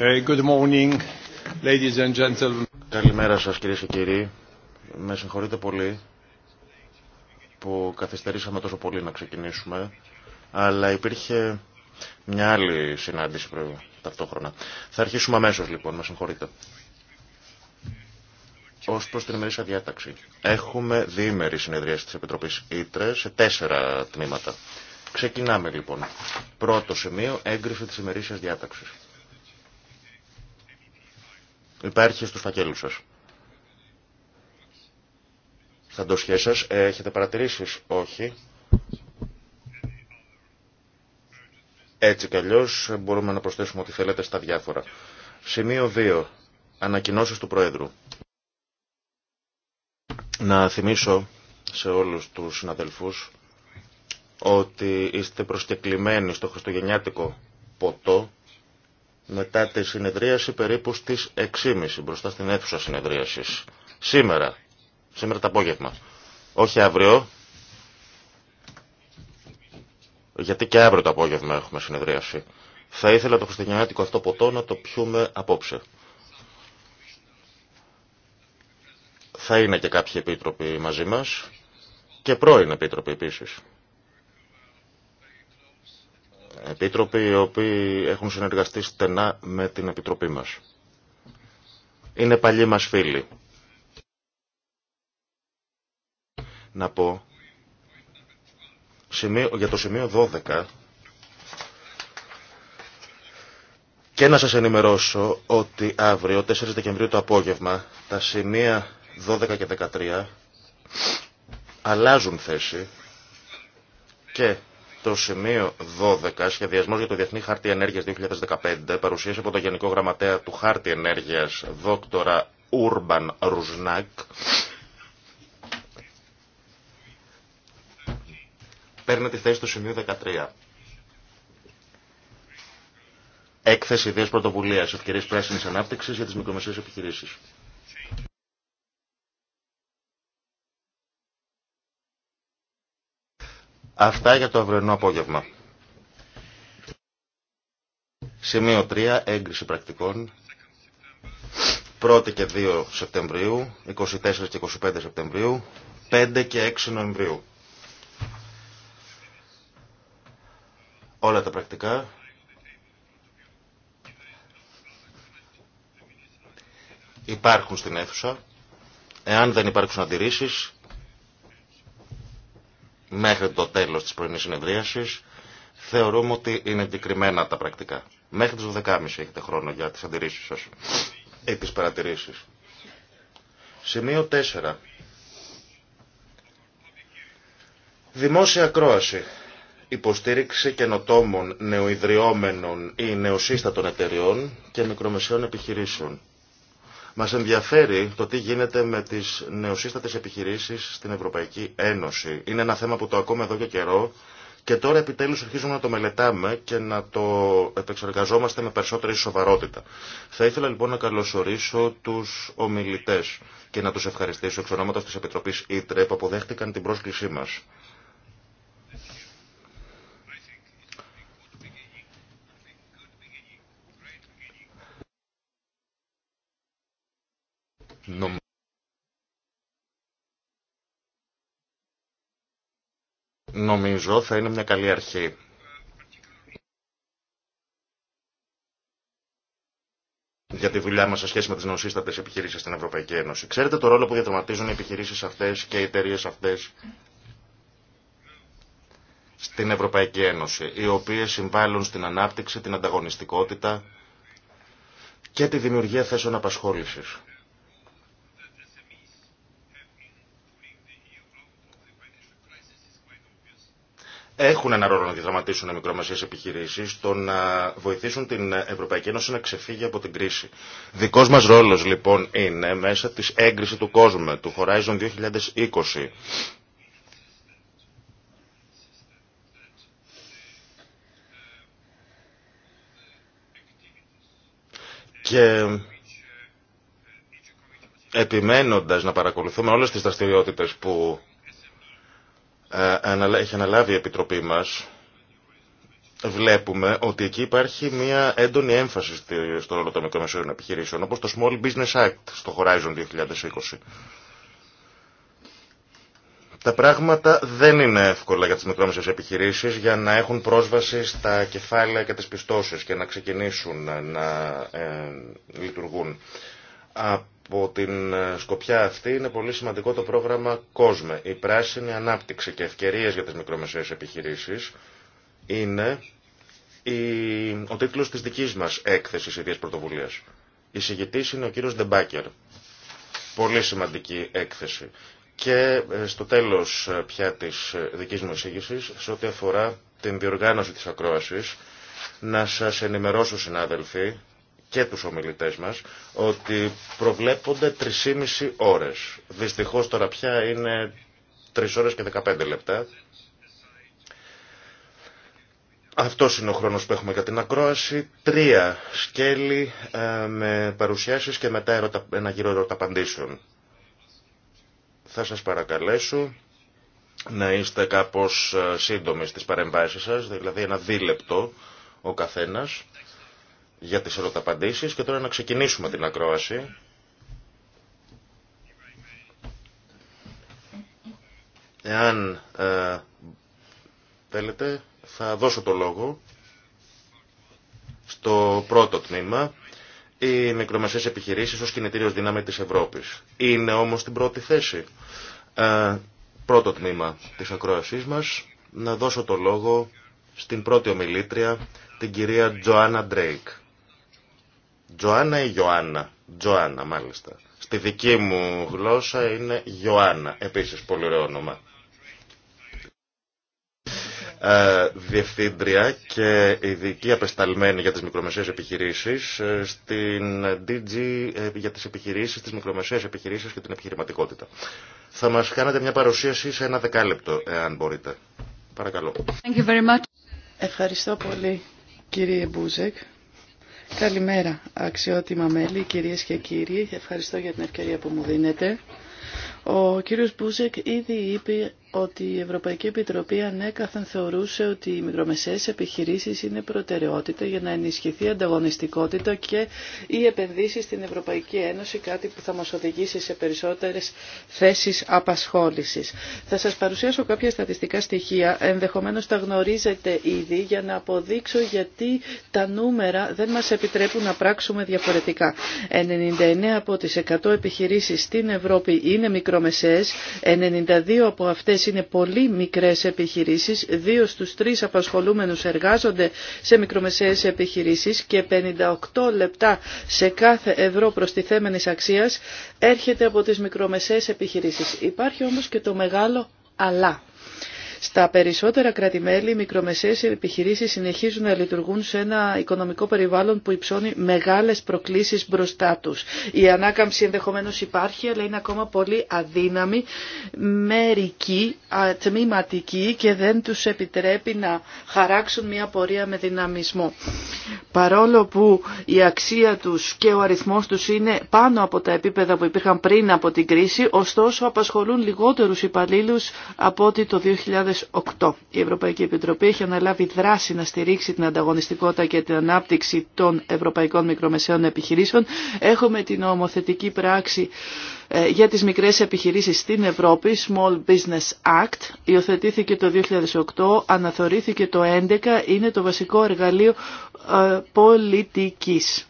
Ε, Καλημέρα σας κυρίες και κύριοι. Με συγχωρείτε πολύ που καθυστερήσαμε τόσο πολύ να ξεκινήσουμε, αλλά υπήρχε μια άλλη συνάντηση πριν ταυτόχρονα. Θα αρχίσουμε αμέσως λοιπόν, με συγχωρείτε. Ως προς την ημερήσια διάταξη. Έχουμε διήμερη συνεδρία της Επιτροπής Ήτρε σε τέσσερα τμήματα. Ξεκινάμε λοιπόν. Πρώτο σημείο, έγκριση της ημερήσιας διάταξης υπάρχει στους φακέλους σας. θα το σας ε, έχετε παρατηρήσεις, όχι. Έτσι κι ε, μπορούμε να προσθέσουμε ό,τι θέλετε στα διάφορα. Σημείο 2. Ανακοινώσεις του Προέδρου. Να θυμίσω σε όλους τους συναδελφούς ότι είστε προσκεκλημένοι στο χριστουγεννιάτικο ποτό μετά τη συνεδρίαση περίπου στις 6.30 μπροστά στην αίθουσα συνεδρίασης. Σήμερα, σήμερα το απόγευμα. Όχι αύριο, γιατί και αύριο το απόγευμα έχουμε συνεδρίαση. Θα ήθελα το χριστιανιάτικο αυτό ποτό να το πιούμε απόψε. Θα είναι και κάποιοι επίτροποι μαζί μας και πρώην επίτροποι επίσης επίτροποι οι οποίοι έχουν συνεργαστεί στενά με την επιτροπή μας. Είναι παλιοί μας φίλοι. Να πω για το σημείο 12 και να σας ενημερώσω ότι αύριο 4 Δεκεμβρίου το απόγευμα τα σημεία 12 και 13 αλλάζουν θέση και το σημείο 12, σχεδιασμό για το Διεθνή Χάρτη Ενέργεια 2015, παρουσίασε από τον Γενικό Γραμματέα του Χάρτη Ενέργεια, δόκτωρα Ούρμπαν Ρουζνάκ. Παίρνει τη θέση του σημείο 13. Έκθεση ιδέε πρωτοβουλία ευκαιρίε πράσινη ανάπτυξη για τι μικρομεσαίε επιχειρήσει. Αυτά για το αυρενό απόγευμα. Σημείο 3. Έγκριση πρακτικών. 1η και 2 Σεπτεμβρίου, 24 και 25 Σεπτεμβρίου, 5 και 6 Νοεμβρίου. Όλα τα πρακτικά. Υπάρχουν στην αίθουσα. Εάν δεν υπάρχουν αντιρρήσεις, μέχρι το τέλος της πρωινής συνεδρίασης. Θεωρούμε ότι είναι εγκεκριμένα τα πρακτικά. Μέχρι τις 12.30 έχετε χρόνο για τις αντιρρήσεις σας ή τις παρατηρήσεις. Σημείο 4. Δημόσια ακρόαση. Υποστήριξη καινοτόμων νεοειδριόμενων ή νεοσύστατων εταιριών και μικρομεσαίων επιχειρήσεων. Μας ενδιαφέρει το τι γίνεται με τις νεοσύστατες επιχειρήσεις στην Ευρωπαϊκή Ένωση. Είναι ένα θέμα που το ακούμε εδώ και καιρό και τώρα επιτέλους αρχίζουμε να το μελετάμε και να το επεξεργαζόμαστε με περισσότερη σοβαρότητα. Θα ήθελα λοιπόν να καλωσορίσω τους ομιλητές και να τους ευχαριστήσω εξ ονόματος της Επιτροπής Ήτρε που αποδέχτηκαν την πρόσκλησή μας. νομίζω θα είναι μια καλή αρχή. Για τη δουλειά μα σε σχέση με τι νοσίστατε επιχειρήσει στην Ευρωπαϊκή Ένωση. Ξέρετε το ρόλο που διαδραματίζουν οι επιχειρήσει αυτέ και οι εταιρείε αυτέ στην Ευρωπαϊκή Ένωση, οι οποίε συμβάλλουν στην ανάπτυξη, την ανταγωνιστικότητα και τη δημιουργία θέσεων απασχόληση. έχουν ένα ρόλο να διδραματίσουν οι μικρομεσαίε επιχειρήσει στο να βοηθήσουν την Ευρωπαϊκή Ένωση να ξεφύγει από την κρίση. Δικό μα ρόλο λοιπόν είναι μέσα τη έγκριση του κόσμου, του Horizon 2020. Και επιμένοντας να παρακολουθούμε όλες τις δραστηριότητες που ε, έχει αναλάβει η Επιτροπή μας, βλέπουμε ότι εκεί υπάρχει μια έντονη έμφαση στο ρόλο των μικρομεσαίων επιχειρήσεων, όπως το Small Business Act στο Horizon 2020. Τα πράγματα δεν είναι εύκολα για τις μικρόμεσες επιχειρήσεις για να έχουν πρόσβαση στα κεφάλαια και τις πιστώσεις και να ξεκινήσουν να ε, λειτουργούν από την ε, σκοπιά αυτή είναι πολύ σημαντικό το πρόγραμμα COSME. Η πράσινη ανάπτυξη και ευκαιρίες για τις μικρομεσαίες επιχειρήσεις είναι η... ο τίτλος της δικής μας έκθεσης ιδίας πρωτοβουλίας. Η συγητής είναι ο κύριος Ντεμπάκερ. Πολύ σημαντική έκθεση. Και ε, στο τέλος ε, πια της δικής μου εισήγησης, σε ό,τι αφορά την διοργάνωση της ακρόασης, να σας ενημερώσω συνάδελφοι και τους ομιλητές μας ότι προβλέπονται 3,5 ώρες. Δυστυχώς τώρα πια είναι 3 ώρες και 15 λεπτά. Αυτό είναι ο χρόνος που έχουμε για την ακρόαση. Τρία σκέλη ε, με παρουσιάσεις και μετά ένα γύρο ερωταπαντήσεων. Θα σας παρακαλέσω να είστε κάπως ε, σύντομοι στις παρεμβάσεις σας, δηλαδή ένα δίλεπτο ο καθένας για τις ερωταπαντήσεις και τώρα να ξεκινήσουμε την ακρόαση. Εάν ε, θέλετε θα δώσω το λόγο στο πρώτο τμήμα οι μικρομεσαίες επιχειρήσεις ως κινητήριος δύναμη της Ευρώπης. Είναι όμως την πρώτη θέση. Ε, πρώτο τμήμα της ακρόασής μας να δώσω το λόγο στην πρώτη ομιλήτρια την κυρία Τζοάννα Ντρέικ. Τζοάννα ή Ιωάννα. Τζοάννα μάλιστα. Στη δική μου γλώσσα είναι Ιωάννα. Επίσης πολύ ωραίο όνομα. Ε, διευθύντρια και ειδική απεσταλμένη για τις μικρομεσαίες επιχειρήσεις ε, στην DG ε, για τις επιχειρήσεις, τις μικρομεσαίες επιχειρήσεις και την επιχειρηματικότητα. Θα μας κάνετε μια παρουσίαση σε ένα δεκάλεπτο, εάν μπορείτε. Παρακαλώ. Ευχαριστώ πολύ κύριε Μπούζεκ Καλημέρα, αξιότιμα μέλη, κυρίες και κύριοι. Ευχαριστώ για την ευκαιρία που μου δίνετε. Ο κύριος Μπούζεκ ήδη είπε ότι η Ευρωπαϊκή Επιτροπή ανέκαθεν θεωρούσε ότι οι μικρομεσαίες επιχειρήσεις είναι προτεραιότητα για να ενισχυθεί η ανταγωνιστικότητα και οι επενδύσεις στην Ευρωπαϊκή Ένωση, κάτι που θα μας οδηγήσει σε περισσότερες θέσεις απασχόλησης. Θα σας παρουσιάσω κάποια στατιστικά στοιχεία, ενδεχομένως τα γνωρίζετε ήδη, για να αποδείξω γιατί τα νούμερα δεν μας επιτρέπουν να πράξουμε διαφορετικά. 99 από τις 100 επιχειρήσεις στην Ευρώπη είναι μικρομεσαίες, 92 από αυτές είναι πολύ μικρές επιχειρήσεις. Δύο στους τρεις απασχολούμενους εργάζονται σε μικρομεσαίες επιχειρήσεις και 58 λεπτά σε κάθε ευρώ προστιθέμενης αξίας έρχεται από τις μικρομεσαίες επιχειρήσεις. Υπάρχει όμως και το μεγάλο αλλά. Στα περισσότερα κράτη-μέλη, οι μικρομεσαίες επιχειρήσεις συνεχίζουν να λειτουργούν σε ένα οικονομικό περιβάλλον που υψώνει μεγάλες προκλήσεις μπροστά τους. Η ανάκαμψη ενδεχομένως υπάρχει, αλλά είναι ακόμα πολύ αδύναμη, μερική, τμήματική και δεν τους επιτρέπει να χαράξουν μια πορεία με δυναμισμό. Παρόλο που η αξία τους και ο αριθμός τους είναι πάνω από τα επίπεδα που υπήρχαν πριν από την κρίση, ωστόσο απασχολούν λιγότερους υπαλλήλους από ότι το 2008. Η Ευρωπαϊκή Επιτροπή έχει αναλάβει δράση να στηρίξει την ανταγωνιστικότητα και την ανάπτυξη των ευρωπαϊκών μικρομεσαίων επιχειρήσεων. Έχουμε την ομοθετική πράξη ε, για τις μικρές επιχειρήσεις στην Ευρώπη, Small Business Act, υιοθετήθηκε το 2008, αναθεωρήθηκε το 2011, είναι το βασικό εργαλείο ε, πολιτικής.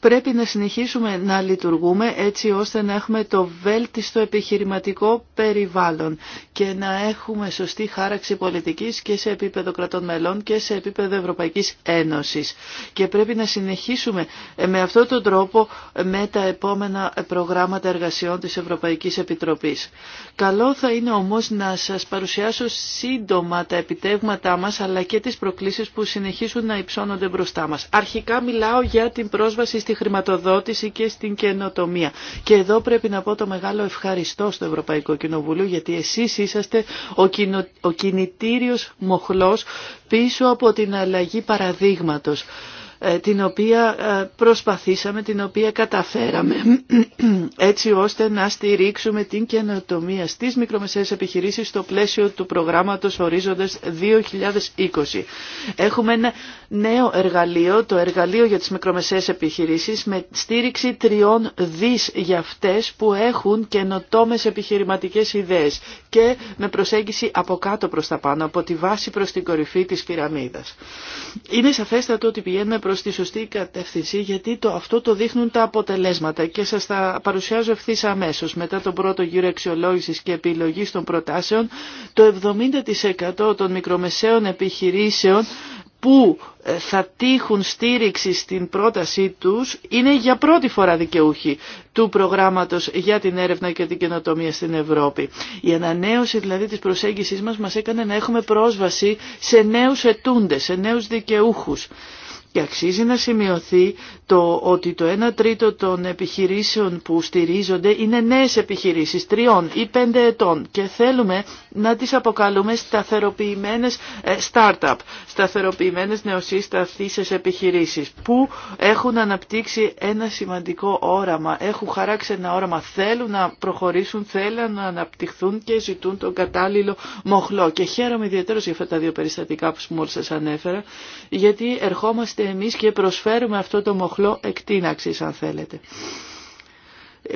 πρέπει να συνεχίσουμε να λειτουργούμε έτσι ώστε να έχουμε το βέλτιστο επιχειρηματικό περιβάλλον και να έχουμε σωστή χάραξη πολιτικής και σε επίπεδο κρατών μελών και σε επίπεδο Ευρωπαϊκής Ένωσης. Και πρέπει να συνεχίσουμε ε, με αυτόν τον τρόπο ε, με τα επόμενα προγράμματα εργασιών της Ευρωπαϊκής Επιτροπής. Καλό θα είναι όμως να σας παρουσιάσω σύντομα τα επιτεύγματά μας αλλά και τις προκλήσεις που συνεχίσουν να υψώνονται μπροστά μας. Αρχικά μιλάω για την πρόσβαση στη χρηματοδότηση και στην καινοτομία. Και εδώ πρέπει να πω το μεγάλο ευχαριστώ στο Ευρωπαϊκό Κοινοβούλιο γιατί εσείς είσαστε ο, κοινο, ο κινητήριος μοχλός πίσω από την αλλαγή παραδείγματος. Ε, την οποία ε, προσπαθήσαμε, την οποία καταφέραμε έτσι ώστε να στηρίξουμε την καινοτομία στις μικρομεσαίες επιχειρήσεις στο πλαίσιο του προγράμματος Ορίζοντες 2020. Έχουμε ένα νέο εργαλείο, το εργαλείο για τις μικρομεσαίες επιχειρήσεις με στήριξη τριών δις για αυτές που έχουν καινοτόμες επιχειρηματικές ιδέες και με προσέγγιση από κάτω προς τα πάνω, από τη βάση προς την κορυφή της πυραμίδας. Είναι σαφέστατο ότι πηγαίνουμε Προ τη σωστή κατεύθυνση γιατί το, αυτό το δείχνουν τα αποτελέσματα και σας τα παρουσιάζω ευθύ αμέσω, Μετά τον πρώτο γύρο αξιολόγηση και επιλογής των προτάσεων, το 70% των μικρομεσαίων επιχειρήσεων που ε, θα τύχουν στήριξη στην πρότασή τους είναι για πρώτη φορά δικαιούχοι του προγράμματος για την έρευνα και την καινοτομία στην Ευρώπη. Η ανανέωση δηλαδή της προσέγγισης μας μας έκανε να έχουμε πρόσβαση σε νέους ετούντε, σε νέους δικαιούχου. Και αξίζει να σημειωθεί το ότι το 1 τρίτο των επιχειρήσεων που στηρίζονται είναι νέες επιχειρήσεις, τριών ή πέντε ετών και θέλουμε να τις αποκαλούμε σταθεροποιημένες ε, startup, σταθεροποιημένες νεοσύσταθήσεις επιχειρήσεις που έχουν αναπτύξει ένα σημαντικό όραμα, έχουν χαράξει ένα όραμα, θέλουν να προχωρήσουν, θέλουν να αναπτυχθούν και ζητούν τον κατάλληλο μοχλό. Και χαίρομαι ιδιαίτερα για αυτά τα δύο περιστατικά που μόλις σας ανέφερα, γιατί ερχόμαστε εμείς και προσφέρουμε αυτό το μοχλό εκτείναξης αν θέλετε.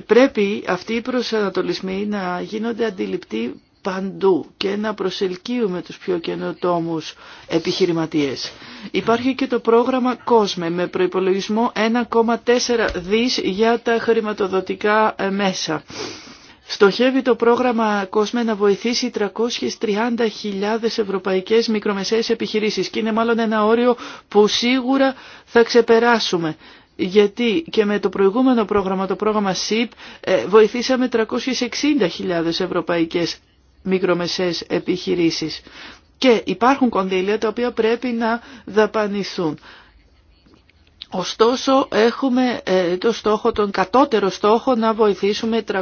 Πρέπει αυτοί οι προσανατολισμοί να γίνονται αντιληπτοί παντού και να προσελκύουμε τους πιο καινοτόμους επιχειρηματίες. Υπάρχει και το πρόγραμμα COSME με προϋπολογισμό 1,4 δις για τα χρηματοδοτικά ε, μέσα. Στοχεύει το πρόγραμμα COSME να βοηθήσει 330.000 ευρωπαϊκές μικρομεσαίες επιχειρήσεις και είναι μάλλον ένα όριο που σίγουρα θα ξεπεράσουμε. Γιατί και με το προηγούμενο πρόγραμμα, το πρόγραμμα SIP, ε, βοηθήσαμε 360.000 ευρωπαϊκές μικρομεσαίες επιχειρήσεις. Και υπάρχουν κονδύλια τα οποία πρέπει να δαπανηθούν. Ωστόσο έχουμε ε, το στόχο, τον κατώτερο στόχο να βοηθήσουμε 330.000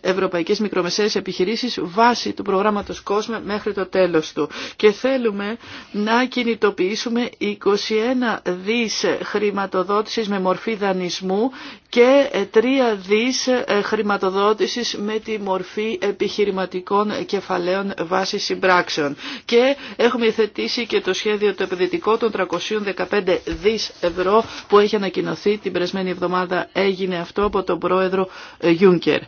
ευρωπαϊκές μικρομεσαίες επιχειρήσεις βάσει του προγράμματος COSME μέχρι το τέλος του. Και θέλουμε να κινητοποιήσουμε 21 δις χρηματοδότησης με μορφή δανεισμού και 3 δις χρηματοδότησης με τη μορφή επιχειρηματικών κεφαλαίων βάσει συμπράξεων. Και έχουμε θετήσει και το σχέδιο το επενδυτικό των 300 15 δις ευρώ που έχει ανακοινωθεί την περασμένη εβδομάδα έγινε αυτό από τον πρόεδρο ε, Γιούνκερ.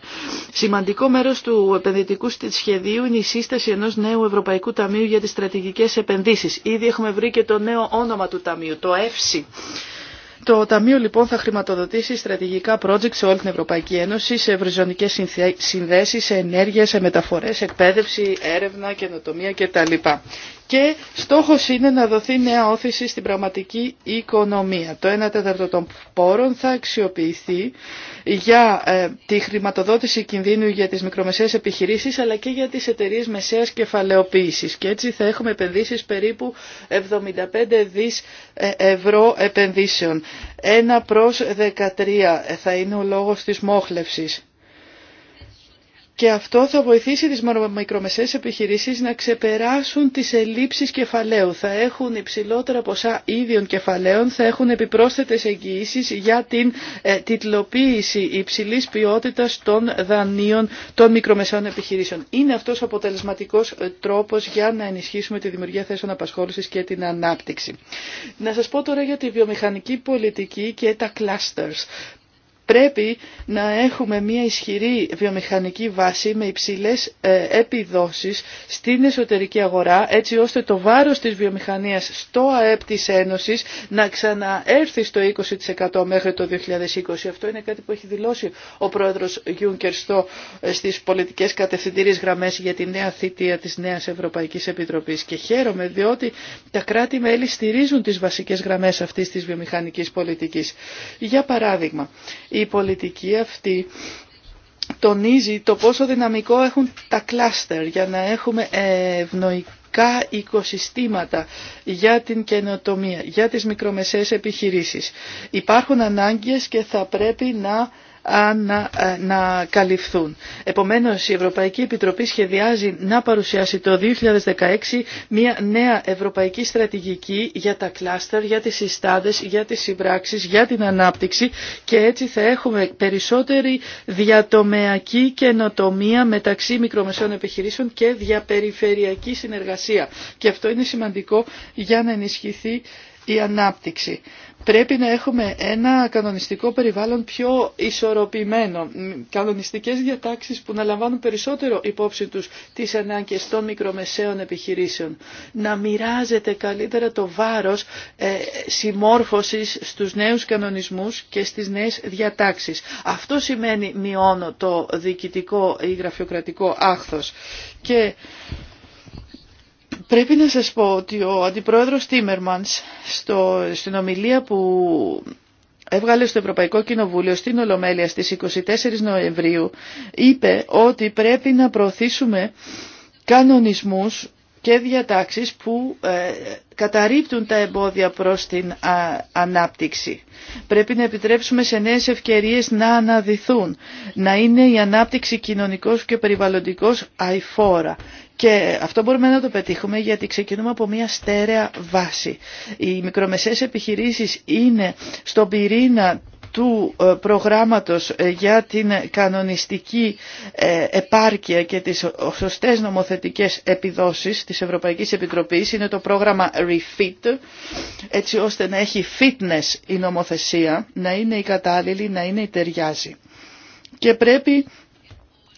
Σημαντικό μέρος του επενδυτικού σχεδίου είναι η σύσταση ενός νέου Ευρωπαϊκού Ταμείου για τις στρατηγικές επενδύσεις. Ήδη έχουμε βρει και το νέο όνομα του Ταμείου, το ΕΦΣΙ. Το Ταμείο λοιπόν θα χρηματοδοτήσει στρατηγικά projects σε όλη την Ευρωπαϊκή Ένωση, σε ευρυζωνικές συνδέσεις, σε ενέργεια, σε μεταφορές, εκπαίδευση, έρευνα, καινοτομία κτλ και στόχος είναι να δοθεί νέα όθηση στην πραγματική οικονομία. Το 1 τέταρτο των πόρων θα αξιοποιηθεί για ε, τη χρηματοδότηση κινδύνου για τις μικρομεσαίες επιχειρήσεις αλλά και για τις εταιρείες μεσαίας κεφαλαιοποίησης και έτσι θα έχουμε επενδύσεις περίπου 75 δις ε, ευρώ επενδύσεων. 1 προς 13 θα είναι ο λόγος της μόχλευσης. Και αυτό θα βοηθήσει τις μικρομεσαίες επιχειρήσεις να ξεπεράσουν τις ελλείψεις κεφαλαίου. Θα έχουν υψηλότερα ποσά ίδιων κεφαλαίων, θα έχουν επιπρόσθετες εγγυήσεις για την ε, τιτλοποίηση υψηλής ποιότητας των δανείων των μικρομεσαίων επιχειρήσεων. Είναι αυτός ο αποτελεσματικός ε, τρόπος για να ενισχύσουμε τη δημιουργία θέσεων απασχόλησης και την ανάπτυξη. Να σας πω τώρα για τη βιομηχανική πολιτική και τα clusters. Πρέπει να έχουμε μια ισχυρή βιομηχανική βάση με υψηλές ε, επιδόσεις στην εσωτερική αγορά έτσι ώστε το βάρος της βιομηχανίας στο ΑΕΠ της Ένωσης να ξαναέρθει στο 20% μέχρι το 2020. Αυτό είναι κάτι που έχει δηλώσει ο πρόεδρος Γιούνκερ στο, ε, στις πολιτικές κατευθυντήριες γραμμές για τη νέα θητεία της νέας Ευρωπαϊκής Επιτροπής και χαίρομαι διότι τα κράτη-μέλη στηρίζουν τις βασικές γραμμές αυτής της βιομηχανικής πολιτικής. Για παράδειγμα, η πολιτική αυτή τονίζει το πόσο δυναμικό έχουν τα κλάστερ για να έχουμε ευνοϊκά οικοσυστήματα για την καινοτομία, για τις μικρομεσαίες επιχειρήσεις. Υπάρχουν ανάγκες και θα πρέπει να να, ε, να καλυφθούν. Επομένως, η Ευρωπαϊκή Επιτροπή σχεδιάζει να παρουσιάσει το 2016 μια νέα ευρωπαϊκή στρατηγική για τα κλάστερ, για τις συστάδες, για τις συμπράξεις, για την ανάπτυξη και έτσι θα έχουμε περισσότερη διατομεακή καινοτομία μεταξύ μικρομεσαίων επιχειρήσεων και διαπεριφερειακή συνεργασία. Και αυτό είναι σημαντικό για να ενισχυθεί η ανάπτυξη πρέπει να έχουμε ένα κανονιστικό περιβάλλον πιο ισορροπημένο, κανονιστικές διατάξεις που να λαμβάνουν περισσότερο υπόψη τους τις ανάγκες των μικρομεσαίων επιχειρήσεων, να μοιράζεται καλύτερα το βάρος ε, συμμόρφωσης στους νέους κανονισμούς και στις νέες διατάξεις. Αυτό σημαίνει μειώνω το διοικητικό ή γραφειοκρατικό άχθος. Και Πρέπει να σας πω ότι ο Αντιπρόεδρος Τίμερμανς στο, στην ομιλία που έβγαλε στο Ευρωπαϊκό Κοινοβούλιο στην Ολομέλεια στις 24 Νοεμβρίου είπε ότι πρέπει να προωθήσουμε κανονισμούς και διατάξεις που ε, καταρρύπτουν τα εμπόδια προς την ανάπτυξη. Πρέπει να επιτρέψουμε σε νέες ευκαιρίες να αναδυθούν, να είναι η ανάπτυξη κοινωνικός και περιβαλλοντικός αϊφόρα. Και αυτό μπορούμε να το πετύχουμε γιατί ξεκινούμε από μια στέρεα βάση. Οι μικρομεσαίες επιχειρήσεις είναι στον πυρήνα του ε, προγράμματος ε, για την κανονιστική ε, επάρκεια και τις σωστές νομοθετικές επιδόσεις της Ευρωπαϊκής Επιτροπής είναι το πρόγραμμα REFIT, έτσι ώστε να έχει fitness η νομοθεσία, να είναι η κατάλληλη, να είναι η ταιριάζει. Και πρέπει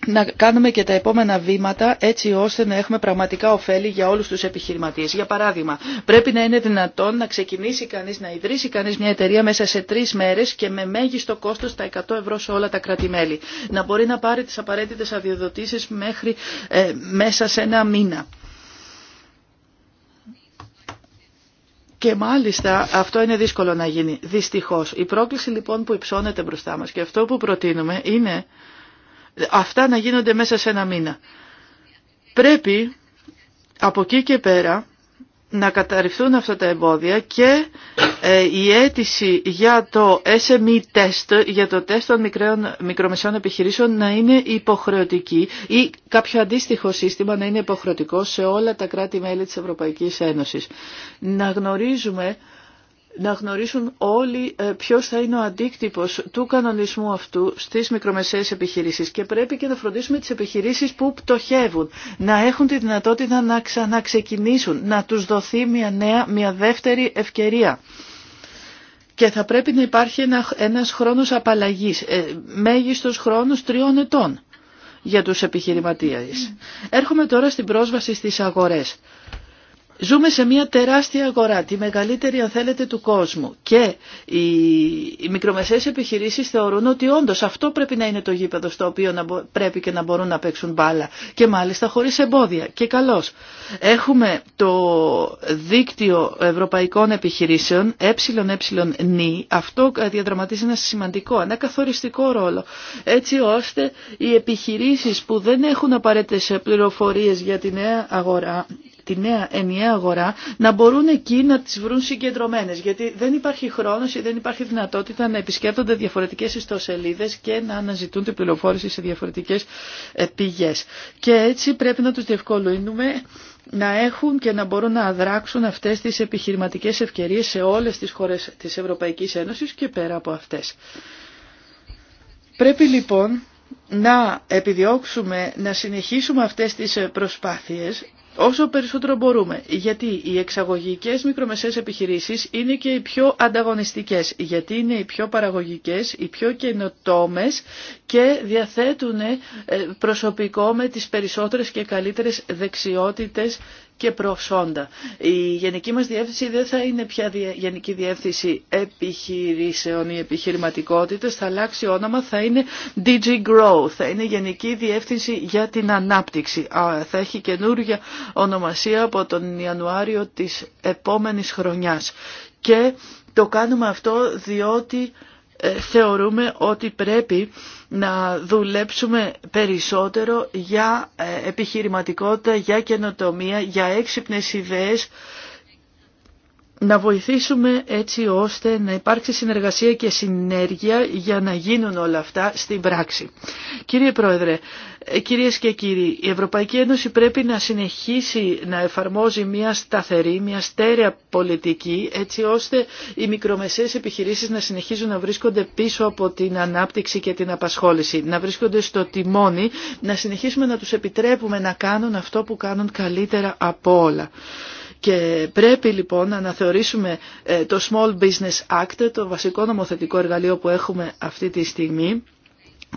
να κάνουμε και τα επόμενα βήματα έτσι ώστε να έχουμε πραγματικά ωφέλη για όλους τους επιχειρηματίες. Για παράδειγμα, πρέπει να είναι δυνατόν να ξεκινήσει κανείς, να ιδρύσει κανείς μια εταιρεία μέσα σε τρεις μέρες και με μέγιστο κόστος τα 100 ευρώ σε όλα τα κρατημέλη. Να μπορεί να πάρει τις απαραίτητες αδειοδοτήσεις μέχρι ε, μέσα σε ένα μήνα. Και μάλιστα αυτό είναι δύσκολο να γίνει, δυστυχώς. Η πρόκληση λοιπόν που υψώνεται μπροστά μας και αυτό που προτείνουμε είναι αυτά να γίνονται μέσα σε ένα μήνα. Πρέπει από εκεί και πέρα να καταρριφθούν αυτά τα εμπόδια και ε, η αίτηση για το SME test, για το τεστ των μικρομεσαίων επιχειρήσεων να είναι υποχρεωτική ή κάποιο αντίστοιχο σύστημα να είναι υποχρεωτικό σε όλα τα κράτη-μέλη της Ευρωπαϊκής Ένωσης. Να γνωρίζουμε να γνωρίσουν όλοι ε, ποιος θα είναι ο αντίκτυπος του κανονισμού αυτού στις μικρομεσαίες επιχειρήσεις και πρέπει και να φροντίσουμε τις επιχειρήσεις που πτωχεύουν να έχουν τη δυνατότητα να ξαναξεκινήσουν, να τους δοθεί μια νέα, μια δεύτερη ευκαιρία. Και θα πρέπει να υπάρχει ένα, ένας χρόνος απαλλαγής, ε, μέγιστος χρόνος τριών ετών για τους επιχειρηματίες. Mm. Έρχομαι τώρα στην πρόσβαση στις αγορές. Ζούμε σε μια τεράστια αγορά, τη μεγαλύτερη αν θέλετε του κόσμου και οι μικρομεσαίες επιχειρήσεις θεωρούν ότι όντως αυτό πρέπει να είναι το γήπεδο στο οποίο πρέπει και να μπορούν να παίξουν μπάλα και μάλιστα χωρίς εμπόδια και καλώς. Έχουμε το δίκτυο ευρωπαϊκών επιχειρήσεων ΕΕΝΗ, ε, αυτό διαδραματίζει ένα σημαντικό, ένα καθοριστικό ρόλο έτσι ώστε οι επιχειρήσεις που δεν έχουν απαραίτητες πληροφορίες για τη νέα αγορά τη νέα ενιαία αγορά να μπορούν εκεί να τις βρουν συγκεντρωμένες γιατί δεν υπάρχει χρόνος ή δεν υπάρχει δυνατότητα να επισκέπτονται διαφορετικές ιστοσελίδες και να αναζητούν την πληροφόρηση σε διαφορετικές ε, πηγές. Και έτσι πρέπει να τους διευκολύνουμε να έχουν και να μπορούν να αδράξουν αυτές τις επιχειρηματικές ευκαιρίες σε όλες τις χώρες της Ευρωπαϊκής Ένωσης και πέρα από αυτές. Πρέπει λοιπόν να επιδιώξουμε να συνεχίσουμε αυτές τις ε, προσπάθειες όσο περισσότερο μπορούμε. Γιατί οι εξαγωγικές μικρομεσαίες επιχειρήσεις είναι και οι πιο ανταγωνιστικές, γιατί είναι οι πιο παραγωγικές, οι πιο καινοτόμες και διαθέτουν ε, προσωπικό με τις περισσότερες και καλύτερες δεξιότητες και προσόντα. Η γενική μας διεύθυνση δεν θα είναι πια γενική διεύθυνση επιχειρήσεων ή επιχειρηματικότητας, θα αλλάξει όνομα, θα είναι DG Grow, θα είναι γενική διεύθυνση για την ανάπτυξη. Θα έχει καινούργια ονομασία από τον Ιανουάριο της επόμενης χρονιάς. Και το κάνουμε αυτό διότι ε, θεωρούμε ότι πρέπει να δουλέψουμε περισσότερο για ε, επιχειρηματικότητα, για καινοτομία, για έξυπνες ιδέες να βοηθήσουμε έτσι ώστε να υπάρξει συνεργασία και συνέργεια για να γίνουν όλα αυτά στην πράξη. Κύριε Πρόεδρε, ε, κυρίες και κύριοι, η Ευρωπαϊκή Ένωση πρέπει να συνεχίσει να εφαρμόζει μια σταθερή, μια στέρεα πολιτική έτσι ώστε οι μικρομεσαίες επιχειρήσεις να συνεχίζουν να βρίσκονται πίσω από την ανάπτυξη και την απασχόληση, να βρίσκονται στο τιμόνι, να συνεχίσουμε να τους επιτρέπουμε να κάνουν αυτό που κάνουν καλύτερα από όλα. Και πρέπει λοιπόν να αναθεωρήσουμε ε, το Small Business Act, το βασικό νομοθετικό εργαλείο που έχουμε αυτή τη στιγμή,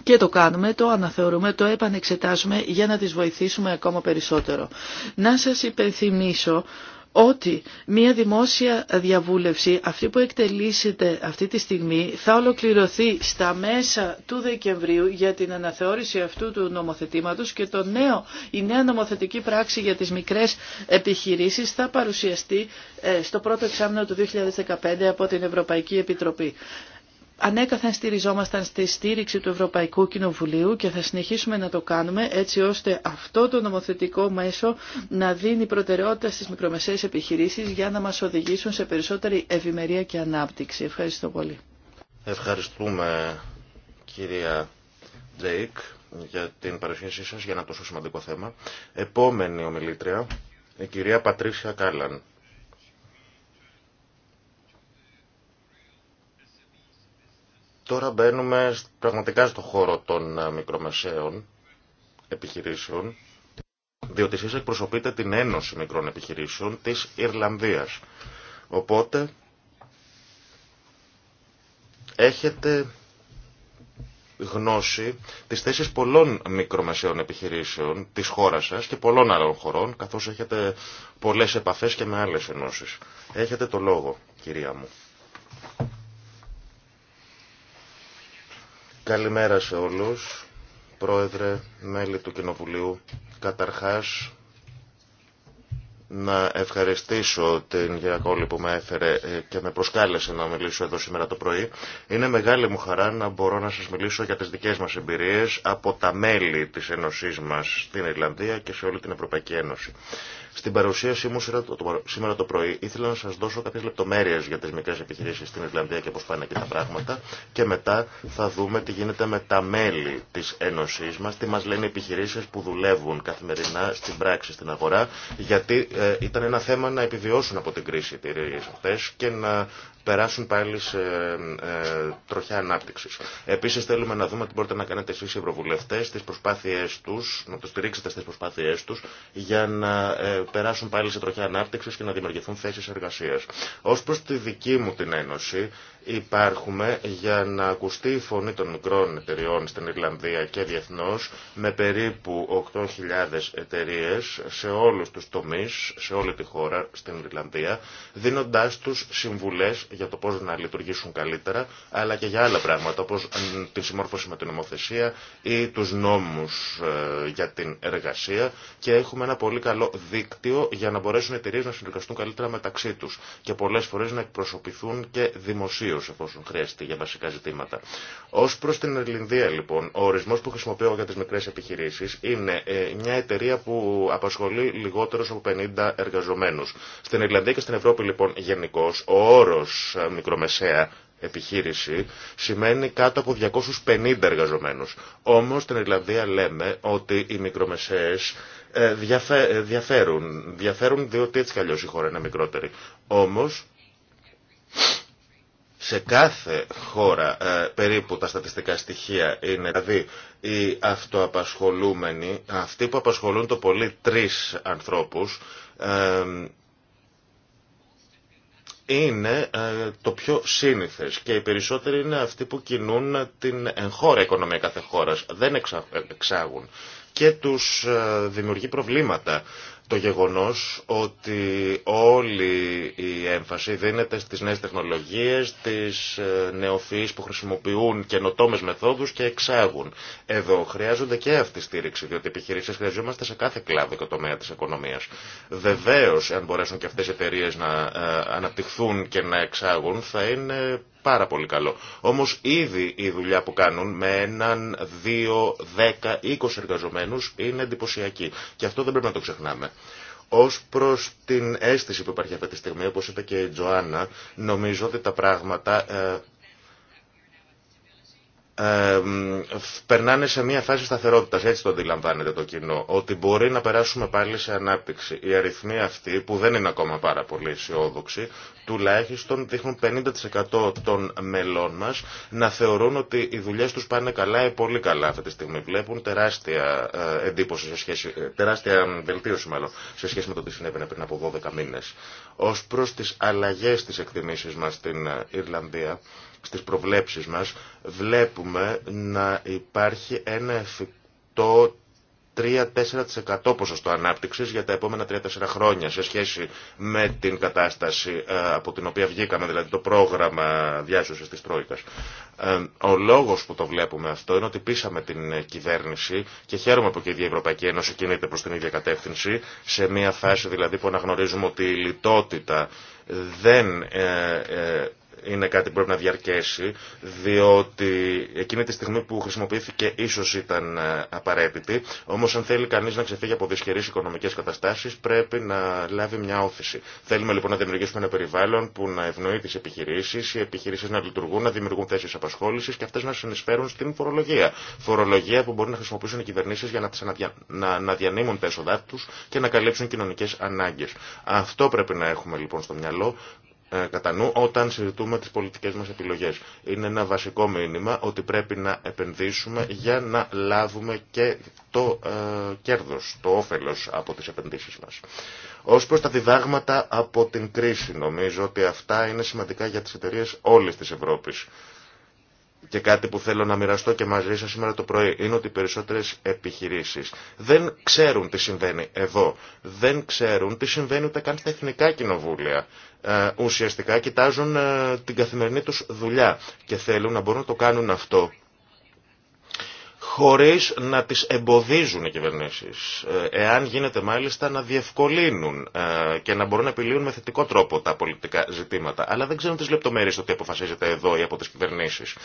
και το κάνουμε, το αναθεωρούμε, το επανεξετάζουμε για να τις βοηθήσουμε ακόμα περισσότερο. Να σας υπενθυμίσω ότι μια δημόσια διαβούλευση, αυτή που εκτελήσεται αυτή τη στιγμή, θα ολοκληρωθεί στα μέσα του Δεκεμβρίου για την αναθεώρηση αυτού του νομοθετήματος και το νέο, η νέα νομοθετική πράξη για τις μικρές επιχειρήσεις θα παρουσιαστεί ε, στο πρώτο εξάμεινο του 2015 από την Ευρωπαϊκή Επιτροπή ανέκαθεν στηριζόμασταν στη στήριξη του Ευρωπαϊκού Κοινοβουλίου και θα συνεχίσουμε να το κάνουμε έτσι ώστε αυτό το νομοθετικό μέσο να δίνει προτεραιότητα στις μικρομεσαίες επιχειρήσεις για να μας οδηγήσουν σε περισσότερη ευημερία και ανάπτυξη. Ευχαριστώ πολύ. Ευχαριστούμε κυρία Τζέικ για την παρουσίασή σας για ένα τόσο σημαντικό θέμα. Επόμενη ομιλήτρια, η κυρία Πατρίσια Κάλλαν. Τώρα μπαίνουμε πραγματικά στο χώρο των ε, μικρομεσαίων επιχειρήσεων, διότι εσείς εκπροσωπείτε την Ένωση Μικρών Επιχειρήσεων της Ιρλανδίας. Οπότε, έχετε γνώση της θέσης πολλών μικρομεσαίων επιχειρήσεων της χώρας σας και πολλών άλλων χωρών, καθώς έχετε πολλές επαφές και με άλλες ενώσεις. Έχετε το λόγο, κυρία μου. Καλημέρα σε όλους, πρόεδρε, μέλη του Κοινοβουλίου. Καταρχάς, να ευχαριστήσω την Γιακόλη που με έφερε ε, και με προσκάλεσε να μιλήσω εδώ σήμερα το πρωί. Είναι μεγάλη μου χαρά να μπορώ να σας μιλήσω για τις δικές μας εμπειρίες από τα μέλη της Ένωσής μας στην Ιρλανδία και σε όλη την Ευρωπαϊκή Ένωση. Στην παρουσίασή μου σήμερα το πρωί ήθελα να σα δώσω κάποιε λεπτομέρειε για τι μικρέ επιχειρήσει στην Ιρλανδία και πώ πάνε εκεί τα πράγματα και μετά θα δούμε τι γίνεται με τα μέλη τη Ένωσή μα, τι μα λένε οι επιχειρήσει που δουλεύουν καθημερινά στην πράξη, στην αγορά, γιατί ε, ήταν ένα θέμα να επιβιώσουν από την κρίση οι εταιρείε αυτέ και να περάσουν πάλι σε ε, τροχιά ανάπτυξη. Επίση, θέλουμε να δούμε τι μπορείτε να κάνετε εσεί οι Ευρωβουλευτέ, τι προσπάθειέ του, να του στηρίξετε στι προσπάθειέ του, για να ε, περάσουν πάλι σε τροχιά ανάπτυξη και να δημιουργηθούν θέσει εργασία. Ω προ τη δική μου την Ένωση, υπάρχουμε για να ακουστεί η φωνή των μικρών εταιριών στην Ιρλανδία και διεθνώς με περίπου 8.000 εταιρείε σε όλους τους τομείς, σε όλη τη χώρα στην Ιρλανδία, δίνοντάς τους συμβουλές για το πώς να λειτουργήσουν καλύτερα, αλλά και για άλλα πράγματα όπως τη συμμόρφωση με την νομοθεσία ή τους νόμους ε, για την εργασία και έχουμε ένα πολύ καλό δίκτυο για να μπορέσουν οι εταιρείε να συνεργαστούν καλύτερα μεταξύ τους και πολλές φορές να εκπροσωπηθούν και δημοσίως εφόσον χρειαστεί για βασικά ζητήματα. Ω προ την Ελληνδία, λοιπόν, ο ορισμό που χρησιμοποιώ για τι μικρέ επιχειρήσει είναι ε, μια εταιρεία που απασχολεί λιγότερου από 50 εργαζομένου. Στην Ιρλανδία και στην Ευρώπη, λοιπόν, γενικώ, ο όρο ε, μικρομεσαία επιχείρηση σημαίνει κάτω από 250 εργαζομένου. Όμω στην Ιρλανδία λέμε ότι οι μικρομεσαίε ε, διαφε... διαφέρουν. Διαφέρουν διότι έτσι κι αλλιώς η χώρα είναι μικρότερη. Όμως σε κάθε χώρα ε, περίπου τα στατιστικά στοιχεία είναι, δηλαδή οι αυτοαπασχολούμενοι, αυτοί που απασχολούν το πολύ τρεις ανθρώπους, ε, είναι ε, το πιο σύνηθες και οι περισσότεροι είναι αυτοί που κινούν την εγχώρα οικονομία κάθε χώρας, δεν εξάγουν και τους δημιουργεί προβλήματα το γεγονός ότι όλη η έμφαση δίνεται στις νέες τεχνολογίες, στις ε, νεοφυείς που χρησιμοποιούν καινοτόμε μεθόδους και εξάγουν. Εδώ χρειάζονται και αυτή τη στήριξη, διότι επιχειρήσεις χρειαζόμαστε σε κάθε κλάδο και τομέα της οικονομίας. Βεβαίως, αν μπορέσουν και αυτές οι εταιρείε να ε, αναπτυχθούν και να εξάγουν, θα είναι πάρα πολύ καλό. Όμως ήδη η δουλειά που κάνουν με έναν, δύο, δέκα, είκοσι εργαζομένους είναι εντυπωσιακή. Και αυτό δεν πρέπει να το ξεχνάμε. Ω προ την αίσθηση που υπάρχει αυτή τη στιγμή, όπω είπε και η Τζοάννα, νομίζω ότι τα πράγματα ε, ε, περνάνε σε μια φάση σταθερότητα. Έτσι το αντιλαμβάνεται το κοινό. Ότι μπορεί να περάσουμε πάλι σε ανάπτυξη. Οι αριθμοί αυτοί, που δεν είναι ακόμα πάρα πολύ αισιόδοξοι, τουλάχιστον δείχνουν 50% των μελών μα να θεωρούν ότι οι δουλειέ του πάνε καλά ή πολύ καλά αυτή τη στιγμή. Βλέπουν τεράστια ε, εντύπωση σχέση, ε, τεράστια βελτίωση μάλλον, σε σχέση με το τι συνέβαινε πριν από 12 μήνε. Ω προ τι αλλαγέ τη εκτιμήσει μα στην ε, Ιρλανδία, στις προβλέψεις μας, βλέπουμε να υπάρχει ένα εφικτό 3-4% ποσοστό ανάπτυξης για τα επόμενα 3-4 χρόνια σε σχέση με την κατάσταση ε, από την οποία βγήκαμε, δηλαδή το πρόγραμμα διάσωσης της Τρόικας. Ε, ο λόγος που το βλέπουμε αυτό είναι ότι πείσαμε την κυβέρνηση και χαίρομαι που και η ίδια Ευρωπαϊκή Ένωση κινείται προς την ίδια κατεύθυνση, σε μια φάση δηλαδή που αναγνωρίζουμε ότι η λιτότητα δεν ε, είναι κάτι που πρέπει να διαρκέσει, διότι εκείνη τη στιγμή που χρησιμοποιήθηκε ίσως ήταν ε, απαραίτητη, όμως αν θέλει κανείς να ξεφύγει από δυσχερείς οικονομικές καταστάσεις πρέπει να λάβει μια όθηση. Θέλουμε λοιπόν να δημιουργήσουμε ένα περιβάλλον που να ευνοεί τις επιχειρήσεις, οι επιχειρήσεις να λειτουργούν, να δημιουργούν θέσεις απασχόλησης και αυτές να συνεισφέρουν στην φορολογία. Φορολογία που μπορεί να χρησιμοποιήσουν οι κυβερνήσεις για να, αναδια... να... να διανύμουν τα έσοδά και να καλύψουν κοινωνικές ανάγκες. Αυτό πρέπει να έχουμε λοιπόν στο μυαλό ε, κατά όταν συζητούμε τις πολιτικές μας επιλογές. Είναι ένα βασικό μήνυμα ότι πρέπει να επενδύσουμε για να λάβουμε και το ε, κέρδος, το όφελος από τις επενδύσεις μας. Ως προς τα διδάγματα από την κρίση νομίζω ότι αυτά είναι σημαντικά για τις εταιρείε όλης της Ευρώπης και κάτι που θέλω να μοιραστώ και μαζί σας σήμερα το πρωί είναι ότι οι περισσότερες επιχειρήσεις δεν ξέρουν τι συμβαίνει εδώ. Δεν ξέρουν τι συμβαίνει ούτε καν στα εθνικά κοινοβούλια. Ε, ουσιαστικά κοιτάζουν ε, την καθημερινή τους δουλειά και θέλουν να μπορούν να το κάνουν αυτό χωρίς να τις εμποδίζουν οι κυβερνήσεις. Ε, εάν γίνεται μάλιστα να διευκολύνουν και να μπορούν να επιλύουν με θετικό τρόπο τα πολιτικά ζητήματα. Αλλά δεν ξέρουν τις λεπτομέρειες το τι αποφασίζεται εδώ ή από τις κυβερνήσεις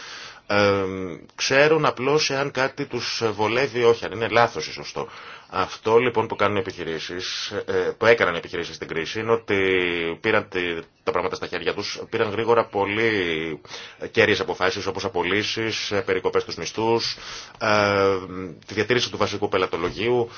ξέρουν απλώς εάν κάτι τους βολεύει ή όχι, αν είναι λάθος ή σωστό. Αυτό λοιπόν που, κάνουν επιχειρήσεις, ε, που έκαναν οι επιχειρήσεις στην κρίση είναι ότι πήραν τα πράγματα στα χέρια τους, πήραν γρήγορα πολύ κέρυες αποφάσεις όπως απολύσεις, ε, περικοπές τους μισθούς, ε, τη διατήρηση του βασικού πελατολογίου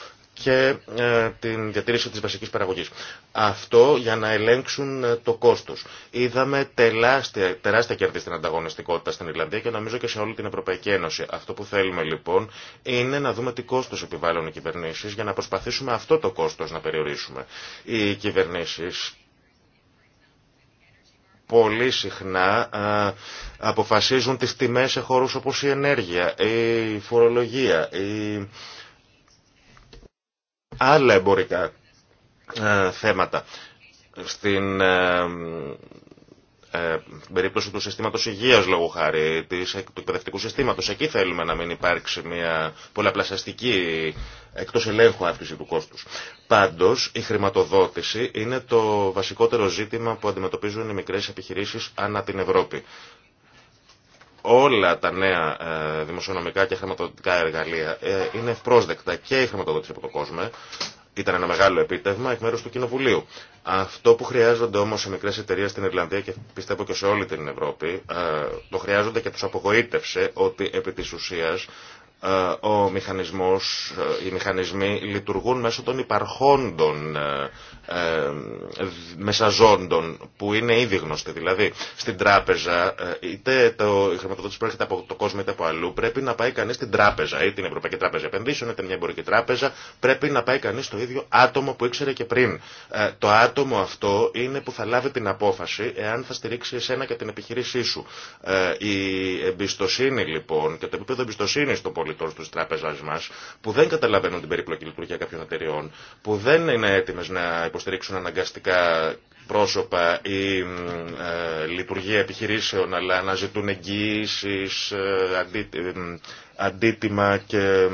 και ε, την διατήρηση της βασικής παραγωγής. Αυτό για να ελέγξουν ε, το κόστος. Είδαμε τεράστια, τεράστια κέρδη στην ανταγωνιστικότητα στην Ιρλανδία και νομίζω και σε όλη την Ευρωπαϊκή Ένωση. Αυτό που θέλουμε λοιπόν είναι να δούμε τι κόστος επιβάλλουν οι κυβερνήσεις για να προσπαθήσουμε αυτό το κόστος να περιορίσουμε. Οι κυβερνήσεις πολύ συχνά ε, αποφασίζουν τις τιμές σε χώρους όπως η ενέργεια, η φορολογία, η άλλα εμπορικά ε, θέματα. Στην ε, ε περίπτωση του συστήματος υγείας λόγω χάρη, της, του εκπαιδευτικού συστήματος, εκεί θέλουμε να μην υπάρξει μια πολλαπλασιαστική εκτός ελέγχου αύξηση του κόστους. Πάντως, η χρηματοδότηση είναι το βασικότερο ζήτημα που αντιμετωπίζουν οι μικρές επιχειρήσεις ανά την Ευρώπη όλα τα νέα ε, δημοσιονομικά και χρηματοδοτικά εργαλεία ε, είναι ευπρόσδεκτα και η χρηματοδότηση από το κόσμο. Ήταν ένα μεγάλο επίτευγμα εκ μέρου του Κοινοβουλίου. Αυτό που χρειάζονται όμω οι μικρέ εταιρείε στην Ιρλανδία και πιστεύω και σε όλη την Ευρώπη, ε, το χρειάζονται και του απογοήτευσε ότι επί τη ουσία ε, ο μηχανισμός, ε, οι μηχανισμοί λειτουργούν μέσω των υπαρχόντων ε, ε μεσαζόντων που είναι ήδη γνωστοί. Δηλαδή στην τράπεζα, είτε το, η χρηματοδότηση προέρχεται από το κόσμο είτε από αλλού, πρέπει να πάει κανείς στην τράπεζα, είτε την Ευρωπαϊκή Τράπεζα Επενδύσεων, είτε μια εμπορική τράπεζα, πρέπει να πάει κανείς στο ίδιο άτομο που ήξερε και πριν. το άτομο αυτό είναι που θα λάβει την απόφαση εάν θα στηρίξει εσένα και την επιχείρησή σου. η εμπιστοσύνη λοιπόν και το επίπεδο εμπιστοσύνη πολιτικό πολιτών στου τράπεζέ μας, που δεν καταλαβαίνουν την περίπλοκη λειτουργία κάποιων εταιριών, που δεν είναι έτοιμε να υποστηρίξουν αναγκαστικά πρόσωπα ή ε, λειτουργία επιχειρήσεων, αλλά να ζητούν εγγυήσει ε, αντί, αντίτιμα και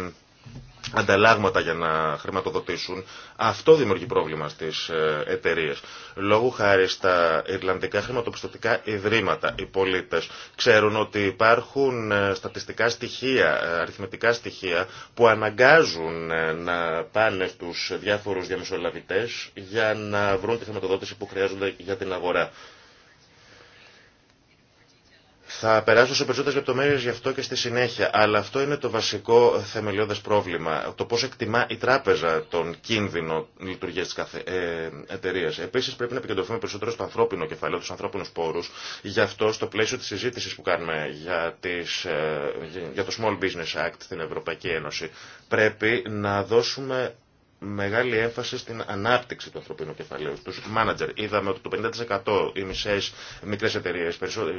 ανταλλάγματα για να χρηματοδοτήσουν, αυτό δημιουργεί πρόβλημα στις ε, εταιρείε. Λόγω χάρη στα Ιρλανδικά χρηματοπιστωτικά ιδρύματα, οι πολίτες ξέρουν ότι υπάρχουν ε, στατιστικά στοιχεία, ε, αριθμητικά στοιχεία που αναγκάζουν να πάνε τους διάφορους διαμεσολαβητές για να βρουν τη χρηματοδότηση που χρειάζονται για την αγορά. Θα περάσω σε περισσότερε λεπτομέρειε γι' αυτό και στη συνέχεια, αλλά αυτό είναι το βασικό θεμελιώδε πρόβλημα. Το πώ εκτιμά η τράπεζα τον κίνδυνο λειτουργία τη κάθε ε, εταιρεία. Επίση, πρέπει να επικεντρωθούμε περισσότερο στο ανθρώπινο κεφάλαιο, του ανθρώπινου πόρου. Γι' αυτό, στο πλαίσιο τη συζήτηση που κάνουμε για, τις, ε, για το Small Business Act στην Ευρωπαϊκή Ένωση, πρέπει να δώσουμε μεγάλη έμφαση στην ανάπτυξη του ανθρωπίνου κεφαλαίου, του μάνατζερ. Είδαμε ότι το 50% οι μισέ μικρέ εταιρείε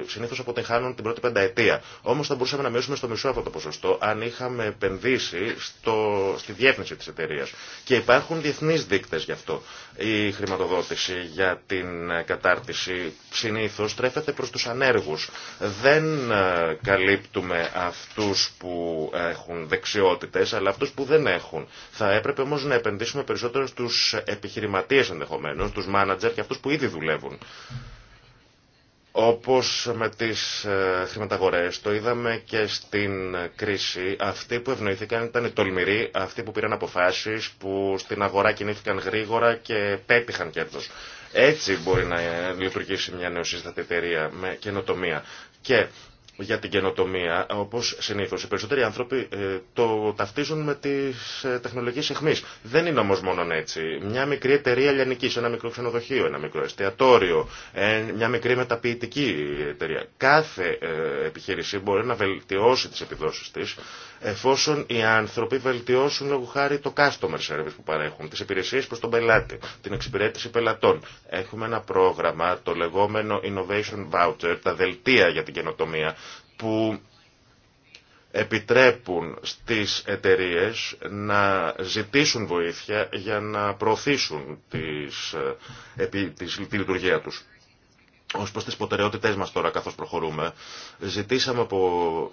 συνήθω αποτεχάνουν την πρώτη πενταετία. Όμω θα μπορούσαμε να μειώσουμε στο μισό αυτό το ποσοστό αν είχαμε επενδύσει στο, στη διεύθυνση τη εταιρεία. Και υπάρχουν διεθνεί δείκτε γι' αυτό. Η χρηματοδότηση για την κατάρτιση συνήθω τρέφεται προ του ανέργου. Δεν ε, καλύπτουμε αυτού που έχουν δεξιότητε, αλλά αυτού που δεν έχουν. Θα έπρεπε όμω να επενδύσουμε επενδύσουμε περισσότερο στους επιχειρηματίες ενδεχομένως, τους μάνατζερ και αυτούς που ήδη δουλεύουν. Όπως με τις ε, χρηματαγορές, το είδαμε και στην κρίση, αυτοί που ευνοήθηκαν ήταν οι τολμηροί, αυτοί που πήραν αποφάσεις, που στην αγορά κινήθηκαν γρήγορα και πέτυχαν κέρδο. Έτσι μπορεί να λειτουργήσει μια νεοσύστατη εταιρεία με καινοτομία για την καινοτομία, όπω συνήθω οι περισσότεροι άνθρωποι ε, το ταυτίζουν με τι ε, τεχνολογίε αιχμή. Δεν είναι όμω μόνο έτσι. Μια μικρή εταιρεία λιανική, ένα μικρό ξενοδοχείο, ένα μικρό εστιατόριο, ε, μια μικρή μεταποιητική εταιρεία. Κάθε επιχείρηση μπορεί να βελτιώσει τι επιδόσει τη εφόσον οι άνθρωποι βελτιώσουν λόγω χάρη το customer service που παρέχουν, τι υπηρεσίε προ τον πελάτη, την εξυπηρέτηση πελατών. Έχουμε ένα πρόγραμμα, το λεγόμενο Innovation Voucher, τα δελτία για την καινοτομία που επιτρέπουν στις εταιρείες να ζητήσουν βοήθεια για να προωθήσουν τις, ε, τη λειτουργία τους. Ω προ τι προτεραιότητέ μα τώρα, καθώ προχωρούμε, ζητήσαμε από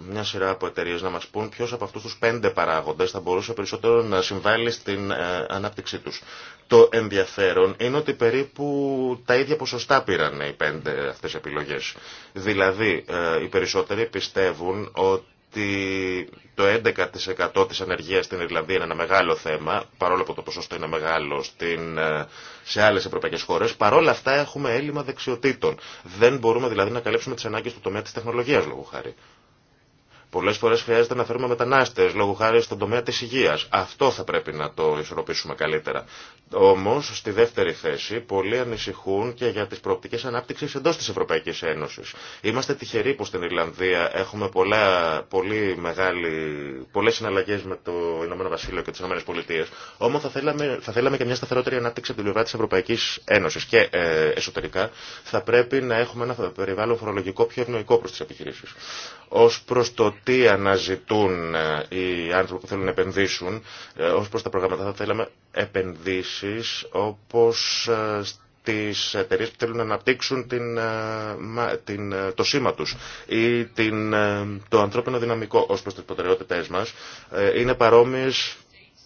μια σειρά από εταιρείε να μα πούν ποιο από αυτού του πέντε παράγοντε θα μπορούσε περισσότερο να συμβάλλει στην ε, ανάπτυξή του. Το ενδιαφέρον είναι ότι περίπου τα ίδια ποσοστά πήραν οι πέντε αυτέ επιλογέ. Δηλαδή, ε, οι περισσότεροι πιστεύουν ότι ότι το 11% της ανεργίας στην Ιρλανδία είναι ένα μεγάλο θέμα, παρόλο που το ποσοστό είναι μεγάλο στην, ε, σε άλλες ευρωπαϊκές χώρες, παρόλα αυτά έχουμε έλλειμμα δεξιοτήτων. Δεν μπορούμε δηλαδή να καλύψουμε τις ανάγκες του τομέα της τεχνολογίας, λόγω χάρη. Πολλέ φορέ χρειάζεται να φέρουμε μετανάστε λόγω χάρη στον τομέα τη υγεία. Αυτό θα πρέπει να το ισορροπήσουμε καλύτερα. Όμω, στη δεύτερη θέση, πολλοί ανησυχούν και για τι προοπτικέ ανάπτυξη εντό τη Ευρωπαϊκή Ένωση. Είμαστε τυχεροί που στην Ιρλανδία έχουμε πολλέ συναλλαγέ με το Ηνωμένο Βασίλειο και τι Πολιτείε, Όμω, θα θέλαμε, θα θέλαμε και μια σταθερότερη ανάπτυξη από την πλευρά τη Ευρωπαϊκή Ένωση. Και ε, εσωτερικά θα πρέπει να έχουμε ένα περιβάλλον φορολογικό πιο ευνοϊκό προ τι επιχειρήσει ως προς το τι αναζητούν ε, οι άνθρωποι που θέλουν να επενδύσουν, ε, ως προς τα προγράμματα θα θέλαμε επενδύσεις όπως ε, τις εταιρείε που θέλουν να αναπτύξουν την, την, το σήμα τους ή την, το ανθρώπινο δυναμικό ως προς τις προτεραιότητές μας είναι παρόμοιες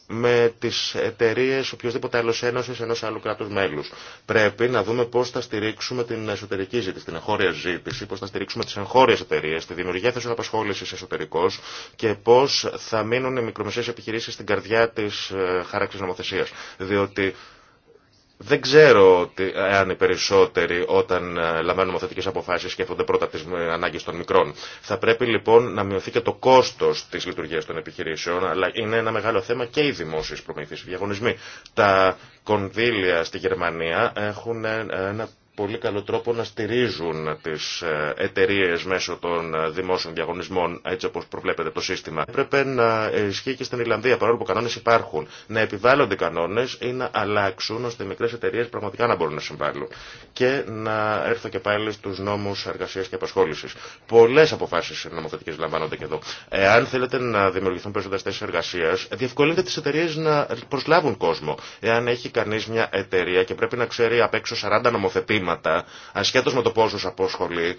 με τι εταιρείε οποιοδήποτε άλλο ένωση ενό άλλου κράτου μέλου. Πρέπει να δούμε πώ θα στηρίξουμε την εσωτερική ζήτηση, την εγχώρια ζήτηση, πώ θα στηρίξουμε τι εγχώριε εταιρείε, τη δημιουργία θέσεων απασχόληση εσωτερικώ και πώ θα μείνουν οι μικρομεσαίε επιχειρήσει στην καρδιά τη ε, χάραξη νομοθεσία. Διότι δεν ξέρω αν οι περισσότεροι όταν ε, λαμβάνουμε θετικέ αποφάσει σκέφτονται πρώτα τι ε, ανάγκε των μικρών. Θα πρέπει λοιπόν να μειωθεί και το κόστο τη λειτουργία των επιχειρήσεων, αλλά είναι ένα μεγάλο θέμα και οι δημόσιε προμήθειε, οι διαγωνισμοί. Τα κονδύλια στη Γερμανία έχουν ε, ένα πολύ καλό τρόπο να στηρίζουν τις ε, εταιρείε μέσω των ε, δημόσιων διαγωνισμών, έτσι όπως προβλέπεται το σύστημα. Πρέπει να ισχύει και στην Ιρλανδία, παρόλο που κανόνες υπάρχουν, να επιβάλλονται κανόνες ή να αλλάξουν, ώστε οι μικρές εταιρείε πραγματικά να μπορούν να συμβάλλουν. Και να έρθω και πάλι στους νόμους εργασίας και απασχόλησης. Πολλές αποφάσεις νομοθετικές λαμβάνονται και εδώ. Εάν θέλετε να δημιουργηθούν περισσότερες θέσεις εργασίας, διευκολύνεται τις εταιρείε να προσλάβουν κόσμο. Εάν έχει κανείς μια εταιρεία και πρέπει να ξέρει απ' 40 νομοθετήματα, προβλήματα, ασχέτω με το απόσχολη, αποσχολεί,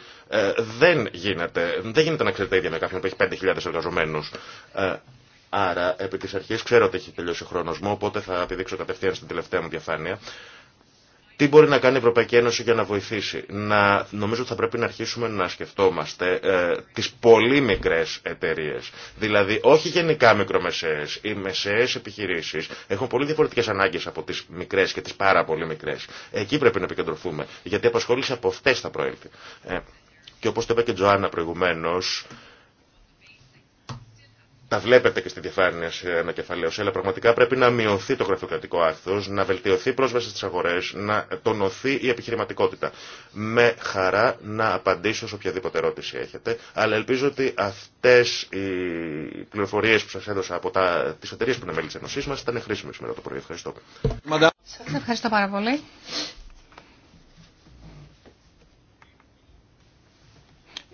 δεν γίνεται. Δεν γίνεται να ξέρετε ίδια με κάποιον που έχει 5.000 εργαζόμενου. Ε, άρα, επί τη αρχή, ξέρω ότι έχει τελειώσει ο χρόνο μου, οπότε θα τη δείξω κατευθείαν στην τελευταία μου διαφάνεια. Τι μπορεί να κάνει η Ευρωπαϊκή Ένωση για να βοηθήσει. Να, νομίζω ότι θα πρέπει να αρχίσουμε να σκεφτόμαστε ε, τις πολύ μικρές εταιρείε. Δηλαδή όχι γενικά μικρομεσαίες. Οι μεσαίες επιχειρήσεις έχουν πολύ διαφορετικές ανάγκες από τις μικρές και τις πάρα πολύ μικρές. Εκεί πρέπει να επικεντρωθούμε γιατί η απασχόληση από αυτές θα προέλθει. και όπως το είπε και Τζοάννα προηγουμένως, τα βλέπετε και στη διαφάνεια σε ανακεφαλαίωση, αλλά πραγματικά πρέπει να μειωθεί το γραφειοκρατικό άκθο, να βελτιωθεί η πρόσβαση στι αγορέ, να τονωθεί η επιχειρηματικότητα. Με χαρά να απαντήσω σε οποιαδήποτε ερώτηση έχετε, αλλά ελπίζω ότι αυτέ οι πληροφορίε που σα έδωσα από τι εταιρείε που είναι μέλη τη Ενωσή μα ήταν χρήσιμε σήμερα το πρωί. Ευχαριστώ. Σα ευχαριστώ πάρα πολύ.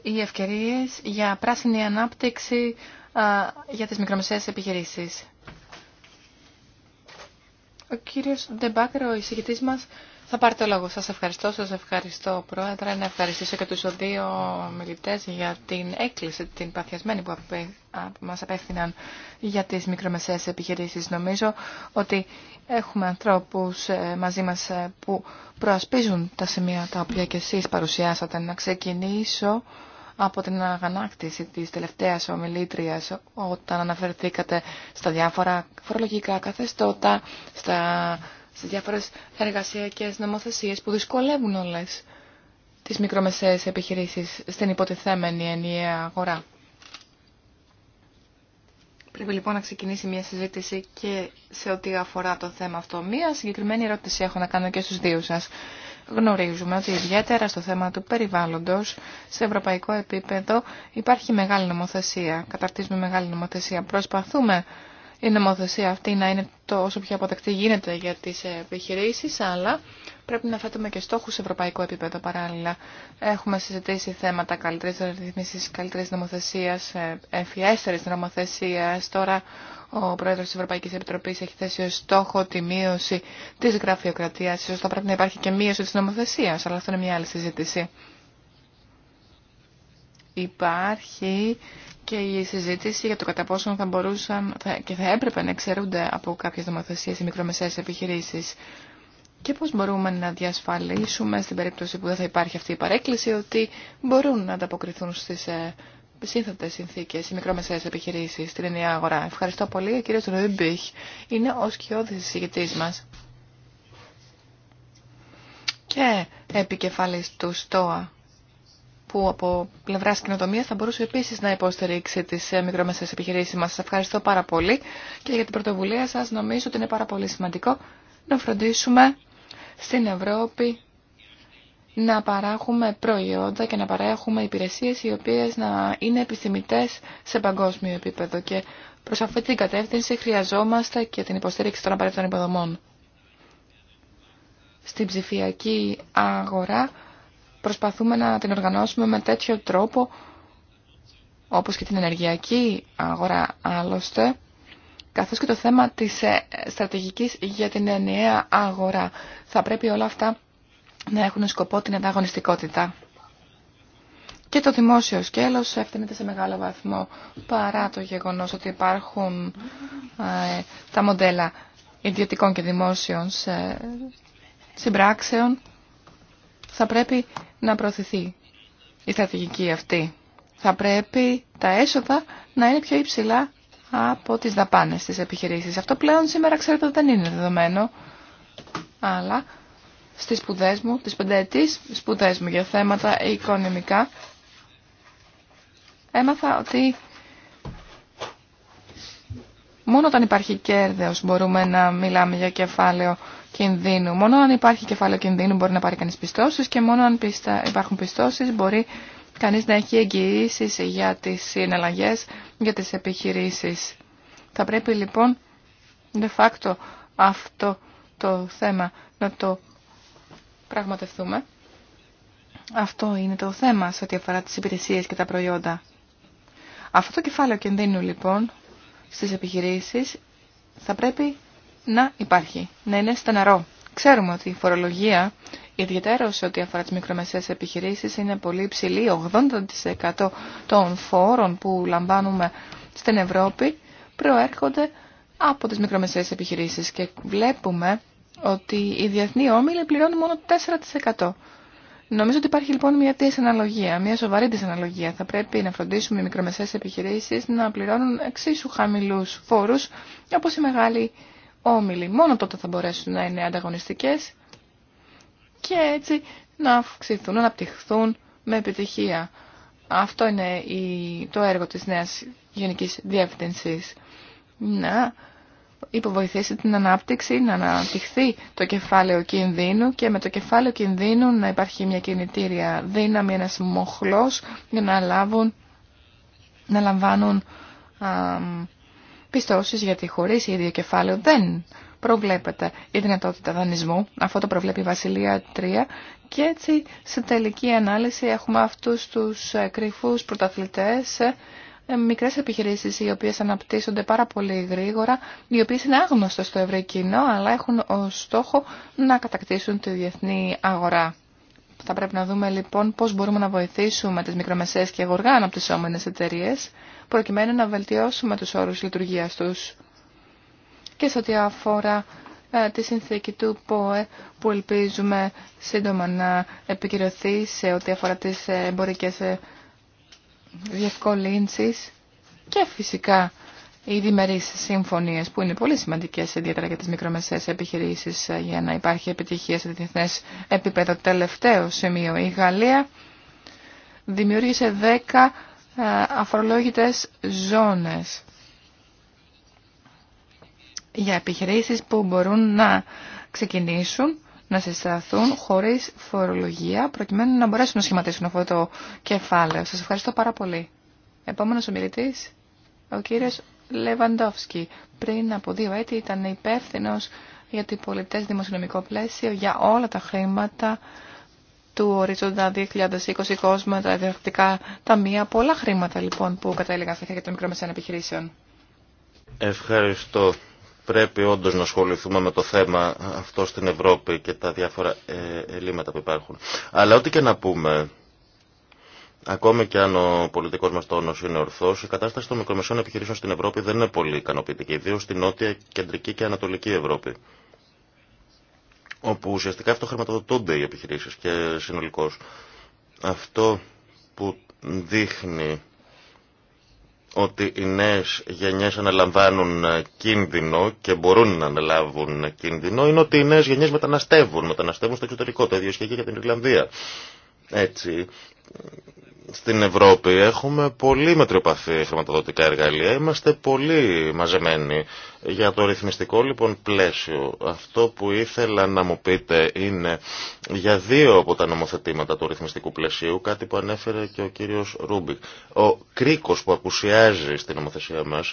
Οι ευκαιρίε για πράσινη ανάπτυξη για τις μικρομεσαίες επιχειρήσεις. Ο κύριος Ντεμπάκερ, ο εισηγητής μας, θα πάρει το λόγο. Σας ευχαριστώ, σας ευχαριστώ Πρόεδρε, να ευχαριστήσω και τους δύο μιλητές για την έκκληση, την παθιασμένη που μας απέφθηναν για τις μικρομεσαίες επιχειρήσεις. Νομίζω ότι έχουμε ανθρώπους ε, μαζί μας ε, που προασπίζουν τα σημεία τα οποία και εσείς παρουσιάσατε. Να ξεκινήσω από την αγανάκτηση της τελευταίας ομιλήτριας όταν αναφερθήκατε στα διάφορα φορολογικά καθεστώτα, στα, στις διάφορες εργασιακές νομοθεσίες που δυσκολεύουν όλες τις μικρομεσαίες επιχειρήσεις στην υποτιθέμενη ενιαία αγορά. Πρέπει λοιπόν να ξεκινήσει μια συζήτηση και σε ό,τι αφορά το θέμα αυτό. Μια συγκεκριμένη ερώτηση έχω να κάνω και στους δύο σας γνωρίζουμε ότι ιδιαίτερα στο θέμα του περιβάλλοντος σε ευρωπαϊκό επίπεδο υπάρχει μεγάλη νομοθεσία. Καταρτίζουμε μεγάλη νομοθεσία. Προσπαθούμε η νομοθεσία αυτή να είναι το όσο πιο αποδεκτή γίνεται για τις επιχειρήσεις, αλλά πρέπει να θέτουμε και στόχους σε ευρωπαϊκό επίπεδο παράλληλα. Έχουμε συζητήσει θέματα καλύτερης ρυθμίσης, καλύτερης νομοθεσίας, εφιέστερη νομοθεσία. Τώρα ο Πρόεδρος της Ευρωπαϊκής Επιτροπής έχει θέσει ως στόχο τη μείωση της γραφειοκρατίας. Ίσως θα πρέπει να υπάρχει και μείωση της νομοθεσίας, αλλά αυτό είναι μια άλλη συζήτηση υπάρχει και η συζήτηση για το κατά πόσο θα μπορούσαν και θα έπρεπε να εξαιρούνται από κάποιες νομοθεσίες οι μικρομεσαίες επιχειρήσεις και πώς μπορούμε να διασφαλίσουμε στην περίπτωση που δεν θα υπάρχει αυτή η παρέκκληση ότι μπορούν να ανταποκριθούν στις ε, σύνθετες συνθήκες οι μικρομεσαίες επιχειρήσεις στην ενιαία αγορά. Ευχαριστώ πολύ. Ο κύριο Ροϊμπίχ είναι ο σκιώδης συζητητή μα και επικεφαλής του ΣΤΟΑ που από πλευρά κοινοτομία θα μπορούσε επίση να υποστηρίξει τι ε, μικρομεσαίε επιχειρήσει μα. Σα ευχαριστώ πάρα πολύ και για την πρωτοβουλία σα. Νομίζω ότι είναι πάρα πολύ σημαντικό να φροντίσουμε στην Ευρώπη να παράγουμε προϊόντα και να παρέχουμε υπηρεσίες οι οποίες να είναι επιθυμητέ σε παγκόσμιο επίπεδο και προς αυτή την κατεύθυνση χρειαζόμαστε και την υποστήριξη των απαραίτητων υποδομών. Στην ψηφιακή αγορά προσπαθούμε να την οργανώσουμε με τέτοιο τρόπο, όπως και την ενεργειακή αγορά άλλωστε, καθώς και το θέμα της ε, στρατηγικής για την ενιαία αγορά. Θα πρέπει όλα αυτά να έχουν σκοπό την ανταγωνιστικότητα. Και το δημόσιο σκέλος ευθύνεται σε μεγάλο βαθμό παρά το γεγονός ότι υπάρχουν ε, τα μοντέλα ιδιωτικών και δημόσιων σε, συμπράξεων θα πρέπει να προωθηθεί η στρατηγική αυτή. Θα πρέπει τα έσοδα να είναι πιο υψηλά από τις δαπάνες της επιχειρήσεις. Αυτό πλέον σήμερα ξέρετε δεν είναι δεδομένο, αλλά στις σπουδές μου, τις πενταετής σπουδέ μου για θέματα οικονομικά, έμαθα ότι μόνο όταν υπάρχει κέρδος μπορούμε να μιλάμε για κεφάλαιο κινδύνου. Μόνο αν υπάρχει κεφάλαιο κινδύνου μπορεί να πάρει κανείς πιστώσεις και μόνο αν υπάρχουν πιστώσεις μπορεί κανείς να έχει εγγυήσει για τις συναλλαγές, για τις επιχειρήσεις. Θα πρέπει λοιπόν de facto αυτό το θέμα να το πραγματευτούμε. Αυτό είναι το θέμα σε ό,τι αφορά τις υπηρεσίες και τα προϊόντα. Αυτό το κεφάλαιο κινδύνου λοιπόν στις επιχειρήσεις θα πρέπει να υπάρχει, να είναι στεναρό. Ξέρουμε ότι η φορολογία, ιδιαίτερα σε ό,τι αφορά τι μικρομεσαίες επιχειρήσει, είναι πολύ υψηλή. 80% των φόρων που λαμβάνουμε στην Ευρώπη προέρχονται από τι μικρομεσαίες επιχειρήσει και βλέπουμε ότι οι διεθνοί όμιλοι πληρώνουν μόνο 4%. Νομίζω ότι υπάρχει λοιπόν μια αναλογία, μια σοβαρή αναλογία. Θα πρέπει να φροντίσουμε οι μικρομεσαίες επιχειρήσει να πληρώνουν εξίσου χαμηλού φόρου όπω οι μεγάλοι όμιλοι. Μόνο τότε θα μπορέσουν να είναι ανταγωνιστικές και έτσι να αυξηθούν, να αναπτυχθούν με επιτυχία. Αυτό είναι το έργο της νέας Γενικής Διεύθυνσης. Να υποβοηθήσει την ανάπτυξη, να αναπτυχθεί το κεφάλαιο κινδύνου και με το κεφάλαιο κινδύνου να υπάρχει μια κινητήρια δύναμη, ένας μοχλός για να, λάβουν, να λαμβάνουν πιστώσεις, γιατί χωρίς ίδιο κεφάλαιο δεν προβλέπεται η δυνατότητα δανεισμού. Αυτό το προβλέπει η Βασιλεία 3 και έτσι σε τελική ανάλυση έχουμε αυτούς τους ε, κρυφούς πρωταθλητές ε, ε, μικρές επιχειρήσεις οι οποίες αναπτύσσονται πάρα πολύ γρήγορα, οι οποίες είναι άγνωστες στο ευρύ κοινό, αλλά έχουν ως στόχο να κατακτήσουν τη διεθνή αγορά. Θα πρέπει να δούμε λοιπόν πώς μπορούμε να βοηθήσουμε τις μικρομεσαίες και αγοργά αναπτυσσόμενες εταιρείε προκειμένου να βελτιώσουμε τους όρους λειτουργίας τους και σε ό,τι αφορά ε, τη συνθήκη του ΠΟΕ που ελπίζουμε σύντομα να επικυρωθεί σε ό,τι αφορά τις ε, εμπορικές ε, διευκολύνσεις και φυσικά οι διμερείς σύμφωνίες που είναι πολύ σημαντικές ιδιαίτερα για τις μικρομεσαίες επιχειρήσεις ε, για να υπάρχει επιτυχία σε διεθνές επίπεδο. Τελευταίο σημείο, η Γαλλία δημιούργησε 10 ε, αφορολόγητες ζώνες για επιχειρήσεις που μπορούν να ξεκινήσουν να συσταθούν χωρίς φορολογία προκειμένου να μπορέσουν να σχηματίσουν αυτό το κεφάλαιο. Σας ευχαριστώ πάρα πολύ. Επόμενος ομιλητής, ο κύριος Λεβαντόφσκι. Πριν από δύο έτη ήταν υπεύθυνο για το πολιτέ δημοσιονομικό πλαίσιο για όλα τα χρήματα του ορίζοντα 2020 κόσμο, τα διευθυντικά ταμεία, πολλά χρήματα λοιπόν που κατέληγαν στα χέρια των μικρομεσαίων επιχειρήσεων. Ευχαριστώ. Πρέπει όντω να ασχοληθούμε με το θέμα αυτό στην Ευρώπη και τα διάφορα ε, ελλείμματα που υπάρχουν. Αλλά ό,τι και να πούμε, Ακόμη και αν ο πολιτικό μα τόνο είναι ορθό, η κατάσταση των μικρομεσαίων επιχειρήσεων στην Ευρώπη δεν είναι πολύ ικανοποιητική, ιδίω στην νότια, κεντρική και ανατολική Ευρώπη. Όπου ουσιαστικά αυτοχρηματοδοτούνται οι επιχειρήσει και συνολικώ. Αυτό που δείχνει ότι οι νέε γενιέ αναλαμβάνουν κίνδυνο και μπορούν να αναλάβουν κίνδυνο είναι ότι οι νέε γενιέ μεταναστεύουν. Μεταναστεύουν στο εξωτερικό. Το ίδιο ισχύει και για την Ιρλανδία. Έτσι, στην Ευρώπη έχουμε πολύ μετριοπαθή χρηματοδοτικά εργαλεία. Είμαστε πολύ μαζεμένοι για το ρυθμιστικό λοιπόν πλαίσιο. Αυτό που ήθελα να μου πείτε είναι για δύο από τα νομοθετήματα του ρυθμιστικού πλαισίου, κάτι που ανέφερε και ο κύριος Ρούμπικ. Ο κρίκος που απουσιάζει στην νομοθεσία μας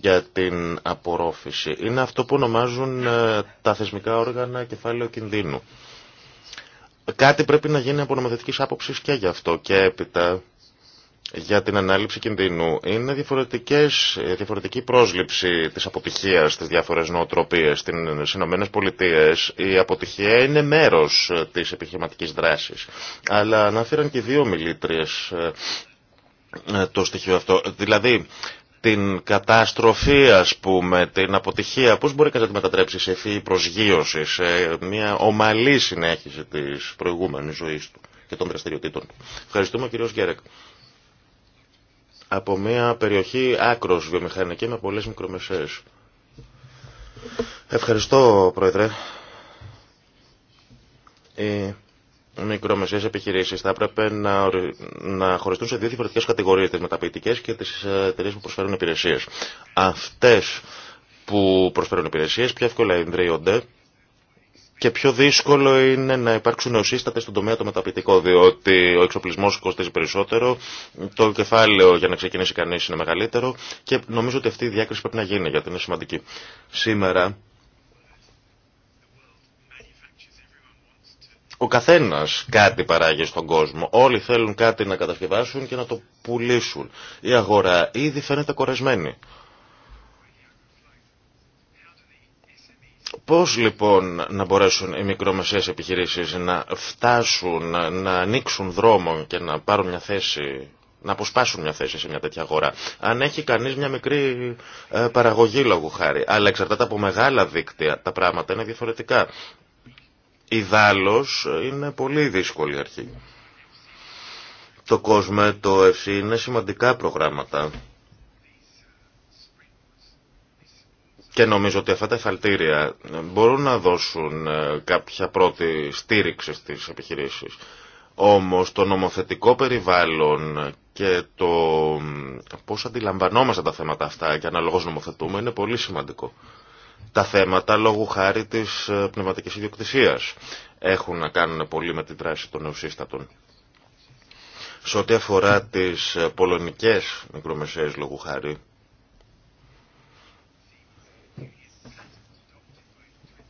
για την απορρόφηση είναι αυτό που ονομάζουν ε, τα θεσμικά όργανα κεφάλαιο κινδύνου. Κάτι πρέπει να γίνει από νομοθετική άποψη και γι' αυτό και έπειτα για την ανάληψη κινδύνου. Είναι διαφορετικές, διαφορετική πρόσληψη της αποτυχίας στις διάφορες νοοτροπίες. Στις Ηνωμένες Πολιτείες η αποτυχία είναι μέρος της επιχειρηματικής δράσης. Αλλά ανάφεραν και δύο μιλήτριες ε, ε, το στοιχείο αυτό. Δηλαδή, την καταστροφή ας πούμε, την αποτυχία, πώς μπορεί κανείς να τη μετατρέψει σε ευφύη προσγείωση, σε μια ομαλή συνέχιση της προηγούμενης ζωής του και των δραστηριοτήτων του. Ευχαριστούμε κύριος Γκέρεκ. Από μια περιοχή άκρος βιομηχανική με πολλές μικρομεσαίες. Ευχαριστώ πρόεδρε μικρομεσαίε επιχειρήσει θα έπρεπε να, να χωριστούν σε δύο διαφορετικές κατηγορίε τι μεταποιητικέ και τι ε, εταιρείε που προσφέρουν υπηρεσίε. Αυτέ που προσφέρουν υπηρεσίε πιο εύκολα ενδρύονται και πιο δύσκολο είναι να υπάρξουν νεοσύστατε στον τομέα το μεταποιητικό, διότι ο εξοπλισμό κοστίζει περισσότερο, το κεφάλαιο για να ξεκινήσει κανεί είναι μεγαλύτερο και νομίζω ότι αυτή η διάκριση πρέπει να γίνει γιατί είναι σημαντική. Σήμερα Ο καθένα κάτι παράγει στον κόσμο. Όλοι θέλουν κάτι να κατασκευάσουν και να το πουλήσουν. Η αγορά ήδη φαίνεται κορεσμένη. Πώς λοιπόν να μπορέσουν οι μικρομεσαίες επιχειρήσεις να φτάσουν, να ανοίξουν δρόμο και να πάρουν μια θέση, να αποσπάσουν μια θέση σε μια τέτοια αγορά. Αν έχει κανείς μια μικρή ε, παραγωγή λόγου χάρη, αλλά εξαρτάται από μεγάλα δίκτυα, τα πράγματα είναι διαφορετικά. Ιδάλλως είναι πολύ δύσκολη αρχή. Το κόσμο, το ΕΦΣΥ είναι σημαντικά προγράμματα και νομίζω ότι αυτά τα εφαλτήρια μπορούν να δώσουν ε, κάποια πρώτη στήριξη στις επιχειρήσεις. Όμως το νομοθετικό περιβάλλον και το πώς αντιλαμβανόμαστε τα θέματα αυτά και αναλόγως νομοθετούμε είναι πολύ σημαντικό. Τα θέματα λόγου χάρη της ε, πνευματικής ιδιοκτησίας έχουν να κάνουν πολύ με την δράση των νεοσύστατων. Σε ό,τι αφορά τις ε, πολωνικές μικρομεσαίες λόγου χάρη,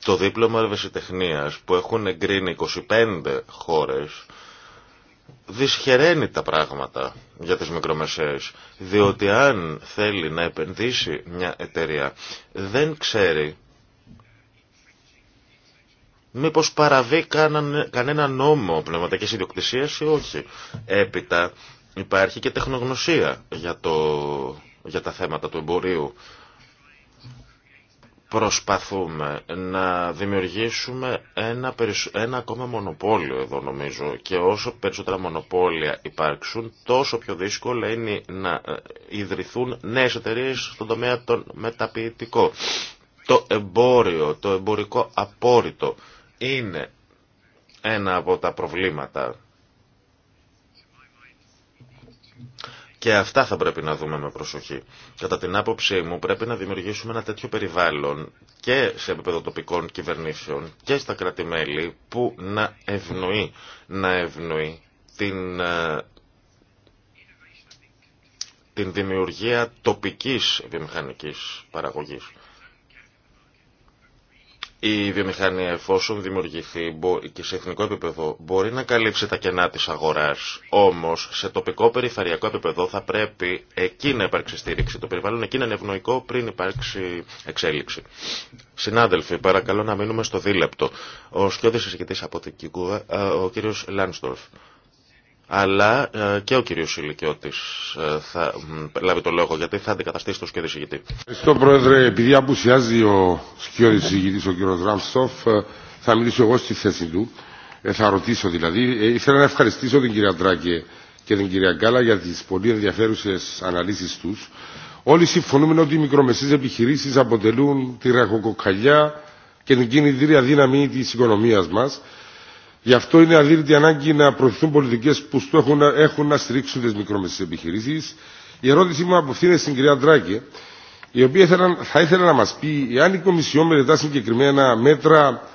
το δίπλωμα ευαισθητεχνίας που έχουν εγκρίνει 25 χώρες δυσχεραίνει τα πράγματα για τις μικρομεσαίες, διότι αν θέλει να επενδύσει μια εταιρεία, δεν ξέρει μήπως παραβεί κανένα νόμο πνευματικής ιδιοκτησίας ή όχι. Έπειτα υπάρχει και τεχνογνωσία για, το, για τα θέματα του εμπορίου προσπαθούμε να δημιουργήσουμε ένα, ένα ακόμα μονοπόλιο εδώ νομίζω και όσο περισσότερα μονοπόλια υπάρξουν τόσο πιο δύσκολο είναι να ε, ιδρυθούν νέες εταιρείες στον τομέα των μεταποιητικών. Το εμπόριο, το εμπορικό απόρριτο είναι ένα από τα προβλήματα και αυτά θα πρέπει να δούμε με προσοχή. Κατά την άποψή μου πρέπει να δημιουργήσουμε ένα τέτοιο περιβάλλον και σε επίπεδο τοπικών κυβερνήσεων και στα κρατημέλη που να ευνοεί, να ευνοεί την, ε, την δημιουργία τοπικής βιομηχανικής παραγωγής. Η βιομηχανία εφόσον δημιουργηθεί και σε εθνικό επίπεδο μπορεί να καλύψει τα κενά της αγοράς, όμως σε τοπικό περιφερειακό επίπεδο θα πρέπει εκεί να υπάρξει στήριξη. Το περιβάλλον εκεί να είναι ευνοϊκό πριν υπάρξει εξέλιξη. Συνάδελφοι, παρακαλώ να μείνουμε στο δίλεπτο. Ο σκιώδης εισηγητής από την ε, ο κύριος Λάνστορφ αλλά ε, και ο κύριος Σιλικιώτης ε, θα λάβει το λόγο γιατί θα αντικαταστήσει το σκιώδη συγητή. Ευχαριστώ Πρόεδρε. Επειδή απουσιάζει ο σκιώδη συγητής ο κύριος Ραμστοφ ε, θα μιλήσω εγώ στη θέση του. θα ρωτήσω δηλαδή. Ε, ήθελα να ευχαριστήσω την κυρία Τράκε και την κυρία Γκάλα για τις πολύ ενδιαφέρουσες αναλύσεις τους. Όλοι συμφωνούμε ότι οι μικρομεσαίες επιχειρήσεις αποτελούν τη ραχοκοκαλιά και την κινητήρια δύναμη της οικονομίας μας Γι' αυτό είναι αδύρυτη ανάγκη να προωθηθούν πολιτικέ που στόχο έχουν να στηρίξουν τι μικρομεσαίε επιχειρήσει. Η ερώτησή μου απευθύνεται στην κυρία Ντράκε, η οποία θα ήθελα να μα πει εάν η Κομισιόν μελετά συγκεκριμένα μέτρα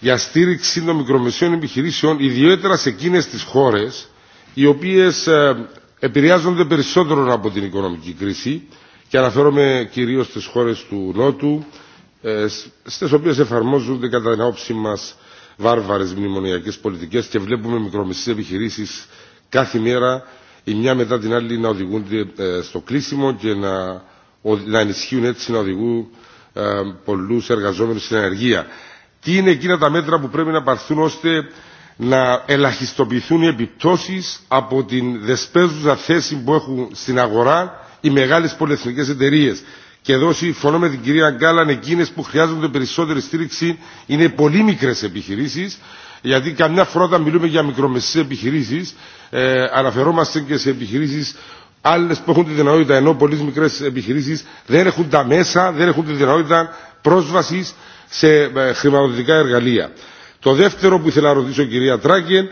για στήριξη των μικρομεσαίων επιχειρήσεων, ιδιαίτερα σε εκείνε τι χώρε οι οποίε ε, επηρεάζονται περισσότερο από την οικονομική κρίση και αναφέρομαι κυρίως στις χώρες του Νότου, ε, στις οποίες εφαρμόζονται κατά την άποψή μα βάρβαρες μνημονιακές πολιτικές και βλέπουμε μικρομεσίες επιχειρήσεις κάθε μέρα η μια μετά την άλλη να οδηγούνται ε, στο κλείσιμο και να, να ενισχύουν έτσι να οδηγούν ε, πολλούς εργαζόμενους στην ανεργία. Τι είναι εκείνα τα μέτρα που πρέπει να παρθούν ώστε να ελαχιστοποιηθούν οι επιπτώσεις από την δεσπέζουσα θέση που έχουν στην αγορά οι μεγάλες πολυεθνικές εταιρείες. Και εδώ συμφωνώ με την κυρία Γκάλαν, εκείνε που χρειάζονται περισσότερη στήριξη είναι πολύ μικρέ επιχειρήσει, γιατί καμιά φορά όταν μιλούμε για μικρομεσαίε επιχειρήσει, ε, αναφερόμαστε και σε επιχειρήσει άλλε που έχουν τη δυνατότητα, ενώ πολλέ μικρέ επιχειρήσει δεν έχουν τα μέσα, δεν έχουν τη δυνατότητα πρόσβαση σε ε, χρηματοδοτικά εργαλεία. Το δεύτερο που ήθελα να ρωτήσω, κυρία Τράγκεν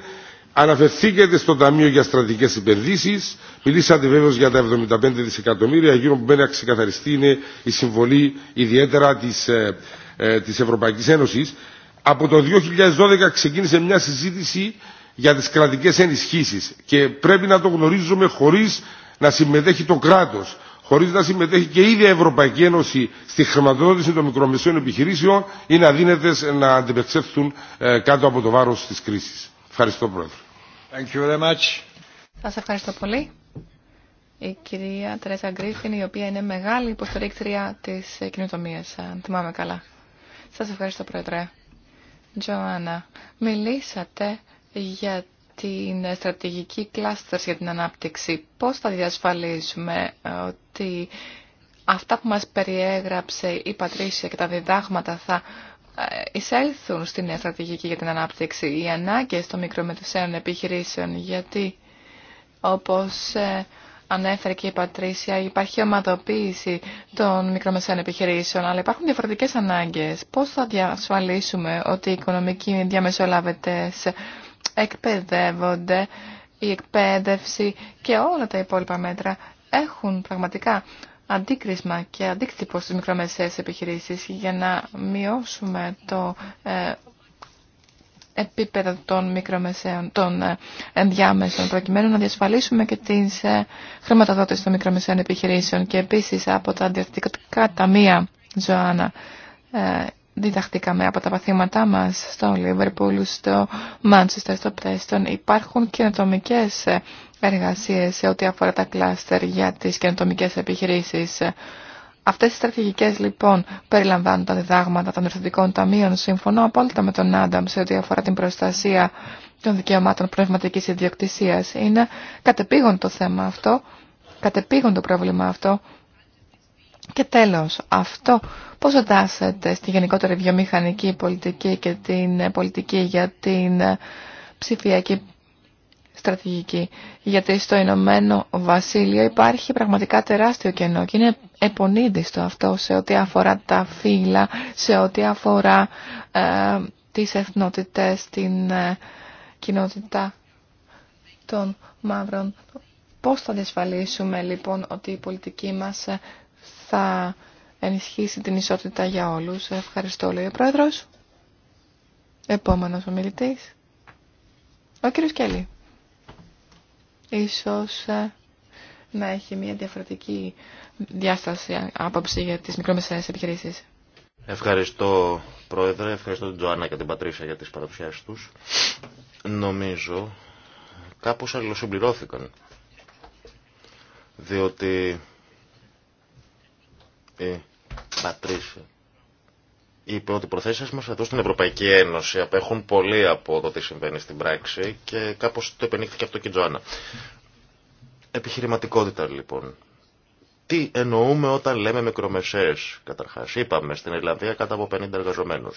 Αναφερθήκατε στο Ταμείο για Στρατηγικές επενδύσει, Μιλήσατε βέβαια για τα 75 δισεκατομμύρια. Γύρω που μπαίνει να ξεκαθαριστεί είναι η συμβολή ιδιαίτερα της, ε, ε της Ευρωπαϊκής Ένωσης. Από το 2012 ξεκίνησε μια συζήτηση για τις κρατικές ενισχύσεις και πρέπει να το γνωρίζουμε χωρίς να συμμετέχει το κράτος, χωρίς να συμμετέχει και η ίδια Ευρωπαϊκή Ένωση στη χρηματοδότηση των μικρομεσαίων επιχειρήσεων είναι δίνεται να ε, κάτω από το βάρο της κρίσης. Ευχαριστώ Πρόεδρε. Thank Σας ευχαριστώ πολύ. Η κυρία Τρέσα Γκρίφιν, η οποία είναι μεγάλη υποστηρίκτρια της κοινοτομίας, αν θυμάμαι καλά. Σας ευχαριστώ, Πρόεδρε. Τζοάννα, μιλήσατε για την στρατηγική κλάστερ για την ανάπτυξη. Πώς θα διασφαλίσουμε ότι αυτά που μας περιέγραψε η Πατρίσια και τα διδάγματα θα ε, εισέλθουν στη νέα στρατηγική για την ανάπτυξη οι ανάγκες των μικρομετουσαίων επιχειρήσεων γιατί όπως ε, ανέφερε και η Πατρίσια υπάρχει ομαδοποίηση των μικρομεσαίων επιχειρήσεων αλλά υπάρχουν διαφορετικές ανάγκες. Πώς θα διασφαλίσουμε ότι οι οικονομικοί διαμεσολαβετές εκπαιδεύονται η εκπαίδευση και όλα τα υπόλοιπα μέτρα έχουν πραγματικά αντίκρισμα και αντίκτυπο στις μικρομεσαίες επιχειρήσεις για να μειώσουμε το ε, επίπεδο των μικρομεσαίων, των ε, ενδιάμεσων, προκειμένου να διασφαλίσουμε και την ε, χρηματοδότηση των μικρομεσαίων επιχειρήσεων και επίσης από τα αντιευτικά ταμεία, Ζωάννα, διδαχτήκαμε από τα παθήματά μας στο Λίβερπουλ, στο Μάντσεστερ, στο Πρέστον. Υπάρχουν καινοτομικέ εργασίες σε ό,τι αφορά τα κλάστερ για τις καινοτομικέ επιχειρήσεις. Αυτές οι στρατηγικές λοιπόν περιλαμβάνουν τα διδάγματα των ερθωτικών ταμείων. Συμφωνώ απόλυτα με τον Άνταμ σε ό,τι αφορά την προστασία των δικαιωμάτων πνευματικής ιδιοκτησίας. Είναι κατεπήγον το θέμα αυτό, κατεπήγον το πρόβλημα αυτό και τέλος, αυτό πώς εντάσσεται στη γενικότερη βιομηχανική πολιτική και την πολιτική για την ψηφιακή στρατηγική. Γιατί στο Ηνωμένο Βασίλειο υπάρχει πραγματικά τεράστιο κενό και είναι επονίδιστο αυτό σε ό,τι αφορά τα φύλλα, σε ό,τι αφορά ε, τις εθνότητες, την ε, κοινότητα των μαύρων. Πώς θα διασφαλίσουμε λοιπόν ότι η πολιτική μας θα ενισχύσει την ισότητα για όλους. Ευχαριστώ, λέει ο Πρόεδρος. Επόμενος μιλητής. Ο κύριος Κέλλη. Ίσως ε, να έχει μια διαφορετική διάσταση άποψη για τις μικρομεσαίες επιχειρήσεις. Ευχαριστώ Πρόεδρε, ευχαριστώ την Τζοάννα και την Πατρίσα για τις παρουσιάσεις τους. Νομίζω κάπως αλληλοσυμπληρώθηκαν. Διότι η Πατρίσιο. Είπε ότι οι προθέσει μα εδώ στην Ευρωπαϊκή Ένωση απέχουν πολύ από το τι συμβαίνει στην πράξη και κάπω το επενήχθηκε αυτό και η Τζοάννα. Επιχειρηματικότητα λοιπόν. Τι εννοούμε όταν λέμε «μικρομεσές» καταρχά. Είπαμε στην Ιρλανδία κάτω από 50 εργαζομένου.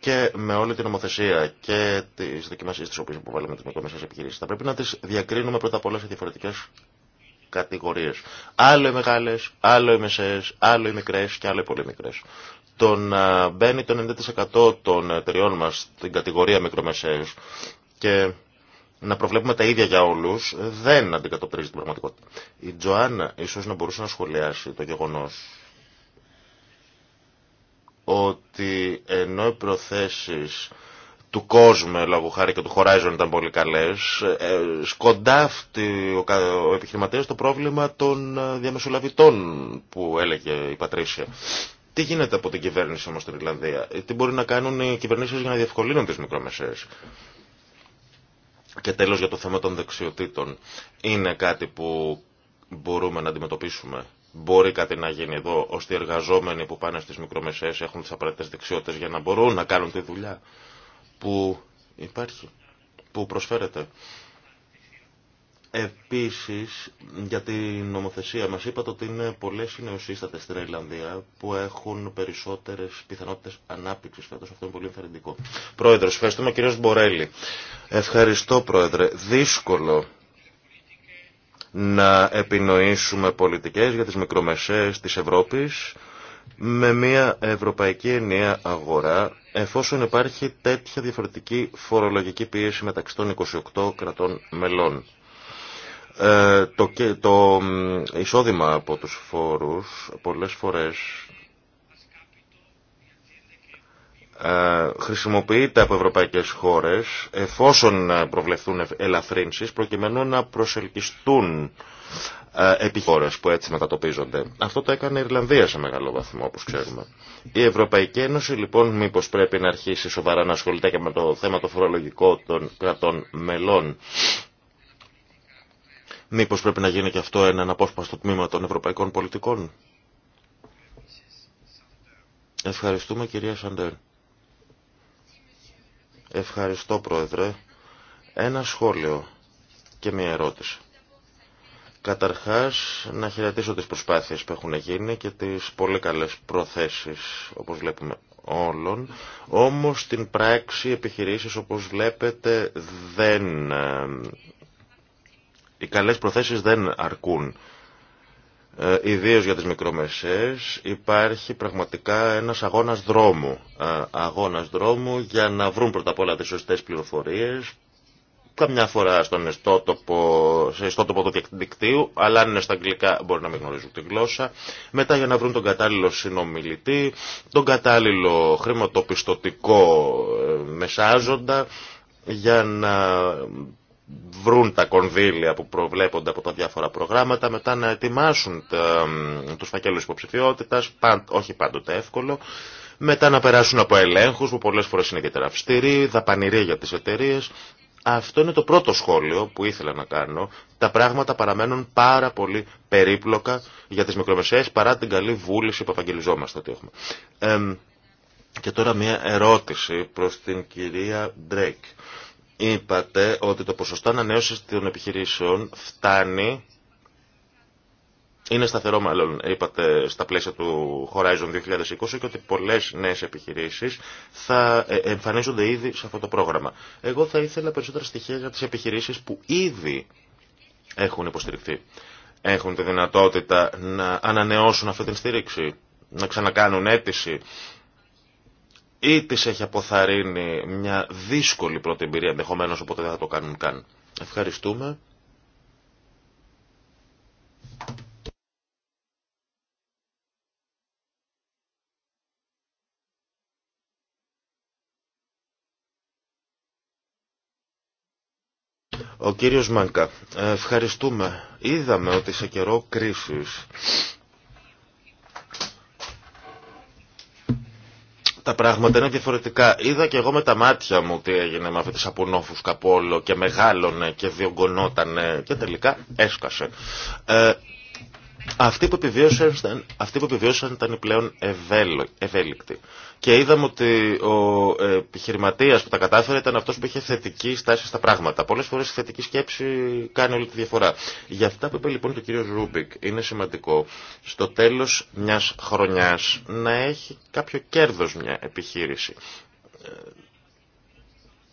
και με όλη την νομοθεσία και τι δοκιμασίε τι οποίε υποβάλλουμε τι μικρομεσαίε επιχειρήσει. Θα πρέπει να τι διακρίνουμε πρώτα απ' όλα σε διαφορετικέ κατηγορίες. Άλλο οι μεγάλες, άλλο οι μεσαίες, άλλο οι μικρές και άλλο οι πολύ μικρές. Το να μπαίνει το 90% των εταιριών μας στην κατηγορία μικρομεσαίε και να προβλέπουμε τα ίδια για όλους δεν αντικατοπτρίζει την πραγματικότητα. Η Τζοάννα ίσω να μπορούσε να σχολιάσει το γεγονός ότι ενώ οι προθέσεις του κόσμου ε, λόγω χάρη και του Horizon ήταν πολύ καλές ε, σκοντάφτει ο, ο το πρόβλημα των ε, διαμεσολαβητών που έλεγε η Πατρίσια τι γίνεται από την κυβέρνηση όμως στην Ιρλανδία τι μπορεί να κάνουν οι κυβερνήσεις για να διευκολύνουν τις μικρομεσαίες και τέλος για το θέμα των δεξιοτήτων είναι κάτι που μπορούμε να αντιμετωπίσουμε μπορεί κάτι να γίνει εδώ, ώστε οι εργαζόμενοι που πάνε στις μικρομεσαίες έχουν τις απαραίτητες δεξιότητες για να μπορούν να κάνουν τη δουλειά που υπάρχει, που προσφέρεται. Επίσης, για την νομοθεσία μας είπατε ότι είναι πολλές οι νεοσύστατες στην Ιρλανδία που έχουν περισσότερες πιθανότητες ανάπτυξης φέτος. Αυτό είναι πολύ ενθαρρυντικό. Πρόεδρος, ευχαριστούμε κύριος Μπορέλη. Ευχαριστώ πρόεδρε. Δύσκολο να επινοήσουμε πολιτικές για τις μικρομεσαίες της Ευρώπης με μια ευρωπαϊκή ενιαία αγορά εφόσον υπάρχει τέτοια διαφορετική φορολογική πίεση μεταξύ των 28 κρατών μελών. Ε, το, το εισόδημα από τους φόρους πολλές φορές Ε, χρησιμοποιείται από ευρωπαϊκές χώρες εφόσον ε, προβλεφθούν ελαφρύνσεις προκειμένου να προσελκυστούν ε, επί που έτσι μετατοπίζονται. Αυτό το έκανε η Ιρλανδία σε μεγάλο βαθμό όπως ξέρουμε. Η Ευρωπαϊκή Ένωση λοιπόν μήπως πρέπει να αρχίσει σοβαρά να ασχολείται και με το θέμα το φορολογικό των κρατών μελών. Μήπως πρέπει να γίνει και αυτό ένα αναπόσπαστο τμήμα των ευρωπαϊκών πολιτικών. Ευχαριστούμε κυρία Σαντέρ. Ευχαριστώ Πρόεδρε. Ένα σχόλιο και μια ερώτηση. Καταρχάς, να χαιρετήσω τις προσπάθειες που έχουν γίνει και τις πολύ καλές προθέσεις, όπως βλέπουμε όλων. Όμως, στην πράξη, επιχειρήσεις, όπως βλέπετε, δεν... Ε, οι καλές προθέσεις δεν αρκούν ε, ιδίως για τις μικρομεσαίες, υπάρχει πραγματικά ένας αγώνας δρόμου. Ε, αγώνας δρόμου για να βρουν πρώτα απ' όλα τις σωστές πληροφορίες, καμιά φορά στον ιστότοπο, σε ιστότοπο του δικτύου, αλλά αν είναι στα αγγλικά μπορεί να μην γνωρίζουν τη γλώσσα. Μετά για να βρουν τον κατάλληλο συνομιλητή, τον κατάλληλο χρηματοπιστωτικό ε, μεσάζοντα, για να βρουν τα κονδύλια που προβλέπονται από τα διάφορα προγράμματα, μετά να ετοιμάσουν τα, τους φακέλους υποψηφιότητας, παν, όχι πάντοτε εύκολο, μετά να περάσουν από ελέγχους που πολλές φορές είναι ιδιαίτερα αυστηροί, δαπανηροί για τις εταιρείες Αυτό είναι το πρώτο σχόλιο που ήθελα να κάνω. Τα πράγματα παραμένουν πάρα πολύ περίπλοκα για τις μικρομεσαίες παρά την καλή βούληση που επαγγελιζόμαστε ότι έχουμε. και τώρα μια ερώτηση προς την κυρία Ντρέκ Είπατε ότι το ποσοστό ανανέωση των επιχειρήσεων φτάνει είναι σταθερό μάλλον, είπατε, στα πλαίσια του Horizon 2020 και ότι πολλές νέες επιχειρήσεις θα ε, εμφανίζονται ήδη σε αυτό το πρόγραμμα. Εγώ θα ήθελα περισσότερα στοιχεία για τις επιχειρήσεις που ήδη έχουν υποστηριχθεί. Έχουν τη δυνατότητα να ανανεώσουν αυτή την στήριξη, να ξανακάνουν αίτηση, ή τι έχει αποθαρρύνει μια δύσκολη πρώτη εμπειρία ενδεχομένω οπότε δεν θα το κάνουν καν. Ευχαριστούμε. Ο κύριος Μάνκα, ευχαριστούμε. Είδαμε ότι σε καιρό κρίσης τα πράγματα είναι διαφορετικά. Είδα και εγώ με τα μάτια μου τι έγινε με αυτή τη σαπουνόφουσκα πόλο και μεγάλωνε και διωγγωνόταν και τελικά έσκασε. Ε, αυτοί που επιβίωσαν ήταν, αυτοί που οι πλέον ευέλικτοι. Και είδαμε ότι ο ε, επιχειρηματία που τα κατάφερε ήταν αυτό που είχε θετική στάση στα πράγματα. Πολλέ φορέ η θετική σκέψη κάνει όλη τη διαφορά. Για αυτά που είπε λοιπόν το κύριο Ρούμπικ, είναι σημαντικό στο τέλο μια χρονιά να έχει κάποιο κέρδο μια επιχείρηση ε,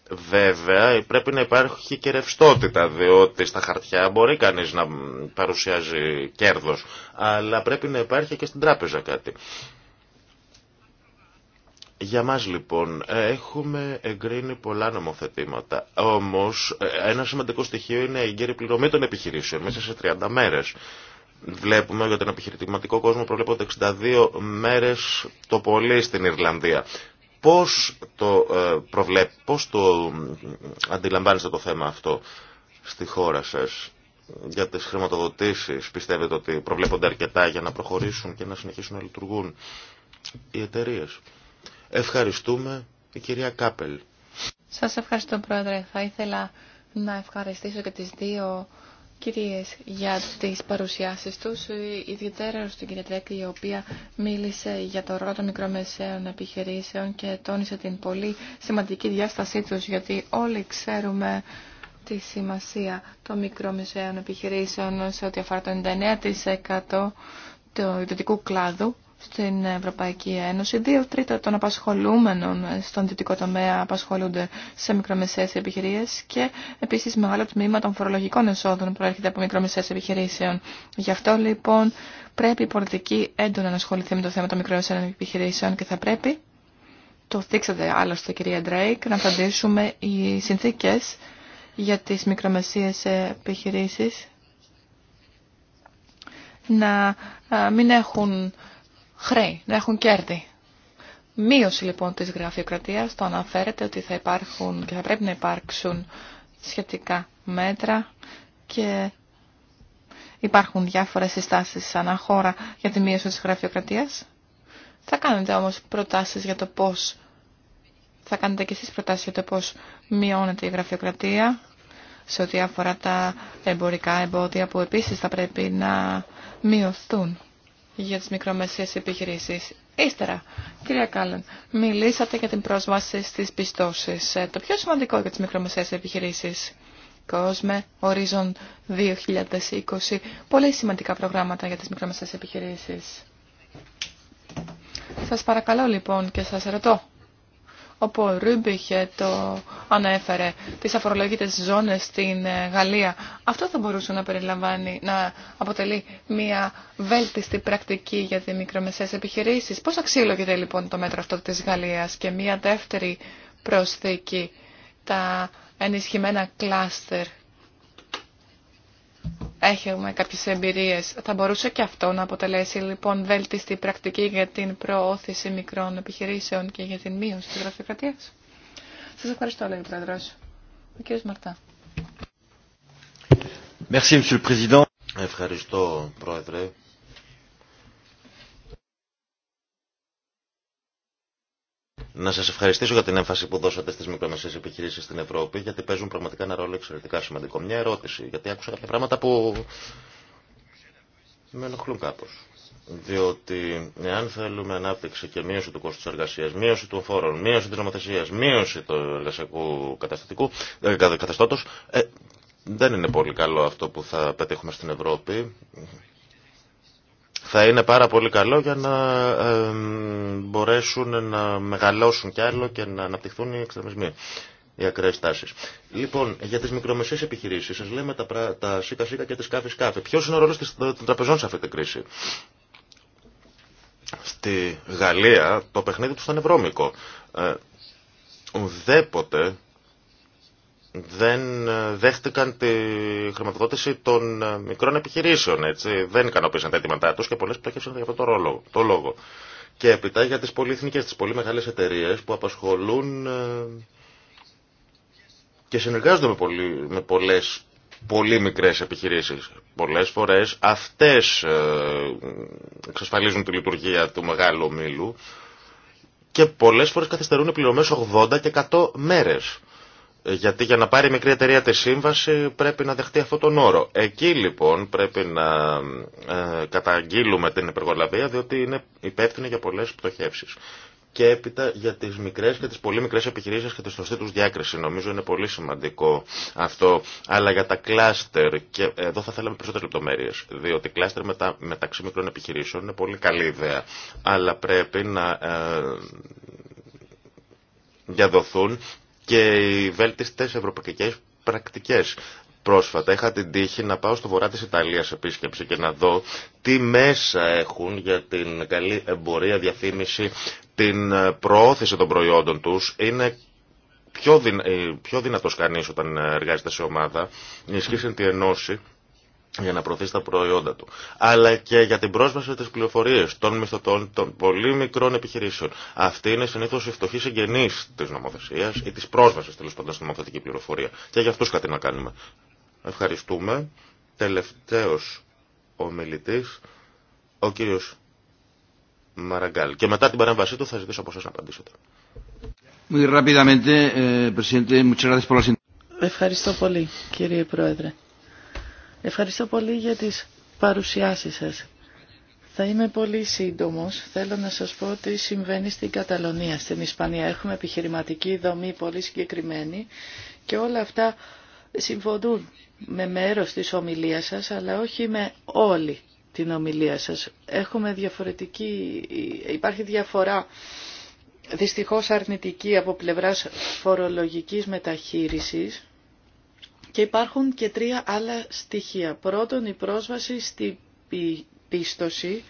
Βέβαια, πρέπει να υπάρχει και ρευστότητα, διότι στα χαρτιά μπορεί κανείς να παρουσιάζει κέρδος, αλλά πρέπει να υπάρχει και στην τράπεζα κάτι. Για μας λοιπόν ε, έχουμε εγκρίνει πολλά νομοθετήματα, όμως ε, ένα σημαντικό στοιχείο είναι η εγκύρη πληρωμή των επιχειρήσεων μέσα σε 30 μέρες. Βλέπουμε για τον επιχειρηματικό κόσμο προβλέπονται 62 μέρες το πολύ στην Ιρλανδία. Πώς το, ε, προβλέ... το αντιλαμβάνεστε το θέμα αυτό στη χώρα σας για τις χρηματοδοτήσεις. Πιστεύετε ότι προβλέπονται αρκετά για να προχωρήσουν και να συνεχίσουν να λειτουργούν οι εταιρείε. Ευχαριστούμε η κυρία Κάπελ. Σας ευχαριστώ πρόεδρε. Θα ήθελα να ευχαριστήσω και τις δύο κυρίες για τις παρουσιάσεις τους, ιδιαίτερα στην κυρία Τρέκη, η οποία μίλησε για το ρόλο των μικρομεσαίων επιχειρήσεων και τόνισε την πολύ σημαντική διάστασή τους, γιατί όλοι ξέρουμε τη σημασία των μικρομεσαίων επιχειρήσεων σε ό,τι αφορά το 99% του ιδιωτικού κλάδου στην Ευρωπαϊκή Ένωση. Δύο τρίτα των απασχολούμενων στον δυτικό τομέα απασχολούνται σε μικρομεσαίες επιχειρήσεις και επίσης μεγάλο τμήμα των φορολογικών εσόδων προέρχεται από μικρομεσαίες επιχειρήσεων. Γι' αυτό λοιπόν πρέπει η πολιτική έντονα να ασχοληθεί με το θέμα των μικρομεσαίων επιχειρήσεων και θα πρέπει, το δείξατε άλλωστε κυρία Ντρέικ, να απαντήσουμε οι συνθήκες για τις μικρομεσαίες επιχειρήσεις να μην έχουν χρέη, να έχουν κέρδη. Μείωση λοιπόν της γραφειοκρατίας, το αναφέρεται ότι θα υπάρχουν και θα πρέπει να υπάρξουν σχετικά μέτρα και υπάρχουν διάφορες συστάσεις σαν χώρα για τη μείωση της γραφειοκρατίας. Θα κάνετε όμως προτάσεις για το πώς, θα κάνετε και εσείς προτάσεις για το πώς μειώνεται η γραφειοκρατία σε ό,τι αφορά τα εμπορικά εμπόδια που επίσης θα πρέπει να μειωθούν για τις μικρομεσαίες επιχειρήσεις. Ύστερα, κυρία Κάλλον, μιλήσατε για την πρόσβαση στις πιστώσεις. Ε, το πιο σημαντικό για τις μικρομεσαίες επιχειρήσεις. Κόσμε, Ορίζον 2020, πολύ σημαντικά προγράμματα για τις μικρομεσαίες επιχειρήσεις. Σας παρακαλώ λοιπόν και σας ρωτώ όπου ο το ανέφερε, τις αφορολογητές ζώνες στην ε, Γαλλία. Αυτό θα μπορούσε να περιλαμβάνει, να αποτελεί μια βέλτιστη πρακτική για τις μικρομεσαίες επιχειρήσεις. Πώς αξιολογείται λοιπόν το μέτρο αυτό της Γαλλίας και μια δεύτερη προσθήκη, τα ενισχυμένα κλάστερ Έχουμε κάποιες εμπειρίες. Θα μπορούσε και αυτό να αποτελέσει λοιπόν βέλτιστη πρακτική για την προώθηση μικρών επιχειρήσεων και για την μείωση της γραφειοκρατίας. Σας ευχαριστώ, λέει ο Πρόεδρος. Ο κ. Μαρτά. Ευχαριστώ, Πρόεδρε. Να σας ευχαριστήσω για την έμφαση που δώσατε στι μικρομεσαίες επιχειρήσεις στην Ευρώπη, γιατί παίζουν πραγματικά ένα ρόλο εξαιρετικά σημαντικό. Μια ερώτηση, γιατί άκουσα κάποια πράγματα που με ενοχλούν κάπω. Διότι εάν θέλουμε ανάπτυξη και μείωση του κόστου εργασία, μείωση των φόρων, μείωση τη νομοθεσία, μείωση του εργασιακού καταστατικού, ε, ε, δεν είναι πολύ καλό αυτό που θα πετύχουμε στην Ευρώπη θα είναι πάρα πολύ καλό για να μπορέσουν να μεγαλώσουν κι άλλο και να αναπτυχθούν οι εξτρεμισμοί, οι ακραίε τάσει. Λοιπόν, για τι μικρομεσαίε επιχειρήσει, σα λέμε τα, τα σίκα σίκα και τι σκάφη σκάφη. Ποιο είναι ο ρόλο των τραπεζών σε αυτή την κρίση. Στη Γαλλία το παιχνίδι του ήταν βρώμικο. Ε, ουδέποτε δεν ε, δέχτηκαν τη χρηματοδότηση των ε, μικρών επιχειρήσεων. Έτσι. Δεν ικανοποίησαν τα αιτήματά του και πολλέ πτώχευσαν για αυτόν τον το λόγο. Και έπειτα για τι πολυεθνικέ, τι πολύ μεγάλε εταιρείε που απασχολούν ε, και συνεργάζονται με, πολύ, με πολλές πολύ μικρές επιχειρήσεις. Πολλές φορές αυτές εξασφαλίζουν τη λειτουργία του μεγάλου ομίλου και πολλές φορές καθυστερούν πληρωμές 80 και 100 μέρες. Γιατί για να πάρει η μικρή εταιρεία τη σύμβαση πρέπει να δεχτεί αυτόν τον όρο. Εκεί λοιπόν πρέπει να ε, καταγγείλουμε την υπεργολαβία διότι είναι υπεύθυνη για πολλές πτωχεύσεις. Και έπειτα για τις μικρές και τις πολύ μικρές επιχειρήσεις και τη σωστή τους διάκριση. Νομίζω είναι πολύ σημαντικό αυτό. Αλλά για τα κλάστερ, και εδώ θα θέλαμε περισσότερες λεπτομέρειες, διότι κλάστερ μεταξύ μικρών επιχειρήσεων είναι πολύ καλή ιδέα. Αλλά πρέπει να... Ε, διαδοθούν και οι βέλτιστες ευρωπαϊκές πρακτικές. Πρόσφατα είχα την τύχη να πάω στο βορρά της Ιταλίας επίσκεψη και να δω τι μέσα έχουν για την καλή εμπορία, διαφήμιση, την ε, προώθηση των προϊόντων τους. Είναι πιο, δυνα... Ε, πιο δυνατός κανείς όταν ε, εργάζεται σε ομάδα, ενισχύσει τη ενώση για να προωθήσει τα προϊόντα του, αλλά και για την πρόσβαση στις πληροφορίες των μισθωτών των πολύ μικρών επιχειρήσεων. Αυτή είναι συνήθως η φτωχή συγγενής της νομοθεσίας ή της πρόσβασης τέλος πάντων στην νομοθετική πληροφορία. Και για αυτούς κάτι να κάνουμε. Ευχαριστούμε. Τελευταίος ο μιλητής, ο κύριος Μαραγκάλ. Και μετά την παρέμβασή του θα ζητήσω από εσάς να απαντήσετε. Eh, Ευχαριστώ πολύ κύριε Πρόεδρε. Ευχαριστώ πολύ για τις παρουσιάσεις σας. Θα είμαι πολύ σύντομος. Θέλω να σας πω ότι συμβαίνει στην Καταλωνία, στην Ισπανία. Έχουμε επιχειρηματική δομή πολύ συγκεκριμένη και όλα αυτά συμφωνούν με μέρος της ομιλίας σας, αλλά όχι με όλη την ομιλία σας. Έχουμε διαφορετική, υπάρχει διαφορά δυστυχώς αρνητική από πλευράς φορολογικής μεταχείρισης και υπάρχουν και τρία άλλα στοιχεία. Πρώτον, η πρόσβαση στη πίστοση.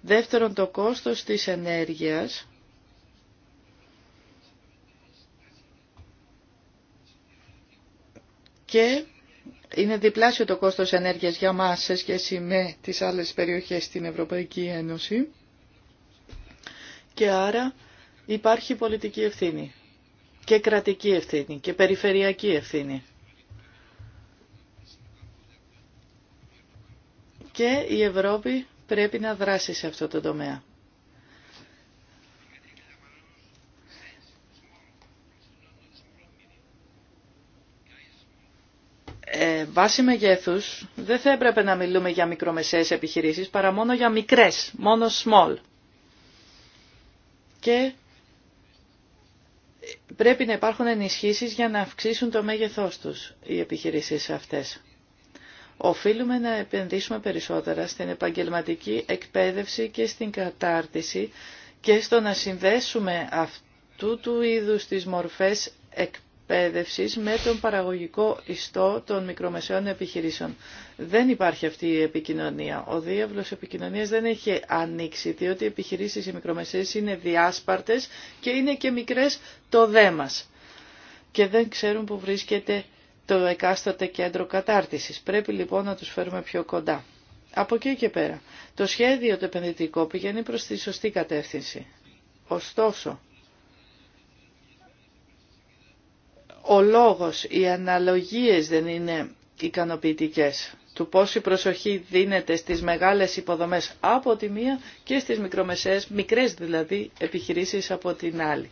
Δεύτερον, το κόστος της ενέργειας. Και είναι διπλάσιο το κόστος ενέργειας για μας σε σχέση με τις άλλες περιοχές στην Ευρωπαϊκή Ένωση. Και άρα υπάρχει πολιτική ευθύνη και κρατική ευθύνη και περιφερειακή ευθύνη. και η Ευρώπη πρέπει να δράσει σε αυτό το τομέα. Ε, βάση μεγέθους δεν θα έπρεπε να μιλούμε για μικρομεσαίες επιχειρήσεις παρά μόνο για μικρές, μόνο small. Και πρέπει να υπάρχουν ενισχύσεις για να αυξήσουν το μέγεθός τους οι επιχειρήσεις αυτές. Οφείλουμε να επενδύσουμε περισσότερα στην επαγγελματική εκπαίδευση και στην κατάρτιση και στο να συνδέσουμε αυτού του είδους τις μορφές εκπαίδευσης με τον παραγωγικό ιστό των μικρομεσαίων επιχειρήσεων. Δεν υπάρχει αυτή η επικοινωνία. Ο διάβλος επικοινωνίας δεν έχει ανοίξει, διότι οι επιχειρήσεις οι μικρομεσαίες είναι διάσπαρτες και είναι και μικρές το δέμας και δεν ξέρουν που βρίσκεται το εκάστοτε κέντρο κατάρτισης. Πρέπει λοιπόν να τους φέρουμε πιο κοντά. Από εκεί και πέρα, το σχέδιο το επενδυτικό πηγαίνει προς τη σωστή κατεύθυνση. Ωστόσο, ο λόγος, οι αναλογίες δεν είναι ικανοποιητικές του πόση προσοχή δίνεται στις μεγάλες υποδομές από τη μία και στις μικρομεσαίες, μικρές δηλαδή επιχειρήσεις από την άλλη.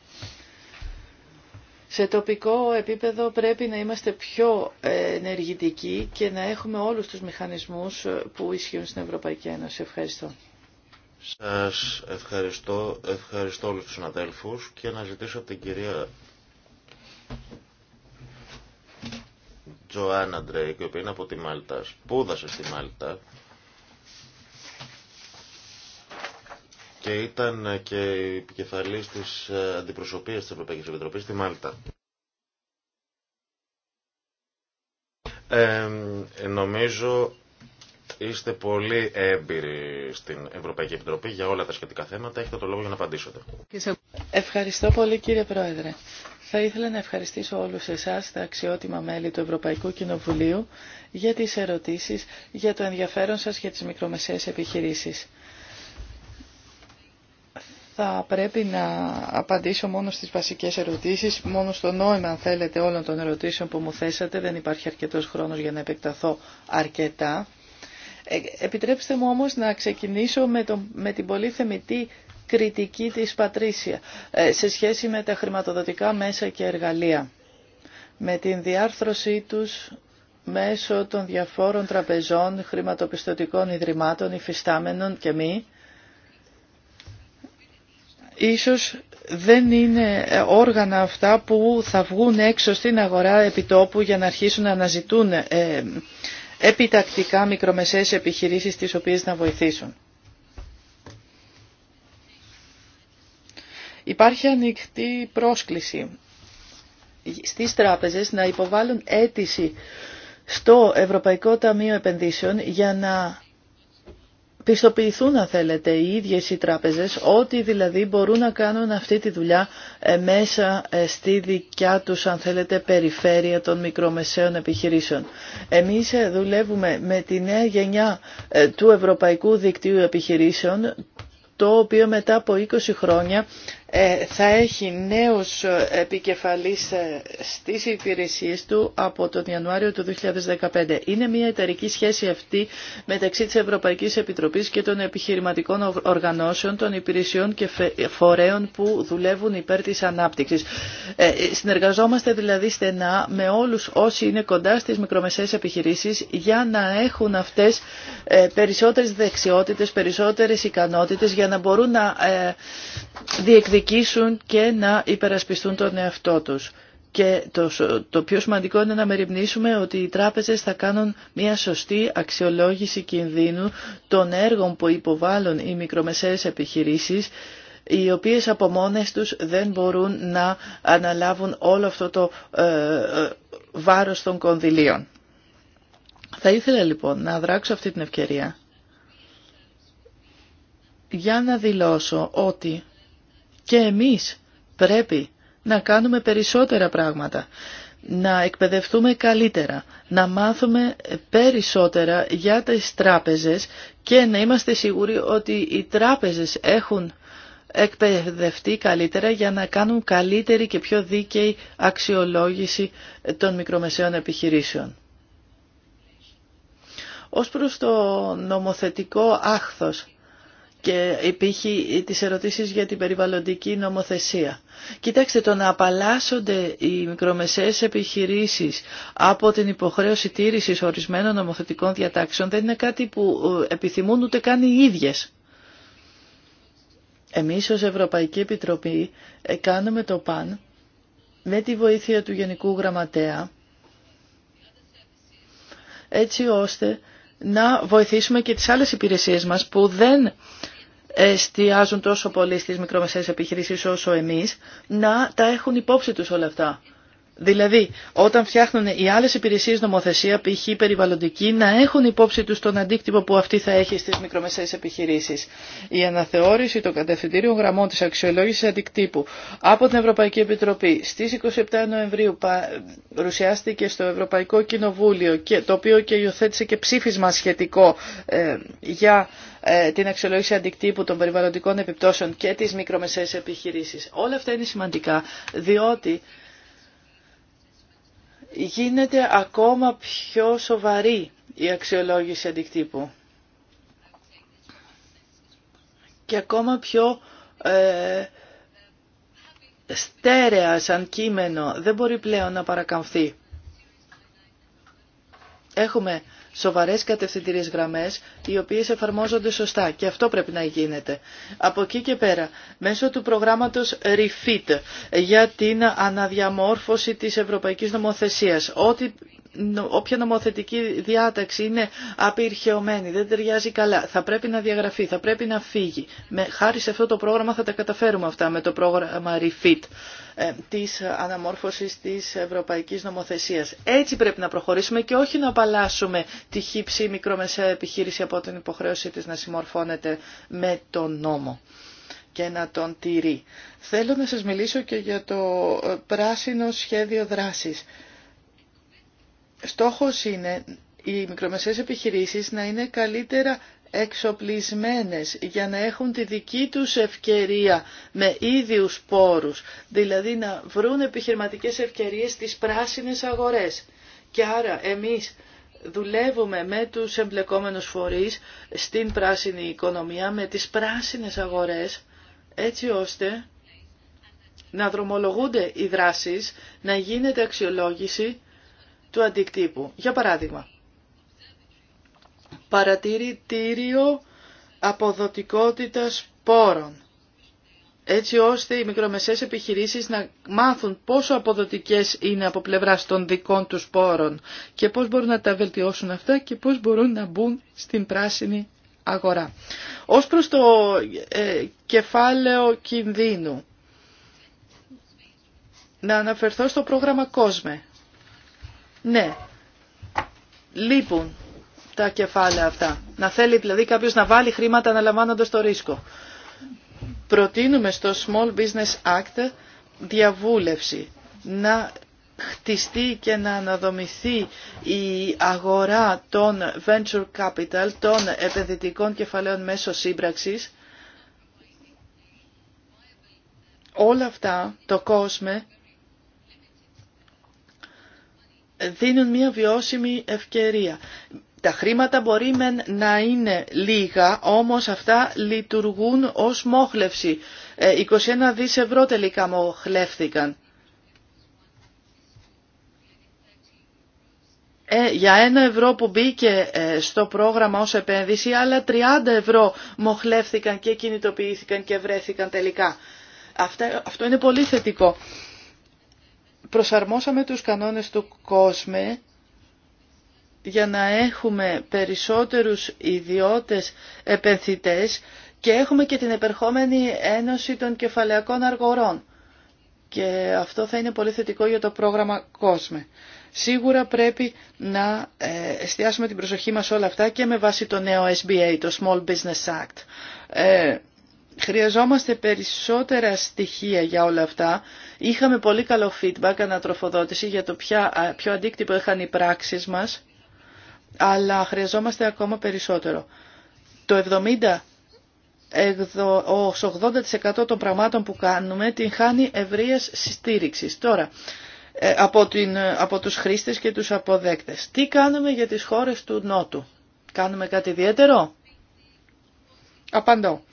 Σε τοπικό επίπεδο πρέπει να είμαστε πιο ενεργητικοί και να έχουμε όλους τους μηχανισμούς που ισχύουν στην Ευρωπαϊκή Ένωση. Ευχαριστώ. Σας ευχαριστώ, ευχαριστώ όλους τους συναδέλφους και να ζητήσω από την κυρία Τζοάν Αντρέικ, η οποία είναι από τη Μάλτα, σπούδασε στη Μάλτα και ήταν και η επικεφαλής της ε, αντιπροσωπείας της Ευρωπαϊκής Επιτροπής στη Μάλτα. νομίζω είστε πολύ έμπειροι στην Ευρωπαϊκή Επιτροπή για όλα τα σχετικά θέματα. Έχετε το λόγο για να απαντήσετε. Ευχαριστώ πολύ κύριε Πρόεδρε. Θα ήθελα να ευχαριστήσω όλους εσάς, τα αξιότιμα μέλη του Ευρωπαϊκού Κοινοβουλίου, για τις ερωτήσεις, για το ενδιαφέρον σας για τις μικρομεσαίες επιχειρήσεις θα πρέπει να απαντήσω μόνο στις βασικές ερωτήσεις, μόνο στο νόημα αν θέλετε όλων των ερωτήσεων που μου θέσατε. Δεν υπάρχει αρκετός χρόνος για να επεκταθώ αρκετά. Ε, επιτρέψτε μου όμως να ξεκινήσω με, το, με την πολύ θεμητή κριτική της Πατρίσια ε, σε σχέση με τα χρηματοδοτικά μέσα και εργαλεία, με την διάρθρωσή τους μέσω των διαφόρων τραπεζών, χρηματοπιστωτικών ιδρυμάτων, υφιστάμενων και μη, ίσως δεν είναι όργανα αυτά που θα βγουν έξω στην αγορά επιτόπου για να αρχίσουν να αναζητούν ε, επιτακτικά μικρομεσαίες επιχειρήσεις τις οποίες να βοηθήσουν. Υπάρχει ανοιχτή πρόσκληση στις τράπεζες να υποβάλουν αίτηση στο Ευρωπαϊκό Ταμείο Επενδύσεων για να πιστοποιηθούν αν θέλετε οι ίδιες οι τράπεζες ότι δηλαδή μπορούν να κάνουν αυτή τη δουλειά ε, μέσα ε, στη δικιά τους αν θέλετε περιφέρεια των μικρομεσαίων επιχειρήσεων. Εμείς ε, δουλεύουμε με τη νέα γενιά του Ευρωπαϊκού Δικτύου Επιχειρήσεων το οποίο μετά από 20 χρόνια ε, θα έχει νέους ε, επικεφαλής ε, στις υπηρεσίες του από τον Ιανουάριο του 2015. Είναι μια εταιρική σχέση αυτή μεταξύ της Ευρωπαϊκής Επιτροπής και των επιχειρηματικών οργανώσεων, των υπηρεσιών και φορέων που δουλεύουν υπέρ της ανάπτυξης. Συνεργαζόμαστε δηλαδή στενά με όλους όσοι είναι κοντά στις μικρομεσαίες επιχειρήσεις για να έχουν αυτές περισσότερες δεξιότητες, περισσότερες ικανότητες για να μπορούν να διεκδικήσουν και να υπερασπιστούν τον εαυτό τους. Και το, το πιο σημαντικό είναι να μεριμνήσουμε ότι οι τράπεζες θα κάνουν μια σωστή αξιολόγηση κινδύνου των έργων που υποβάλλουν οι μικρομεσαίες επιχειρήσεις, οι οποίες από μόνες τους δεν μπορούν να αναλάβουν όλο αυτό το ε, ε, βάρος των κονδυλίων. Θα ήθελα λοιπόν να δράξω αυτή την ευκαιρία για να δηλώσω ότι και εμείς πρέπει να κάνουμε περισσότερα πράγματα, να εκπαιδευτούμε καλύτερα, να μάθουμε περισσότερα για τις τράπεζες και να είμαστε σίγουροι ότι οι τράπεζες έχουν εκπαιδευτεί καλύτερα για να κάνουν καλύτερη και πιο δίκαιη αξιολόγηση των μικρομεσαίων επιχειρήσεων. Ως προς το νομοθετικό άχθος και υπήρχε τις ερωτήσεις για την περιβαλλοντική νομοθεσία. Κοιτάξτε, το να απαλλάσσονται οι μικρομεσαίες επιχειρήσεις από την υποχρέωση τήρησης ορισμένων νομοθετικών διατάξεων δεν είναι κάτι που ε, επιθυμούν ούτε καν οι ίδιες. Εμείς ως Ευρωπαϊκή Επιτροπή ε, κάνουμε το παν με τη βοήθεια του Γενικού Γραμματέα έτσι ώστε να βοηθήσουμε και τις άλλες υπηρεσίες μας που δεν εστιάζουν τόσο πολύ στις μικρομεσαίες επιχειρήσεις όσο εμείς, να τα έχουν υπόψη τους όλα αυτά. Δηλαδή, όταν φτιάχνουν οι άλλε υπηρεσίε νομοθεσία, π.χ. περιβαλλοντική, να έχουν υπόψη του τον αντίκτυπο που αυτή θα έχει στι μικρομεσαίε επιχειρήσει. Η αναθεώρηση των κατευθυντήριων γραμμών τη αξιολόγηση αντικτύπου από την Ευρωπαϊκή Επιτροπή στι 27 Νοεμβρίου παρουσιάστηκε στο Ευρωπαϊκό Κοινοβούλιο, και, το οποίο και υιοθέτησε και ψήφισμα σχετικό ε, για ε, την αξιολόγηση αντικτύπου των περιβαλλοντικών επιπτώσεων και τις μικρομεσαίες επιχειρήσεις. Όλα αυτά είναι σημαντικά, διότι γίνεται ακόμα πιο σοβαρή η αξιολόγηση αντικτύπου και ακόμα πιο ε, στέρεα σαν κείμενο δεν μπορεί πλέον να παρακαμφθεί. Έχουμε Σοβαρέ κατευθυντηρίες γραμμέ, οι οποίε εφαρμόζονται σωστά και αυτό πρέπει να γίνεται. Από εκεί και πέρα, μέσω του προγράμματο REFIT για την αναδιαμόρφωση τη Ευρωπαϊκή Νομοθεσία. όποια νομοθετική διάταξη είναι απειρχαιωμένη, δεν ταιριάζει καλά, θα πρέπει να διαγραφεί, θα πρέπει να φύγει. χάρη σε αυτό το πρόγραμμα θα τα καταφέρουμε αυτά με το πρόγραμμα REFIT. Ε, της αναμόρφωσης της ευρωπαϊκής νομοθεσίας. Έτσι πρέπει να προχωρήσουμε και όχι να απαλλάσσουμε τη χύψη μικρομεσαία επιχείρηση από την υποχρέωσή της να συμμορφώνεται με τον νόμο και να τον τηρεί. Θέλω να σας μιλήσω και για το ε, πράσινο σχέδιο δράσης. Στόχος είναι οι μικρομεσαίες επιχειρήσεις να είναι καλύτερα εξοπλισμένες για να έχουν τη δική τους ευκαιρία με ίδιους πόρους, δηλαδή να βρουν επιχειρηματικές ευκαιρίες στις πράσινες αγορές. Και άρα εμείς δουλεύουμε με τους εμπλεκόμενους φορείς στην πράσινη οικονομία, με τις πράσινες αγορές, έτσι ώστε να δρομολογούνται οι δράσεις, να γίνεται αξιολόγηση του αντικτύπου. Για παράδειγμα, παρατηρητήριο αποδοτικότητας πόρων έτσι ώστε οι μικρομεσαίες επιχειρήσεις να μάθουν πόσο αποδοτικές είναι από πλευρά των δικών τους πόρων και πώς μπορούν να τα βελτιώσουν αυτά και πώς μπορούν να μπουν στην πράσινη αγορά. Ως προς το ε, κεφάλαιο κινδύνου, να αναφερθώ στο πρόγραμμα COSME. Ναι, λείπουν τα κεφάλαια αυτά. Να θέλει δηλαδή κάποιος να βάλει χρήματα αναλαμβάνοντα το ρίσκο. Προτείνουμε στο Small Business Act διαβούλευση να χτιστεί και να αναδομηθεί η αγορά των venture capital, των επενδυτικών κεφαλαίων μέσω σύμπραξης. Όλα αυτά, το κόσμο, δίνουν μια βιώσιμη ευκαιρία. Τα χρήματα μπορεί να είναι λίγα, όμως αυτά λειτουργούν ως μόχλευση. 21 ε, δις ευρώ τελικά μοχλεύθηκαν. Ε, για ένα ευρώ που μπήκε ε, στο πρόγραμμα ως επένδυση, άλλα 30 ευρώ μοχλεύθηκαν και κινητοποιήθηκαν και βρέθηκαν τελικά. αυτό είναι πολύ θετικό. Προσαρμόσαμε τους κανόνες του κόσμου για να έχουμε περισσότερους ιδιώτες επενθυτές και έχουμε και την επερχόμενη Ένωση των Κεφαλαιακών Αργορών. Και αυτό θα είναι πολύ θετικό για το πρόγραμμα COSME. Σίγουρα πρέπει να ε, εστιάσουμε την προσοχή μας όλα αυτά και με βάση το νέο SBA, το Small Business Act. Ε, χρειαζόμαστε περισσότερα στοιχεία για όλα αυτά. Είχαμε πολύ καλό feedback, ανατροφοδότηση για το ποιο αντίκτυπο είχαν οι πράξεις μας αλλά χρειαζόμαστε ακόμα περισσότερο. Το 70 80% των πραγμάτων που κάνουμε την χάνει ευρεία συστήριξης. Τώρα, ε, από, την, ε, από τους χρήστες και τους αποδέκτες. Τι κάνουμε για τις χώρες του Νότου. Κάνουμε κάτι ιδιαίτερο. Απαντώ.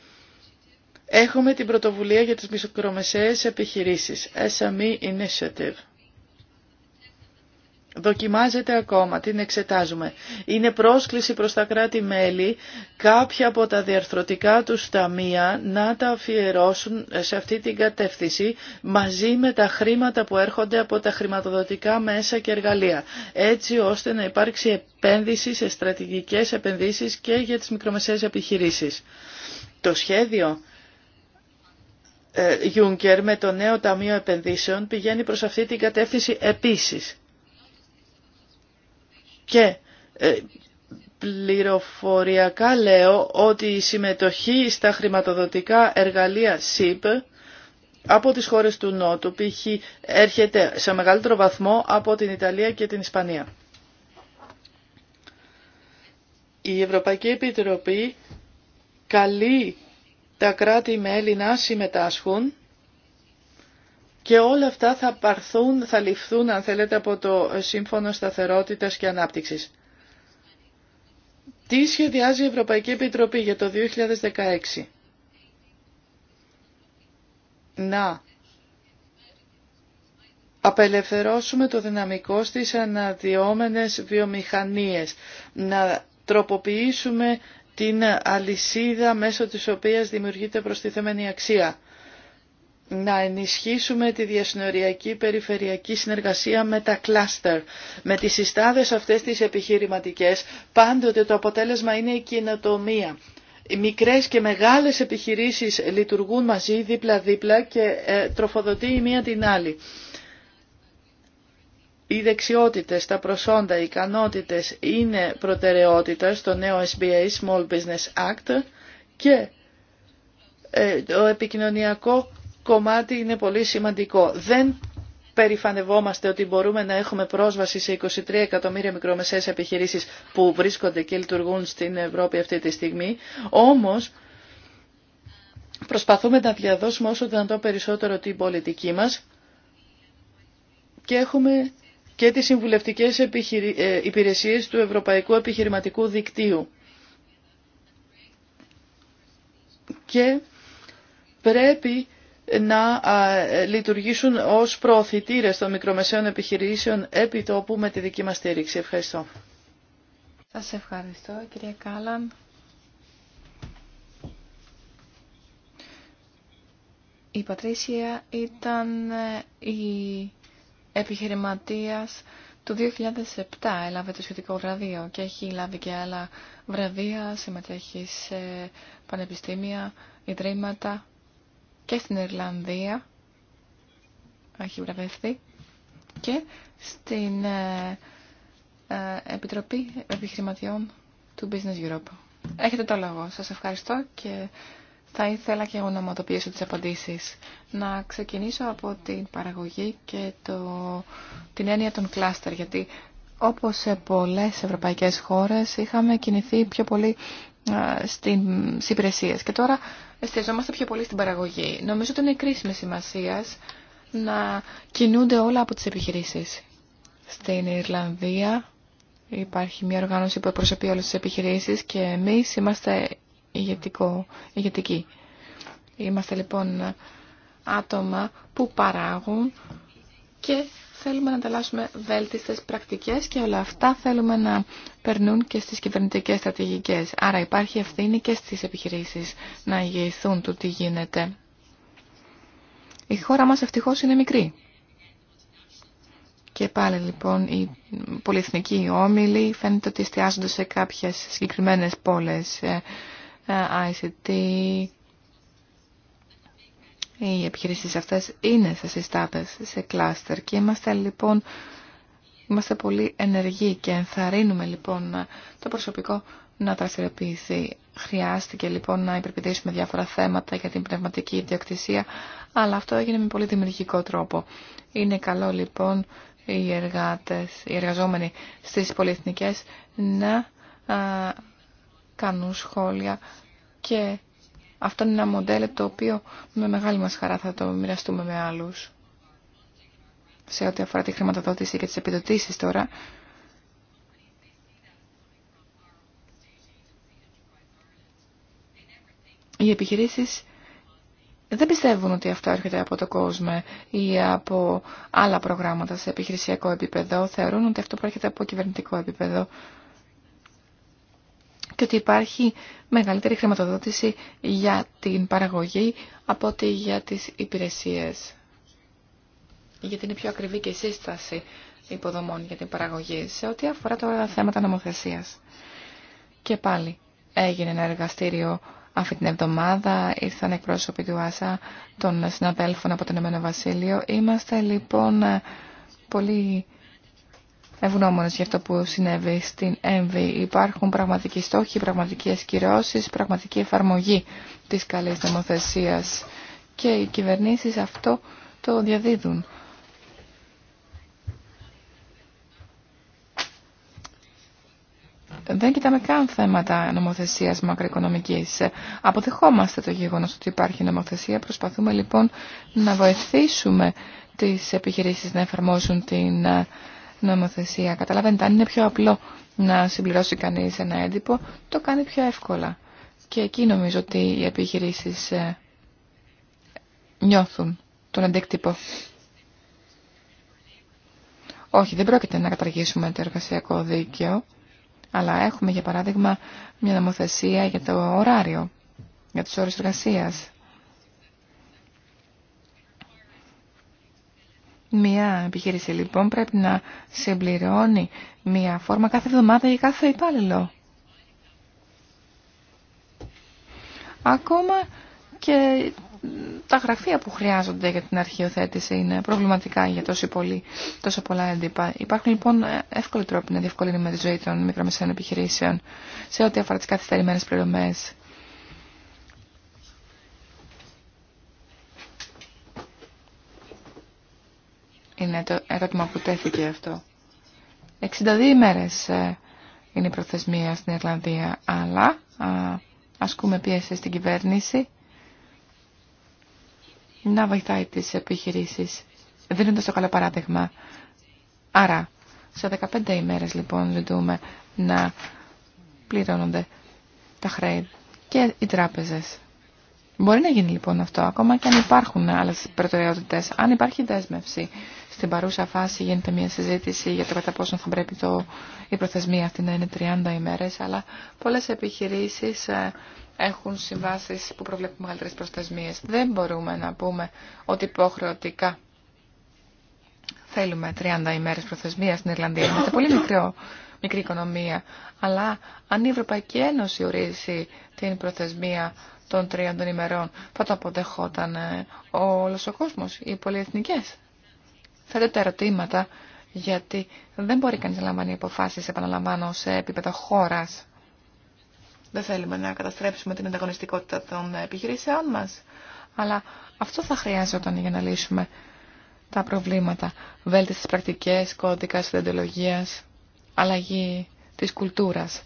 Έχουμε την πρωτοβουλία για τις μικρομεσαίες επιχειρήσεις. SME Initiative δοκιμάζεται ακόμα, την εξετάζουμε. Είναι πρόσκληση προς τα κράτη-μέλη κάποια από τα διαρθρωτικά του ταμεία να τα αφιερώσουν σε αυτή την κατεύθυνση μαζί με τα χρήματα που έρχονται από τα χρηματοδοτικά μέσα και εργαλεία, έτσι ώστε να υπάρξει επένδυση σε στρατηγικές επενδύσεις και για τις μικρομεσαίες επιχειρήσεις. Το σχέδιο ε, Juncker με το νέο Ταμείο Επενδύσεων πηγαίνει προς αυτή την κατεύθυνση επίσης. Και ε, πληροφοριακά λέω ότι η συμμετοχή στα χρηματοδοτικά εργαλεία ΣΥΠ από τις χώρες του Νότου π.χ. έρχεται σε μεγαλύτερο βαθμό από την Ιταλία και την Ισπανία. Η Ευρωπαϊκή Επιτροπή καλεί τα κράτη-μέλη να συμμετάσχουν και όλα αυτά θα παρθούν, θα ληφθούν, αν θέλετε, από το Σύμφωνο Σταθερότητας και Ανάπτυξης. Τι σχεδιάζει η Ευρωπαϊκή Επιτροπή για το 2016. Να απελευθερώσουμε το δυναμικό στις αναδυόμενες βιομηχανίες, να τροποποιήσουμε την αλυσίδα μέσω της οποίας δημιουργείται προστιθέμενη αξία να ενισχύσουμε τη διασυνοριακή περιφερειακή συνεργασία με τα κλάστερ. Με τις συστάδες αυτές τις επιχειρηματικές πάντοτε το αποτέλεσμα είναι η κοινοτομία. Οι μικρές και μεγάλες επιχειρήσεις λειτουργούν μαζί δίπλα-δίπλα και ε, τροφοδοτεί η μία την άλλη. Οι δεξιότητες, τα προσόντα, οι ικανότητες είναι προτεραιότητα στο νέο SBA, Small Business Act και ε, το επικοινωνιακό κομμάτι είναι πολύ σημαντικό. Δεν περηφανευόμαστε ότι μπορούμε να έχουμε πρόσβαση σε 23 εκατομμύρια μικρομεσαίες επιχειρήσεις που βρίσκονται και λειτουργούν στην Ευρώπη αυτή τη στιγμή. Όμως, προσπαθούμε να διαδώσουμε όσο δυνατόν περισσότερο την πολιτική μας και έχουμε και τις συμβουλευτικές ε, υπηρεσίες του Ευρωπαϊκού Επιχειρηματικού Δικτύου. Και πρέπει να λειτουργήσουν ως προωθητήρες των μικρομεσαίων επιχειρήσεων επί τόπου με τη δική μας στήριξη. Ευχαριστώ. Σας ευχαριστώ κυρία Κάλαν. Η Πατρίσια ήταν ε, η επιχειρηματίας του 2007 έλαβε το σχετικό βραβείο και έχει λάβει και άλλα βραβεία, συμμετέχει σε πανεπιστήμια, ιδρύματα και στην Ιρλανδία έχει βραβευθεί και στην ε, ε, Επιτροπή Επιχειρηματιών του Business Europe. Έχετε το λόγο. Σας ευχαριστώ και θα ήθελα και εγώ να ομοτοποιήσω τις απαντήσεις. Να ξεκινήσω από την παραγωγή και το, την έννοια των κλάστερ, γιατί όπως σε πολλές ευρωπαϊκές χώρες είχαμε κινηθεί πιο πολύ ε, στις υπηρεσίες και τώρα εστιαζόμαστε πιο πολύ στην παραγωγή. Νομίζω ότι είναι κρίσιμη σημασία να κινούνται όλα από τις επιχειρήσεις. Στην Ιρλανδία υπάρχει μια οργάνωση που εκπροσωπεί όλες τις επιχειρήσεις και εμείς είμαστε ηγετικό, ηγετικοί. Είμαστε λοιπόν άτομα που παράγουν και θέλουμε να ανταλλάσσουμε βέλτιστες πρακτικές και όλα αυτά θέλουμε να περνούν και στις κυβερνητικές στρατηγικές. Άρα υπάρχει ευθύνη και στις επιχειρήσεις να ηγηθούν του τι γίνεται. Η χώρα μας ευτυχώς είναι μικρή. Και πάλι λοιπόν οι πολυεθνικοί όμιλοι φαίνεται ότι εστιάζονται σε κάποιες συγκεκριμένες πόλες ε, ε, ICT, οι επιχειρήσεις αυτές είναι σε συστάτες, σε κλάστερ και είμαστε λοιπόν είμαστε πολύ ενεργοί και ενθαρρύνουμε λοιπόν το προσωπικό να δραστηριοποιηθεί. Χρειάστηκε λοιπόν να υπερπηδήσουμε διάφορα θέματα για την πνευματική ιδιοκτησία, αλλά αυτό έγινε με πολύ δημιουργικό τρόπο. Είναι καλό λοιπόν οι εργάτες, οι εργαζόμενοι στις πολυεθνικές να κάνουν σχόλια και αυτό είναι ένα μοντέλο το οποίο με μεγάλη μας χαρά θα το μοιραστούμε με άλλους. Σε ό,τι αφορά τη χρηματοδότηση και τις επιδοτήσεις τώρα, οι επιχειρήσεις δεν πιστεύουν ότι αυτό έρχεται από το κόσμο ή από άλλα προγράμματα σε επιχειρησιακό επίπεδο. Θεωρούν ότι αυτό προέρχεται από κυβερνητικό επίπεδο και ότι υπάρχει μεγαλύτερη χρηματοδότηση για την παραγωγή από ότι για τις υπηρεσίες. Γιατί είναι πιο ακριβή και η σύσταση υποδομών για την παραγωγή σε ό,τι αφορά τώρα θέματα νομοθεσίας. Και πάλι έγινε ένα εργαστήριο αυτή την εβδομάδα, ήρθαν εκπρόσωποι του ΆΣΑ των συναδέλφων από τον Εμένο Βασίλειο. Είμαστε λοιπόν πολύ ευγνώμονες για αυτό που συνέβη στην ΕΜΒΗ. Υπάρχουν πραγματικοί στόχοι, πραγματικές κυρώσεις, πραγματική εφαρμογή της καλής νομοθεσίας και οι κυβερνήσεις αυτό το διαδίδουν. δεν κοιτάμε καν θέματα νομοθεσίας μακροοικονομικής. Αποδεχόμαστε το γεγονός ότι υπάρχει νομοθεσία. Προσπαθούμε λοιπόν να βοηθήσουμε τις επιχειρήσεις να εφαρμόσουν την νομοθεσία. Καταλαβαίνετε, αν είναι πιο απλό να συμπληρώσει κανείς ένα έντυπο, το κάνει πιο εύκολα. Και εκεί νομίζω ότι οι επιχειρήσεις ε, νιώθουν τον αντίκτυπο. Όχι, δεν πρόκειται να καταργήσουμε το εργασιακό δίκαιο, αλλά έχουμε για παράδειγμα μια νομοθεσία για το ωράριο, για τις ώρες εργασίας. Μία επιχείρηση λοιπόν πρέπει να συμπληρώνει μία φόρμα κάθε εβδομάδα για κάθε υπάλληλο. Ακόμα και τα γραφεία που χρειάζονται για την αρχιοθέτηση είναι προβληματικά για τόσο, πολύ, τόσο πολλά έντυπα. Υπάρχουν λοιπόν εύκολοι τρόποι να διευκολύνουμε τη ζωή των μικρομεσαίων επιχειρήσεων σε ό,τι αφορά τις καθυστερημένες πληρωμές. είναι το ερώτημα που τέθηκε αυτό. 62 ημέρες ε, είναι η προθεσμία στην Ιρλανδία, αλλά ασκούμε πίεση στην κυβέρνηση να βοηθάει τις επιχειρήσεις, δίνοντας το καλό παράδειγμα. Άρα, σε 15 ημέρες λοιπόν ζητούμε να πληρώνονται τα χρέη και οι τράπεζες. Μπορεί να γίνει λοιπόν αυτό, ακόμα και αν υπάρχουν άλλε προτεραιότητε. Αν υπάρχει δέσμευση στην παρούσα φάση, γίνεται μια συζήτηση για το κατά πόσο θα πρέπει το, η προθεσμία αυτή να είναι 30 ημέρε, αλλά πολλέ επιχειρήσει ε, έχουν συμβάσει που προβλέπουν μεγαλύτερε προθεσμίε. Δεν μπορούμε να πούμε ότι υποχρεωτικά θέλουμε 30 ημέρε προθεσμία στην Ιρλανδία. Είναι πολύ μικρό, μικρή οικονομία. Αλλά αν η Ευρωπαϊκή Ένωση ορίσει την προθεσμία των 30 ημερών. Θα το αποδεχόταν ε, όλος ο κόσμος, οι πολυεθνικές. Θέτετε ερωτήματα, γιατί δεν μπορεί κανείς να λαμβάνει αποφάσεις, επαναλαμβάνω, σε επίπεδο χώρας. Δεν θέλουμε να καταστρέψουμε την ανταγωνιστικότητα των επιχειρήσεών μας. Αλλά αυτό θα χρειάζεται για να λύσουμε τα προβλήματα. Βέλτιστες πρακτικέ, κώδικας, συντελογίας, αλλαγή της κουλτούρας.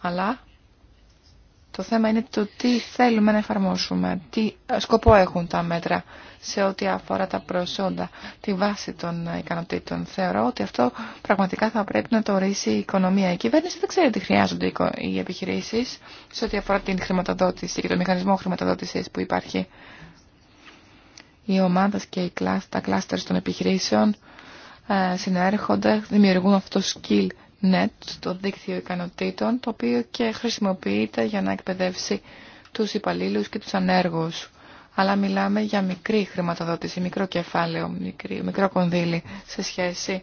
Αλλά το θέμα είναι το τι θέλουμε να εφαρμόσουμε, τι σκοπό έχουν τα μέτρα σε ό,τι αφορά τα προσόντα, τη βάση των ικανοτήτων. Θεωρώ ότι αυτό πραγματικά θα πρέπει να το ορίσει η οικονομία. Η κυβέρνηση δεν ξέρει τι χρειάζονται οι επιχειρήσεις σε ό,τι αφορά την χρηματοδότηση και τον μηχανισμό χρηματοδότησης που υπάρχει. Οι ομάδες και τα κλάστερ των επιχειρήσεων ε, συνέρχονται, δημιουργούν αυτό το skill net, το δίκτυο ικανοτήτων, το οποίο και χρησιμοποιείται για να εκπαιδεύσει τους υπαλλήλους και τους ανέργους. Αλλά μιλάμε για μικρή χρηματοδότηση, μικρό κεφάλαιο, μικρό κονδύλι σε σχέση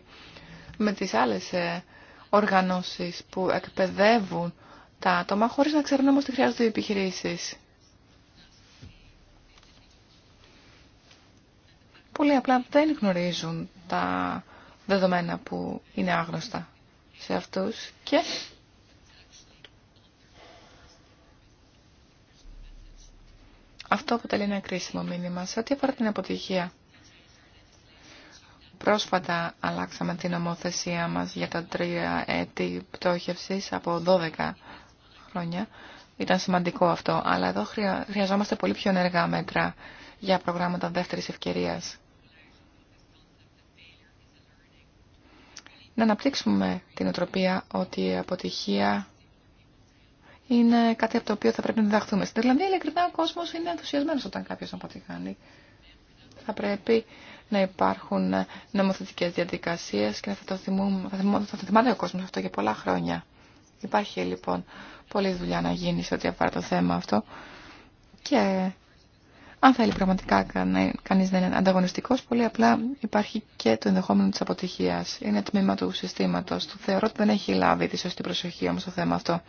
με τις άλλες ε, οργανώσεις που εκπαιδεύουν τα άτομα χωρίς να ξέρουν όμως τι χρειάζονται οι επιχειρήσεις. Πολύ απλά δεν γνωρίζουν τα δεδομένα που είναι άγνωστα σε αυτούς και αυτό αποτελεί ένα κρίσιμο μήνυμα σε ό,τι αφορά την αποτυχία. Πρόσφατα αλλάξαμε την ομοθεσία μας για τα τρία έτη πτώχευσης από 12 χρόνια. Ήταν σημαντικό αυτό, αλλά εδώ χρειαζόμαστε πολύ πιο ενεργά μέτρα για προγράμματα δεύτερης ευκαιρίας. να αναπτύξουμε την οτροπία ότι η αποτυχία είναι κάτι από το οποίο θα πρέπει να διδαχθούμε. Στην Ιρλανδία, ειλικρινά, ο κόσμο είναι ενθουσιασμένο όταν κάποιο αποτυχάνει. Θα πρέπει να υπάρχουν νομοθετικέ διαδικασίε και θα το, θυμάται ο κόσμο αυτό για πολλά χρόνια. Υπάρχει λοιπόν πολλή δουλειά να γίνει σε ό,τι αφορά το θέμα αυτό και αν θέλει πραγματικά κανείς να είναι ανταγωνιστικός, πολύ απλά υπάρχει και το ενδεχόμενο της αποτυχίας. Είναι τμήμα του συστήματος. Του θεωρώ ότι δεν έχει λάβει τη σωστή προσοχή όμως το θέμα αυτό.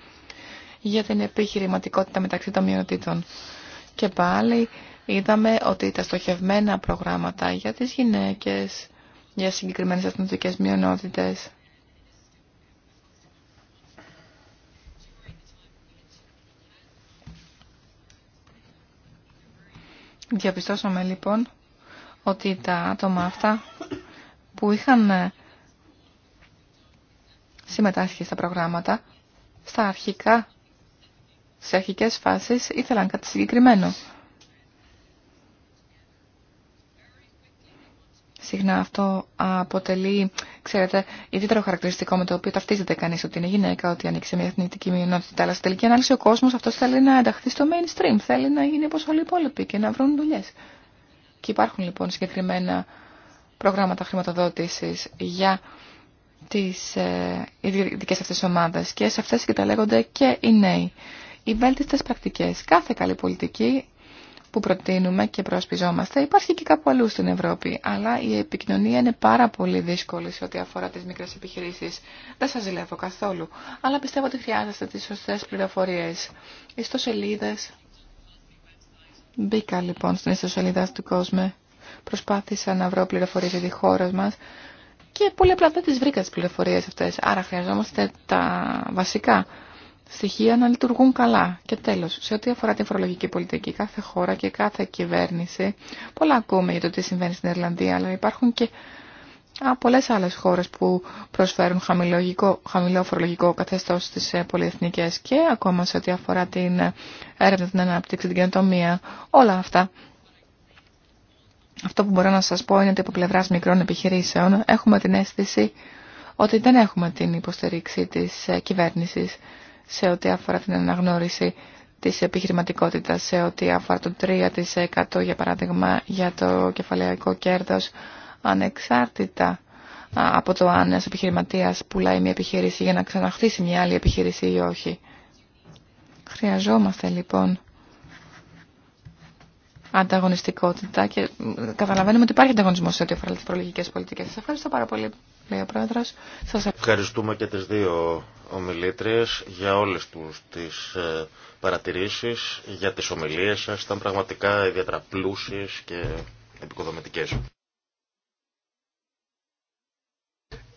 Για την επιχειρηματικότητα μεταξύ των μειονοτήτων. Και πάλι είδαμε ότι τα στοχευμένα προγράμματα για τις γυναίκες, για συγκεκριμένες αθνοτικές μειονότητες, Διαπιστώσαμε λοιπόν ότι τα άτομα αυτά που είχαν ε, συμμετάσχει στα προγράμματα, στα αρχικά, σε αρχικές φάσεις ήθελαν κάτι συγκεκριμένο. Συχνά αυτό αποτελεί, ξέρετε, ιδιαίτερο χαρακτηριστικό με το οποίο ταυτίζεται κανεί ότι είναι γυναίκα, ότι ανήκει σε μια εθνική μειονότητα. Αλλά στην τελική ανάλυση ο κόσμο αυτό θέλει να ενταχθεί στο mainstream. Θέλει να γίνει όπω όλοι οι υπόλοιποι και να βρουν δουλειέ. Και υπάρχουν λοιπόν συγκεκριμένα προγράμματα χρηματοδότηση για τι ε, ειδικέ αυτέ ομάδε. Και σε αυτέ συγκαταλέγονται και οι νέοι. Οι βέλτιστε πρακτικέ. Κάθε καλή πολιτική που προτείνουμε και προσπιζόμαστε. υπάρχει και κάπου αλλού στην Ευρώπη. Αλλά η επικοινωνία είναι πάρα πολύ δύσκολη σε ό,τι αφορά τι μικρέ επιχειρήσει. Δεν σα ζηλεύω καθόλου. Αλλά πιστεύω ότι χρειάζεστε τις σωστές πληροφορίες. Ιστοσελίδες. Μπήκα λοιπόν στην ιστοσελίδα του κόσμου. Προσπάθησα να βρω πληροφορίε για τη χώρα μα. Και πολύ απλά δεν τι βρήκα τι πληροφορίε αυτέ. Άρα χρειαζόμαστε τα βασικά στοιχεία να λειτουργούν καλά. Και τέλος, σε ό,τι αφορά την φορολογική πολιτική, κάθε χώρα και κάθε κυβέρνηση, πολλά ακούμε για το τι συμβαίνει στην Ιρλανδία, αλλά υπάρχουν και πολλέ πολλές άλλες χώρες που προσφέρουν χαμηλό φορολογικό καθεστώς στις ε, πολυεθνικές και ακόμα σε ό,τι αφορά την ε, έρευνα, την ανάπτυξη, την καινοτομία, όλα αυτά. Αυτό που μπορώ να σας πω είναι ότι από πλευράς μικρών επιχειρήσεων έχουμε την αίσθηση ότι δεν έχουμε την υποστηρίξη της ε, κυβέρνησης σε ό,τι αφορά την αναγνώριση της επιχειρηματικότητας, σε ό,τι αφορά το 3% για παράδειγμα για το κεφαλαϊκό κέρδος, ανεξάρτητα από το αν ένας επιχειρηματίας πουλάει μια επιχείρηση για να ξαναχτίσει μια άλλη επιχείρηση ή όχι. Χρειαζόμαστε λοιπόν ανταγωνιστικότητα και καταλαβαίνουμε ότι υπάρχει ανταγωνισμό σε ό,τι αφορά τι προλογικέ πολιτικέ. Σα ευχαριστώ πάρα πολύ λέει ο ευχαριστούμε και τις δύο ομιλήτριες για όλες τους τις ε, παρατηρήσεις, για τις ομιλίες σας. Ήταν πραγματικά ιδιαίτερα πλούσιες και επικοδομητικές.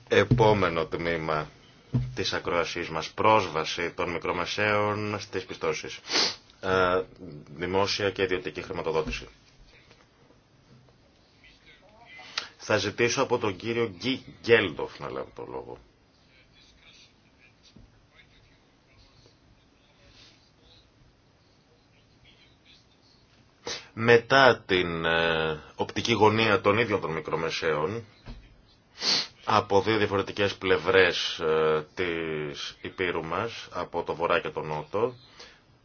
Επόμενο τμήμα της ακροασής μας, πρόσβαση των μικρομεσαίων στις πιστώσεις. Ε, δημόσια και ιδιωτική χρηματοδότηση. Θα ζητήσω από τον κύριο Γκί Γκέλντοφ να λάβει το λόγο. Μετά την ε, οπτική γωνία των ίδιων των μικρομεσαίων, από δύο διαφορετικές πλευρές ε, της Υπήρου μας, από το βορρά και το νότο,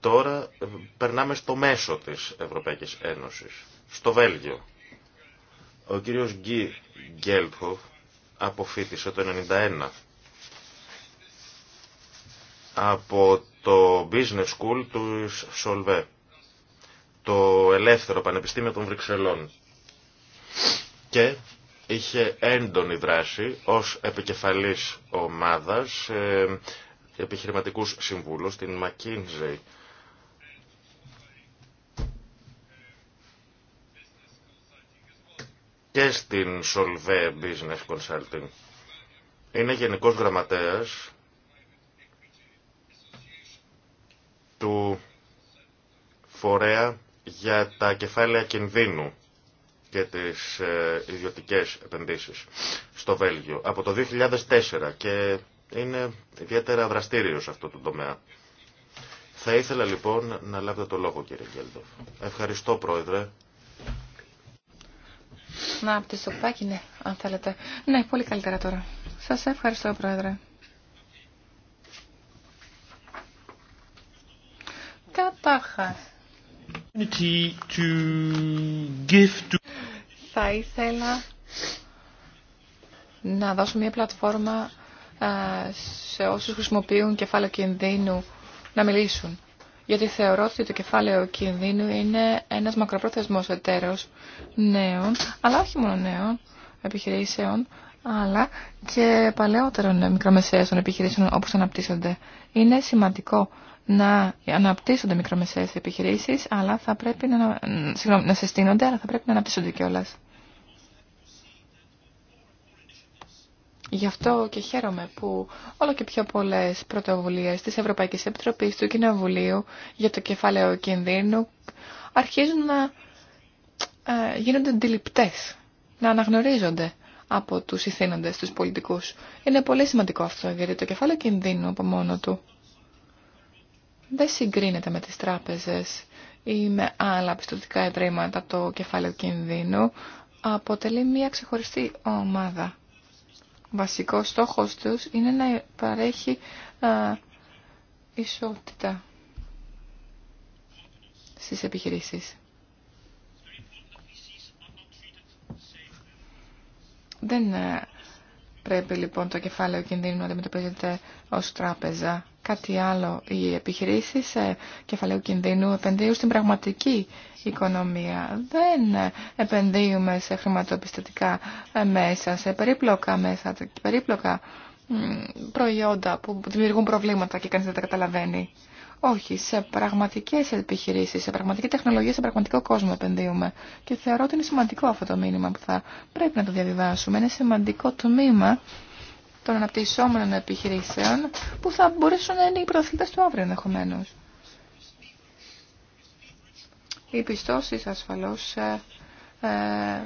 τώρα ε, περνάμε στο μέσο της Ευρωπαϊκής Ένωσης, στο Βέλγιο. Ο κύριος Γκί Γκέλτχοφ αποφύτησε το 1991 από το Business School του Σολβέ, το ελεύθερο πανεπιστήμιο των Βρυξελών. Και είχε έντονη δράση ως επικεφαλής ομάδας επιχειρηματικούς συμβούλους, στην McKinsey και στην Solvay Business Consulting. Είναι γενικός γραμματέας του φορέα για τα κεφάλαια κινδύνου και τις ε, ιδιωτικές επενδύσεις στο Βέλγιο από το 2004 και είναι ιδιαίτερα δραστήριος σε αυτό το τομέα. Θα ήθελα λοιπόν να λάβετε το λόγο κύριε Γκέλντοφ. Ευχαριστώ πρόεδρε. Να, από τη ναι, αν θέλετε. Ναι, πολύ καλύτερα τώρα. Σας ευχαριστώ, Πρόεδρε. Κατάρχα. Θα ήθελα να δώσω μια πλατφόρμα ε, σε όσους χρησιμοποιούν κεφάλαιο κινδύνου να μιλήσουν γιατί θεωρώ ότι το κεφάλαιο κινδύνου είναι ένας μακροπρόθεσμος εταίρος νέων, αλλά όχι μόνο νέων επιχειρήσεων, αλλά και παλαιότερων μικρομεσαίων επιχειρήσεων όπως αναπτύσσονται. Είναι σημαντικό να αναπτύσσονται μικρομεσαίες επιχειρήσεις, αλλά θα πρέπει να, να συστήνονται, αλλά θα πρέπει να αναπτύσσονται κιόλας. Γι' αυτό και χαίρομαι που όλο και πιο πολλές πρωτοβουλίες της Ευρωπαϊκής Επιτροπής του Κοινοβουλίου για το κεφάλαιο κινδύνου αρχίζουν να ε, γίνονται αντιληπτές, να αναγνωρίζονται από τους ηθήνοντες, τους πολιτικούς. Είναι πολύ σημαντικό αυτό, γιατί το κεφάλαιο κινδύνου από μόνο του δεν συγκρίνεται με τις τράπεζες ή με άλλα πιστοτικά ιδρύματα το κεφάλαιο κινδύνου, αποτελεί μια ξεχωριστή ομάδα βασικός στόχος τους είναι να παρέχει ε, ισότητα στις επιχειρήσεις. Δεν ε, πρέπει λοιπόν το κεφάλαιο κινδύνου να αντιμετωπίζεται ως τράπεζα. Κάτι άλλο, οι επιχειρήσεις ε, κεφαλαίου κινδύνου επενδύουν στην πραγματική οικονομία. Δεν ε, επενδύουμε σε χρηματοπιστωτικά ε, μέσα, σε περίπλοκα μέσα, περίπλοκα προϊόντα που δημιουργούν προβλήματα και κανείς δεν τα καταλαβαίνει. Όχι, σε πραγματικές επιχειρήσεις, σε πραγματική τεχνολογία, σε πραγματικό κόσμο επενδύουμε. Και θεωρώ ότι είναι σημαντικό αυτό το μήνυμα που θα πρέπει να το διαβιβάσουμε. Είναι σημαντικό τμήμα των αναπτυσσόμενων επιχειρήσεων που θα μπορέσουν να είναι οι προαθλητές του αύριο ενδεχομένω. Οι πιστώσει ασφαλώς ε, ε,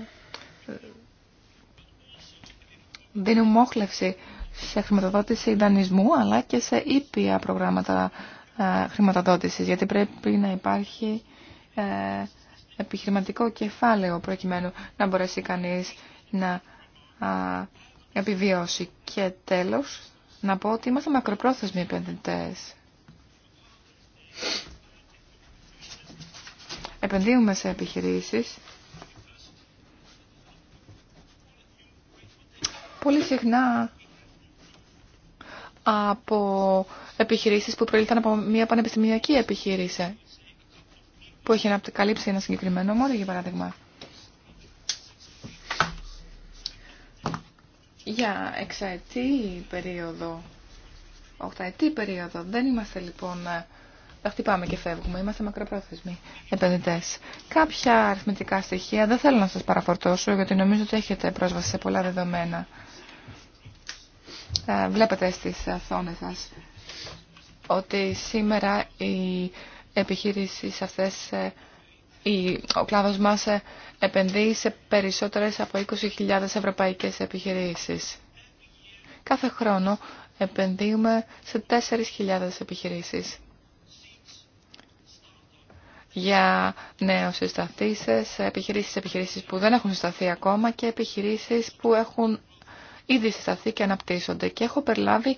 δίνουν μόχλευση σε χρηματοδότηση δανεισμού αλλά και σε ήπια προγράμματα ε, χρηματοδότησης γιατί πρέπει να υπάρχει ε, επιχειρηματικό κεφάλαιο προκειμένου να μπορέσει κανείς να α, επιβιώσει. Και τέλος, να πω ότι είμαστε μακροπρόθεσμοι επενδυτές. Επενδύουμε σε επιχειρήσεις. Πολύ συχνά από επιχειρήσεις που προήλθαν από μια πανεπιστημιακή επιχείρηση που έχει καλύψει ένα συγκεκριμένο μόνο για παράδειγμα. για εξαετή περίοδο, οχταετή περίοδο. Δεν είμαστε λοιπόν, ε, τα χτυπάμε και φεύγουμε, είμαστε μακροπρόθεσμοι επενδυτέ. Κάποια αριθμητικά στοιχεία δεν θέλω να σας παραφορτώσω γιατί νομίζω ότι έχετε πρόσβαση σε πολλά δεδομένα. Ε, βλέπετε στις αθώνε ε, σας ότι σήμερα οι επιχείρησεις αυτές ο κλάδος μας ε, επενδύει σε περισσότερες από 20.000 ευρωπαϊκές επιχειρήσεις. Κάθε χρόνο επενδύουμε σε 4.000 επιχειρήσεις. Για νέου συσταθήσεις, επιχειρήσεις, επιχειρήσεις που δεν έχουν συσταθεί ακόμα και επιχειρήσεις που έχουν ήδη συσταθεί και αναπτύσσονται. Και έχω περιλάβει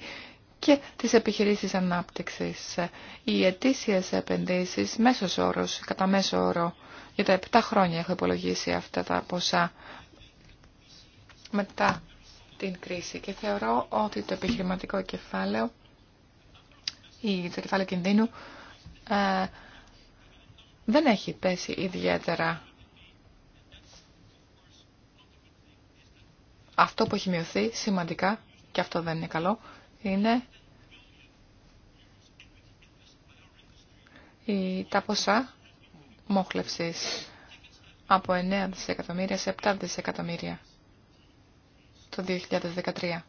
και τις επιχειρήσεις ανάπτυξης. Οι ετήσιες επενδύσεις, μέσος όρος, κατά μέσο όρο, για τα 7 χρόνια έχω υπολογίσει αυτά τα ποσά μετά την κρίση και θεωρώ ότι το επιχειρηματικό κεφάλαιο ή το κεφάλαιο κινδύνου ε, δεν έχει πέσει ιδιαίτερα. Αυτό που έχει μειωθεί σημαντικά, και αυτό δεν είναι καλό, είναι τα ποσά μόχλευσης από 9 δισεκατομμύρια σε 7 δισεκατομμύρια το 2013.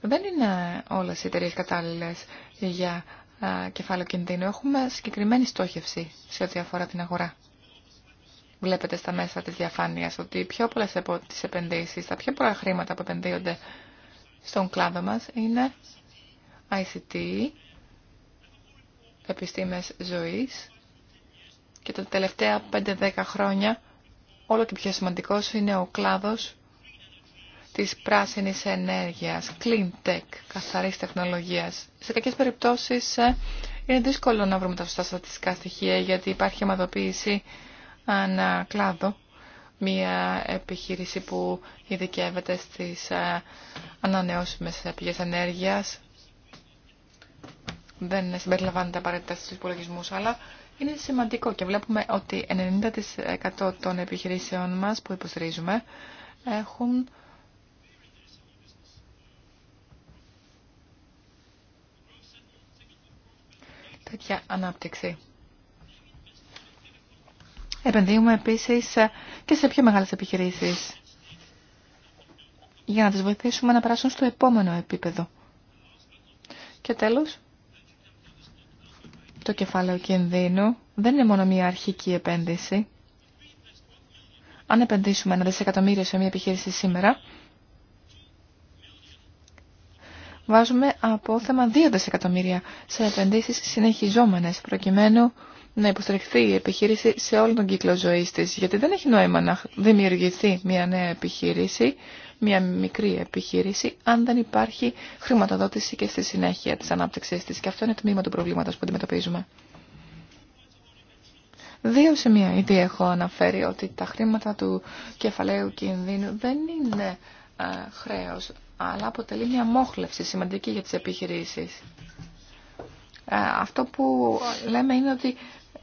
Δεν είναι όλες οι εταιρείε κατάλληλες για κεφάλαιο κινδύνου. Έχουμε συγκεκριμένη στόχευση σε ό,τι αφορά την αγορά. Βλέπετε στα μέσα της διαφάνειας ότι πιο πολλές από τις επενδύσεις, τα πιο πολλά χρήματα που επενδύονται στον κλάδο μας είναι ICT, επιστήμες ζωής και τα τελευταία 5-10 χρόνια όλο και πιο σημαντικός είναι ο κλάδος της πράσινης ενέργειας, clean tech, καθαρής τεχνολογίας. Σε κάποιες περιπτώσεις ε, είναι δύσκολο να βρούμε τα σωστά στατιστικά στοιχεία γιατί υπάρχει αιματοποίηση ανά κλάδο μια επιχείρηση που ειδικεύεται στις ε, ανανεώσιμες πηγές ενέργειας. Δεν συμπεριλαμβάνεται απαραίτητα στους υπολογισμού, αλλά είναι σημαντικό και βλέπουμε ότι 90% των επιχειρήσεων μας που υποστηρίζουμε έχουν τέτοια ανάπτυξη. Επενδύουμε επίσης ε, και σε πιο μεγάλες επιχειρήσεις για να τις βοηθήσουμε να περάσουν στο επόμενο επίπεδο. Και τέλος, το κεφάλαιο κινδύνου δεν είναι μόνο μια αρχική επένδυση. Αν επενδύσουμε ένα δισεκατομμύριο σε μια επιχείρηση σήμερα, βάζουμε θέμα δύο δισεκατομμύρια σε επενδύσεις συνεχιζόμενες προκειμένου να υποστηριχθεί η επιχείρηση σε όλον τον κύκλο ζωή τη, γιατί δεν έχει νόημα να δημιουργηθεί μια νέα επιχείρηση, μια μικρή επιχείρηση, αν δεν υπάρχει χρηματοδότηση και στη συνέχεια τη ανάπτυξή τη. Και αυτό είναι το τμήμα του προβλήματος που αντιμετωπίζουμε. Δύο σημεία ήδη έχω αναφέρει ότι τα χρήματα του κεφαλαίου κινδύνου δεν είναι ε, χρέος, αλλά αποτελεί μια μόχλευση σημαντική για τις επιχειρήσεις. αυτό που λέμε είναι ότι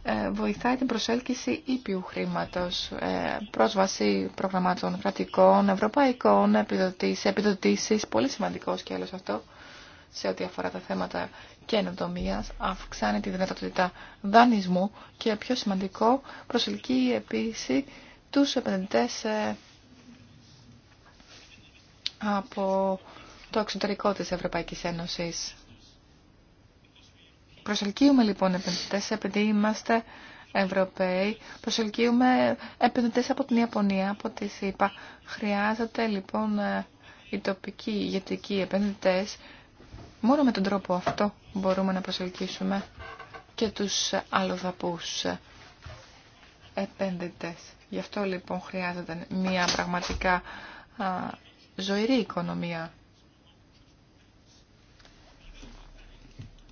ε, βοηθάει την προσέλκυση ήπιου χρήματος, ε, πρόσβαση προγραμμάτων κρατικών, ευρωπαϊκών, επιδοτήσεις, επιδοτήσεις, πολύ σημαντικό σκέλος αυτό σε ό,τι αφορά τα θέματα καινοτομία, αυξάνει τη δυνατότητα δανεισμού και πιο σημαντικό προσελκύει επίση τους επενδυτές ε, από το εξωτερικό της Ευρωπαϊκής Ένωσης. Προσελκύουμε λοιπόν επενδυτέ επειδή είμαστε Ευρωπαίοι, προσελκύουμε επενδυτέ από την Ιαπωνία, από τη ΣΥΠΑ. Χρειάζεται λοιπόν ε, οι τοπικοί ηγετικοί επενδυτέ. Μόνο με τον τρόπο αυτό μπορούμε να προσελκύσουμε και τους αλλοδαπούς επένδυτες. Γι' αυτό λοιπόν χρειάζεται μια πραγματικά ζωηρή οικονομία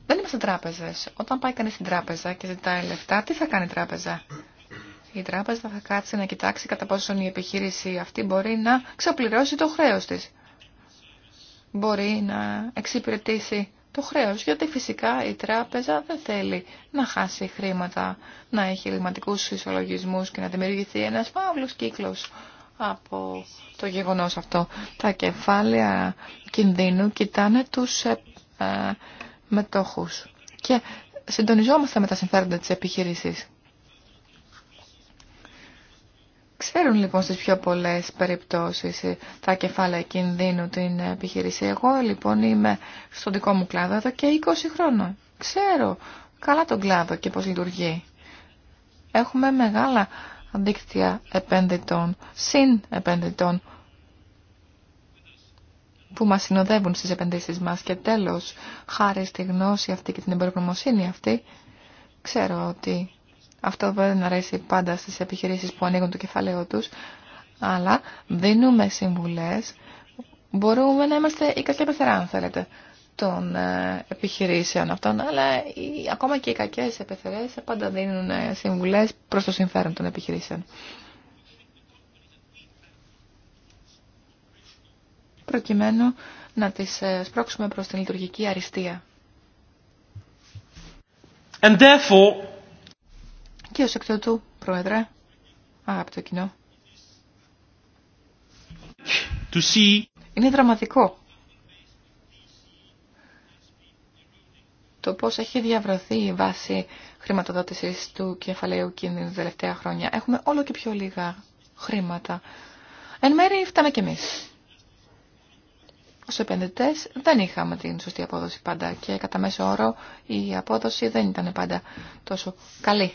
Δεν είμαστε τράπεζε. Όταν πάει κανεί στην τράπεζα και ζητάει λεφτά, τι θα κάνει η τράπεζα. Η τράπεζα θα κάτσει να κοιτάξει κατά πόσον η επιχείρηση αυτή μπορεί να ξεπληρώσει το χρέο τη. Μπορεί να εξυπηρετήσει το χρέο. γιατί φυσικά η τράπεζα δεν θέλει να χάσει χρήματα, να έχει ελληματικούς ισολογισμούς και να δημιουργηθεί ένα παύλος κύκλο από το γεγονός αυτό. Τα κεφάλαια κινδύνου κοιτάνε τους ε, ε, μετόχους και συντονιζόμαστε με τα συμφέροντα της επιχείρησης. Ξέρουν λοιπόν στις πιο πολλές περιπτώσεις τα κεφάλαια κινδύνου την επιχείρηση. Εγώ λοιπόν είμαι στον δικό μου κλάδο εδώ και 20 χρόνια. Ξέρω καλά τον κλάδο και πώς λειτουργεί. Έχουμε μεγάλα δίκτυα επενδυτών, συν επενδυτών που μας συνοδεύουν στις επενδύσεις μας. Και τέλος, χάρη στη γνώση αυτή και την εμπεροπνομοσύνη αυτή, ξέρω ότι αυτό δεν αρέσει πάντα στις επιχειρήσεις που ανοίγουν το κεφάλαιό τους, αλλά δίνουμε συμβουλές, μπορούμε να είμαστε οι κακοί πεθερά αν θέλετε των ε, επιχειρήσεων αυτών, αλλά οι, ακόμα και οι κακές επιθερές πάντα δίνουν ε, συμβουλές προς το συμφέρον των επιχειρήσεων. προκειμένου να τις ε, σπρώξουμε προς την λειτουργική αριστεία. And therefore... Και ως εκ τούτου, Πρόεδρε, αγαπητό κοινό, to see... είναι δραματικό το πώς έχει διαβρωθεί η βάση χρηματοδότησης του κεφαλαίου κίνδυνου τα τελευταία χρόνια. Έχουμε όλο και πιο λίγα χρήματα. Εν μέρει φτάμε κι εμείς. Ως επενδυτές δεν είχαμε την σωστή απόδοση πάντα και κατά μέσο όρο η απόδοση δεν ήταν πάντα τόσο καλή.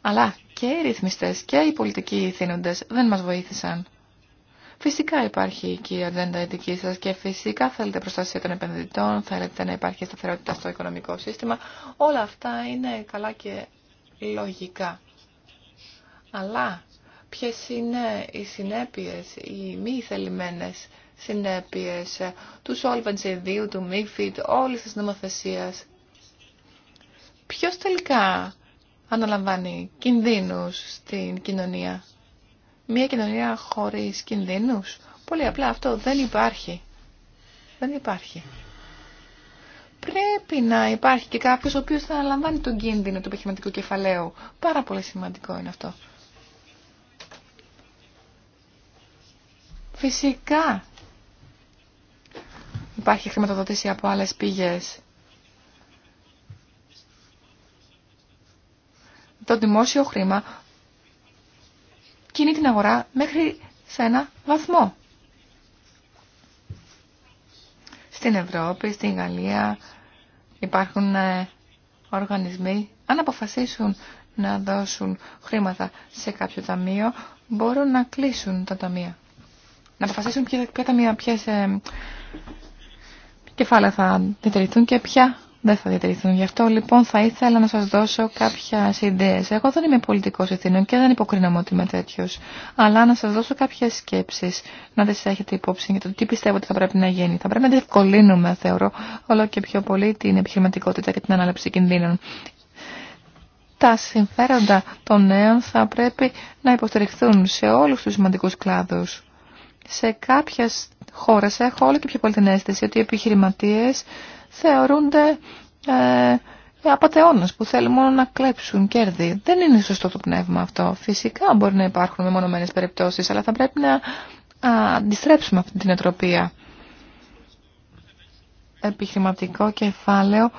Αλλά και οι ρυθμιστές και οι πολιτικοί ηθήνοντες δεν μας βοήθησαν. Φυσικά υπάρχει και η ατζέντα η σα και φυσικά θέλετε προστασία των επενδυτών, θέλετε να υπάρχει σταθερότητα στο οικονομικό σύστημα. Όλα αυτά είναι καλά και λογικά. Αλλά ποιες είναι οι συνέπειες, οι μη θελημένες συνέπειες του Solvency 2, του MIFID, όλης της νομοθεσίας. Ποιος τελικά αναλαμβάνει κινδύνους στην κοινωνία. Μία κοινωνία χωρίς κινδύνους. Πολύ απλά αυτό δεν υπάρχει. Δεν υπάρχει. Πρέπει να υπάρχει και κάποιος ο οποίος θα αναλαμβάνει τον κίνδυνο του επιχειρηματικού κεφαλαίου. Πάρα πολύ σημαντικό είναι αυτό. Φυσικά υπάρχει χρηματοδότηση από άλλες πήγες. Το δημόσιο χρήμα κινεί την αγορά μέχρι σε ένα βαθμό. Στην Ευρώπη, στην Γαλλία υπάρχουν ε, οργανισμοί. Αν αποφασίσουν να δώσουν χρήματα σε κάποιο ταμείο, μπορούν να κλείσουν τα ταμεία να αποφασίσουν ποια, ποια ταμεία, ποιες ε, κεφάλαια θα διατηρηθούν και ποια δεν θα διατηρηθούν. Γι' αυτό λοιπόν θα ήθελα να σας δώσω κάποιες ιδέε. Εγώ δεν είμαι πολιτικός ευθύνων και δεν υποκρίνομαι ότι είμαι τέτοιο. Αλλά να σας δώσω κάποιες σκέψεις, να τις έχετε υπόψη για το τι πιστεύω ότι θα πρέπει να γίνει. Θα πρέπει να διευκολύνουμε, θεωρώ, όλο και πιο πολύ την επιχειρηματικότητα και την ανάληψη κινδύνων. Τα συμφέροντα των νέων θα πρέπει να υποστηριχθούν σε όλους τους σημαντικούς κλάδους σε κάποιες χώρες έχω όλο και πιο πολύ την αίσθηση ότι οι επιχειρηματίες θεωρούνται ε, απαταιώνες που θέλουν μόνο να κλέψουν κέρδη. Δεν είναι σωστό το πνεύμα αυτό. Φυσικά μπορεί να υπάρχουν μεμονωμένες περιπτώσεις, αλλά θα πρέπει να αντιστρέψουμε αυτή την ετροπία. Επιχειρηματικό κεφάλαιο,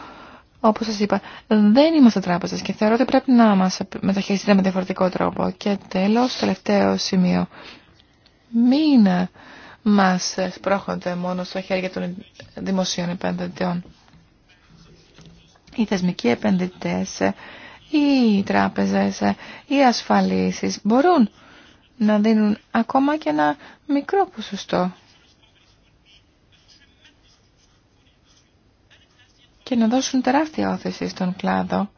όπως σας είπα, δεν είμαστε τράπεζες και θεωρώ ότι πρέπει να μας μεταχειριστείτε με διαφορετικό τρόπο. Και τέλος, τελευταίο σημείο μην μας σπρώχονται μόνο στα χέρια των δημοσίων επενδυτών. Οι θεσμικοί επενδυτές, οι τράπεζες, οι ασφαλίσεις μπορούν να δίνουν ακόμα και ένα μικρό ποσοστό και να δώσουν τεράστια όθηση στον κλάδο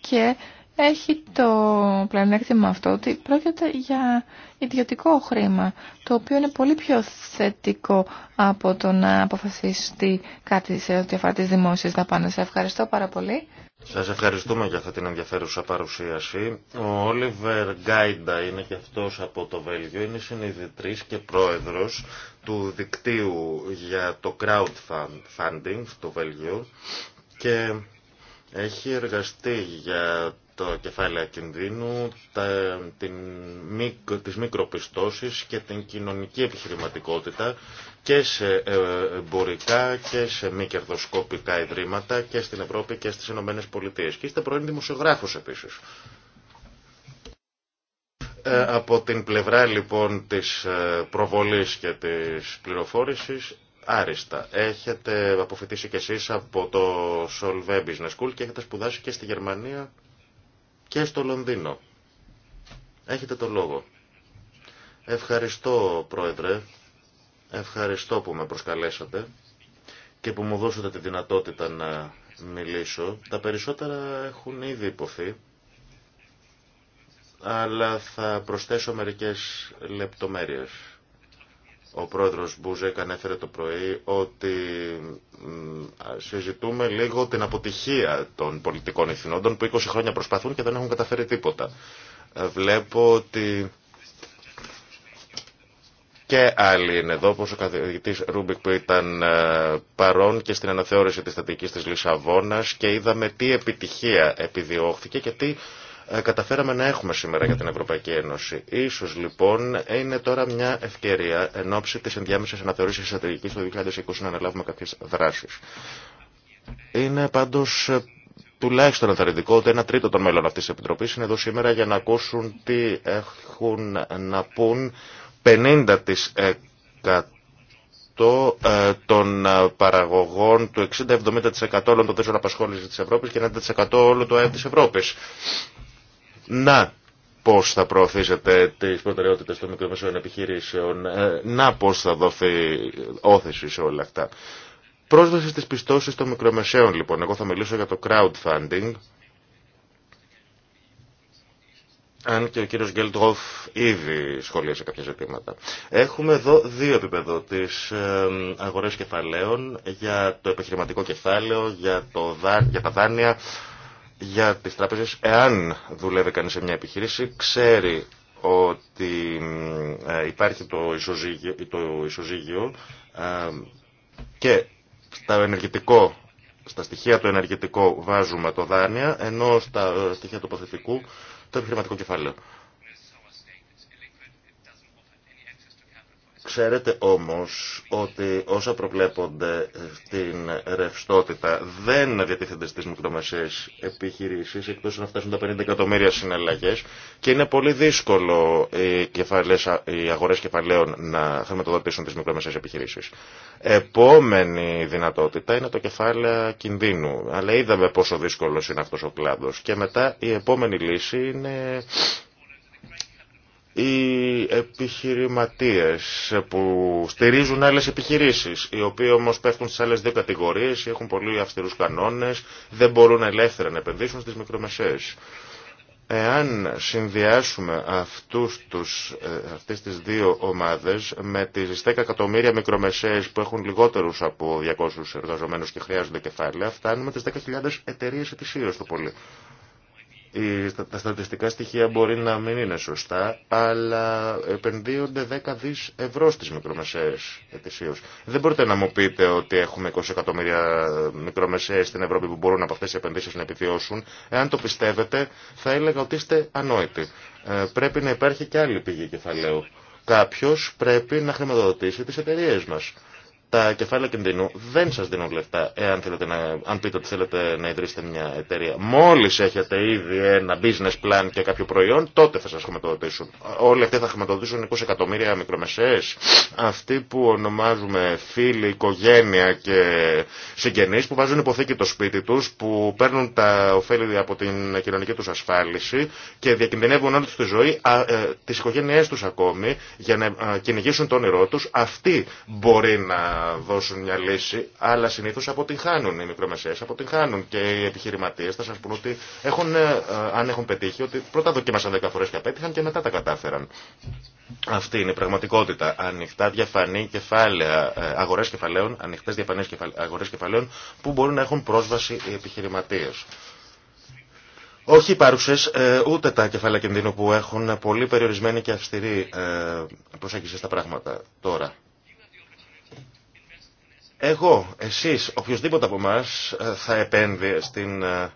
και έχει το πλανέκτημα αυτό ότι πρόκειται για ιδιωτικό χρήμα, το οποίο είναι πολύ πιο θετικό από το να αποφασιστεί κάτι σε ό,τι αφορά τις δημόσιες δαπάνες. Σε ευχαριστώ πάρα πολύ. Σας ευχαριστούμε για αυτή την ενδιαφέρουσα παρουσίαση. Ο Όλιβερ Γκάιντα είναι και αυτός από το Βέλγιο, είναι συνειδητή και πρόεδρος του δικτύου για το crowdfunding στο Βέλγιο και έχει εργαστεί για το κεφάλαιο κινδύνου, τα, την, τις μικροπιστώσεις και την κοινωνική επιχειρηματικότητα και σε ε, εμπορικά και σε μη κερδοσκοπικά ιδρύματα και στην Ευρώπη και στις Ηνωμένες Πολιτείες. Και είστε πρώην δημοσιογράφος επίσης ε, από την πλευρά λοιπόν της ε, προβολής και της πληροφόρησης άριστα. Έχετε αποφοιτήσει κι εσείς από το Solve Business School και έχετε σπουδάσει και στη Γερμανία και στο Λονδίνο. Έχετε το λόγο. Ευχαριστώ, Πρόεδρε. Ευχαριστώ που με προσκαλέσατε και που μου δώσατε τη δυνατότητα να μιλήσω. Τα περισσότερα έχουν ήδη υποθεί, αλλά θα προσθέσω μερικές λεπτομέρειες. Ο πρόεδρος Μπούζεκ ανέφερε το πρωί ότι συζητούμε λίγο την αποτυχία των πολιτικών ηθινόντων που 20 χρόνια προσπαθούν και δεν έχουν καταφέρει τίποτα. Ε, βλέπω ότι και άλλοι είναι εδώ, όπως ο καθηγητής Ρούμπικ που ήταν ε, παρόν και στην αναθεώρηση της στατικής της Λισαβόνας και είδαμε τι επιτυχία επιδιώχθηκε και τι ε, καταφέραμε να έχουμε σήμερα για την Ευρωπαϊκή Ένωση. Ίσως λοιπόν είναι τώρα μια ευκαιρία εν ώψη της ενδιάμεσης αναθεωρήσης στρατηγικής του 2020 να αναλάβουμε κάποιες δράσεις. Είναι πάντως ε, τουλάχιστον ενθαρρυντικό ότι ένα τρίτο των μέλων αυτής της Επιτροπής είναι εδώ σήμερα για να ακούσουν τι έχουν να πούν 50% ε, των παραγωγών του 60-70% όλων των θέσεων απασχόληση της Ευρώπης και 90% όλων του ΑΕΠ της Ευρώπης. Να πώς θα προωθήσετε τις προτεραιότητες των μικρομεσαίων επιχειρήσεων, ε, να πώς θα δοθεί όθεση σε όλα αυτά. Πρόσβαση στις πιστώσεις των μικρομεσαίων λοιπόν, εγώ θα μιλήσω για το crowdfunding. Αν και ο κύριος Γκέλτγοφ ήδη σχολίασε κάποια ζητήματα. Έχουμε εδώ δύο επίπεδο, τη ε, αγορές κεφαλαίων για το επιχειρηματικό κεφάλαιο, για, το, για τα δάνεια, για τις τράπεζες, εάν δουλεύει κανείς σε μια επιχείρηση, ξέρει ότι ε, υπάρχει το ισοζύγιο, το ε, και στα ενεργητικό στα στοιχεία του ενεργητικού βάζουμε το δάνεια, ενώ στα ε, στοιχεία του αποθετικού το επιχειρηματικό κεφάλαιο. Ξέρετε όμως ότι όσα προβλέπονται στην ρευστότητα δεν διατίθενται στις μικρομεσαίες επιχειρήσεις εκτός να φτάσουν τα 50 εκατομμύρια συναλλαγές και είναι πολύ δύσκολο οι, κεφαλές, οι αγορές κεφαλαίων να χρηματοδοτήσουν τις μικρομεσαίες επιχειρήσεις. Επόμενη δυνατότητα είναι το κεφάλαιο κινδύνου. Αλλά είδαμε πόσο δύσκολος είναι αυτός ο κλάδος. Και μετά η επόμενη λύση είναι οι επιχειρηματίες που στηρίζουν άλλες επιχειρήσεις, οι οποίοι όμως πέφτουν στις άλλες δύο κατηγορίες, έχουν πολύ αυστηρούς κανόνες, δεν μπορούν ελεύθερα να επενδύσουν στις μικρομεσαίες. Εάν συνδυάσουμε αυτούς τους, ε, αυτές τις δύο ομάδες με τις 10 εκατομμύρια μικρομεσαίες που έχουν λιγότερους από 200 εργαζομένους και χρειάζονται κεφάλαια, φτάνουμε τις 10.000 εταιρείες ετησίως το πολύ τα στατιστικά στοιχεία μπορεί να μην είναι σωστά, αλλά επενδύονται 10 δις ευρώ στις μικρομεσαίες ετησίως. Δεν μπορείτε να μου πείτε ότι έχουμε 20 εκατομμύρια μικρομεσαίες στην Ευρώπη που μπορούν από αυτές τις επενδύσεις να επιβιώσουν. Εάν το πιστεύετε, θα έλεγα ότι είστε ανόητοι. Ε, πρέπει να υπάρχει και άλλη πηγή κεφαλαίου. Κάποιος πρέπει να χρηματοδοτήσει τις εταιρείες μας τα κεφάλαια κινδύνου δεν σας δίνουν λεφτά εάν θέλετε να, αν πείτε ότι θέλετε να ιδρύσετε μια εταιρεία. Μόλις έχετε ήδη ένα business plan και κάποιο προϊόν, τότε θα σας χρηματοδοτήσουν. Όλοι αυτοί θα χρηματοδοτήσουν 20 εκατομμύρια μικρομεσαίες, αυτοί που ονομάζουμε φίλοι, οικογένεια και συγγενείς που βάζουν υποθήκη το σπίτι τους, που παίρνουν τα ωφέλη από την κοινωνική τους ασφάλιση και διακινδυνεύουν όλη τους τη ζωή, α, ε, τις οικογένειές τους ακόμη, για να ε, κυνηγήσουν το όνειρό τους. Αυτοί μπορεί να δώσουν μια λύση, αλλά συνήθω αποτυγχάνουν οι μικρομεσαίε, αποτυγχάνουν και οι επιχειρηματίε. Θα σα πούν ότι έχουν, ε, αν έχουν πετύχει, ότι πρώτα δοκίμασαν 10 φορέ και απέτυχαν και μετά τα κατάφεραν. Αυτή είναι η πραγματικότητα. Ανοιχτά διαφανή κεφάλαια, ε, αγορέ κεφαλαίων, ανοιχτέ διαφανεί αγορέ κεφαλαίων που μπορούν να έχουν πρόσβαση οι επιχειρηματίε. Όχι υπάρχουσε, ε, ούτε τα κεφάλαια κινδύνου που έχουν πολύ περιορισμένη και αυστηρή προσέγγιση στα πράγματα τώρα. Εγώ, εσείς, οποιοδήποτε από εμά ε, θα επένδυε στην ε,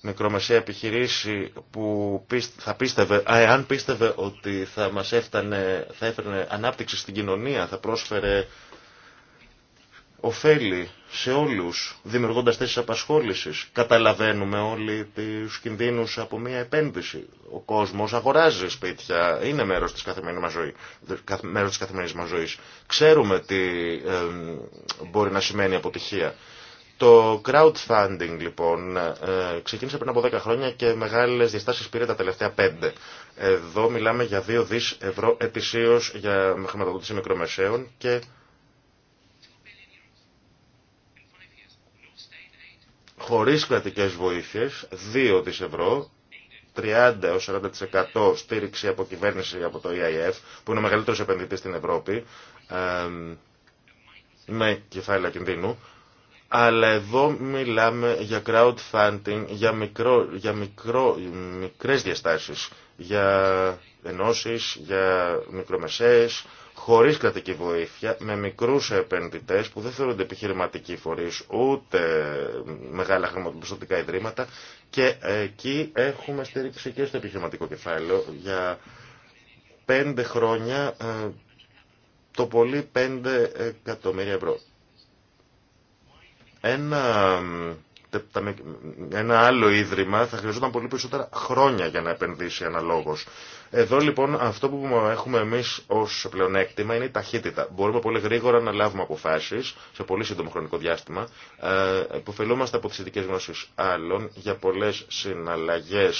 μικρομεσαία επιχειρήση που θα πίστευε, εάν πίστευε ότι θα μας έφτανε, θα έφερνε ανάπτυξη στην κοινωνία, θα πρόσφερε ωφέλη σε όλους, δημιουργώντας θέσεις απασχόλησης. Καταλαβαίνουμε όλοι τους κινδύνους από μια επένδυση. Ο κόσμος αγοράζει σπίτια, είναι μέρος της καθημερινής μας ζωής. Μέρος της καθημερινής ζωής. Ξέρουμε τι μπορεί να σημαίνει αποτυχία. Το crowdfunding λοιπόν ε, ξεκίνησε πριν από 10 χρόνια και μεγάλες διαστάσεις πήρε τα τελευταία 5. Εδώ μιλάμε για 2 δις ευρώ ετησίως για χρηματοδότηση μικρομεσαίων και χωρίς κρατικές βοήθειες, 2 δις ευρώ, 30-40% στήριξη από κυβέρνηση από το EIF, που είναι ο μεγαλύτερος επενδυτής στην Ευρώπη, με κεφάλαια κινδύνου. Αλλά εδώ μιλάμε για crowdfunding, για, μικρό, για μικρό, μικρές διαστάσεις, για ενώσεις, για μικρομεσαίες, χωρίς κρατική βοήθεια, με μικρούς επενδυτές που δεν θεωρούνται επιχειρηματικοί φορείς, ούτε μεγάλα χρηματοπιστωτικά ιδρύματα και εκεί έχουμε στήριξη και στο επιχειρηματικό κεφάλαιο για πέντε χρόνια ε, το πολύ 5 εκατομμύρια ευρώ. Ένα, ένα άλλο ίδρυμα θα χρειαζόταν πολύ περισσότερα χρόνια για να επενδύσει αναλόγως. Εδώ λοιπόν αυτό που έχουμε εμεί ω πλεονέκτημα είναι η ταχύτητα. Μπορούμε πολύ γρήγορα να λάβουμε αποφάσει σε πολύ σύντομο χρονικό διάστημα. Ε, υποφελούμαστε από τι ειδικέ γνώσει άλλων για πολλέ συναλλαγέ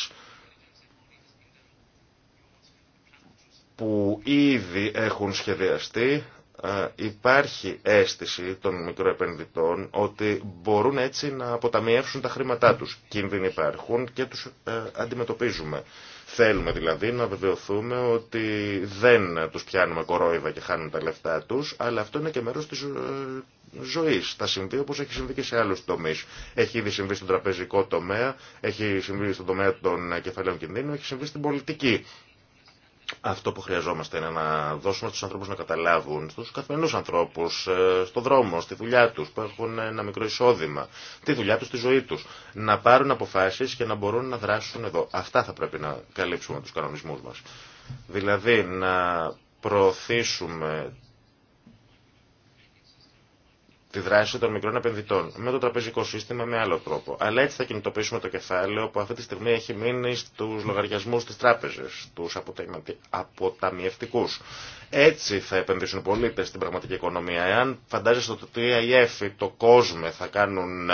που ήδη έχουν σχεδιαστεί ε, υπάρχει αίσθηση των μικροεπενδυτών ότι μπορούν έτσι να αποταμιεύσουν τα χρήματά τους. Κίνδυνοι υπάρχουν και τους ε, αντιμετωπίζουμε. Θέλουμε δηλαδή να βεβαιωθούμε ότι δεν τους πιάνουμε κορόιδα και χάνουν τα λεφτά τους, αλλά αυτό είναι και μέρος της ε, ζωής. Θα συμβεί όπως έχει συμβεί και σε άλλους τομείς. Έχει ήδη συμβεί στον τραπεζικό τομέα, έχει συμβεί στον τομέα των κεφαλαίων κινδύνων, έχει συμβεί στην πολιτική. Αυτό που χρειαζόμαστε είναι να δώσουμε στους ανθρώπους να καταλάβουν, στους καθημερινούς ανθρώπους, ε, στον δρόμο, στη δουλειά τους, που έχουν ένα μικρό εισόδημα, τη δουλειά τους, τη ζωή τους, να πάρουν αποφάσεις και να μπορούν να δράσουν εδώ. Αυτά θα πρέπει να καλύψουμε τους κανονισμούς μας. Δηλαδή να προωθήσουμε τη δράση των μικρών επενδυτών, με το τραπεζικό σύστημα με άλλο τρόπο. Αλλά έτσι θα κινητοποιήσουμε το κεφάλαιο που αυτή τη στιγμή έχει μείνει στου λογαριασμού τη τράπεζα, του αποταμιευτικού. Έτσι θα επενδύσουν οι πολίτε στην πραγματική οικονομία. Εάν φαντάζεστε ότι το Α.Ε.Φ. το κόσμο θα κάνουν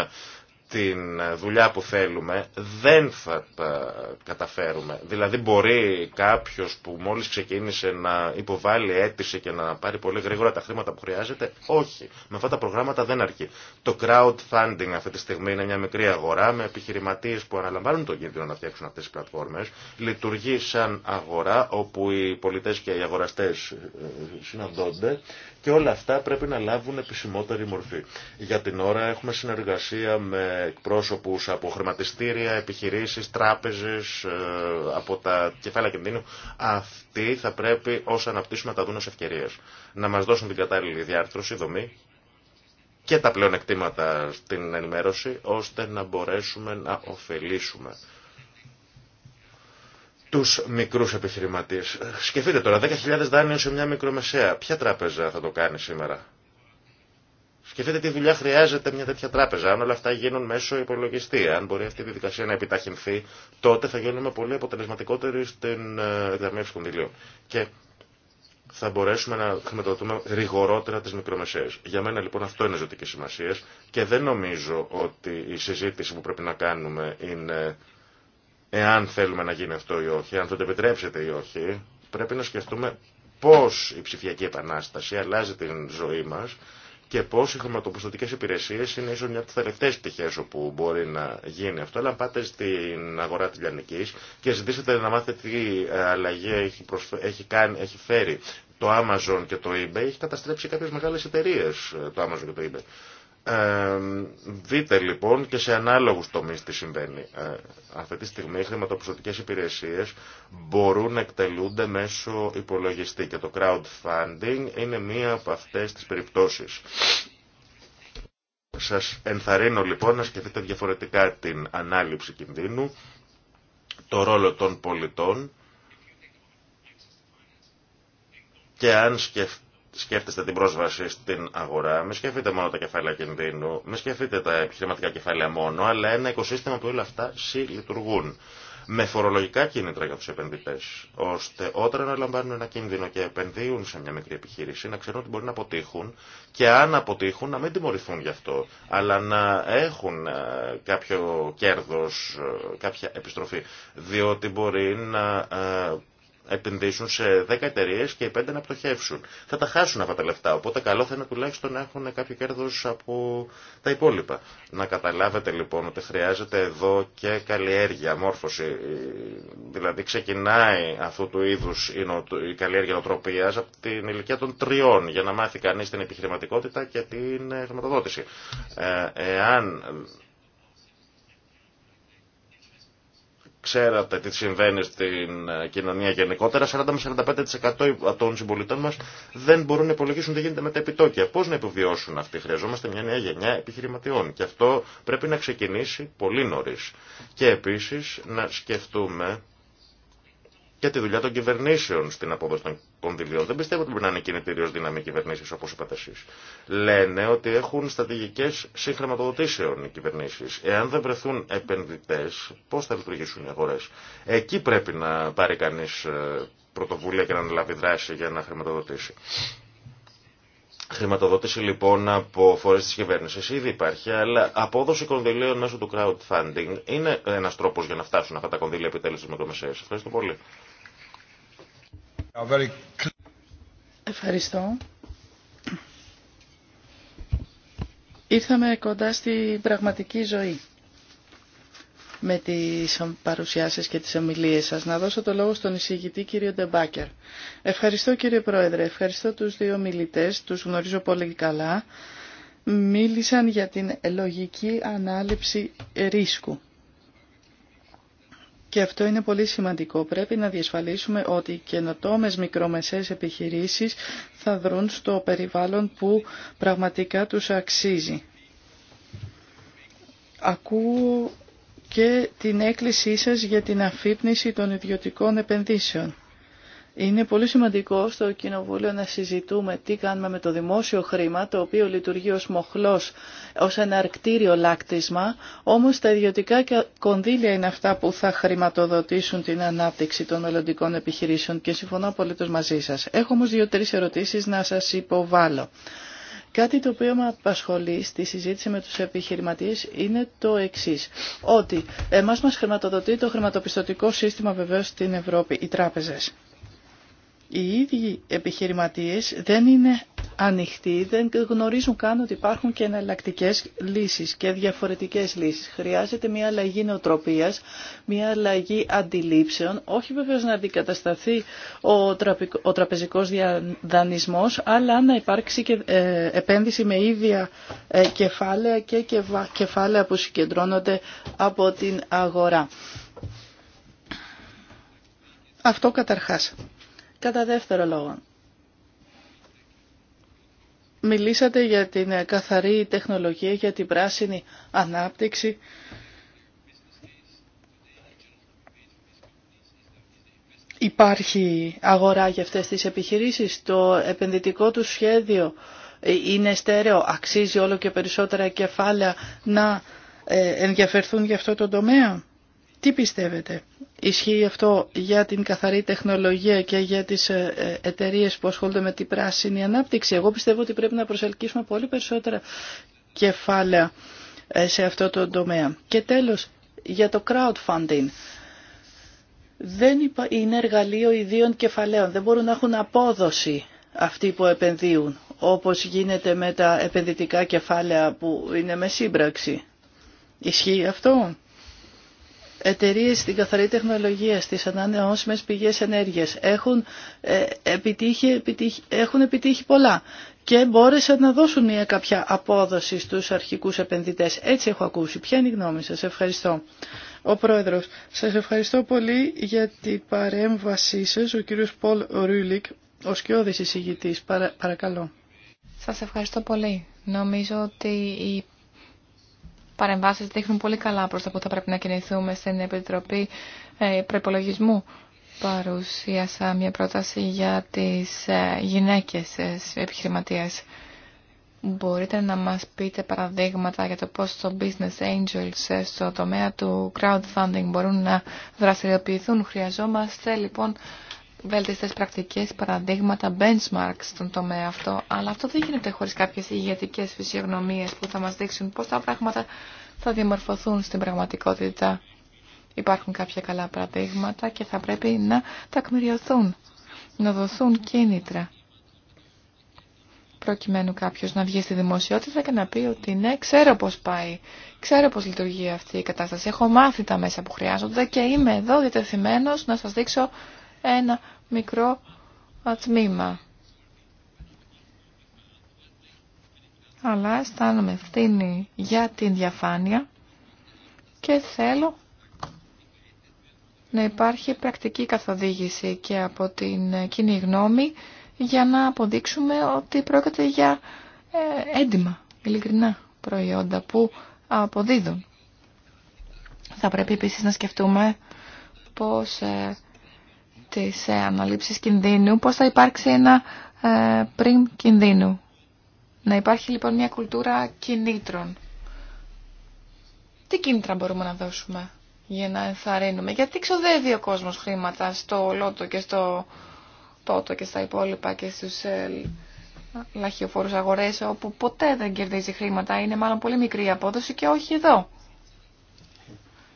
την δουλειά που θέλουμε δεν θα τα καταφέρουμε. Δηλαδή μπορεί κάποιος που μόλις ξεκίνησε να υποβάλει αίτηση και να πάρει πολύ γρήγορα τα χρήματα που χρειάζεται, όχι. Με αυτά τα προγράμματα δεν αρκεί. Το crowdfunding αυτή τη στιγμή είναι μια μικρή αγορά με επιχειρηματίες που αναλαμβάνουν τον κίνδυνο να φτιάξουν αυτές τις πλατφόρμες. Λειτουργεί σαν αγορά όπου οι πολιτές και οι αγοραστές ε, συναντώνται και όλα αυτά πρέπει να λάβουν επισημότερη μορφή. Για την ώρα έχουμε συνεργασία με πρόσωπους από χρηματιστήρια, επιχειρήσεις, τράπεζες, ε, από τα κεφάλαια κινδύνου. Αυτοί θα πρέπει όσα αναπτύσσουμε να τα δουν ως ευκαιρίες. Να μας δώσουν την κατάλληλη διάρθρωση, δομή και τα πλεονεκτήματα στην ενημέρωση, ώστε να μπορέσουμε να ωφελήσουμε τους μικρούς επιχειρηματίες. Σκεφτείτε τώρα, 10.000 δάνειο σε μια μικρομεσαία. Ποια τράπεζα θα το κάνει σήμερα. Σκεφτείτε τι δουλειά χρειάζεται μια τέτοια τράπεζα. Αν όλα αυτά γίνουν μέσω υπολογιστή, αν μπορεί αυτή η διαδικασία να επιταχυνθεί, τότε θα γίνουμε πολύ αποτελεσματικότεροι στην ε, εκδαμείευση κονδυλίων. Και θα μπορέσουμε να χρηματοδοτούμε ρηγορότερα τι μικρομεσαίε. Για μένα λοιπόν αυτό είναι ζωτική σημασία και δεν νομίζω ότι η συζήτηση που πρέπει να κάνουμε είναι εάν θέλουμε να γίνει αυτό ή όχι, αν το επιτρέψετε ή όχι, πρέπει να σκεφτούμε πώς η ψηφιακή επανάσταση αλλάζει την ζωή μας και πώς οι χρηματοπιστωτικές υπηρεσίες είναι ίσως μια από τις τελευταίες πτυχές όπου μπορεί να γίνει αυτό. Αλλά πάτε στην αγορά της Λιανικής και ζητήσετε να μάθετε τι ε, αλλαγή έχει, κάνει, έχει φέρει το Amazon και το eBay, έχει καταστρέψει κάποιες μεγάλες εταιρείες ε, το Amazon και το eBay. Ε, δείτε λοιπόν και σε ανάλογους τομείς τι συμβαίνει. Ε, αυτή τη στιγμή οι χρηματοπιστωτικές υπηρεσίες μπορούν να εκτελούνται μέσω υπολογιστή και το crowdfunding είναι μία από αυτές τις περιπτώσεις. Σας ενθαρρύνω λοιπόν να σκεφτείτε διαφορετικά την ανάληψη κινδύνου, το ρόλο των πολιτών και αν σκεφτείτε σκέφτεστε την πρόσβαση στην αγορά, μην σκεφτείτε μόνο τα κεφάλαια κινδύνου, μην σκεφτείτε τα επιχειρηματικά κεφάλαια μόνο, αλλά ένα οικοσύστημα που όλα αυτά συλλειτουργούν. Με φορολογικά κίνητρα για του επενδυτέ, ώστε όταν αναλαμβάνουν ένα κίνδυνο και επενδύουν σε μια μικρή επιχείρηση να ξέρουν ότι μπορεί να αποτύχουν και αν αποτύχουν να μην τιμωρηθούν γι' αυτό, αλλά να έχουν ε, κάποιο κέρδο, ε, κάποια επιστροφή. Διότι μπορεί να ε, επενδύσουν σε 10 εταιρείε και οι 5 να πτωχεύσουν. Θα τα χάσουν αυτά τα λεφτά. Οπότε καλό θα είναι τουλάχιστον να έχουν κάποιο κέρδο από τα υπόλοιπα. Να καταλάβετε λοιπόν ότι χρειάζεται εδώ και καλλιέργεια, μόρφωση. Δηλαδή ξεκινάει αυτού του είδου η καλλιέργεια νοοτροπία από την ηλικία των τριών για να μάθει κανεί την επιχειρηματικότητα και την χρηματοδότηση. Ε, εάν ξέρατε τι συμβαίνει στην ε, κοινωνία γενικότερα, 40 με 45% των συμπολιτών μας δεν μπορούν να υπολογίσουν τι γίνεται με τα επιτόκια. Πώς να επιβιώσουν αυτοί. Χρειαζόμαστε μια νέα γενιά επιχειρηματιών και αυτό πρέπει να ξεκινήσει πολύ νωρίς. Και επίσης να σκεφτούμε και τη δουλειά των κυβερνήσεων στην απόδοση των κονδυλίων. Δεν πιστεύω ότι μπορεί να είναι κινητήριο δύναμη οι κυβερνήσει όπω είπατε εσεί. Λένε ότι έχουν στρατηγικέ συγχρηματοδοτήσεων οι κυβερνήσει. Εάν δεν βρεθούν επενδυτέ, πώ θα λειτουργήσουν οι αγορέ. Εκεί πρέπει να πάρει κανεί ε, πρωτοβουλία και να αναλάβει δράση για να χρηματοδοτήσει. Χρηματοδότηση λοιπόν από φορέ τη κυβέρνηση ήδη υπάρχει, αλλά απόδοση κονδυλίων μέσω του crowdfunding είναι ένα τρόπο για να φτάσουν αυτά τα κονδύλια επιτέλου στι μικρομεσαίε. Ευχαριστώ πολύ. Ευχαριστώ. Ήρθαμε κοντά στην πραγματική ζωή με τις παρουσιάσεις και τις ομιλίε σας. Να δώσω το λόγο στον εισηγητή κύριο Ντεμπάκερ. Ευχαριστώ κύριε Πρόεδρε, ευχαριστώ τους δύο μιλητές, τους γνωρίζω πολύ καλά. Μίλησαν για την λογική ανάληψη ρίσκου. Και αυτό είναι πολύ σημαντικό. Πρέπει να διασφαλίσουμε ότι οι καινοτόμε μικρομεσαίες επιχειρήσεις θα δρουν στο περιβάλλον που πραγματικά τους αξίζει. Ακούω και την έκκλησή σας για την αφύπνιση των ιδιωτικών επενδύσεων. Είναι πολύ σημαντικό στο Κοινοβούλιο να συζητούμε τι κάνουμε με το δημόσιο χρήμα, το οποίο λειτουργεί ως μοχλός, ως ένα αρκτήριο λάκτισμα, όμως τα ιδιωτικά κονδύλια είναι αυτά που θα χρηματοδοτήσουν την ανάπτυξη των μελλοντικών επιχειρήσεων και συμφωνώ απολύτως μαζί σας. Έχω όμως δύο-τρεις ερωτήσεις να σας υποβάλω. Κάτι το οποίο με απασχολεί στη συζήτηση με τους επιχειρηματίες είναι το εξής. Ότι εμάς μας χρηματοδοτεί το χρηματοπιστωτικό σύστημα βεβαίως στην Ευρώπη, οι τράπεζες οι ίδιοι επιχειρηματίες δεν είναι ανοιχτοί, δεν γνωρίζουν καν ότι υπάρχουν και εναλλακτικέ λύσεις και διαφορετικές λύσεις. Χρειάζεται μια αλλαγή νοοτροπίας, μια αλλαγή αντιλήψεων, όχι βεβαίως να αντικατασταθεί ο, ο τραπεζικός δανεισμός, αλλά να υπάρξει και ε, επένδυση με ίδια ε, κεφάλαια και κεφάλαια που συγκεντρώνονται από την αγορά. Αυτό καταρχάς. Κατά δεύτερο λόγο, μιλήσατε για την καθαρή τεχνολογία, για την πράσινη ανάπτυξη. Υπάρχει αγορά για αυτές τις επιχειρήσεις, το επενδυτικό του σχέδιο είναι στέρεο, αξίζει όλο και περισσότερα κεφάλαια να ε, ενδιαφερθούν για αυτό το τομέα. Τι πιστεύετε Ισχύει αυτό για την καθαρή τεχνολογία και για τις ε, ε, εταιρείε που ασχολούνται με την πράσινη ανάπτυξη. Εγώ πιστεύω ότι πρέπει να προσελκύσουμε πολύ περισσότερα κεφάλαια ε, σε αυτό το τομέα. Και τέλος, για το crowdfunding. Δεν είναι εργαλείο ιδίων κεφαλαίων. Δεν μπορούν να έχουν απόδοση αυτοί που επενδύουν, όπως γίνεται με τα επενδυτικά κεφάλαια που είναι με σύμπραξη. Ισχύει αυτό. Εταιρείε στην καθαρή τεχνολογία, στις ανανεώσιμε πηγέ ενέργεια έχουν, ε, επιτύχει, έχουν επιτύχει πολλά και μπόρεσαν να δώσουν μια κάποια απόδοση στους αρχικούς επενδυτές. Έτσι έχω ακούσει. Ποια είναι η γνώμη σας. Ευχαριστώ. Ο Πρόεδρος, σας ευχαριστώ πολύ για την παρέμβασή σας. Ο κύριος Πολ Ρούλικ, ο σκιώδη εισηγητή. παρακαλώ. Σας ευχαριστώ πολύ. Νομίζω ότι η παρεμβάσεις δείχνουν πολύ καλά προς τα που θα πρέπει να κινηθούμε στην Επιτροπή ε, Προπολογισμού. Παρουσίασα μια πρόταση για τις ε, γυναίκες ε, επιχειρηματίες. Μπορείτε να μας πείτε παραδείγματα για το πώς το Business Angels στο τομέα του crowdfunding μπορούν να δραστηριοποιηθούν. Χρειαζόμαστε λοιπόν βέλτιστες πρακτικές, παραδείγματα, benchmarks στον τομέα αυτό, αλλά αυτό δεν γίνεται χωρίς κάποιες ηγετικές φυσιογνωμίες που θα μας δείξουν πώς τα πράγματα θα διαμορφωθούν στην πραγματικότητα. Υπάρχουν κάποια καλά παραδείγματα και θα πρέπει να τακμηριωθούν, να δοθούν κίνητρα προκειμένου κάποιος να βγει στη δημοσιότητα και να πει ότι ναι, ξέρω πώς πάει, ξέρω πώς λειτουργεί αυτή η κατάσταση, έχω μάθει τα μέσα που χρειάζονται και είμαι εδώ διατεθειμένος να σας δείξω ένα μικρό ατμήμα. Αλλά αισθάνομαι ευθύνη για την διαφάνεια και θέλω να υπάρχει πρακτική καθοδήγηση και από την κοινή γνώμη για να αποδείξουμε ότι πρόκειται για ε, έντιμα, ειλικρινά προϊόντα που αποδίδουν. Θα πρέπει επίσης να σκεφτούμε πώς ε, σε αναλήψης κινδύνου, πώς θα υπάρξει ένα ε, πριν κινδύνου. Να υπάρχει λοιπόν μια κουλτούρα κινήτρων. Τι κίνητρα μπορούμε να δώσουμε για να ενθαρρύνουμε. Γιατί ξοδεύει ο κόσμος χρήματα στο λότο και στο τότο και στα υπόλοιπα και στους ε, λαχιοφόρους αγορές όπου ποτέ δεν κερδίζει χρήματα. Είναι μάλλον πολύ μικρή απόδοση και όχι εδώ.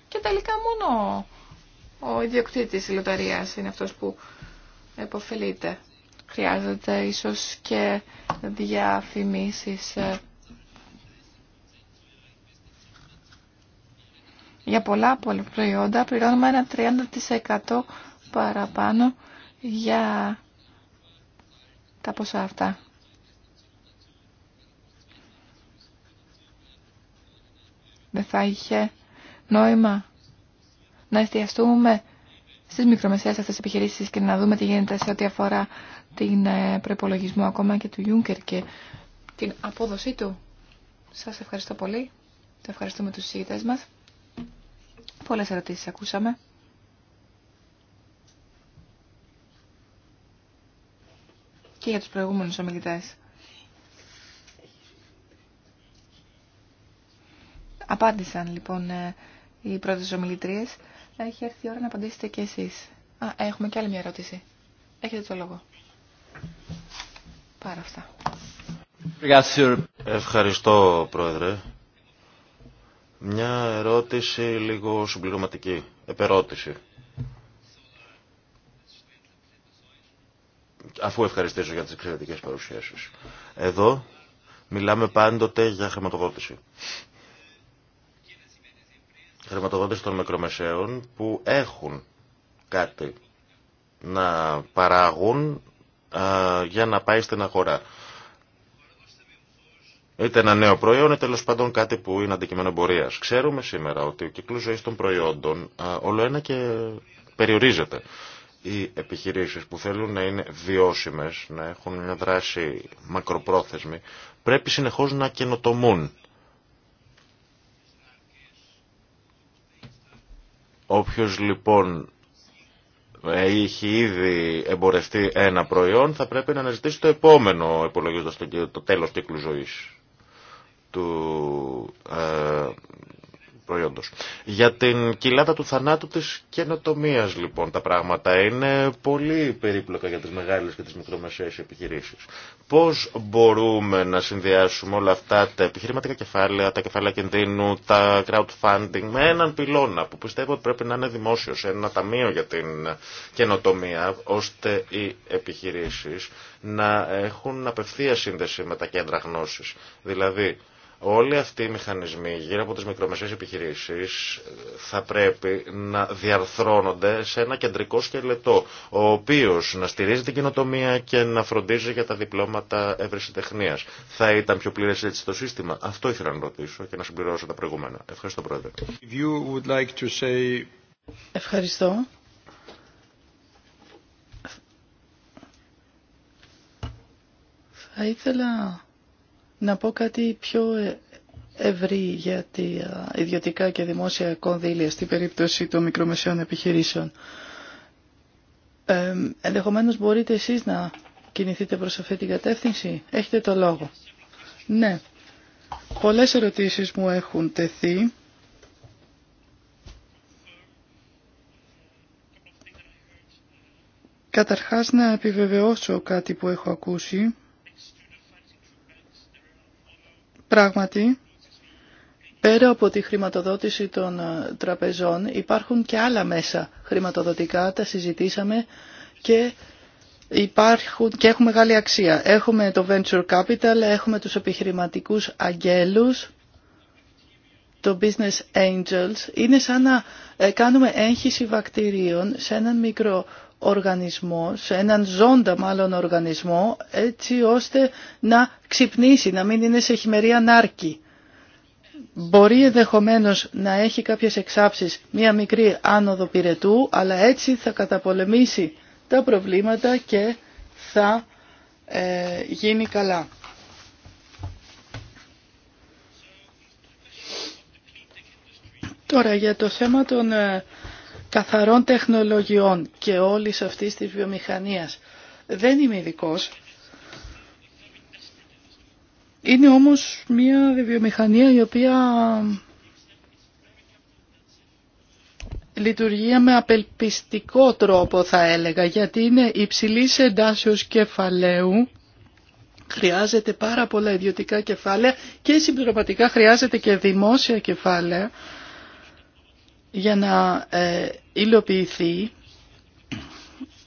Και τελικά μόνο ο ιδιοκτήτης λοταρίας είναι αυτός που επωφελείται. Χρειάζεται ίσως και διαφημίσεις ε, για πολλά προϊόντα πληρώνουμε ένα 30% παραπάνω για τα ποσά αυτά. Δεν θα είχε νόημα να εστιαστούμε στις μικρομεσαίες αυτές τις επιχειρήσεις και να δούμε τι γίνεται σε ό,τι αφορά την ε, προπολογισμό ακόμα και του Ιούνκερ και την απόδοσή του. Σας ευχαριστώ πολύ. Το ευχαριστούμε τους συζητές μας. Πολλές ερωτήσεις ακούσαμε. Και για τους προηγούμενους ομιλητές. Απάντησαν λοιπόν ε, οι πρώτες ομιλητρίες. Έχει έρθει η ώρα να απαντήσετε κι εσείς. Α, έχουμε κι άλλη μια ερώτηση. Έχετε το λόγο. Πάρα αυτά. Ευχαριστώ, Πρόεδρε. Μια ερώτηση λίγο συμπληρωματική. Επερώτηση. Αφού ευχαριστήσω για τις εξαιρετικές παρουσιάσεις. Εδώ μιλάμε πάντοτε για χρηματοδότηση χρηματοδότηση των μικρομεσαίων που έχουν κάτι να παράγουν για να πάει στην αγορά. Είτε ένα νέο προϊόν, είτε τέλο πάντων κάτι που είναι αντικείμενο εμπορία. Ξέρουμε σήμερα ότι ο κυκλός ζωή των προϊόντων όλο ένα και περιορίζεται. Οι επιχειρήσεις που θέλουν να είναι βιώσιμες, να έχουν μια δράση μακροπρόθεσμη, πρέπει συνεχώς να καινοτομούν Όποιος λοιπόν έχει ήδη εμπορευτεί ένα προϊόν θα πρέπει να αναζητήσει το επόμενο υπολογίζοντας το, τέλος κύκλου ζωής του ε, προϊόντος. Για την κοιλάδα του θανάτου της καινοτομία λοιπόν τα πράγματα είναι πολύ περίπλοκα για τις μεγάλες και τις μικρομεσαίες επιχειρήσεις. Πώς μπορούμε να συνδυάσουμε όλα αυτά τα επιχειρηματικά κεφάλαια, τα κεφάλαια κινδύνου, τα crowdfunding με έναν πυλώνα που πιστεύω ότι πρέπει να είναι δημόσιο, ένα ταμείο για την καινοτομία ώστε οι επιχειρήσεις να έχουν απευθεία σύνδεση με τα κέντρα γνώσης. Δηλαδή, Όλοι αυτοί οι μηχανισμοί γύρω από τις μικρομεσαίες επιχειρήσεις ε, θα πρέπει να διαρθρώνονται σε ένα κεντρικό σκελετό, ο οποίος να στηρίζει την κοινοτομία και να φροντίζει για τα διπλώματα τεχνίας. Θα ήταν πιο πλήρες έτσι το σύστημα. Αυτό ήθελα να ρωτήσω και να συμπληρώσω τα προηγούμενα. Ευχαριστώ Πρόεδρε. Ευχαριστώ. Θα ήθελα να πω κάτι πιο ε, ευρύ για τα ιδιωτικά και δημόσια κονδύλια στην περίπτωση των μικρομεσαίων επιχειρήσεων. Ε, ενδεχομένως μπορείτε εσείς να κινηθείτε προς αυτή την κατεύθυνση. Έχετε το λόγο. Ναι. Πολλές ερωτήσεις μου έχουν τεθεί. Καταρχάς να επιβεβαιώσω κάτι που έχω ακούσει. Πράγματι, πέρα από τη χρηματοδότηση των ε, τραπεζών υπάρχουν και άλλα μέσα χρηματοδοτικά, τα συζητήσαμε και υπάρχουν και έχουν μεγάλη αξία. Έχουμε το venture capital, έχουμε τους επιχειρηματικούς αγγέλους, το business angels. Είναι σαν να ε, κάνουμε έγχυση βακτηρίων σε έναν μικρό οργανισμό, σε έναν ζώντα μάλλον οργανισμό, έτσι ώστε να ξυπνήσει, να μην είναι σε χειμερή ανάρκη. Μπορεί ενδεχομένω να έχει κάποιες εξάψεις, μία μικρή άνοδο πυρετού, αλλά έτσι θα καταπολεμήσει τα προβλήματα και θα ε, γίνει καλά. Τώρα για το θέμα των ε, καθαρών τεχνολογιών και όλης αυτής της βιομηχανίας. Δεν είμαι ειδικό. Είναι όμως μια βιομηχανία η οποία λειτουργεί με απελπιστικό τρόπο θα έλεγα γιατί είναι υψηλής εντάσεως κεφαλαίου χρειάζεται πάρα πολλά ιδιωτικά κεφάλαια και συμπληρωματικά χρειάζεται και δημόσια κεφάλαια για να ε, υλοποιηθεί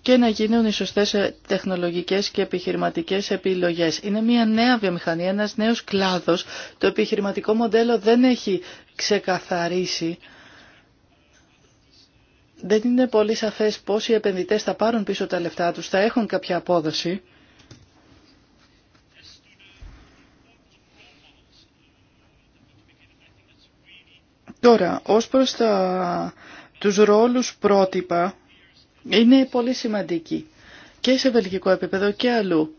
και να γίνουν οι σωστές ε, τεχνολογικές και επιχειρηματικές επιλογές. Είναι μια νέα βιομηχανία, ένας νέος κλάδος. Το επιχειρηματικό μοντέλο δεν έχει ξεκαθαρίσει. Δεν είναι πολύ σαφές πόσοι οι επενδυτές θα πάρουν πίσω τα λεφτά τους, θα έχουν κάποια απόδοση. Τώρα, ως προς τα, τους ρόλους πρότυπα, είναι πολύ σημαντική και σε βελγικό επίπεδο και αλλού.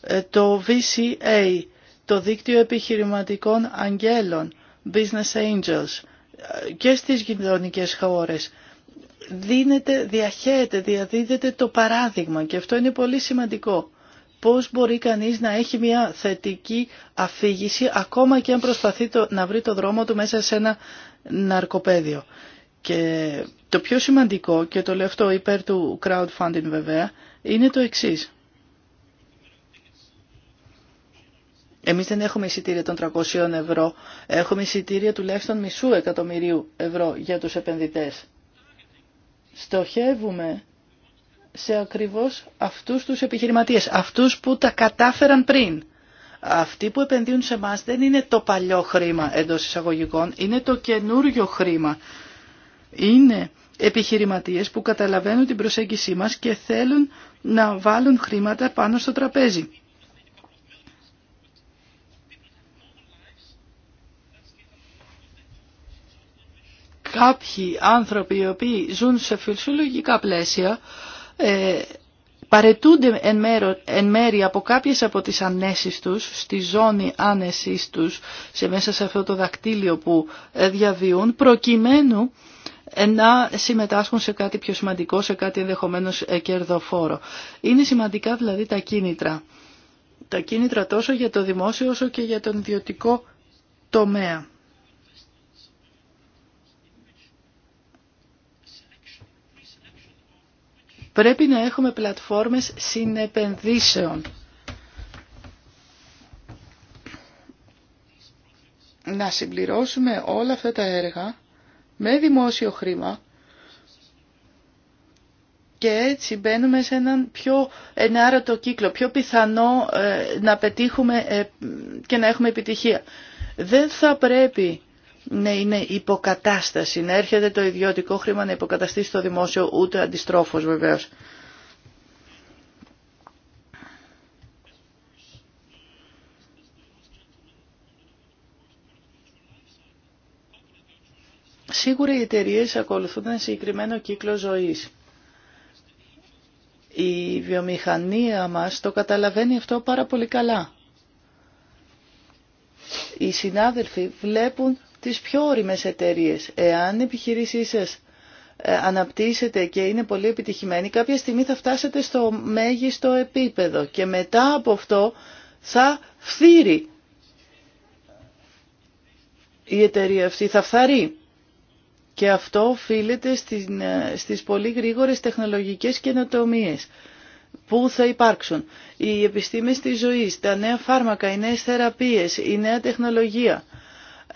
Ε, το VCA, το Δίκτυο Επιχειρηματικών Αγγέλων, Business Angels, ε, και στις γειτονικές χώρες δίνεται, διαχέεται, διαδίδεται το παράδειγμα και αυτό είναι πολύ σημαντικό. Πώς μπορεί κανείς να έχει μια θετική αφήγηση ακόμα και αν προσπαθεί το, να βρει το δρόμο του μέσα σε ένα ναρκοπαίδιο. Και το πιο σημαντικό, και το λέω αυτό υπέρ του crowdfunding βέβαια, είναι το εξής. Εμείς δεν έχουμε εισιτήρια των 300 ευρώ, έχουμε εισιτήρια τουλάχιστον μισού εκατομμυρίου ευρώ για τους επενδυτές. Στοχεύουμε σε ακριβώς αυτούς τους επιχειρηματίες, αυτούς που τα κατάφεραν πριν αυτοί που επενδύουν σε εμά δεν είναι το παλιό χρήμα εντό εισαγωγικών, είναι το καινούριο χρήμα. Είναι επιχειρηματίες που καταλαβαίνουν την προσέγγισή μας και θέλουν να βάλουν χρήματα πάνω στο τραπέζι. Κάποιοι άνθρωποι οι οποίοι ζουν σε φυσιολογικά πλαίσια ε, παρετούνται εν, μέρο, μέρη από κάποιες από τις ανέσεις τους, στη ζώνη άνεσής τους, σε μέσα σε αυτό το δακτύλιο που ε, διαβιούν, προκειμένου ε, να συμμετάσχουν σε κάτι πιο σημαντικό, σε κάτι ενδεχομένω ε, κερδοφόρο. Είναι σημαντικά δηλαδή τα κίνητρα. Τα κίνητρα τόσο για το δημόσιο όσο και για τον ιδιωτικό τομέα. Πρέπει να έχουμε πλατφόρμες συνεπενδύσεων. Να συμπληρώσουμε όλα αυτά τα έργα με δημόσιο χρήμα και έτσι μπαίνουμε σε έναν πιο ενάρωτο κύκλο, πιο πιθανό ε, να πετύχουμε ε, και να έχουμε επιτυχία. Δεν θα πρέπει ναι είναι υποκατάσταση, να έρχεται το ιδιωτικό χρήμα να υποκαταστήσει το δημόσιο, ούτε αντιστρόφως βεβαίως. Σίγουρα οι εταιρείε ακολουθούν ένα συγκεκριμένο κύκλο ζωής. Η βιομηχανία μας το καταλαβαίνει αυτό πάρα πολύ καλά. Οι συνάδελφοι βλέπουν τις πιο όριμες εταιρείε. Εάν η επιχείρησή σας ε, αναπτύσσετε και είναι πολύ επιτυχημένη, κάποια στιγμή θα φτάσετε στο μέγιστο επίπεδο και μετά από αυτό θα φθείρει η εταιρεία αυτή, θα φθαρεί. Και αυτό οφείλεται ε, στις πολύ γρήγορες τεχνολογικές καινοτομίες που θα υπάρξουν. Οι επιστήμες της ζωής, τα νέα φάρμακα, οι νέες θεραπείες, η νέα τεχνολογία.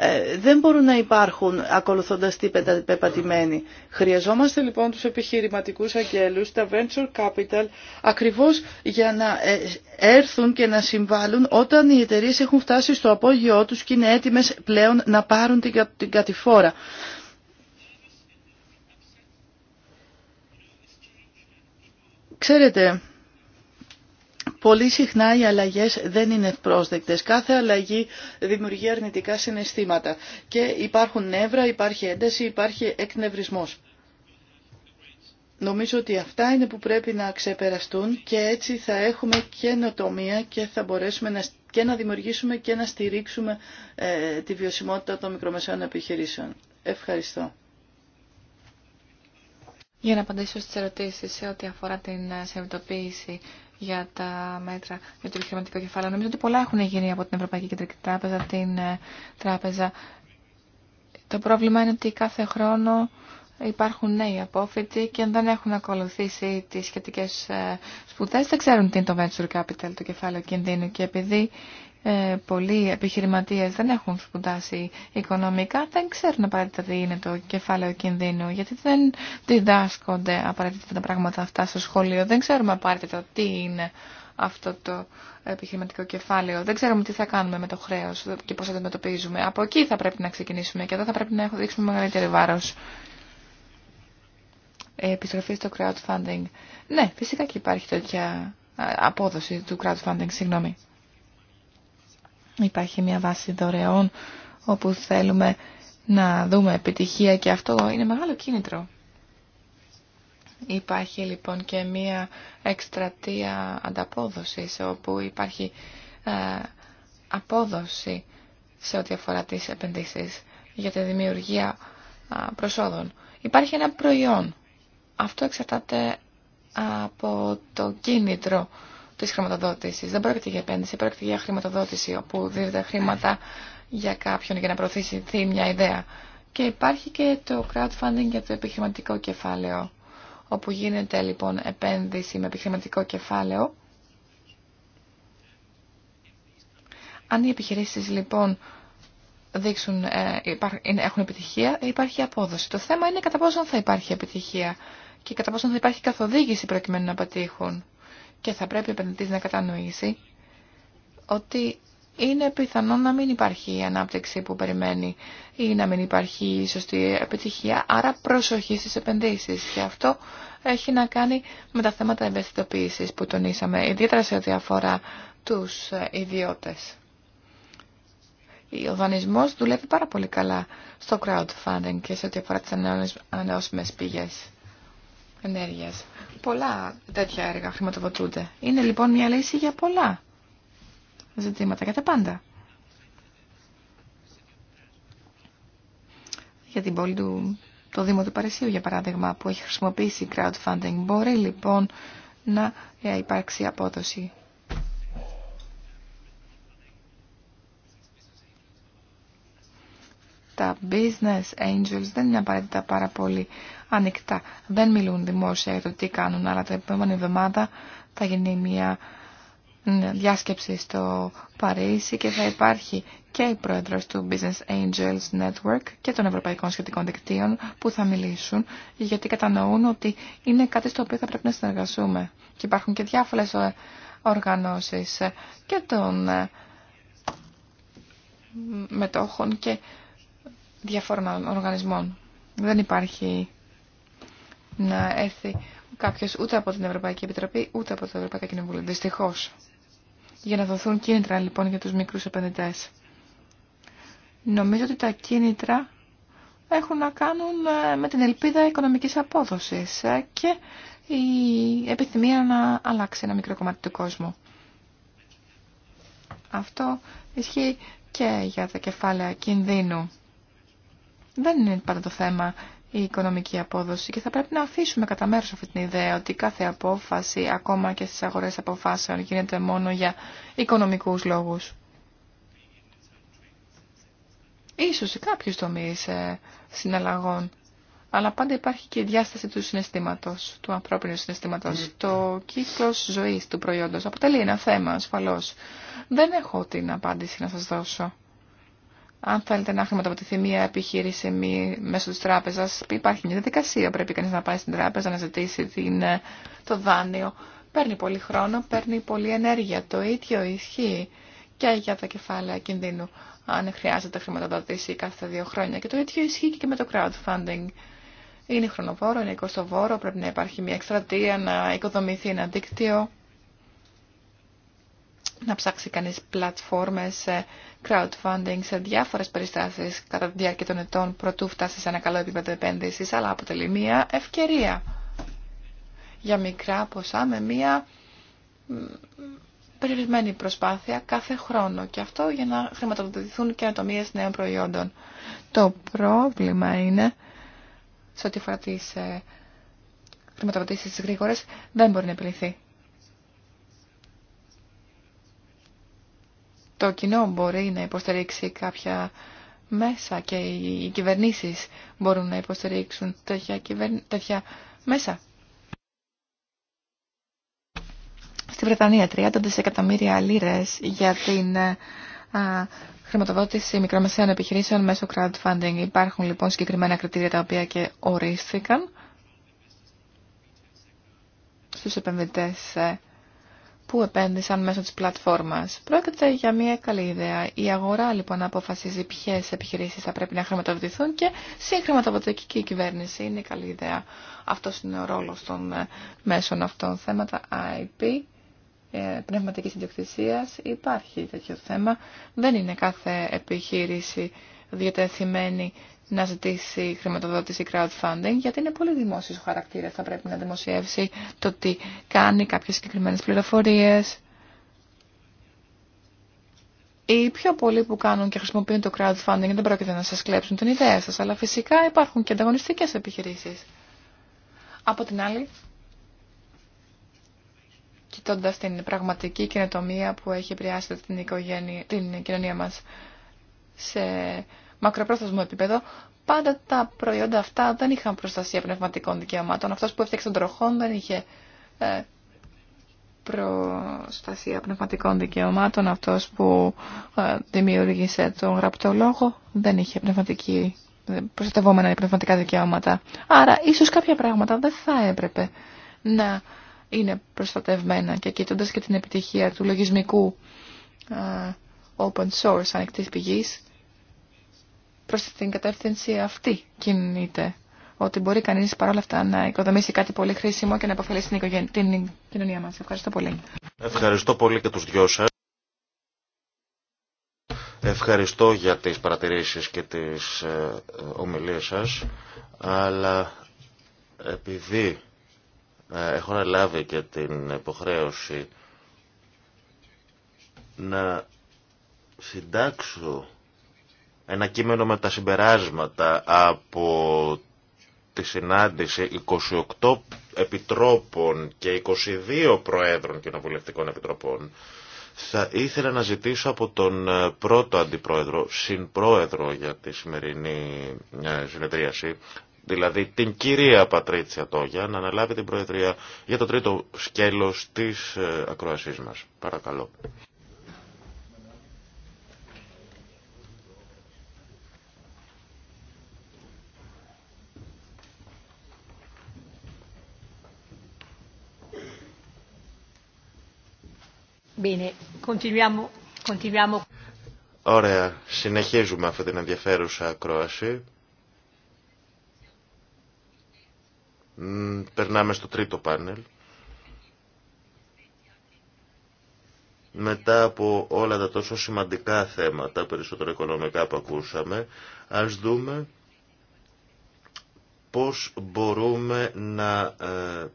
Ε, δεν μπορούν να υπάρχουν ακολουθώντας τι πεπατημένοι. Χρειαζόμαστε λοιπόν τους επιχειρηματικούς αγγέλους, τα venture capital, ακριβώς για να ε, έρθουν και να συμβάλλουν όταν οι εταιρείε έχουν φτάσει στο απόγειό τους και είναι έτοιμες πλέον να πάρουν την κατηφόρα. Ξέρετε, Πολύ συχνά οι αλλαγές δεν είναι ευπρόσδεκτες. Κάθε αλλαγή δημιουργεί αρνητικά συναισθήματα και υπάρχουν νεύρα, υπάρχει ένταση, υπάρχει εκνευρισμός. Νομίζω ότι αυτά είναι που πρέπει να ξεπεραστούν και έτσι θα έχουμε καινοτομία και θα μπορέσουμε να, και να δημιουργήσουμε και να στηρίξουμε ε, τη βιωσιμότητα των μικρομεσαίων επιχειρήσεων. Ευχαριστώ. Για να απαντήσω στις ερωτήσεις σε ό,τι αφορά την ε, συνειδητοποίηση για τα μέτρα για το επιχειρηματικό κεφάλαιο. Νομίζω ότι πολλά έχουν γίνει από την Ευρωπαϊκή Κεντρική Τράπεζα, την ε, τράπεζα. Το πρόβλημα είναι ότι κάθε χρόνο υπάρχουν νέοι απόφοιτοι και αν δεν έχουν ακολουθήσει τις σχετικές ε, σπουδές δεν ξέρουν τι είναι το venture capital, το κεφάλαιο κινδύνου και επειδή ε, πολλοί επιχειρηματίες δεν έχουν σπουδάσει οικονομικά, δεν ξέρουν απαραίτητα τι είναι το κεφάλαιο κινδύνου, γιατί δεν διδάσκονται απαραίτητα τα πράγματα αυτά στο σχολείο, δεν ξέρουμε απαραίτητα τι είναι αυτό το επιχειρηματικό κεφάλαιο. Δεν ξέρουμε τι θα κάνουμε με το χρέο και πώ θα το αντιμετωπίζουμε. Από εκεί θα πρέπει να ξεκινήσουμε και εδώ θα πρέπει να δείξουμε μεγαλύτερη βάρος. Ε, επιστροφή στο crowdfunding. Ναι, φυσικά και υπάρχει τέτοια ε, απόδοση του crowdfunding, συγγνώμη. Υπάρχει μια βάση δωρεών όπου θέλουμε να δούμε επιτυχία και αυτό είναι μεγάλο κίνητρο. Υπάρχει λοιπόν και μία εκστρατεία ανταπόδοσης όπου υπάρχει ε, απόδοση σε ό,τι αφορά τις επενδύσεις για τη δημιουργία ε, προσόδων. Υπάρχει ένα προϊόν. Αυτό εξαρτάται από το κίνητρο τη χρηματοδότηση. Δεν πρόκειται για επένδυση, πρόκειται για χρηματοδότηση, όπου δίδεται χρήματα για κάποιον για να προωθήσει μια ιδέα. Και υπάρχει και το crowdfunding για το επιχειρηματικό κεφάλαιο, όπου γίνεται λοιπόν επένδυση με επιχειρηματικό κεφάλαιο. Αν οι επιχειρήσεις λοιπόν δείξουν, ε, έχουν επιτυχία, υπάρχει απόδοση. Το θέμα είναι κατά πόσο θα υπάρχει επιτυχία και κατά πόσο θα υπάρχει καθοδήγηση προκειμένου να πετύχουν και θα πρέπει ο επενδυτής να κατανοήσει ότι είναι πιθανό να μην υπάρχει η ανάπτυξη που περιμένει ή να μην υπάρχει η σωστή επιτυχία, άρα προσοχή στις επενδύσεις. Και αυτό έχει να κάνει με τα θέματα ευαισθητοποίησης που τονίσαμε, ιδιαίτερα σε ό,τι αφορά τους ε, ιδιώτες. Ο δανεισμός δουλεύει πάρα πολύ καλά στο crowdfunding και σε ό,τι αφορά τις ανανεώσιμες πηγές ενέργειας. Πολλά τέτοια έργα χρηματοδοτούνται. Είναι λοιπόν μια λύση για πολλά ζητήματα, για τα πάντα. Για την πόλη του, το Δήμο του Παρισίου, για παράδειγμα, που έχει χρησιμοποιήσει crowdfunding, μπορεί λοιπόν να ε, υπάρξει απόδοση. τα business angels δεν είναι απαραίτητα πάρα πολύ ανοιχτά. Δεν μιλούν δημόσια για το τι κάνουν, αλλά τα επόμενα εβδομάδα θα γίνει μια διάσκεψη στο Παρίσι και θα υπάρχει και η πρόεδρος του Business Angels Network και των Ευρωπαϊκών Σχετικών Δικτύων που θα μιλήσουν γιατί κατανοούν ότι είναι κάτι στο οποίο θα πρέπει να συνεργαστούμε. Και υπάρχουν και διάφορες οργανώσεις και των ε, μετόχων και διαφόρων οργανισμών. Δεν υπάρχει να έρθει κάποιο ούτε από την Ευρωπαϊκή Επιτροπή ούτε από το Ευρωπαϊκό Κοινοβούλιο. Δυστυχώ. Για να δοθούν κίνητρα λοιπόν για τους μικρούς επενδυτέ. Νομίζω ότι τα κίνητρα έχουν να κάνουν ε, με την ελπίδα οικονομικής απόδοσης ε, και η επιθυμία να αλλάξει ένα μικρό κομμάτι του κόσμου. Αυτό ισχύει και για τα κεφάλαια κινδύνου δεν είναι πάντα το θέμα η οικονομική απόδοση και θα πρέπει να αφήσουμε κατά μέρος αυτή την ιδέα ότι κάθε απόφαση, ακόμα και στις αγορές αποφάσεων, γίνεται μόνο για οικονομικούς λόγους. Ίσως σε κάποιους τομείς ε, συναλλαγών, αλλά πάντα υπάρχει και η διάσταση του συναισθήματος, του ανθρώπινου συναισθήματος. Mm. Το κύκλος ζωής του προϊόντος αποτελεί ένα θέμα ασφαλώς. Δεν έχω την απάντηση να σας δώσω αν θέλετε να χρηματοδοτηθεί μια επιχείρηση μέσω της τράπεζα, υπάρχει μια διαδικασία, πρέπει κανεί να πάει στην τράπεζα να ζητήσει την, ε, το δάνειο. Παίρνει πολύ χρόνο, παίρνει πολύ ενέργεια. Το ίδιο ισχύει και για τα κεφάλαια κινδύνου, αν χρειάζεται χρηματοδότηση κάθε δύο χρόνια. Και το ίδιο ισχύει και με το crowdfunding. Είναι χρονοβόρο, είναι κοστοβόρο, πρέπει να υπάρχει μια εκστρατεία, να οικοδομηθεί ένα δίκτυο να ψάξει κανείς πλατφόρμες crowdfunding σε διάφορες περιστάσεις κατά τη διάρκεια των ετών προτού φτάσει σε ένα καλό επίπεδο επένδυσης, αλλά αποτελεί μια ευκαιρία για μικρά ποσά με μια περιορισμένη προσπάθεια κάθε χρόνο και αυτό για να χρηματοδοτηθούν και καινοτομίε νέων προϊόντων. Το πρόβλημα είναι, σε ό,τι αφορά τις ε, χρηματοδοτήσεις γρήγορες, δεν μπορεί να επιληθεί. το κοινό μπορεί να υποστηρίξει κάποια μέσα και οι κυβερνήσεις μπορούν να υποστηρίξουν τέτοια, τέτοια μέσα. Στη Βρετανία 30 δισεκατομμύρια λίρες για την ε, α, χρηματοδότηση μικρομεσαίων επιχειρήσεων μέσω crowdfunding. Υπάρχουν λοιπόν συγκεκριμένα κριτήρια τα οποία και ορίστηκαν στους επενδυτές ε, που επένδυσαν μέσω της πλατφόρμας. Πρόκειται για μια καλή ιδέα. Η αγορά λοιπόν αποφασίζει ποιες επιχειρήσεις θα πρέπει να χρηματοδοτηθούν και συγχρηματοδοτική κυβέρνηση είναι καλή ιδέα. αυτό είναι ο ρόλος των ε, μέσων αυτών. Θέματα IP, ε, πνευματικής ιδιοκτησίας, υπάρχει τέτοιο θέμα. Δεν είναι κάθε επιχείρηση διατεθειμένη να ζητήσει χρηματοδότηση crowdfunding, γιατί είναι πολύ δημόσιο χαρακτήρα Θα πρέπει να δημοσιεύσει το τι κάνει, κάποιε συγκεκριμένε πληροφορίε. Οι πιο πολλοί που κάνουν και χρησιμοποιούν το crowdfunding δεν πρόκειται να σα κλέψουν την ιδέα σα, αλλά φυσικά υπάρχουν και ανταγωνιστικέ επιχειρήσει. Από την άλλη, κοιτώντα την πραγματική καινοτομία που έχει επηρεάσει την, την κοινωνία μα σε μακροπρόθεσμο επίπεδο, πάντα τα προϊόντα αυτά δεν είχαν προστασία πνευματικών δικαιωμάτων. Αυτός που έφτιαξε τον τροχόν δεν είχε ε, προστασία πνευματικών δικαιωμάτων. Αυτός που ε, δημιούργησε τον γραπτό λόγο δεν είχε πνευματική προστατευόμενα πνευματικά δικαιώματα. Άρα ίσως κάποια πράγματα δεν θα έπρεπε να είναι προστατευμένα και κοιτώντα και την επιτυχία του λογισμικού ε, open source ανοιχτή πηγή, προς την κατεύθυνση αυτή κινείται. Ότι μπορεί κανείς παρόλα αυτά να οικοδομήσει κάτι πολύ χρήσιμο και να αποφελήσει την, οικογένεια, την κοινωνία μας. Ευχαριστώ πολύ. Ευχαριστώ πολύ και τους δυο σας. Ευχαριστώ για τις παρατηρήσεις και τις ε, ε, ομιλίες σας, αλλά επειδή ε, έχω λάβει και την υποχρέωση να συντάξω ένα κείμενο με τα συμπεράσματα από τη συνάντηση 28 επιτρόπων και 22 προέδρων κοινοβουλευτικών επιτροπών θα ήθελα να ζητήσω από τον ε, πρώτο αντιπρόεδρο, συμπρόεδρο για τη σημερινή ε, συνεδρίαση, δηλαδή την κυρία Πατρίτσια Τόγια, να αναλάβει την Προεδρία για το τρίτο σκέλος της ε, ακροασής μας. Παρακαλώ. Ωραία, συνεχίζουμε αυτή την ενδιαφέρουσα ακρόαση. Περνάμε στο τρίτο πάνελ. Μετά από όλα τα τόσο σημαντικά θέματα, περισσότερο οικονομικά που ακούσαμε, ας δούμε πώς μπορούμε να ε,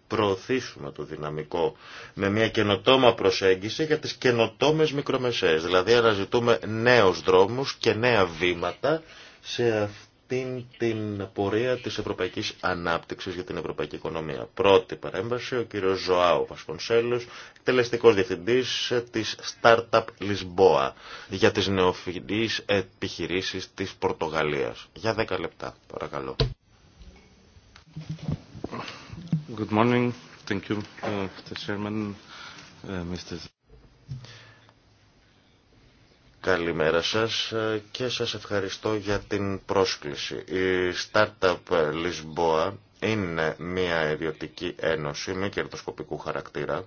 προωθήσουμε το δυναμικό με μια καινοτόμα προσέγγιση για τις καινοτόμες μικρομεσαίες. Δηλαδή αναζητούμε νέους δρόμους και νέα βήματα σε αυτήν την πορεία της ευρωπαϊκής ανάπτυξης για την ευρωπαϊκή οικονομία. Πρώτη παρέμβαση, ο κύριος Ζωάου Βασκονσέλος, τελεστικός διευθυντής της Startup Lisboa για τις νεοφιλείς επιχειρήσεις της Πορτογαλίας. Για 10 λεπτά, παρακαλώ. Good morning. Thank you, uh, Chairman, uh, Καλημέρα σας ε, και σας ευχαριστώ για την πρόσκληση. Η Startup Lisboa είναι μια ιδιωτική ένωση με κερδοσκοπικού χαρακτήρα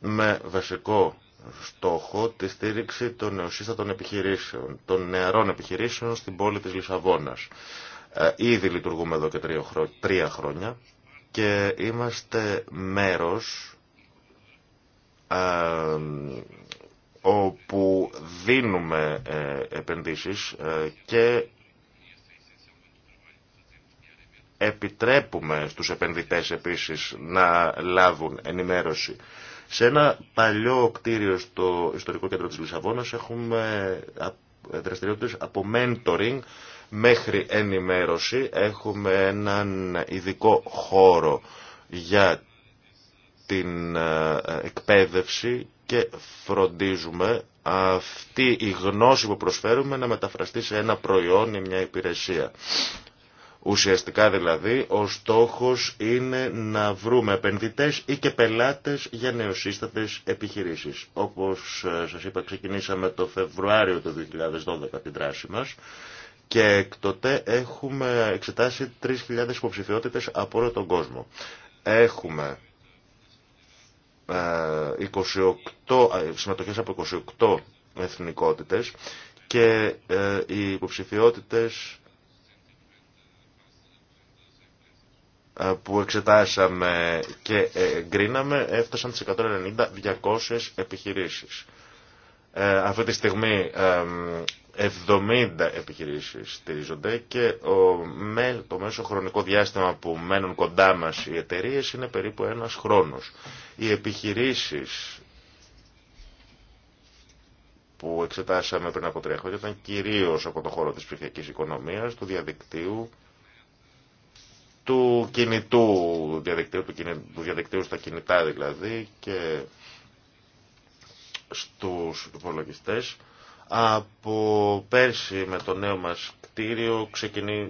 με βασικό στόχο τη στήριξη των νεοσύστατων επιχειρήσεων, των νεαρών επιχειρήσεων στην πόλη της Λισαβόνας. Ε, ήδη λειτουργούμε εδώ και τρία χρόνια και είμαστε μέρος όπου δίνουμε ε, επενδύσεις ε, και επιτρέπουμε στους επενδυτές επίσης να λάβουν ενημέρωση. Σε ένα παλιό κτίριο στο ιστορικό κέντρο της Λισαβόνας έχουμε δραστηριότητες από mentoring μέχρι ενημέρωση. Έχουμε έναν ειδικό χώρο για την ε, εκπαίδευση και φροντίζουμε αυτή η γνώση που προσφέρουμε να μεταφραστεί σε ένα προϊόν ή μια υπηρεσία. Ουσιαστικά δηλαδή ο στόχος είναι να βρούμε επενδυτές ή και πελάτες για νεοσύστατες επιχειρήσεις. Όπως ε, σας είπα ξεκινήσαμε το Φεβρουάριο του 2012 την δράση μας και εκτοτέ έχουμε εξετάσει 3.000 υποψηφιότητες από όλο τον κόσμο. Έχουμε 28, ε, ε, συμμετοχές από 28 εθνικότητες και ε, οι υποψηφιότητες που εξετάσαμε και εγκρίναμε έφτασαν τις 190-200 επιχειρήσεις. Αυτή τη στιγμή 70 επιχειρήσεις στηρίζονται και το μέσο χρονικό διάστημα που μένουν κοντά μα οι εταιρείε είναι περίπου ένας χρόνος. Οι επιχειρήσεις που εξετάσαμε πριν από τρία χρόνια ήταν κυρίω από το χώρο της ψηφιακή οικονομίας, του διαδικτύου, του κινητού διαδικτύου, του διαδικτύου στα κινητά δηλαδή και στους υπολογιστές από πέρσι με το νέο μας κτίριο ε,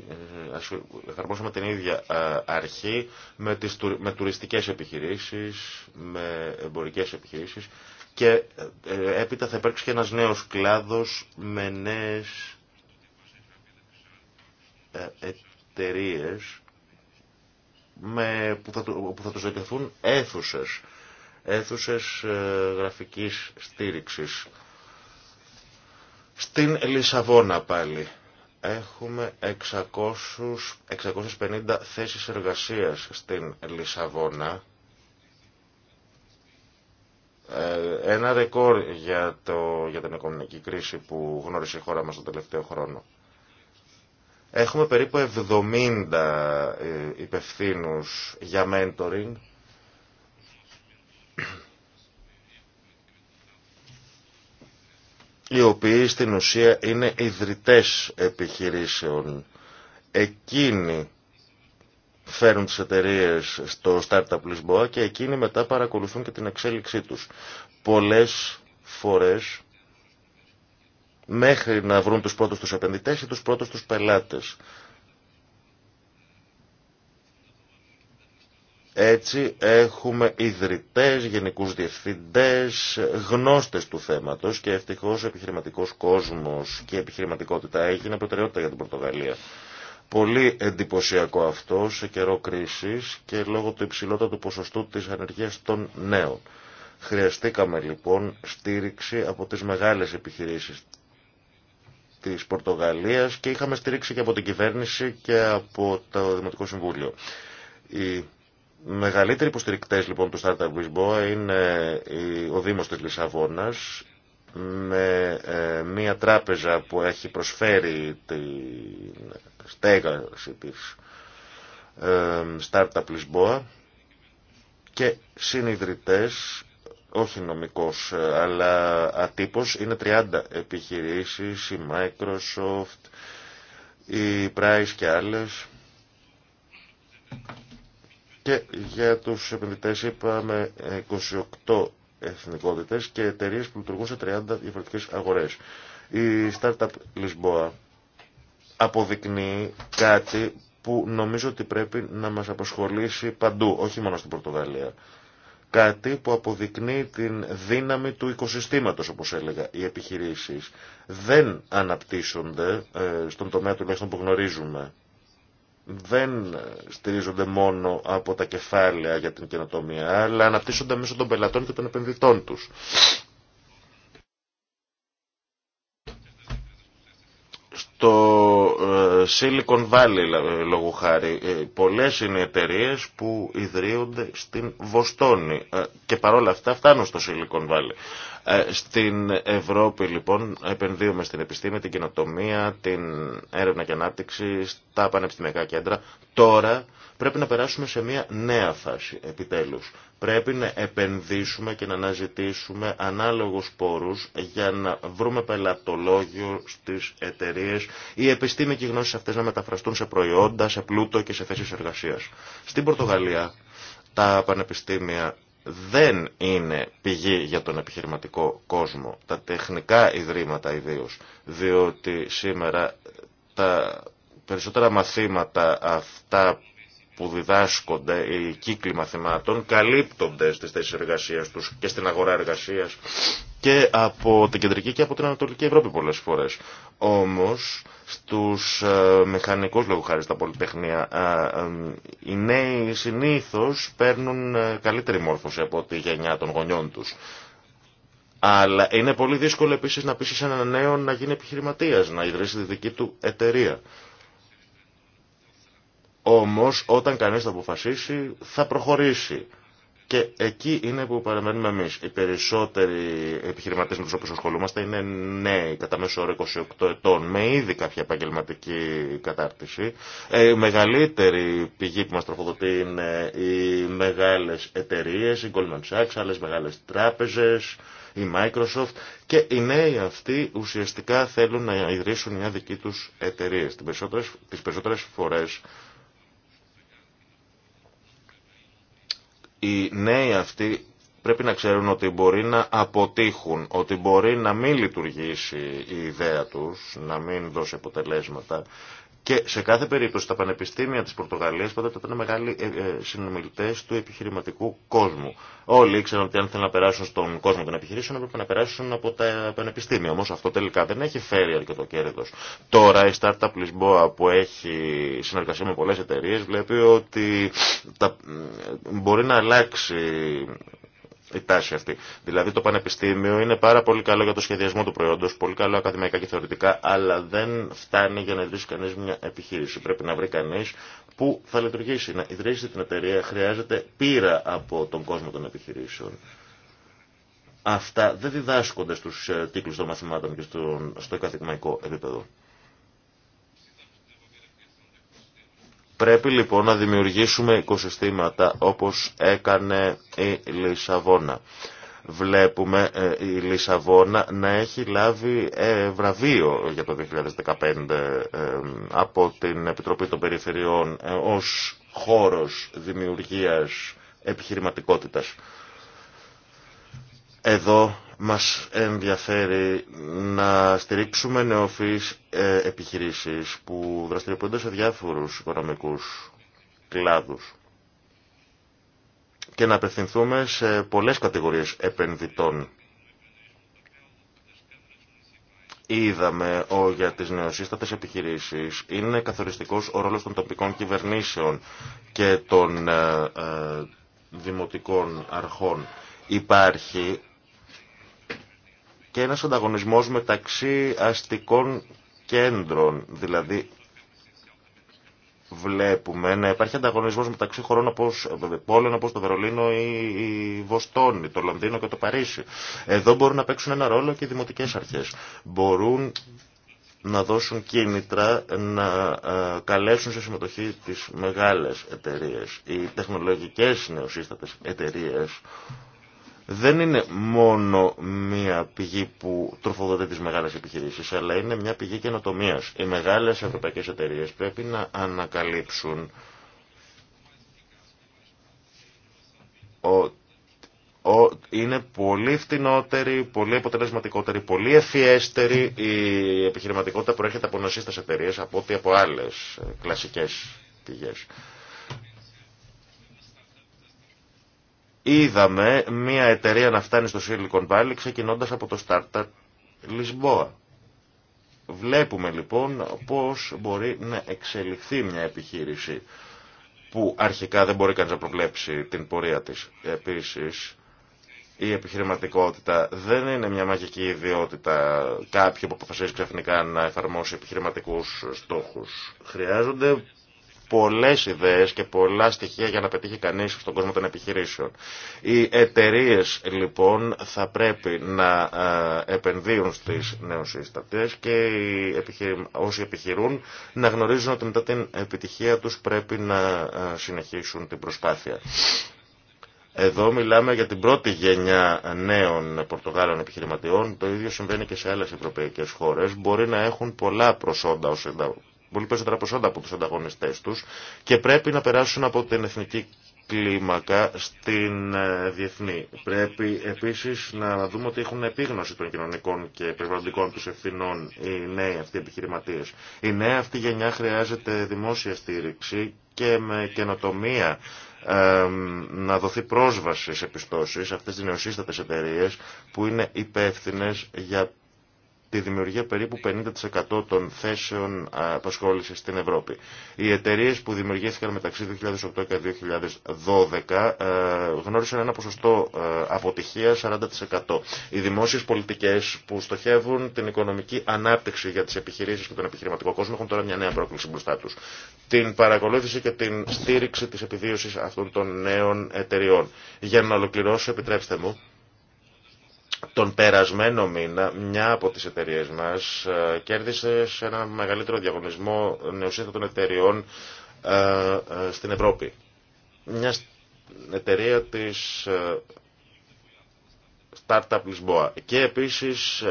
εφαρμόσαμε την ίδια ε, αρχή με, τις, με τουριστικές επιχειρήσεις, με εμπορικές επιχειρήσεις και ε, έπειτα θα υπάρξει και ένας νέος κλάδος με νέες εταιρείε με, που, θα, που θα τους ζητηθούν αίθουσες, αίθουσες γραφικής στήριξης στην Λισαβόνα πάλι έχουμε 600, 650 θέσεις εργασίας στην Λισαβόνα. Ε, ένα ρεκόρ για, το, για την οικονομική κρίση που γνώρισε η χώρα μας τον τελευταίο χρόνο. Έχουμε περίπου 70 ε, υπευθύνους για mentoring οι οποίοι στην ουσία είναι ιδρυτές επιχειρήσεων. Εκείνοι φέρουν τις εταιρείες στο Startup Lisboa και εκείνοι μετά παρακολουθούν και την εξέλιξή τους. Πολλές φορές μέχρι να βρουν τους πρώτους τους επενδυτές ή τους πρώτους τους πελάτες. Έτσι έχουμε ιδρυτές, γενικούς διευθυντές, γνώστες του θέματος και ευτυχώς ο επιχειρηματικός κόσμος και επιχειρηματικότητα έγινε προτεραιότητα για την Πορτογαλία. Πολύ εντυπωσιακό αυτό σε καιρό κρίσης και λόγω του υψηλότατου ποσοστού της ανεργίας των νέων. Χρειαστήκαμε λοιπόν στήριξη από τις μεγάλες επιχειρήσεις της Πορτογαλίας και είχαμε στήριξη και από την κυβέρνηση και από το Δημοτικό Συμβούλιο. Μεγαλύτεροι υποστηρικτέ λοιπόν του Startup Lisboa είναι ο Δήμος τη Λισαβόνας με ε, μια τράπεζα που έχει προσφέρει τη στέγαση της ε, Startup Lisboa και συνειδητές όχι νομικός ε, αλλά ατύπως είναι 30 επιχειρήσεις η Microsoft η Price και άλλες και για τους επενδυτές είπαμε 28 εθνικότητες και εταιρείες που λειτουργούν σε 30 διαφορετικές αγορές. Η Startup Λισμπόα αποδεικνύει κάτι που νομίζω ότι πρέπει να μας απασχολήσει παντού, όχι μόνο στην Πορτογαλία. Κάτι που αποδεικνύει την δύναμη του οικοσυστήματος, όπως έλεγα. Οι επιχειρήσεις δεν αναπτύσσονται ε, στον τομέα τουλάχιστον που γνωρίζουμε δεν στηρίζονται μόνο από τα κεφάλαια για την καινοτομία, αλλά αναπτύσσονται μέσω των πελατών και των επενδυτών τους. Το ε, Silicon Valley ε, λόγου χάρη. Ε, πολλές είναι εταιρείε που ιδρύονται στην Βοστόνη και παρόλα αυτά φτάνουν στο Silicon Valley. Στην Ευρώπη λοιπόν επενδύουμε στην επιστήμη, την κοινοτομία, την έρευνα και ανάπτυξη, στα πανεπιστημιακά κέντρα. Τώρα Πρέπει να περάσουμε σε μια νέα φάση επιτέλους. Πρέπει να επενδύσουμε και να αναζητήσουμε ανάλογους πόρους για να βρούμε πελατολόγιο στις εταιρείες Η επιστήμη και γνώσεις αυτές να μεταφραστούν σε προϊόντα, σε πλούτο και σε θέσεις εργασίας. Στην Πορτογαλία τα πανεπιστήμια δεν είναι πηγή για τον επιχειρηματικό κόσμο. Τα τεχνικά ιδρύματα ιδίω, διότι σήμερα τα περισσότερα μαθήματα αυτά που διδάσκονται, οι κύκλοι μαθημάτων, καλύπτονται στις θέσεις εργασίας τους και στην αγορά εργασίας και από την κεντρική και από την ανατολική Ευρώπη πολλές φορές. Όμως, στους ε, μηχανικούς λόγω χάρη στα πολυτεχνία, ε, ε, οι νέοι συνήθως παίρνουν ε, καλύτερη μόρφωση από τη γενιά των γονιών τους. Αλλά είναι πολύ δύσκολο επίσης να πείσει έναν νέο να γίνει επιχειρηματίας, να ιδρύσει τη δική του εταιρεία. Όμως όταν κανείς θα αποφασίσει θα προχωρήσει. Και εκεί είναι που παραμένουμε εμεί. Οι περισσότεροι επιχειρηματίε με του οποίου ασχολούμαστε είναι νέοι, κατά μέσο όρο 28 ετών, με ήδη κάποια επαγγελματική κατάρτιση. Ε, η μεγαλύτερη πηγή που μα τροφοδοτεί είναι οι μεγάλε εταιρείε, οι Goldman Sachs, άλλε μεγάλε τράπεζε, η Microsoft. Και οι νέοι αυτοί ουσιαστικά θέλουν να ιδρύσουν μια δική του εταιρεία. Τι περισσότερε φορέ Οι νέοι αυτοί πρέπει να ξέρουν ότι μπορεί να αποτύχουν, ότι μπορεί να μην λειτουργήσει η ιδέα τους, να μην δώσει αποτελέσματα και σε κάθε περίπτωση τα πανεπιστήμια της Πορτογαλίας πάντα ήταν μεγάλοι ε, ε, συνομιλητές του επιχειρηματικού κόσμου. Όλοι ήξεραν ότι αν θέλουν να περάσουν στον κόσμο των επιχειρήσεων έπρεπε να περάσουν από τα πανεπιστήμια. Όμως αυτό τελικά δεν έχει φέρει αρκετό κέρδος. Τώρα η Startup Lisboa που έχει συνεργασία με πολλές εταιρείε βλέπει ότι μπορεί να αλλάξει η τάση αυτή. Δηλαδή το πανεπιστήμιο είναι πάρα πολύ καλό για το σχεδιασμό του προϊόντος, πολύ καλό ακαδημαϊκά και θεωρητικά, αλλά δεν φτάνει για να ιδρύσει κανείς μια επιχείρηση. Πρέπει να βρει κανείς που θα λειτουργήσει, να ιδρύσει την εταιρεία, χρειάζεται πείρα από τον κόσμο των επιχειρήσεων. Αυτά δεν διδάσκονται στους κύκλους ε, των μαθημάτων και στο, στο επίπεδο. Πρέπει λοιπόν να δημιουργήσουμε οικοσυστήματα όπως έκανε η Λισαβόνα. Βλέπουμε ε, η Λισαβόνα να έχει λάβει ε, βραβείο για το 2015 ε, από την Επιτροπή των Περιφερειών ως χώρος δημιουργίας επιχειρηματικότητας. Εδώ μας ενδιαφέρει να στηρίξουμε ε, επιχειρήσεις που δραστηριοποιούνται σε διάφορους οικονομικούς κλάδους και να απευθυνθούμε σε πολλές κατηγορίες επενδυτών. Είδαμε ότι για τις νεοσύστατες επιχειρήσεις είναι καθοριστικός ο ρόλος των τοπικών κυβερνήσεων και των ε, ε, δημοτικών αρχών. Υπάρχει και ένας ανταγωνισμός μεταξύ αστικών κέντρων, δηλαδή βλέπουμε να υπάρχει ανταγωνισμός μεταξύ χωρών όπως, όπως το Βερολίνο ή η Βοστόνη, το Λονδίνο και το Παρίσι. Εδώ μπορούν να παίξουν ένα ρόλο και οι δημοτικές αρχές. Μπορούν να δώσουν κίνητρα, να ε, καλέσουν σε συμμετοχή τις μεγάλες εταιρείες, οι τεχνολογικές νεοσύστατες εταιρείες δεν είναι μόνο μία πηγή που τροφοδοτεί τις μεγάλες επιχειρήσεις, αλλά είναι μια πηγή καινοτομία. Οι μεγάλες ευρωπαϊκές εταιρείες πρέπει να ανακαλύψουν ότι είναι πολύ φτηνότερη, πολύ αποτελεσματικότερη, πολύ ευφιέστερη η επιχειρηματικότητα που έρχεται από νοσίστες εταιρείες από ό,τι από άλλες ε, κλασικές πηγές. είδαμε μια εταιρεία να φτάνει στο Silicon Valley ξεκινώντας από το startup Λισμπόα. Βλέπουμε λοιπόν πώς μπορεί να εξελιχθεί μια επιχείρηση που αρχικά δεν μπορεί κανείς να προβλέψει την πορεία της. Επίσης, η επιχειρηματικότητα δεν είναι μια μαγική ιδιότητα κάποιου που αποφασίζει ξαφνικά να εφαρμόσει επιχειρηματικούς στόχους. Χρειάζονται πολλές ιδέες και πολλά στοιχεία για να πετύχει κανείς στον κόσμο των επιχειρήσεων. Οι εταιρείε λοιπόν θα πρέπει να ε, επενδύουν στις νεοσύστατες και όσοι επιχειρούν να γνωρίζουν ότι μετά την επιτυχία τους πρέπει να ε, συνεχίσουν την προσπάθεια. Εδώ μιλάμε για την πρώτη γενιά νέων Πορτογάλων επιχειρηματιών. Το ίδιο συμβαίνει και σε άλλες ευρωπαϊκές χώρες. Μπορεί να έχουν πολλά προσόντα ως πολύ περισσότερα προσόντα από τους ανταγωνιστές τους και πρέπει να περάσουν από την εθνική κλίμακα στην ε, διεθνή. Πρέπει επίσης να δούμε ότι έχουν επίγνωση των κοινωνικών και περιβαλλοντικών τους ευθυνών οι νέοι αυτοί επιχειρηματίες. Η νέα αυτή γενιά χρειάζεται δημόσια στήριξη και με καινοτομία να δοθεί πρόσβαση σε πιστώσεις αυτές τις νεοσύστατες εταιρείε που είναι υπεύθυνε για τη δημιουργία περίπου 50% των θέσεων απασχόληση στην Ευρώπη. Οι εταιρείε που δημιουργήθηκαν μεταξύ 2008 και 2012 γνώρισαν ένα ποσοστό αποτυχία 40%. Οι δημόσιε πολιτικέ που στοχεύουν την οικονομική ανάπτυξη για τι επιχειρήσει και τον επιχειρηματικό κόσμο έχουν τώρα μια νέα πρόκληση μπροστά του. Την παρακολούθηση και την στήριξη τη επιβίωση αυτών των νέων εταιριών. Για να ολοκληρώσω, επιτρέψτε μου τον περασμένο μήνα μια από τις εταιρείες μας ε, κέρδισε σε ένα μεγαλύτερο διαγωνισμό νεοσύνθετων εταιρεών ε, ε, στην Ευρώπη. Μια εταιρεία της Startup Lisboa και επίσης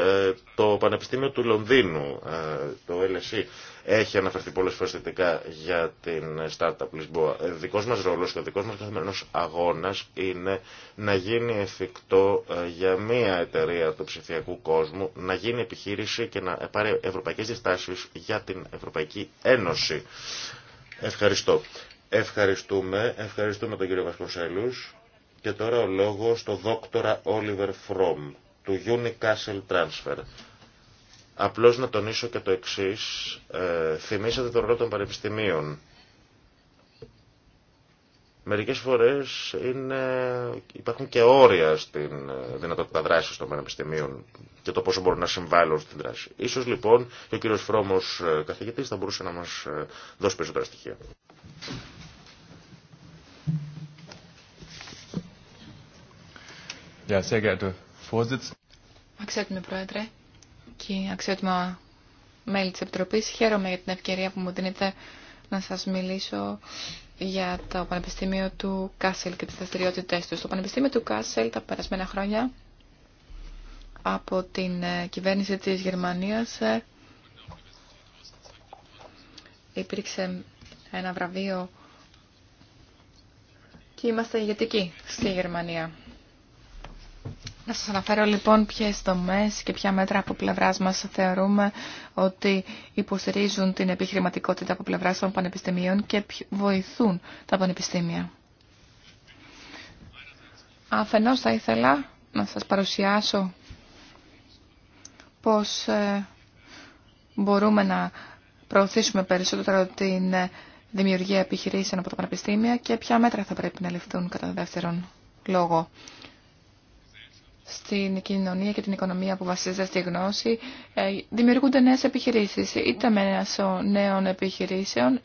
το Πανεπιστήμιο του Λονδίνου, το LSE, έχει αναφερθεί πολλέ φορές θετικά για την startup Lisboa. Ε, δικός μας ρόλος και ο δικός μας καθημερινός αγώνας είναι να γίνει εφικτό ε, για μια εταιρεία του ψηφιακού κόσμου, να γίνει επιχείρηση και να πάρει ευρωπαϊκές διστάσει για την Ευρωπαϊκή Ένωση. Ευχαριστώ. Ευχαριστούμε. Ευχαριστούμε τον κύριο Βασκοσέλου Και τώρα ο λόγος στο δόκτορα Oliver Φρόμ του Unicastle Transfer. Απλώς να τονίσω και το εξής. Ε, θυμήσατε τον ρόλο των πανεπιστημίων. Μερικές φορές είναι, υπάρχουν και όρια στην ε, δυνατότητα δράσης των πανεπιστημίων και το πόσο μπορούν να συμβάλλουν στην δράση. Ίσως λοιπόν και ο κύριος Φρόμος ε, καθηγητής θα μπορούσε να μας ε, δώσει περισσότερα στοιχεία. Yeah, sehr Πρόεδρε, και αξιότιμα μέλη της Επιτροπής. Χαίρομαι για την ευκαιρία που μου δίνετε να σας μιλήσω για το Πανεπιστήμιο του Κάσελ και τις δραστηριότητε του. Στο Πανεπιστήμιο του Κάσελ τα περασμένα χρόνια από την ε, κυβέρνηση της Γερμανίας ε, υπήρξε ένα βραβείο και είμαστε ηγετικοί στη Γερμανία. Να σας αναφέρω λοιπόν ποιες δομές και ποια μέτρα από πλευράς μας θεωρούμε ότι υποστηρίζουν την επιχειρηματικότητα από πλευράς των πανεπιστημίων και βοηθούν τα πανεπιστήμια. Αφενός θα ήθελα να σας παρουσιάσω πώς ε, μπορούμε να προωθήσουμε περισσότερο την ε, δημιουργία επιχειρήσεων από τα πανεπιστήμια και ποια μέτρα θα πρέπει να ληφθούν κατά δεύτερον λόγο στην κοινωνία και την οικονομία που βασίζεται στη γνώση, ε, δημιουργούνται νέες επιχειρήσεις, είτε μέσω νέων επιχειρήσεων,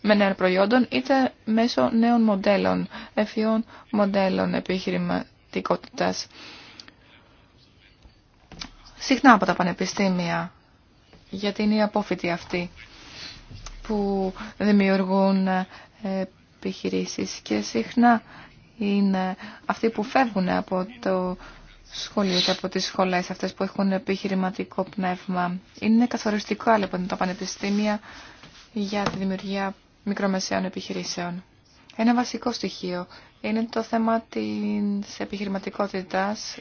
με νέων προϊόντων, είτε μέσω νέων μοντέλων, εφίων μοντέλων επιχειρηματικότητας. Συχνά από τα πανεπιστήμια, γιατί είναι οι απόφοιτοι αυτοί που δημιουργούν ε, επιχειρήσεις και συχνά είναι αυτοί που φεύγουν από το σχολείται από τις σχολές αυτές που έχουν επιχειρηματικό πνεύμα. Είναι καθοριστικό λοιπόν τα πανεπιστήμια για τη δημιουργία μικρομεσαίων επιχειρήσεων. Ένα βασικό στοιχείο είναι το θέμα της επιχειρηματικότητας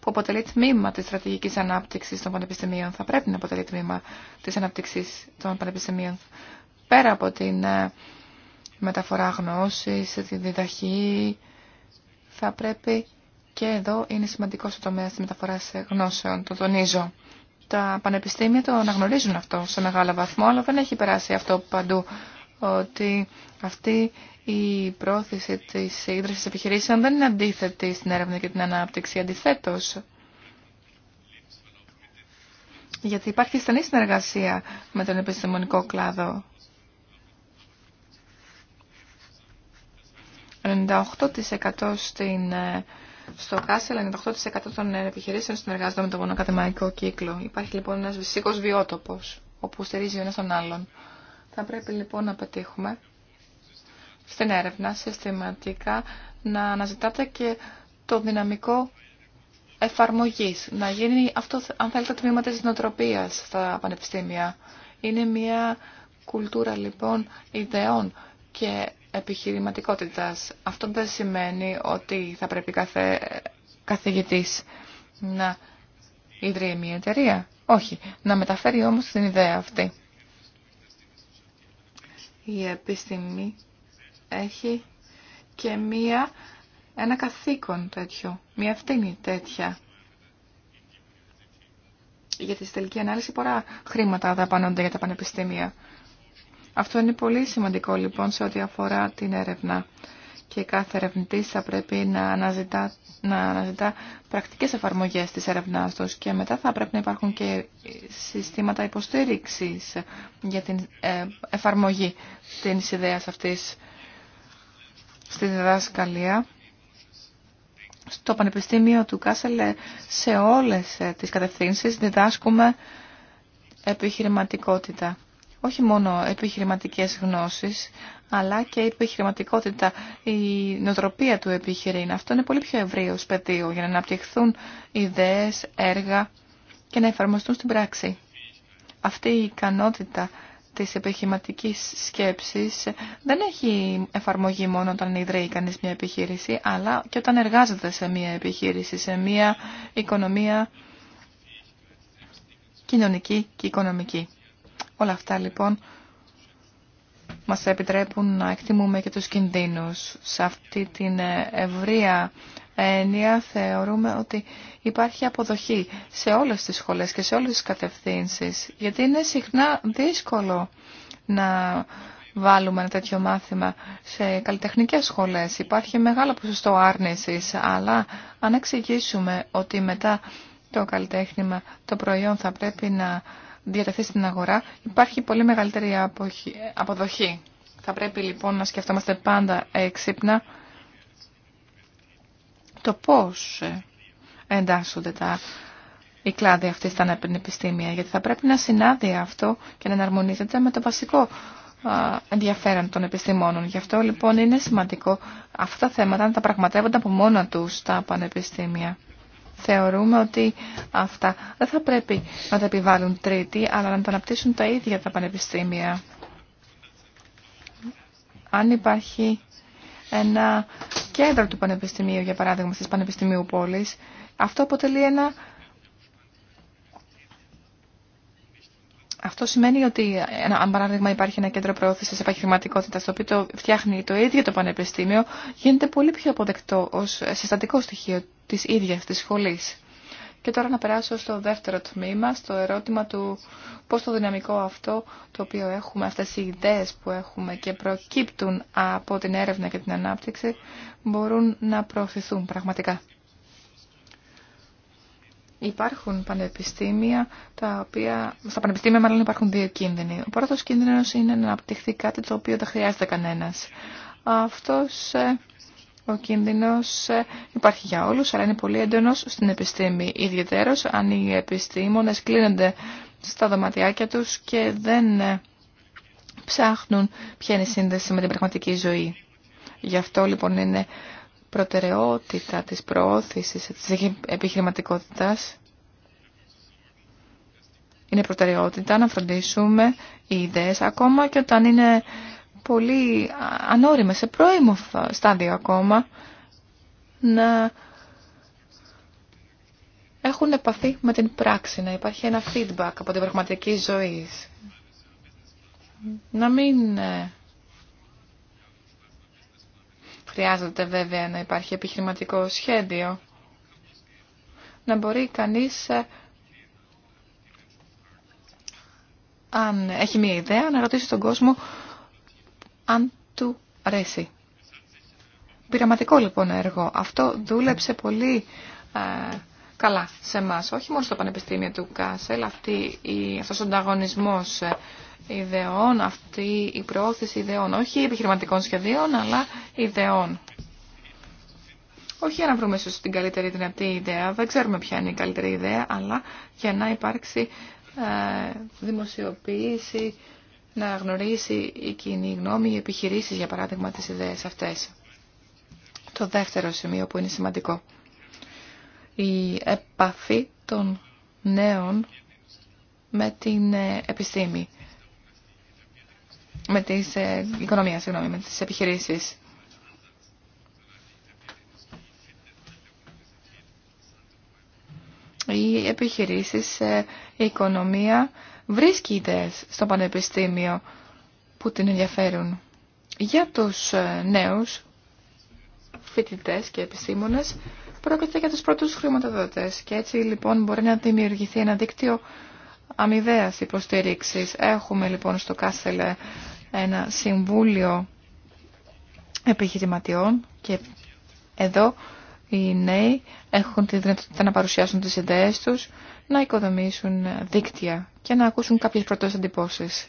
που αποτελεί τμήμα της στρατηγικής ανάπτυξης των πανεπιστημίων. Θα πρέπει να αποτελεί τμήμα της ανάπτυξης των πανεπιστημίων. Πέρα από την ε, μεταφορά γνώσης, τη διδαχή, θα πρέπει και εδώ είναι σημαντικό ο τομέα τη μεταφορά γνώσεων, το τονίζω. Τα πανεπιστήμια το αναγνωρίζουν αυτό σε μεγάλο βαθμό, αλλά δεν έχει περάσει αυτό παντού. Ότι αυτή η πρόθεση τη ίδρυση επιχειρήσεων δεν είναι αντίθετη στην έρευνα και την ανάπτυξη. Αντιθέτω, γιατί υπάρχει στενή συνεργασία με τον επιστημονικό κλάδο. 98% στην ε, στο Κάσελ, 98% των επιχειρήσεων συνεργάζονται με τον μονοκατεμαϊκό κύκλο. Υπάρχει λοιπόν ένα βυσικό βιότοπο, όπου στηρίζει ο ένα τον άλλον. Θα πρέπει λοιπόν να πετύχουμε στην έρευνα συστηματικά να αναζητάτε και το δυναμικό εφαρμογής, να γίνει αυτό, αν θέλετε, το τμήμα τη νοοτροπία στα πανεπιστήμια. Είναι μια κουλτούρα λοιπόν ιδεών και επιχειρηματικότητας. Αυτό δεν σημαίνει ότι θα πρέπει κάθε καθηγητής να ιδρύει μια εταιρεία. Όχι. Να μεταφέρει όμως την ιδέα αυτή. Η επιστήμη έχει και μία, ένα καθήκον τέτοιο, μία ευθύνη τέτοια. Γιατί στη τελική ανάλυση πολλά χρήματα δαπανώνται για τα πανεπιστήμια. Αυτό είναι πολύ σημαντικό λοιπόν σε ό,τι αφορά την έρευνα και κάθε ερευνητή θα πρέπει να αναζητά, να αναζητά πρακτικές εφαρμογές της έρευνάς του και μετά θα πρέπει να υπάρχουν και συστήματα υποστήριξης για την ε, εφαρμογή της ιδέας αυτής στη διδασκαλία στο Πανεπιστήμιο του Κάσελε σε όλες ε, τις κατευθύνσεις διδάσκουμε επιχειρηματικότητα όχι μόνο επιχειρηματικές γνώσεις, αλλά και η επιχειρηματικότητα, η νοοτροπία του επιχειρήν. Αυτό είναι πολύ πιο ευρύ πεδίο για να αναπτυχθούν ιδέες, έργα και να εφαρμοστούν στην πράξη. Αυτή η ικανότητα της επιχειρηματικής σκέψης δεν έχει εφαρμογή μόνο όταν ιδρύει κανείς μια επιχείρηση, αλλά και όταν εργάζεται σε μια επιχείρηση, σε μια οικονομία κοινωνική και οικονομική. Όλα αυτά λοιπόν μας επιτρέπουν να εκτιμούμε και τους κινδύνους. Σε αυτή την ε, ευρεία έννοια θεωρούμε ότι υπάρχει αποδοχή σε όλες τις σχολές και σε όλες τις κατευθύνσεις, γιατί είναι συχνά δύσκολο να βάλουμε ένα τέτοιο μάθημα σε καλλιτεχνικές σχολές. Υπάρχει μεγάλο ποσοστό άρνησης, αλλά αν εξηγήσουμε ότι μετά το καλλιτέχνημα, το προϊόν θα πρέπει να διατεθεί στην αγορά, υπάρχει πολύ μεγαλύτερη αποδοχή. Θα πρέπει λοιπόν να σκεφτόμαστε πάντα εξύπνα το πώς εντάσσονται οι η κλάδη αυτή στα πανεπιστήμια, γιατί θα πρέπει να συνάδει αυτό και να εναρμονίζεται με το βασικό ενδιαφέρον των επιστημόνων. Γι' αυτό λοιπόν είναι σημαντικό αυτά τα θέματα να τα πραγματεύονται από μόνα τους στα πανεπιστήμια θεωρούμε ότι αυτά δεν θα πρέπει να τα επιβάλλουν τρίτοι, αλλά να τα αναπτύσσουν τα ίδια τα πανεπιστήμια. Αν υπάρχει ένα κέντρο του πανεπιστημίου, για παράδειγμα, στις πανεπιστημίου πόλης, αυτό αποτελεί ένα Αυτό σημαίνει ότι, αν παράδειγμα υπάρχει ένα κέντρο προώθησης επαγγελματικότητα, το οποίο φτιάχνει το ίδιο το πανεπιστήμιο, γίνεται πολύ πιο αποδεκτό ως συστατικό στοιχείο της ίδιας της σχολής. Και τώρα να περάσω στο δεύτερο τμήμα, στο ερώτημα του πώς το δυναμικό αυτό το οποίο έχουμε, αυτές οι ιδέες που έχουμε και προκύπτουν από την έρευνα και την ανάπτυξη, μπορούν να προωθηθούν πραγματικά. Υπάρχουν πανεπιστήμια, τα οποία, στα πανεπιστήμια μάλλον υπάρχουν δύο κίνδυνοι. Ο πρώτο κίνδυνο είναι να αναπτυχθεί κάτι το οποίο δεν χρειάζεται κανένας. Αυτός ε, ο κίνδυνος ε, υπάρχει για όλους, αλλά είναι πολύ έντονος στην επιστήμη. Ιδιαίτερω αν οι επιστήμονε κλείνονται στα δωματιάκια τους και δεν ε, ψάχνουν ποια είναι η σύνδεση με την πραγματική ζωή. Γι' αυτό λοιπόν είναι προτεραιότητα της προώθησης της επιχειρηματικότητας είναι προτεραιότητα να φροντίσουμε οι ιδέες ακόμα και όταν είναι πολύ ανώριμε σε πρώιμο στάδιο ακόμα, να έχουν επαφή με την πράξη, να υπάρχει ένα feedback από την πραγματική ζωή. Να μην ε, Χρειάζεται βέβαια να υπάρχει επιχειρηματικό σχέδιο. Να μπορεί κανείς, ε, αν έχει μία ιδέα, να ρωτήσει τον κόσμο αν του αρέσει. Πειραματικό λοιπόν έργο. Αυτό δούλεψε πολύ ε, καλά σε εμά. Όχι μόνο στο Πανεπιστήμιο του Κάσελ, αυτή, η, αυτός ο ανταγωνισμός ε, ιδεών, αυτή η προώθηση ιδεών, όχι επιχειρηματικών σχεδίων, αλλά ιδεών. Όχι για να βρούμε ίσως την καλύτερη δυνατή ιδέα, δεν ξέρουμε ποια είναι η καλύτερη ιδέα, αλλά για να υπάρξει ε, δημοσιοποίηση, να γνωρίσει η κοινή γνώμη, οι επιχειρήσεις για παράδειγμα τις ιδέες αυτές. Το δεύτερο σημείο που είναι σημαντικό. Η επαφή των νέων με την ε, επιστήμη με τις ε, οικονομία, με τις επιχειρήσεις. Οι επιχειρήσεις, ε, η οικονομία βρίσκει ιδέες στο πανεπιστήμιο που την ενδιαφέρουν. Για τους ε, νέους φοιτητές και επιστήμονες πρόκειται για τους πρώτους χρηματοδότες και έτσι λοιπόν μπορεί να δημιουργηθεί ένα δίκτυο αμοιβαίας υποστήριξης. Έχουμε λοιπόν στο Κάσελε ένα συμβούλιο επιχειρηματιών και εδώ οι νέοι έχουν τη δυνατότητα να παρουσιάσουν τις ιδέες τους, να οικοδομήσουν δίκτυα και να ακούσουν κάποιες πρώτες εντυπώσεις.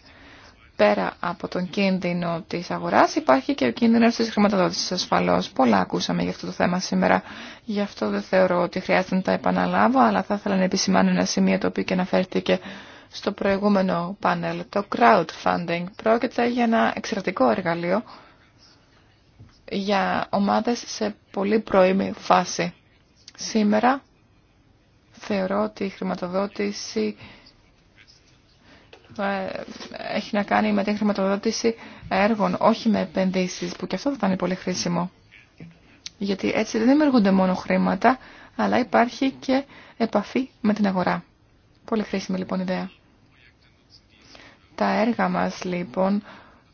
Πέρα από τον κίνδυνο της αγοράς υπάρχει και ο κίνδυνος της χρηματοδότησης ασφαλώς. Πολλά ακούσαμε για αυτό το θέμα σήμερα. Γι' αυτό δεν θεωρώ ότι χρειάζεται να τα επαναλάβω, αλλά θα ήθελα να επισημάνω ένα σημείο το οποίο και αναφέρθηκε στο προηγούμενο πάνελ, το crowdfunding πρόκειται για ένα εξαιρετικό εργαλείο για ομάδες σε πολύ πρώιμη φάση. Σήμερα θεωρώ ότι η χρηματοδότηση ε, έχει να κάνει με τη χρηματοδότηση έργων, όχι με επενδύσεις, που και αυτό θα ήταν πολύ χρήσιμο. Γιατί έτσι δεν δημιουργούνται μόνο χρήματα, αλλά υπάρχει και επαφή με την αγορά. Πολύ χρήσιμη λοιπόν ιδέα. Τα έργα μας λοιπόν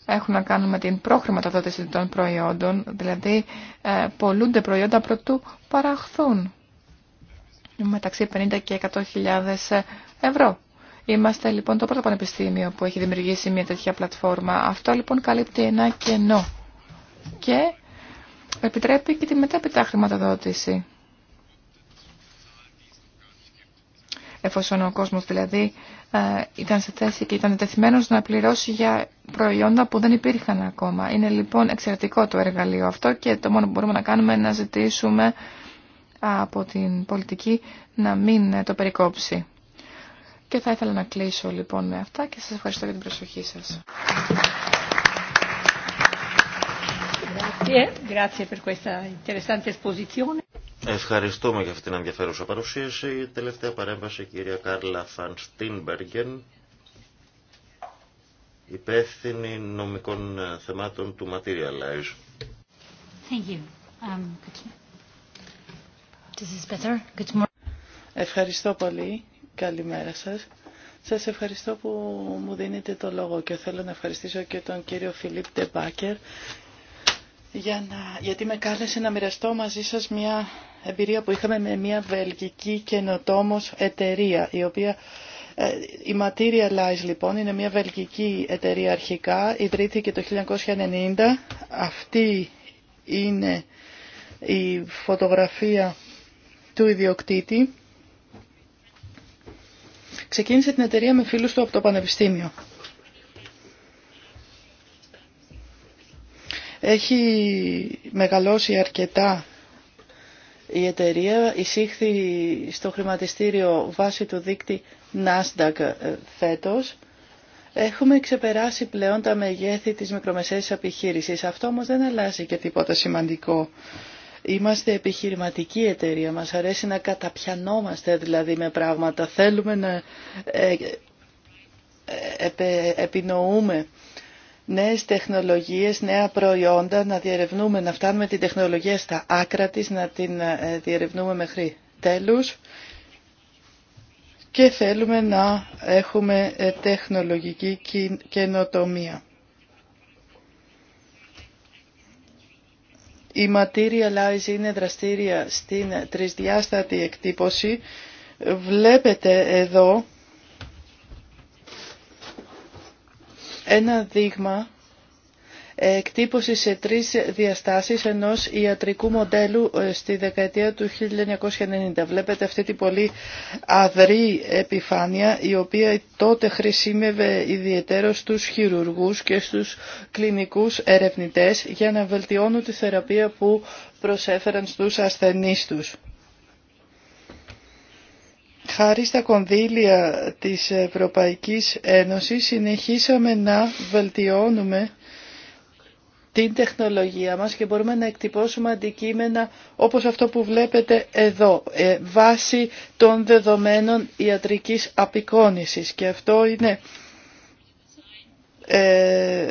έχουν να κάνουν με την προχρηματοδότηση των προϊόντων, δηλαδή ε, πολλούνται προϊόντα προτού παραχθούν μεταξύ 50 και 100.000 ε, ευρώ. Είμαστε λοιπόν το πρώτο πανεπιστήμιο που έχει δημιουργήσει μια τέτοια πλατφόρμα. Αυτό λοιπόν καλύπτει ένα κενό και επιτρέπει και τη μετέπειτα χρηματοδότηση. εφόσον ο κόσμος δηλαδή ε, ήταν σε θέση και ήταν τεθειμένος να πληρώσει για προϊόντα που δεν υπήρχαν ακόμα. Είναι λοιπόν εξαιρετικό το εργαλείο αυτό και το μόνο που μπορούμε να κάνουμε είναι να ζητήσουμε από την πολιτική να μην το περικόψει. Και θα ήθελα να κλείσω λοιπόν με αυτά και σας ευχαριστώ για την προσοχή σας. Ευχαριστούμε για αυτήν την ενδιαφέρουσα παρουσίαση. Η τελευταία παρέμβαση κυρία Κάρλα Φανστίνμπεργεν, υπεύθυνη νομικών θεμάτων του Materialize. Um, ευχαριστώ πολύ. Καλημέρα σας. Σας ευχαριστώ που μου δίνετε το λόγο και θέλω να ευχαριστήσω και τον κύριο Φιλίπ Ντεμπάκερ για να... γιατί με κάλεσε να μοιραστώ μαζί σας μια εμπειρία που είχαμε με μια βελγική καινοτόμος εταιρεία, η οποία ε, η Materialize λοιπόν είναι μια βελγική εταιρεία αρχικά, ιδρύθηκε το 1990. Αυτή είναι η φωτογραφία του ιδιοκτήτη. Ξεκίνησε την εταιρεία με φίλους του από το Πανεπιστήμιο. Έχει μεγαλώσει αρκετά η εταιρεία εισήχθη στο χρηματιστήριο βάσει του δίκτυ Nasdaq ε, φέτος. Έχουμε ξεπεράσει πλέον τα μεγέθη της μικρομεσαίας επιχείρησης. Αυτό όμως δεν αλλάζει και τίποτα σημαντικό. Είμαστε επιχειρηματική εταιρεία. Μας αρέσει να καταπιανόμαστε δηλαδή με πράγματα. Θέλουμε να ε, ε, επινοούμε νέες τεχνολογίες, νέα προϊόντα, να διερευνούμε, να φτάνουμε την τεχνολογία στα άκρα της, να την ε, διερευνούμε μέχρι τέλους και θέλουμε να έχουμε ε, τεχνολογική καινοτομία. Η Materialize είναι δραστήρια στην τρισδιάστατη εκτύπωση. Βλέπετε εδώ ένα δείγμα εκτύπωση σε τρεις διαστάσεις ενός ιατρικού μοντέλου ε, στη δεκαετία του 1990. Βλέπετε αυτή την πολύ αδρή επιφάνεια η οποία τότε χρησιμεύε ιδιαίτερο στους χειρουργούς και στους κλινικούς ερευνητές για να βελτιώνουν τη θεραπεία που προσέφεραν στους ασθενείς τους χάρη στα κονδύλια της Ευρωπαϊκής Ένωσης συνεχίσαμε να βελτιώνουμε την τεχνολογία μας και μπορούμε να εκτυπώσουμε αντικείμενα όπως αυτό που βλέπετε εδώ, ε, βάσει των δεδομένων ιατρικής απεικόνησης. Και αυτό είναι ε,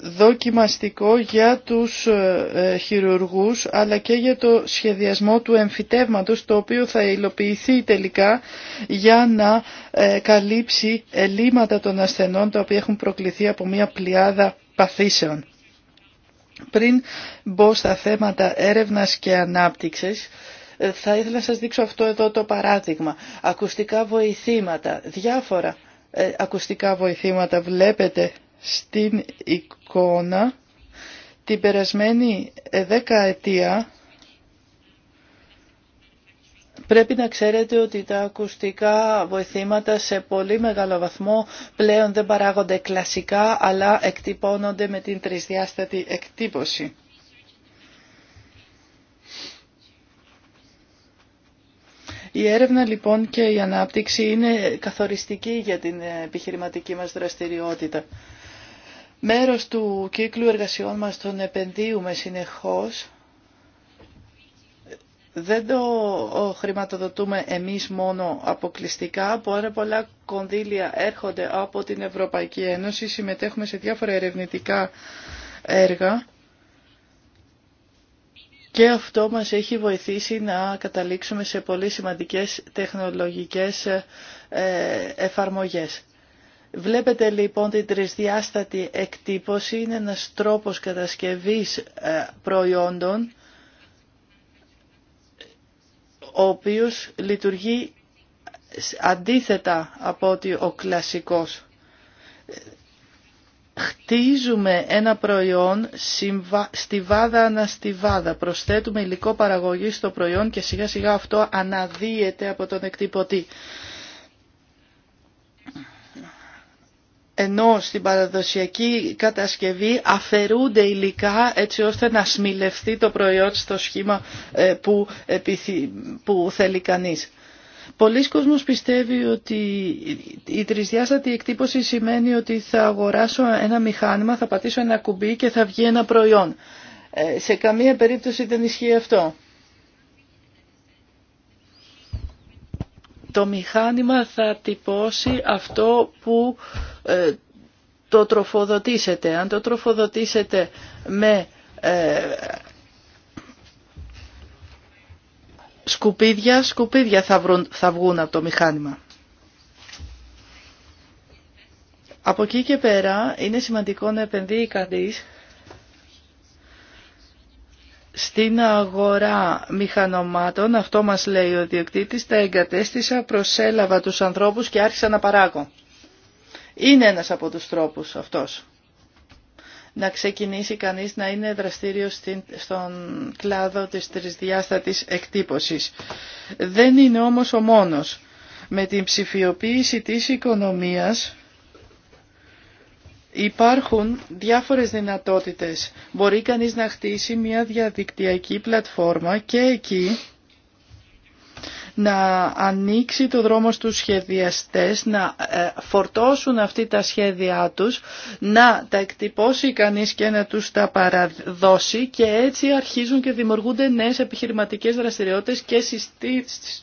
δοκιμαστικό για τους ε, ε, χειρουργούς αλλά και για το σχεδιασμό του εμφυτεύματος το οποίο θα υλοποιηθεί τελικά για να ε, καλύψει ελλείμματα των ασθενών τα οποία έχουν προκληθεί από μια πλειάδα παθήσεων. Πριν μπω στα θέματα έρευνας και ανάπτυξης, θα ήθελα να σας δείξω αυτό εδώ το παράδειγμα. Ακουστικά βοηθήματα, διάφορα ακουστικά βοηθήματα βλέπετε στην εικόνα, την περασμένη ε, δεκαετία Πρέπει να ξέρετε ότι τα ακουστικά βοηθήματα σε πολύ μεγάλο βαθμό πλέον δεν παράγονται κλασικά, αλλά εκτυπώνονται με την τρισδιάστατη εκτύπωση. Η έρευνα λοιπόν και η ανάπτυξη είναι καθοριστική για την επιχειρηματική μας δραστηριότητα. Μέρος του κύκλου εργασιών μας τον επενδύουμε συνεχώς. Δεν το χρηματοδοτούμε εμείς μόνο αποκλειστικά. Πάρα πολλά κονδύλια έρχονται από την Ευρωπαϊκή Ένωση. Συμμετέχουμε σε διάφορα ερευνητικά έργα. Και αυτό μας έχει βοηθήσει να καταλήξουμε σε πολύ σημαντικές τεχνολογικές ε, εφαρμογές. Βλέπετε λοιπόν την τρισδιάστατη εκτύπωση είναι ένας τρόπος κατασκευής ε, προϊόντων ο οποίος λειτουργεί αντίθετα από ότι ο κλασικός. Χτίζουμε ένα προϊόν στη βάδα αναστιβάδα, προσθέτουμε υλικό παραγωγή στο προϊόν και σιγά σιγά αυτό αναδύεται από τον εκτυπωτή. ενώ στην παραδοσιακή κατασκευή αφαιρούνται υλικά έτσι ώστε να σμιλευτεί το προϊόν στο σχήμα ε, που, θέλει κανείς. Πολλοί κόσμος πιστεύει ότι η τρισδιάστατη εκτύπωση σημαίνει ότι θα αγοράσω ένα μηχάνημα, θα πατήσω ένα κουμπί και θα βγει ένα προϊόν. Ε, σε καμία περίπτωση δεν ισχύει αυτό. το μηχάνημα θα τυπώσει αυτό που ε, το τροφοδοτήσετε. Αν το τροφοδοτήσετε με ε, σκουπίδια, σκουπίδια θα, βγουν από το μηχάνημα. Από εκεί και πέρα είναι σημαντικό να επενδύει κανείς στην αγορά μηχανομάτων, αυτό μας λέει ο διοκτήτης, τα εγκατέστησα, προσέλαβα τους ανθρώπους και άρχισα να παράγω. Είναι ένας από τους τρόπους αυτός. Να ξεκινήσει κανείς να είναι δραστήριος στον κλάδο της τρισδιάστατης εκτύπωσης. Δεν είναι όμως ο μόνος. Με την ψηφιοποίηση της οικονομίας Υπάρχουν διάφορες δυνατότητες. Μπορεί κανείς να χτίσει μια διαδικτυακή πλατφόρμα και εκεί να ανοίξει το δρόμο στους σχεδιαστές, να ε, φορτώσουν αυτή τα σχέδιά τους, να τα εκτυπώσει κανείς και να τους τα παραδώσει και έτσι αρχίζουν και δημιουργούνται νέες επιχειρηματικές δραστηριότητες και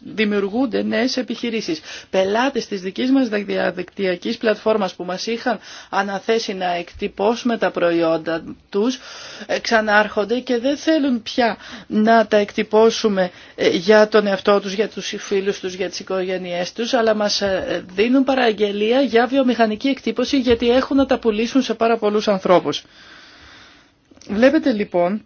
δημιουργούνται νέες επιχειρήσεις. Πελάτες της δικής μας διαδικτυακής πλατφόρμας που μας είχαν αναθέσει να εκτυπώσουμε τα προϊόντα τους, ε, ξανάρχονται και δεν θέλουν πια να τα εκτυπώσουμε ε, για τον εαυτό τους, για τους φίλους τους, για τις οικογένειές τους, αλλά μας ε, δίνουν παραγγελία για βιομηχανική εκτύπωση γιατί έχουν να τα πουλήσουν σε πάρα πολλούς ανθρώπους. Βλέπετε λοιπόν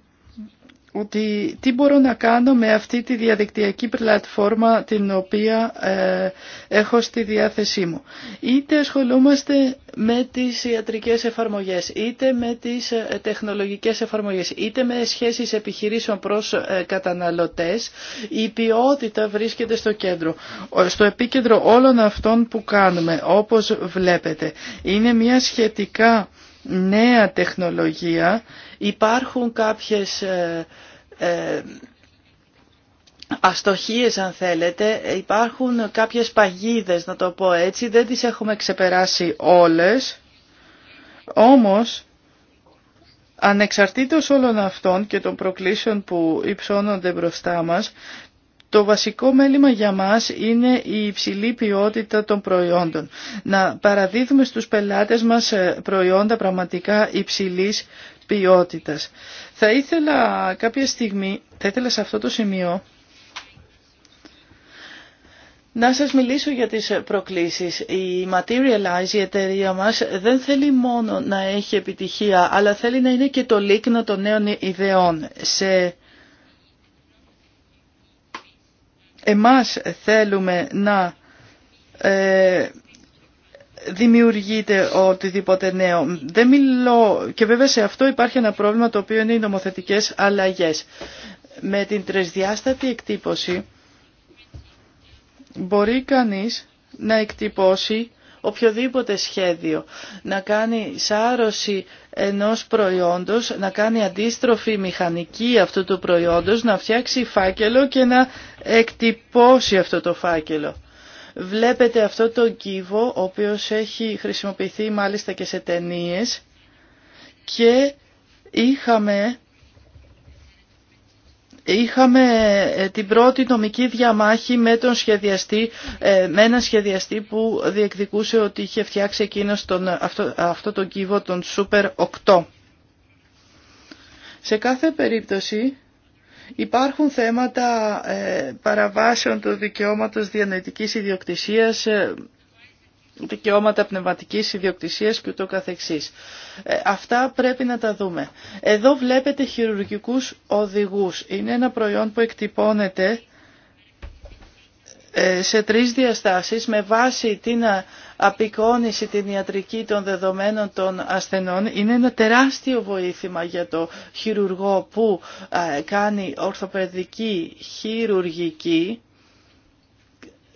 ότι τι μπορώ να κάνω με αυτή τη διαδικτυακή πλατφόρμα την οποία ε, έχω στη διάθεσή μου. Είτε ασχολούμαστε με τις ιατρικές εφαρμογές, είτε με τις ε, τεχνολογικές εφαρμογές, είτε με σχέσεις επιχειρήσεων προς ε, καταναλωτές, η ποιότητα βρίσκεται στο κέντρο. Στο επίκεντρο όλων αυτών που κάνουμε, όπως βλέπετε, είναι μια σχετικά νέα τεχνολογία, υπάρχουν κάποιες ε, αστοχίες αν θέλετε, υπάρχουν κάποιες παγίδες να το πω έτσι, δεν τις έχουμε ξεπεράσει όλες, όμως ανεξαρτήτως όλων αυτών και των προκλήσεων που υψώνονται μπροστά μας, το βασικό μέλημα για μας είναι η υψηλή ποιότητα των προϊόντων. Να παραδίδουμε στους πελάτες μας ε, προϊόντα πραγματικά υψηλής ποιότητας. Θα ήθελα κάποια στιγμή, θα ήθελα σε αυτό το σημείο να σας μιλήσω για τις προκλήσεις. Η Materialize, η εταιρεία μας, δεν θέλει μόνο να έχει επιτυχία, αλλά θέλει να είναι και το λίκνο των νέων ιδεών. Σε εμάς θέλουμε να ε, δημιουργείται οτιδήποτε νέο. Δεν μιλώ και βέβαια σε αυτό υπάρχει ένα πρόβλημα το οποίο είναι οι νομοθετικές αλλαγές. Με την τρισδιάστατη εκτύπωση μπορεί κανείς να εκτυπώσει οποιοδήποτε σχέδιο, να κάνει σάρωση ενός προϊόντος, να κάνει αντίστροφη μηχανική αυτού του προϊόντος, να φτιάξει φάκελο και να εκτυπώσει αυτό το φάκελο. Βλέπετε αυτό το κύβο, ο οποίος έχει χρησιμοποιηθεί μάλιστα και σε ταινίες και είχαμε είχαμε ε, την πρώτη νομική διαμάχη με τον σχεδιαστή, ε, με έναν σχεδιαστή που διεκδικούσε ότι είχε φτιάξει εκείνο αυτό, το τον κύβο, τον Super 8. Σε κάθε περίπτωση Υπάρχουν θέματα ε, παραβάσεων του δικαιώματος διανοητικής ιδιοκτησίας, ε, δικαιώματα πνευματικής ιδιοκτησίας και ούτω καθεξής. Ε, αυτά πρέπει να τα δούμε. Εδώ βλέπετε χειρουργικούς οδηγούς. Είναι ένα προϊόν που εκτυπώνεται σε τρεις διαστάσεις με βάση την απεικόνιση την ιατρική των δεδομένων των ασθενών είναι ένα τεράστιο βοήθημα για το χειρουργό που ε, κάνει ορθοπαιδική χειρουργική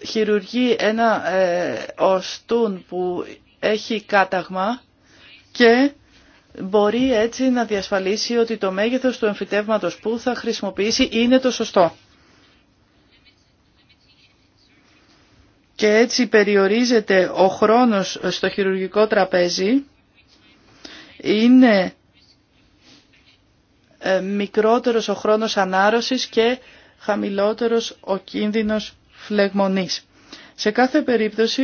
χειρουργεί ένα ε, οστούν που έχει κάταγμα και μπορεί έτσι να διασφαλίσει ότι το μέγεθος του εμφυτεύματος που θα χρησιμοποιήσει είναι το σωστό. και έτσι περιορίζεται ο χρόνος στο χειρουργικό τραπέζι είναι ε, μικρότερος ο χρόνος ανάρρωσης και χαμηλότερος ο κίνδυνος φλεγμονής. Σε κάθε περίπτωση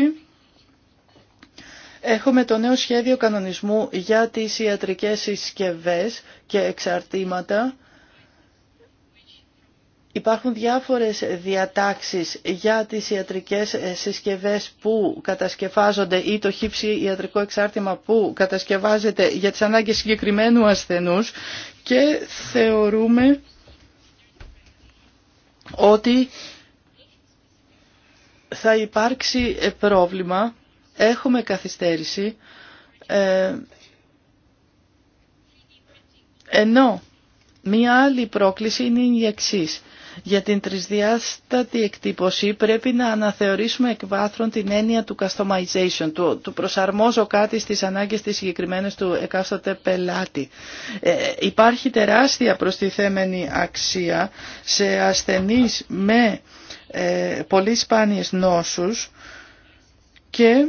έχουμε το νέο σχέδιο κανονισμού για τις ιατρικές συσκευές και εξαρτήματα Υπάρχουν διάφορες διατάξεις για τις ιατρικές συσκευές που κατασκευάζονται ή το χύψη ιατρικό εξάρτημα που κατασκευάζεται για τις ανάγκες συγκεκριμένου ασθενούς και θεωρούμε ότι θα υπάρξει πρόβλημα, έχουμε καθυστέρηση, ε, ενώ μία άλλη πρόκληση είναι η εξής. Για την τρισδιάστατη εκτύπωση πρέπει να αναθεωρήσουμε εκ βάθρων την έννοια του customization, του, προσαρμόζω κάτι στις ανάγκες της συγκεκριμένης του εκάστοτε πελάτη. Ε, υπάρχει τεράστια προστιθέμενη αξία σε ασθενείς με ε, πολύ σπάνιες νόσους και...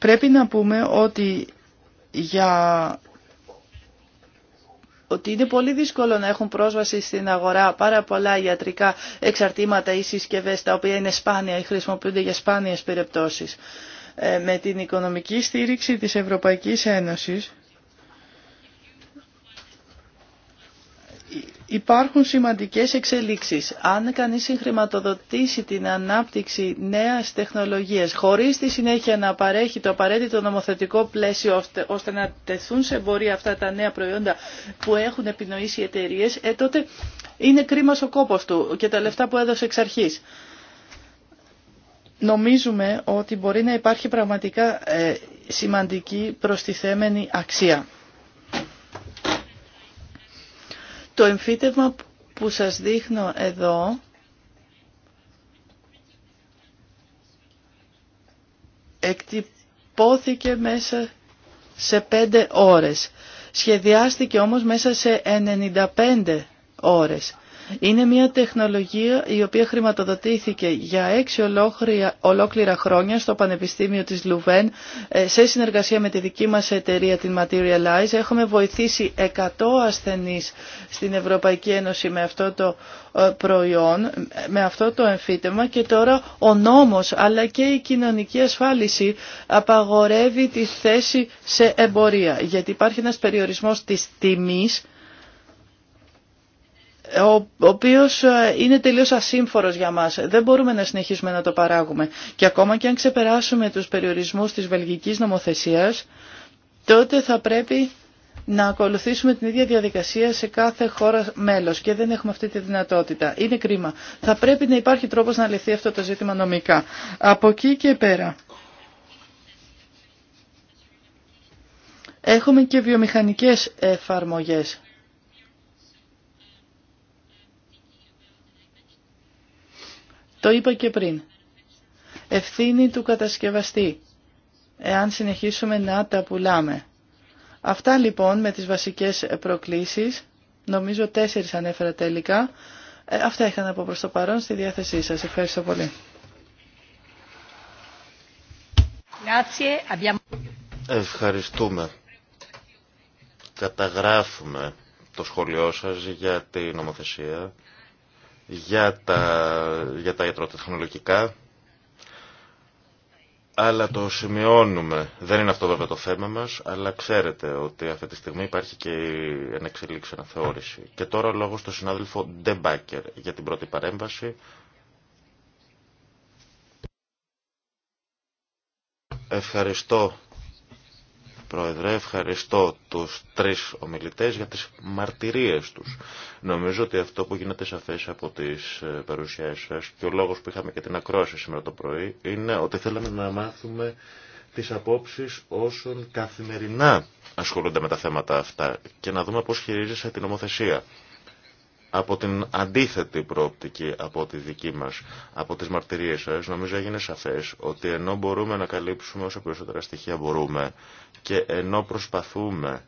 Πρέπει να πούμε ότι για ότι είναι πολύ δύσκολο να έχουν πρόσβαση στην αγορά πάρα πολλά ιατρικά εξαρτήματα ή συσκευές τα οποία είναι σπάνια ή χρησιμοποιούνται για σπάνιες περιπτώσεις. Ε, με την οικονομική στήριξη της Ευρωπαϊκής Ένωσης Υπάρχουν σημαντικές εξελίξεις. Αν κανείς συγχρηματοδοτήσει την ανάπτυξη νέας τεχνολογίας χωρίς τη συνέχεια να παρέχει το απαραίτητο νομοθετικό πλαίσιο ώστε να τεθούν σε εμπορία αυτά τα νέα προϊόντα που έχουν επινοήσει οι εταιρείε, ε, τότε είναι κρίμα ο κόπος του και τα λεφτά που έδωσε εξ αρχής. Νομίζουμε ότι μπορεί να υπάρχει πραγματικά ε, σημαντική προστιθέμενη αξία. Το εμφύτευμα που σας δείχνω εδώ εκτυπώθηκε μέσα σε 5 ώρες. Σχεδιάστηκε όμως μέσα σε 95 ώρες. Είναι μια τεχνολογία η οποία χρηματοδοτήθηκε για έξι ολόκληρα χρόνια στο Πανεπιστήμιο της Λουβέν ε, σε συνεργασία με τη δική μας εταιρεία την Materialize. Έχουμε βοηθήσει 100 ασθενείς στην Ευρωπαϊκή Ένωση με αυτό το ε, προϊόν, με αυτό το εμφύτευμα και τώρα ο νόμος αλλά και η κοινωνική ασφάλιση απαγορεύει τη θέση σε εμπορία γιατί υπάρχει ένας περιορισμός της τιμής ο οποίος ε, είναι τελείως ασύμφορος για μας. Δεν μπορούμε να συνεχίσουμε να το παράγουμε. Και ακόμα και αν ξεπεράσουμε τους περιορισμούς της βελγικής νομοθεσίας, τότε θα πρέπει να ακολουθήσουμε την ίδια διαδικασία σε κάθε χώρα μέλος και δεν έχουμε αυτή τη δυνατότητα. Είναι κρίμα. Θα πρέπει να υπάρχει τρόπος να λυθεί αυτό το ζήτημα νομικά. Από εκεί και πέρα. Έχουμε και βιομηχανικές εφαρμογές Το είπα και πριν. Ευθύνη του κατασκευαστή, εάν συνεχίσουμε να τα πουλάμε. Αυτά λοιπόν με τις βασικές προκλήσεις, νομίζω τέσσερις ανέφερα τελικά, ε, αυτά είχα να πω προς το παρόν στη διάθεσή σας. Ευχαριστώ πολύ. Ευχαριστούμε. Καταγράφουμε το σχολείό σας για τη νομοθεσία για τα, για τα ιατροτεχνολογικά, αλλά το σημειώνουμε. Δεν είναι αυτό βέβαια το θέμα μας, αλλά ξέρετε ότι αυτή τη στιγμή υπάρχει και η ενεξελίξη αναθεώρηση. Και τώρα ο λόγος στον συνάδελφο Ντεμπάκερ για την πρώτη παρέμβαση. Ευχαριστώ Πρόεδρε, ευχαριστώ τους τρεις ομιλητές για τις μαρτυρίες τους. Νομίζω ότι αυτό που γίνεται σαφές από τις ε, παρουσιάσεις σας και ο λόγος που είχαμε και την ακρόαση σήμερα το πρωί είναι ότι θέλαμε να μάθουμε τις απόψεις όσων καθημερινά ασχολούνται με τα θέματα αυτά και να δούμε πώς χειρίζεσαι την νομοθεσία από την αντίθετη προοπτική από τη δική μας, από τις μαρτυρίες σα, νομίζω έγινε σαφέ ότι ενώ μπορούμε να καλύψουμε όσο περισσότερα στοιχεία μπορούμε και ενώ προσπαθούμε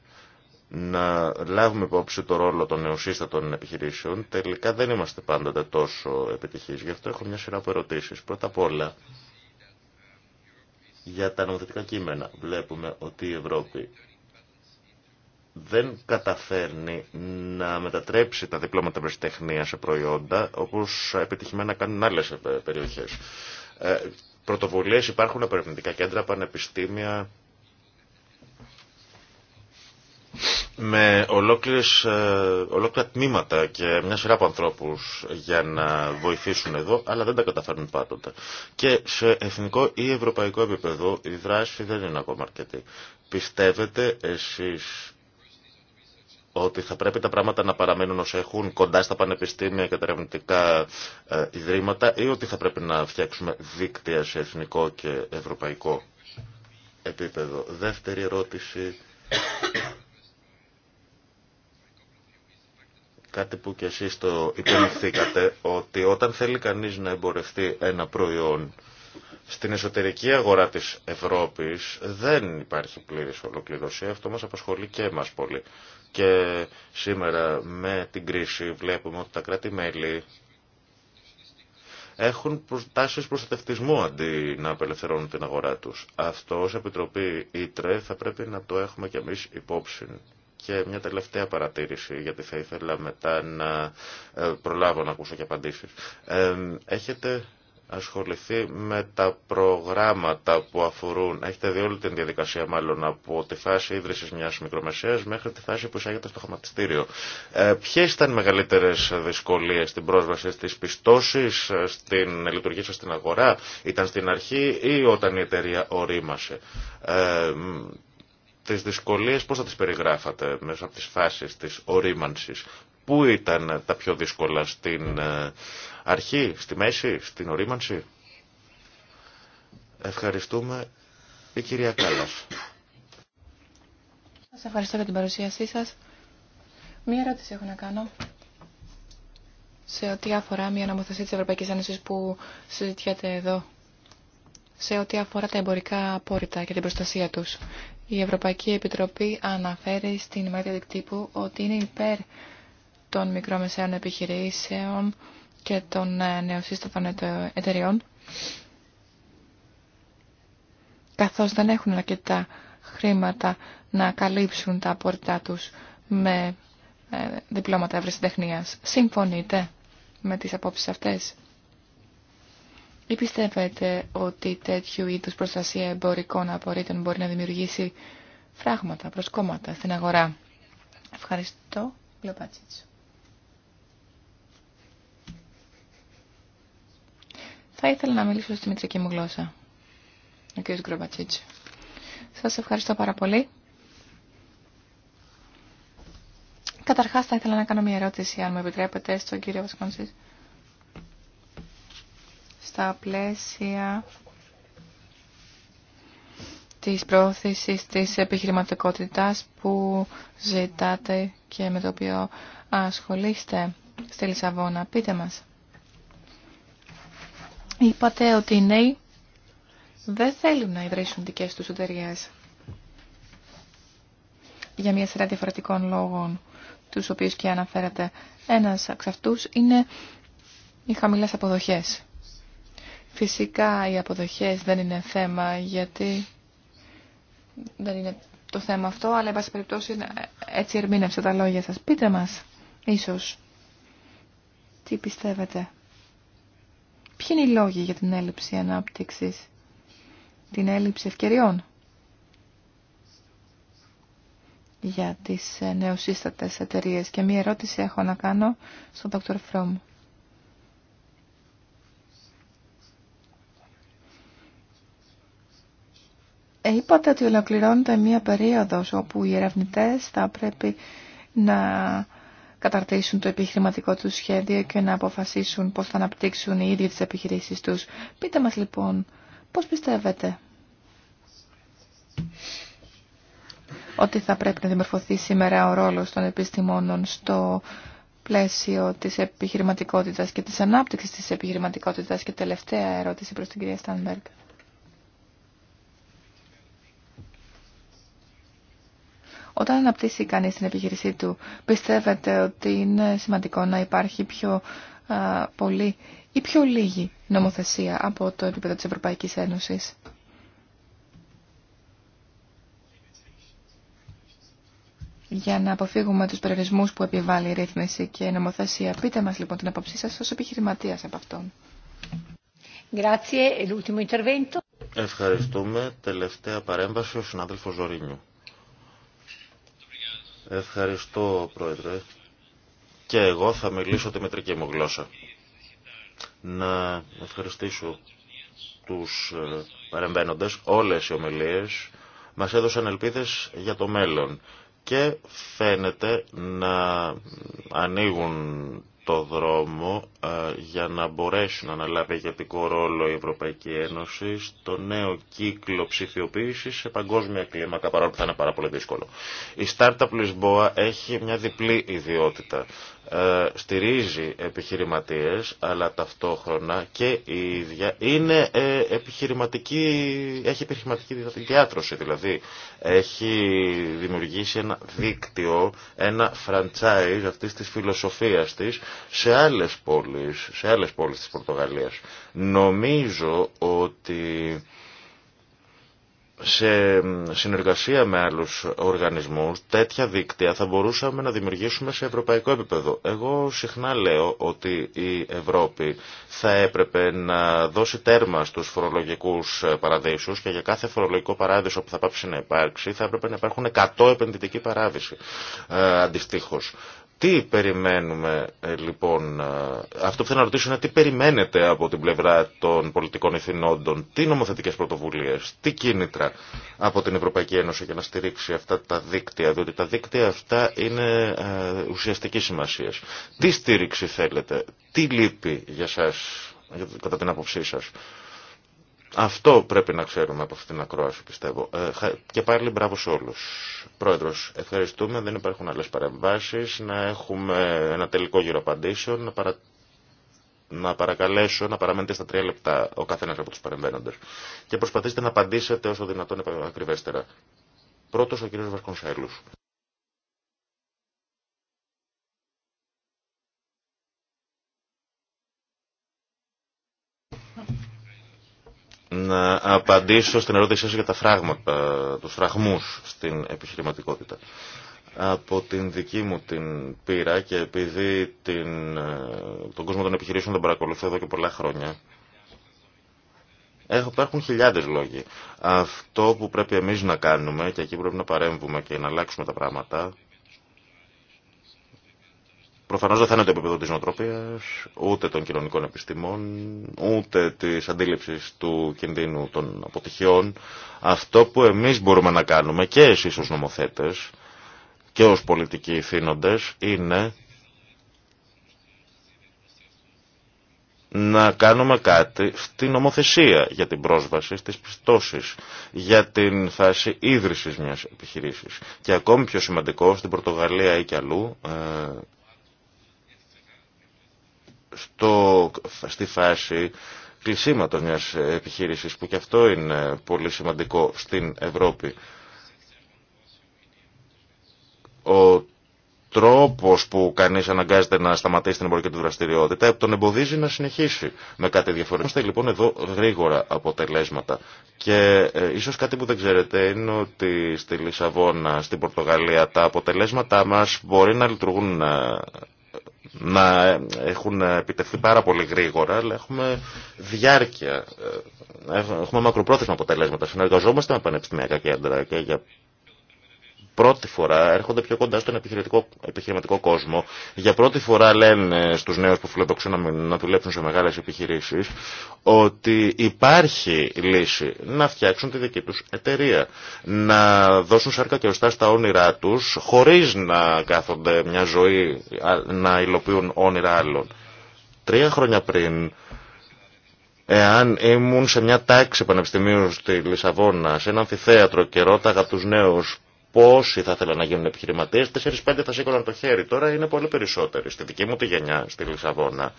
να λάβουμε υπόψη το ρόλο των νεοσύστατων επιχειρήσεων, τελικά δεν είμαστε πάντοτε τόσο επιτυχείς. Γι' αυτό έχω μια σειρά από ερωτήσει. Πρώτα απ' όλα, για τα νομοθετικά κείμενα βλέπουμε ότι η Ευρώπη δεν καταφέρνει να μετατρέψει τα διπλώματα βρεσιτεχνία σε προϊόντα, όπως επιτυχημένα κάνουν άλλες ε, περιοχές. Ε, πρωτοβουλίες υπάρχουν από κέντρα, πανεπιστήμια, με ολόκληρες, ε, ολόκληρα τμήματα και μια σειρά από ανθρώπους για να βοηθήσουν εδώ, αλλά δεν τα καταφέρνουν πάντοτε. Και σε εθνικό ή ευρωπαϊκό επίπεδο η δράση δεν είναι ακόμα αρκετή. Πιστεύετε εσείς ότι θα πρέπει τα πράγματα να παραμένουν όσο έχουν κοντά στα πανεπιστήμια και τα ερευνητικά ε, ιδρύματα ή ότι θα πρέπει να φτιάξουμε δίκτυα σε εθνικό και ευρωπαϊκό επίπεδο. Δεύτερη ερώτηση. Κάτι που και εσείς το υπενηθήκατε, ότι όταν θέλει κανείς να εμπορευτεί ένα προϊόν, στην εσωτερική αγορά της Ευρώπης δεν υπάρχει πλήρης ολοκληρωσία. Αυτό μας απασχολεί και εμάς πολύ. Και σήμερα με την κρίση βλέπουμε ότι τα κράτη-μέλη έχουν τάσεις προστατευτισμού αντί να απελευθερώνουν την αγορά τους. Αυτό ως Επιτροπή Τρέ θα πρέπει να το έχουμε κι εμείς υπόψη. Και μια τελευταία παρατήρηση, γιατί θα ήθελα μετά να ε, προλάβω να ακούσω και απαντήσεις. Ε, έχετε ασχοληθεί με τα προγράμματα που αφορούν, έχετε δει όλη την διαδικασία μάλλον από τη φάση ίδρυσης μιας μικρομεσαίας μέχρι τη φάση που εισάγεται στο χρηματιστήριο. Ε, ποιες ήταν οι μεγαλύτερες δυσκολίες στην πρόσβαση στις πιστώσεις, ε, στην λειτουργία σας στην αγορά, ήταν στην αρχή ή όταν η εταιρεία ορίμασε. Ε, τις δυσκολίες πώς θα τις περιγράφατε μέσα από τις φάσεις της ορίμανσης. Πού ήταν τα πιο δύσκολα, στην ε, αρχή, στη μέση, στην ορίμανση. Ευχαριστούμε η κυρία Κάλλας. Σας ευχαριστώ για την παρουσίασή σας. Μία ερώτηση έχω να κάνω σε ό,τι αφορά μια νομοθεσία της Ευρωπαϊκής Ένωσης που συζητιέται εδώ. Σε ό,τι αφορά τα εμπορικά απόρριτα και την προστασία τους. Η Ευρωπαϊκή Επιτροπή αναφέρει στην μελέτη Τύπου ότι είναι υπέρ των μικρομεσαίων επιχειρήσεων και των ε, νεοσύστατων εταιριών, καθώς δεν έχουν αρκετά χρήματα να καλύψουν τα απορριτά τους με ε, διπλώματα ευρεσιτεχνίας. Συμφωνείτε με τις απόψεις αυτές. Ή πιστεύετε ότι τέτοιου είδους προστασία εμπορικών απορρίτων μπορεί να δημιουργήσει φράγματα, προσκόμματα στην αγορά. Ευχαριστώ. Θα ήθελα να μιλήσω στη μητρική μου γλώσσα. Ο κ. Γκρομπατσίτς. Σας ευχαριστώ πάρα πολύ. Καταρχάς θα ήθελα να κάνω μια ερώτηση, αν μου επιτρέπετε, στον κύριο Βασκόνσης. Στα πλαίσια της πρόθεσης της επιχειρηματικότητας που ζητάτε και με το οποίο ασχολείστε στη Λισαβόνα. Πείτε μας. Είπατε ότι οι νέοι δεν θέλουν να ιδρύσουν δικές τους εταιρείε για μια σειρά διαφορετικών λόγων, τους οποίους και αναφέρατε. Ένας εξ αυτούς είναι οι χαμηλές αποδοχές. Φυσικά οι αποδοχές δεν είναι θέμα γιατί δεν είναι το θέμα αυτό, αλλά εν πάση περιπτώσει έτσι ερμήνευσα τα λόγια σας. Πείτε μας, ίσως, τι πιστεύετε. Ποιοι είναι οι λόγοι για την έλλειψη ανάπτυξης, την έλλειψη ευκαιριών για τις ε, νεοσύστατες εταιρείες. Και μία ερώτηση έχω να κάνω στον Dr. Φρόμ. Ε, είπατε ότι ολοκληρώνεται μία περίοδος όπου οι ερευνητές θα πρέπει να καταρτήσουν το επιχειρηματικό τους σχέδιο και να αποφασίσουν πώς θα αναπτύξουν οι ίδιοι τις επιχειρήσεις τους. Πείτε μας λοιπόν, πώς πιστεύετε ότι θα πρέπει να δημορφωθεί σήμερα ο ρόλος των επιστημόνων στο πλαίσιο της επιχειρηματικότητας και της ανάπτυξης της επιχειρηματικότητας και τελευταία ερώτηση προς την κυρία Στάνμπεργκ. Όταν αναπτύσσει κανείς την επιχείρησή του, πιστεύετε ότι είναι σημαντικό να υπάρχει πιο πολύ ή πιο λίγη νομοθεσία από το επίπεδο της Ευρωπαϊκής Ένωσης. για να αποφύγουμε τους περιορισμούς που επιβάλλει η ρύθμιση και η νομοθεσία. Πείτε μας λοιπόν την απόψή σας ως επιχειρηματίας από αυτόν. Ευχαριστούμε. Τελευταία παρέμβαση ο συνάδελφος Ζωρίνιου. Ευχαριστώ, Πρόεδρε. Και εγώ θα μιλήσω τη μετρική μου γλώσσα. Να ευχαριστήσω τους ε, παρεμβαίνοντες. Όλες οι ομιλίες μας έδωσαν ελπίδες για το μέλλον και φαίνεται να ανοίγουν το δρόμο ε, για να μπορέσει να αναλάβει ηγετικό ρόλο η Ευρωπαϊκή Ένωση στο νέο κύκλο ψηφιοποίηση σε παγκόσμια κλίμακα, παρόλο που θα είναι πάρα πολύ δύσκολο. Η Startup Lisboa έχει μια διπλή ιδιότητα. Ε, στηρίζει επιχειρηματίες αλλά ταυτόχρονα και η ίδια είναι ε, επιχειρηματική, έχει επιχειρηματική διάτρωση δηλαδή έχει δημιουργήσει ένα δίκτυο, ένα franchise αυτής της φιλοσοφίας της σε άλλες πόλεις, σε άλλες πόλεις της Πορτογαλίας. Νομίζω ότι σε συνεργασία με άλλους οργανισμούς τέτοια δίκτυα θα μπορούσαμε να δημιουργήσουμε σε ευρωπαϊκό επίπεδο. Εγώ συχνά λέω ότι η Ευρώπη θα έπρεπε να δώσει τέρμα στους φορολογικούς παραδείσους και για κάθε φορολογικό παράδεισο που θα πάψει να υπάρξει θα έπρεπε να υπάρχουν 100 επενδυτικοί παράδεισοι ε, αντιστοίχως. Τι περιμένουμε ε, λοιπόν, ε, αυτό που θέλω να ρωτήσω είναι τι περιμένετε από την πλευρά των πολιτικών ηθινόντων, τι νομοθετικές πρωτοβουλίες, τι κίνητρα από την Ευρωπαϊκή Ένωση για να στηρίξει αυτά τα δίκτυα, διότι τα δίκτυα αυτά είναι ε, ουσιαστικής σημασίας. Τι στήριξη θέλετε, τι λείπει για σας, κατά την άποψή σας. Αυτό πρέπει να ξέρουμε από αυτήν την ακρόαση, πιστεύω. Ε, και πάλι μπράβο σε όλου. Πρόεδρο, ευχαριστούμε. Δεν υπάρχουν άλλε παρεμβάσει. Να έχουμε ένα τελικό γύρο απαντήσεων. Να, να παρακαλέσω να παραμένετε στα τρία λεπτά ο καθένα από του παρεμβαίνοντε. Και προσπαθήστε να απαντήσετε όσο δυνατόν ακριβέστερα. Πρώτο ο κ. Βασκονσέλου. να απαντήσω στην ερώτησή σας για τα φράγματα, τους φραγμούς στην επιχειρηματικότητα. Από την δική μου την πείρα και επειδή τον κόσμο των επιχειρήσεων τον παρακολουθώ εδώ και πολλά χρόνια, Έχω, υπάρχουν χιλιάδες λόγοι. Αυτό που πρέπει εμείς να κάνουμε και εκεί πρέπει να παρέμβουμε και να αλλάξουμε τα πράγματα Προφανώ δεν θα είναι το επίπεδο τη νοοτροπία, ούτε των κοινωνικών επιστημών, ούτε τη αντίληψη του κινδύνου των αποτυχιών. Αυτό που εμεί μπορούμε να κάνουμε και εσεί ω νομοθέτε και ω πολιτικοί θύνοντε είναι να κάνουμε κάτι στη νομοθεσία για την πρόσβαση στις πιστώσεις, για την φάση ίδρυσης μιας επιχειρήσης. Και ακόμη πιο σημαντικό, στην Πορτογαλία ή κι αλλού, ε, στο, στη φάση κλεισίματος μιας επιχείρησης που και αυτό είναι πολύ σημαντικό στην Ευρώπη. Ο τρόπος που κανείς αναγκάζεται να σταματήσει την εμπορική του δραστηριότητα τον εμποδίζει να συνεχίσει με κάτι διαφορετικό. Είμαστε λοιπόν εδώ γρήγορα αποτελέσματα. Και ε, ίσως κάτι που δεν ξέρετε είναι ότι στη Λισαβόνα, στην Πορτογαλία τα αποτελέσματά μας μπορεί να λειτουργούν ε, να έχουν επιτευχθεί πάρα πολύ γρήγορα, αλλά έχουμε διάρκεια, ε, έχουμε μακροπρόθεσμα αποτελέσματα. Συνεργαζόμαστε με πανεπιστημιακά κέντρα και για πρώτη φορά έρχονται πιο κοντά στον επιχειρηματικό κόσμο. Για πρώτη φορά λένε στους νέους που φιλοδοξούν να δουλέψουν σε μεγάλες επιχειρήσεις ότι υπάρχει λύση να φτιάξουν τη δική τους εταιρεία. Να δώσουν σάρκα και οστά στα όνειρά τους χωρίς να κάθονται μια ζωή να υλοποιούν όνειρα άλλων. Τρία χρόνια πριν Εάν ήμουν σε μια τάξη πανεπιστημίου στη Λισαβόνα, σε ένα αμφιθέατρο και ρώταγα τους νέους πόσοι θα ήθελαν να γίνουν επιχειρηματίε, 4-5 θα σήκωναν το χέρι. Τώρα είναι πολύ περισσότεροι. Στη δική μου τη γενιά, στη Λισαβόνα,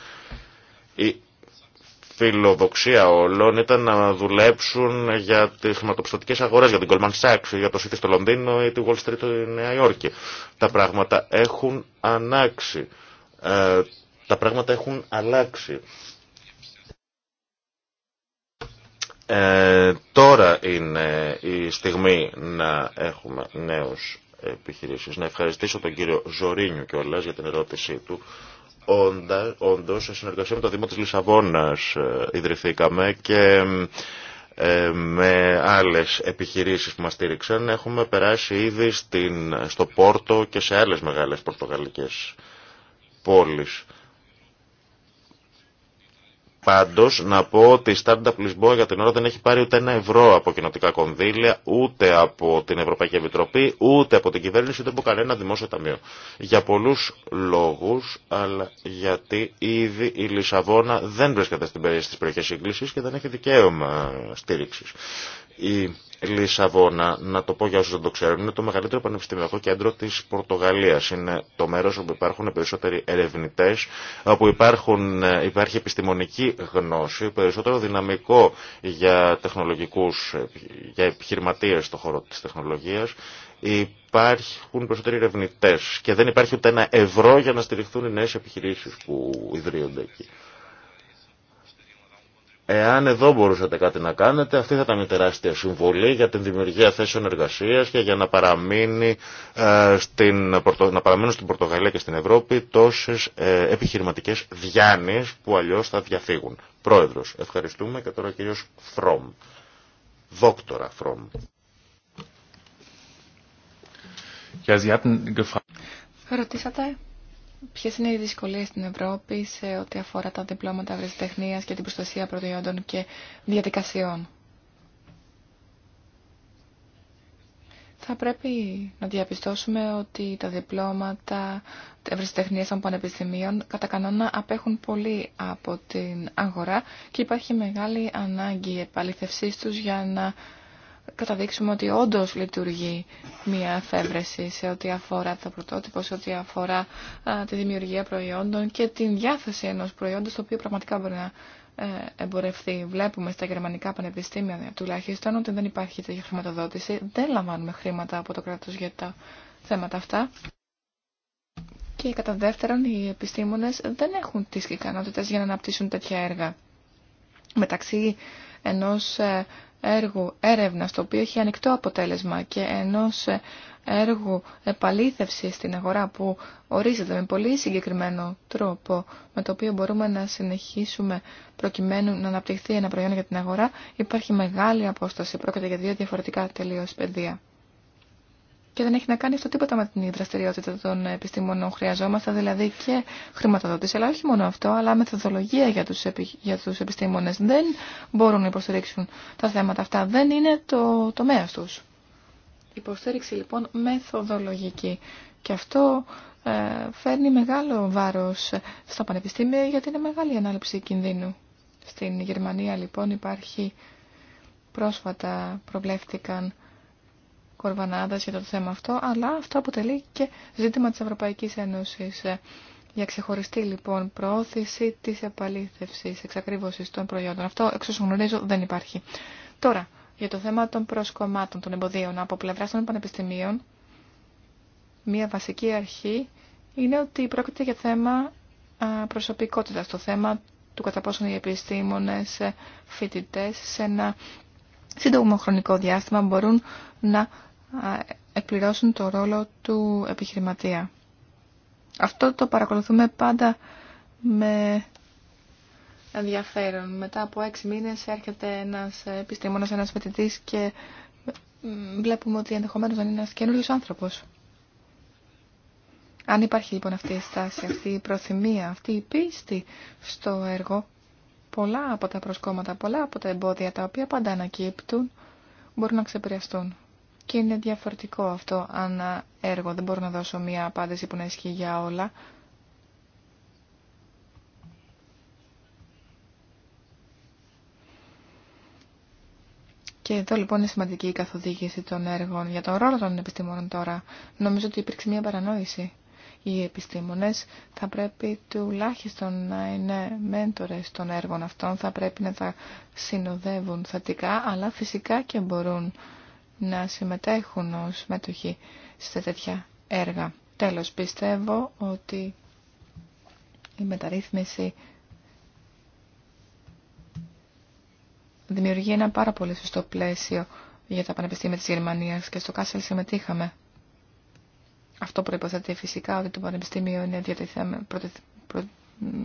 η φιλοδοξία όλων ήταν να δουλέψουν για τι χρηματοπιστωτικέ αγορέ, για την Goldman Sachs, για το City στο Λονδίνο ή τη Wall Street στη Νέα Υόρκη. Τα πράγματα έχουν ανάξει. Ε, τα πράγματα έχουν αλλάξει. Ε, τώρα είναι η στιγμή να έχουμε νέους επιχειρήσεις. Να ευχαριστήσω τον κύριο Ζωρίνιου όλες για την ερώτησή του. Όντα, όντως, σε συνεργασία με το Δήμο της Λισαβόνας ε, ιδρυθήκαμε και ε, με άλλες επιχειρήσεις που μας στήριξαν έχουμε περάσει ήδη στο Πόρτο και σε άλλες μεγάλες πορτογαλικές πόλεις. Πάντω να πω ότι η Startup Lisboa για την ώρα δεν έχει πάρει ούτε ένα ευρώ από κοινοτικά κονδύλια, ούτε από την Ευρωπαϊκή Επιτροπή, ούτε από την κυβέρνηση, ούτε από κανένα δημόσιο ταμείο. Για πολλούς λόγους, αλλά γιατί ήδη η Λισαβόνα δεν βρίσκεται στις περιοχέ σύγκληση και δεν έχει δικαίωμα στήριξη. Λισαβόνα, να το πω για όσους δεν το ξέρουν, είναι το μεγαλύτερο πανεπιστημιακό κέντρο της Πορτογαλίας. Είναι το μέρος όπου υπάρχουν περισσότεροι ερευνητές, όπου υπάρχουν, ε, υπάρχει επιστημονική γνώση, περισσότερο δυναμικό για τεχνολογικούς, για επιχειρηματίες στον χώρο της τεχνολογίας. Υπάρχουν περισσότεροι ερευνητέ και δεν υπάρχει ούτε ένα ευρώ για να στηριχθούν οι νέες επιχειρήσεις που ιδρύονται εκεί. Εάν εδώ μπορούσατε κάτι να κάνετε, αυτή θα ήταν η τεράστια συμβολή για την δημιουργία θέσεων εργασίας και για να, παραμείνει, ε, στην, να παραμείνουν στην Πορτογαλία και στην Ευρώπη τόσες ε, επιχειρηματικές διάνοιες που αλλιώς θα διαφύγουν. Πρόεδρος, ευχαριστούμε και τώρα κύριος Φρόμ. Δόκτορα Φρόμ. Ρωτήσατε Ποιε είναι οι δυσκολίε στην Ευρώπη σε ό,τι αφορά τα διπλώματα ευρεσιτεχνία και την προστασία προϊόντων και διαδικασιών. Θα πρέπει να διαπιστώσουμε ότι τα διπλώματα ευρεσιτεχνία των πανεπιστημίων κατά κανόνα απέχουν πολύ από την αγορά και υπάρχει μεγάλη ανάγκη επαληθευσή τους για να καταδείξουμε ότι όντω λειτουργεί μια εφεύρεση σε ό,τι αφορά τα πρωτότυπα, σε ό,τι αφορά τη δημιουργία προϊόντων και την διάθεση ενός προϊόντος το οποίο πραγματικά μπορεί να ε, εμπορευθεί. Βλέπουμε στα γερμανικά πανεπιστήμια τουλάχιστον ότι δεν υπάρχει τέτοια χρηματοδότηση. Δεν λαμβάνουμε χρήματα από το κράτο για τα θέματα αυτά. Και κατά δεύτερον, οι επιστήμονε δεν έχουν τι ικανότητε για να αναπτύσσουν τέτοια έργα. Μεταξύ ενός ε, έργου έρευνα το οποίο έχει ανοιχτό αποτέλεσμα και ενός έργου επαλήθευση στην αγορά που ορίζεται με πολύ συγκεκριμένο τρόπο με το οποίο μπορούμε να συνεχίσουμε προκειμένου να αναπτυχθεί ένα προϊόν για την αγορά υπάρχει μεγάλη απόσταση. Πρόκειται για δύο διαφορετικά τελείως πεδία και δεν έχει να κάνει αυτό τίποτα με την δραστηριότητα των επιστήμονων. Χρειαζόμαστε δηλαδή και χρηματοδότηση, αλλά όχι μόνο αυτό, αλλά μεθοδολογία για τους, επι... για τους επιστήμονες. Δεν μπορούν να υποστηρίξουν τα θέματα αυτά, δεν είναι το τομέα τους. Υποστήριξη λοιπόν μεθοδολογική. Και αυτό ε, φέρνει μεγάλο βάρος στα πανεπιστήμια γιατί είναι μεγάλη ανάληψη κινδύνου. Στην Γερμανία λοιπόν υπάρχει πρόσφατα προβλέφθηκαν κορβανάδας για το θέμα αυτό, αλλά αυτό αποτελεί και ζήτημα της Ευρωπαϊκής Ένωσης. Για ξεχωριστή λοιπόν προώθηση της επαλήθευση, εξακρίβωσης των προϊόντων. Αυτό εξ όσων γνωρίζω δεν υπάρχει. Τώρα, για το θέμα των προσκομμάτων, των εμποδίων από πλευρά των πανεπιστημίων, μία βασική αρχή είναι ότι πρόκειται για θέμα προσωπικότητας, το θέμα του κατά πόσον οι επιστήμονε ε, φοιτητέ, σε ένα σύντομο χρονικό διάστημα μπορούν να εκπληρώσουν το ρόλο του επιχειρηματία. Αυτό το παρακολουθούμε πάντα με ενδιαφέρον. Μετά από έξι μήνες έρχεται ένας επιστήμονας, ένας φοιτητής και βλέπουμε ότι ενδεχομένως δεν είναι ένας καινούριος άνθρωπος. Αν υπάρχει λοιπόν αυτή η στάση, αυτή η προθυμία, αυτή η πίστη στο έργο, πολλά από τα προσκόμματα, πολλά από τα εμπόδια τα οποία πάντα ανακύπτουν, μπορούν να ξεπεριαστούν και είναι διαφορετικό αυτό ένα έργο. Δεν μπορώ να δώσω μία απάντηση που να ισχύει για όλα. Και εδώ λοιπόν είναι σημαντική η καθοδήγηση των έργων για τον ρόλο των επιστήμονων τώρα. Νομίζω ότι υπήρξε μία παρανόηση. Οι επιστήμονες θα πρέπει τουλάχιστον να είναι μέντορες των έργων αυτών, θα πρέπει να τα συνοδεύουν θετικά, αλλά φυσικά και μπορούν να συμμετέχουν ως μέτοχοι σε τέτοια έργα. Τέλος, πιστεύω ότι η μεταρρύθμιση δημιουργεί ένα πάρα πολύ σωστό πλαίσιο για τα πανεπιστήμια της Γερμανίας και στο Κάσελ συμμετείχαμε. Αυτό προϋποθέτει φυσικά ότι το Πανεπιστήμιο είναι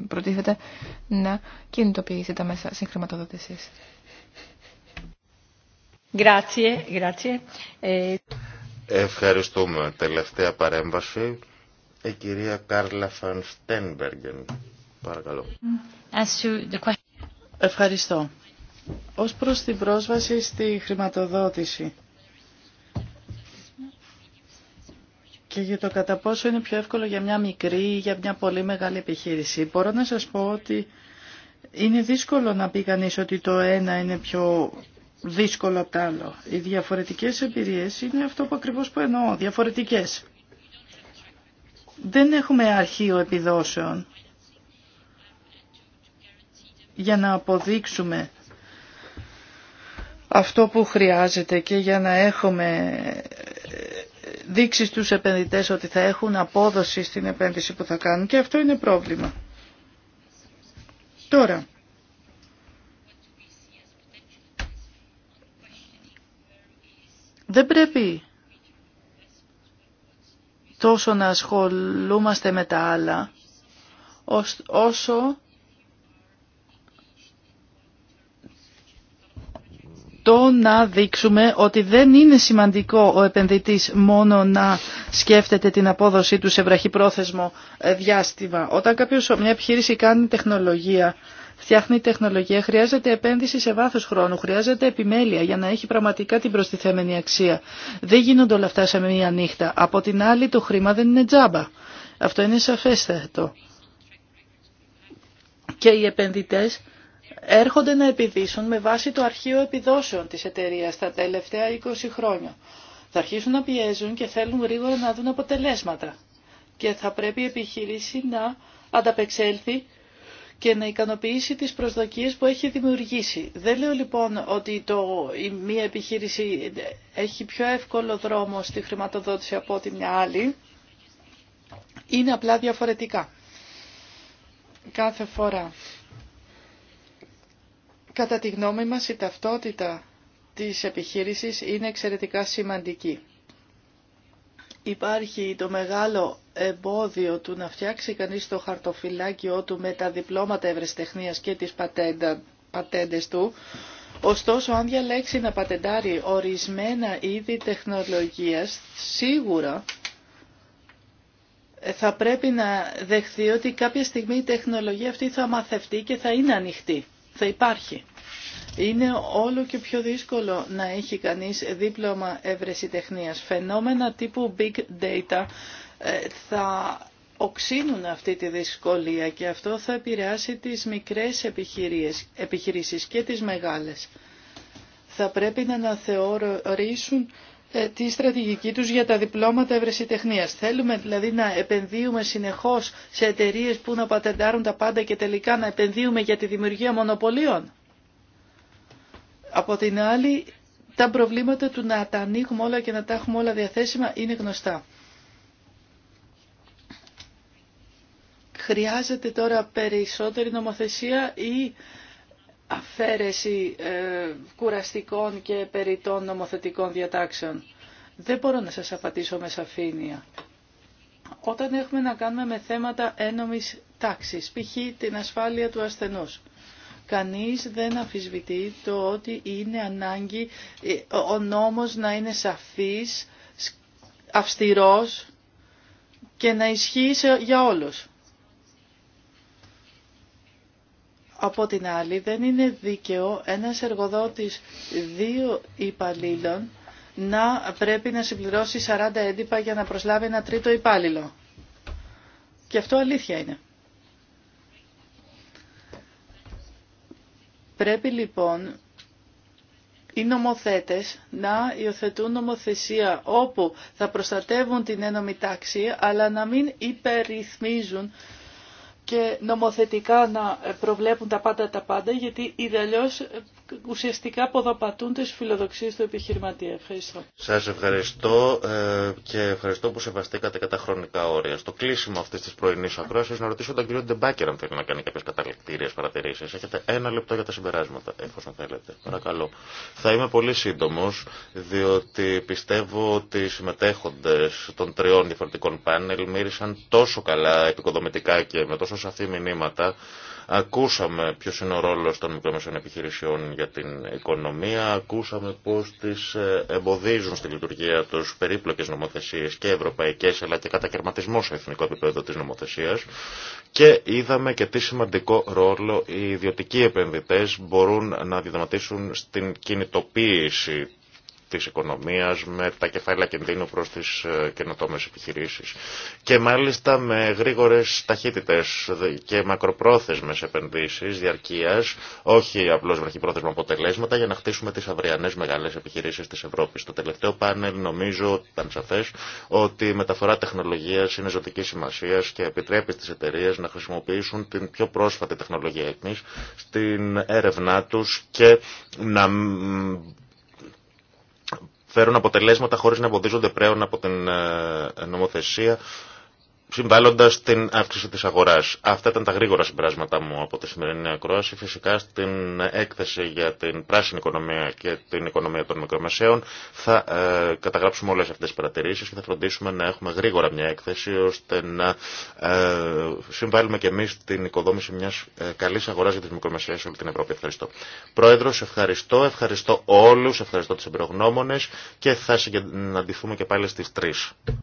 προτίθεται να κινητοποιήσει τα μέσα συγχρηματοδότησης. Ε, Ευχαριστούμε. Τελευταία παρέμβαση. Η κυρία Κάρλα Φαν Παρακαλώ. Ευχαριστώ. Ως προς την πρόσβαση στη χρηματοδότηση και για το κατά πόσο είναι πιο εύκολο για μια μικρή ή για μια πολύ μεγάλη επιχείρηση. Μπορώ να σας πω ότι είναι δύσκολο να πει κανείς ότι το ένα είναι πιο δύσκολο απ' τα άλλο. Οι διαφορετικές εμπειρίες είναι αυτό που ακριβώς που εννοώ, διαφορετικές. Δεν έχουμε αρχείο επιδόσεων για να αποδείξουμε αυτό που χρειάζεται και για να έχουμε δείξει στους επενδυτές ότι θα έχουν απόδοση στην επένδυση που θα κάνουν και αυτό είναι πρόβλημα. Τώρα, Δεν πρέπει τόσο να ασχολούμαστε με τα άλλα, όσο το να δείξουμε ότι δεν είναι σημαντικό ο επενδυτής μόνο να σκέφτεται την απόδοσή του σε βραχυπρόθεσμο ε, διάστημα. Όταν κάποιος, μια επιχείρηση κάνει τεχνολογία, φτιάχνει τεχνολογία, χρειάζεται επένδυση σε βάθος χρόνου, χρειάζεται επιμέλεια για να έχει πραγματικά την προστιθέμενη αξία. Δεν γίνονται όλα αυτά σε μία νύχτα. Από την άλλη το χρήμα δεν είναι τζάμπα. Αυτό είναι σαφέστατο. Και οι επενδυτές έρχονται να επιδίσουν με βάση το αρχείο επιδόσεων της εταιρείας τα τελευταία 20 χρόνια. Θα αρχίσουν να πιέζουν και θέλουν γρήγορα να δουν αποτελέσματα. Και θα πρέπει η επιχείρηση να ανταπεξέλθει και να ικανοποιήσει τις προσδοκίες που έχει δημιουργήσει. Δεν λέω λοιπόν ότι το, η μία επιχείρηση έχει πιο εύκολο δρόμο στη χρηματοδότηση από ότι μια άλλη. Είναι απλά διαφορετικά. Κάθε φορά. Κατά τη γνώμη μας η ταυτότητα της επιχείρησης είναι εξαιρετικά σημαντική. Υπάρχει το μεγάλο εμπόδιο του να φτιάξει κανείς το χαρτοφυλάκιό του με τα διπλώματα ευρεσιτεχνίας και τις πατέντα, πατέντες του. Ωστόσο, αν διαλέξει να πατεντάρει ορισμένα είδη τεχνολογίας, σίγουρα ε, θα πρέπει να δεχθεί ότι κάποια στιγμή η τεχνολογία αυτή θα μαθευτεί και θα είναι ανοιχτή, θα υπάρχει. Είναι όλο και πιο δύσκολο να έχει κανείς δίπλωμα ευρεσιτεχνίας. Φαινόμενα τύπου big data ε, θα οξύνουν αυτή τη δυσκολία και αυτό θα επηρεάσει τις μικρές επιχειρήσεις και τις μεγάλες. Θα πρέπει να αναθεωρήσουν ε, τη στρατηγική τους για τα διπλώματα ευρεσιτεχνίας. Θέλουμε δηλαδή να επενδύουμε συνεχώς σε εταιρείε που να πατεντάρουν τα πάντα και τελικά να επενδύουμε για τη δημιουργία μονοπωλίων. Από την άλλη, τα προβλήματα του να τα ανοίγουμε όλα και να τα έχουμε όλα διαθέσιμα είναι γνωστά. Χρειάζεται τώρα περισσότερη νομοθεσία ή αφαίρεση ε, κουραστικών και περιττών νομοθετικών διατάξεων. Δεν μπορώ να σας απαντήσω με σαφήνεια. Όταν έχουμε να κάνουμε με θέματα ένομης τάξης, π.χ. την ασφάλεια του ασθενούς, κανείς δεν αφισβητεί το ότι είναι ανάγκη ε, ο νόμος να είναι σαφής, αυστηρός και να ισχύει για όλους. Από την άλλη, δεν είναι δίκαιο ένας εργοδότης δύο υπαλλήλων να πρέπει να συμπληρώσει 40 έντυπα για να προσλάβει ένα τρίτο υπάλληλο. Και αυτό αλήθεια είναι. Πρέπει λοιπόν οι νομοθέτες να υιοθετούν νομοθεσία όπου θα προστατεύουν την ένωμη τάξη αλλά να μην υπερρυθμίζουν και νομοθετικά να προβλέπουν τα πάντα τα πάντα, γιατί ιδαλλιώς ουσιαστικά ποδοπατούν τις φιλοδοξίες του επιχειρηματία. Ευχαριστώ. Σας ευχαριστώ ε, και ευχαριστώ που σεβαστήκατε κατά χρονικά όρια. Στο κλείσιμο αυτής της πρωινής ακρόασης να ρωτήσω τον κύριο Ντεμπάκερ αν θέλει να κάνει κάποιες καταληκτήριες παρατηρήσεις. Έχετε ένα λεπτό για τα συμπεράσματα, εφόσον θέλετε. Παρακαλώ. Θα είμαι πολύ σύντομος, διότι πιστεύω ότι οι συμμετέχοντες των τριών διαφορετικών πάνελ μύρισαν τόσο καλά επικοδομητικά και με τόσο σαφή μηνύματα Ακούσαμε ποιο είναι ο ρόλο των μικρομεσαίων επιχειρήσεων για την οικονομία, ακούσαμε πώ τι ε, εμποδίζουν στη λειτουργία του περίπλοκε νομοθεσίε και ευρωπαϊκέ αλλά και κατακαιρματισμό σε εθνικό επίπεδο τη νομοθεσία και είδαμε και τι σημαντικό ρόλο οι ιδιωτικοί επενδυτέ μπορούν να διδαματίσουν στην κινητοποίηση της οικονομίας, με τα κεφάλαια κινδύνου προς τις ε, καινοτόμες επιχειρήσεις και μάλιστα με γρήγορες ταχύτητες και μακροπρόθεσμες επενδύσεις διαρκείας, όχι απλώς βραχυπρόθεσμα αποτελέσματα για να χτίσουμε τις αυριανές μεγάλες επιχειρήσεις της Ευρώπης. Το τελευταίο πάνελ νομίζω ότι ήταν σαφές ότι η μεταφορά τεχνολογίας είναι ζωτική σημασία και επιτρέπει στις εταιρείε να χρησιμοποιήσουν την πιο πρόσφατη τεχνολογία εκνής στην έρευνά τους και να φέρουν αποτελέσματα χωρίς να εμποδίζονται πρέον από την ε, νομοθεσία συμβάλλοντα την αύξηση της αγοράς. Αυτά ήταν τα γρήγορα συμπεράσματα μου από τη σημερινή ακρόαση. Φυσικά στην έκθεση για την πράσινη οικονομία και την οικονομία των μικρομεσαίων θα ε, καταγράψουμε όλες αυτές τις παρατηρήσεις και θα φροντίσουμε να έχουμε γρήγορα μια έκθεση ώστε να ε, συμβάλλουμε και εμεί στην οικοδόμηση μιας ε, καλή αγορά για τις μικρομεσαίες σε όλη την Ευρώπη. Ευχαριστώ. Πρόεδρο, ευχαριστώ. Ευχαριστώ όλους Ευχαριστώ τους εμπειρογνώμονε και θα συναντηθούμε και πάλι στις 3.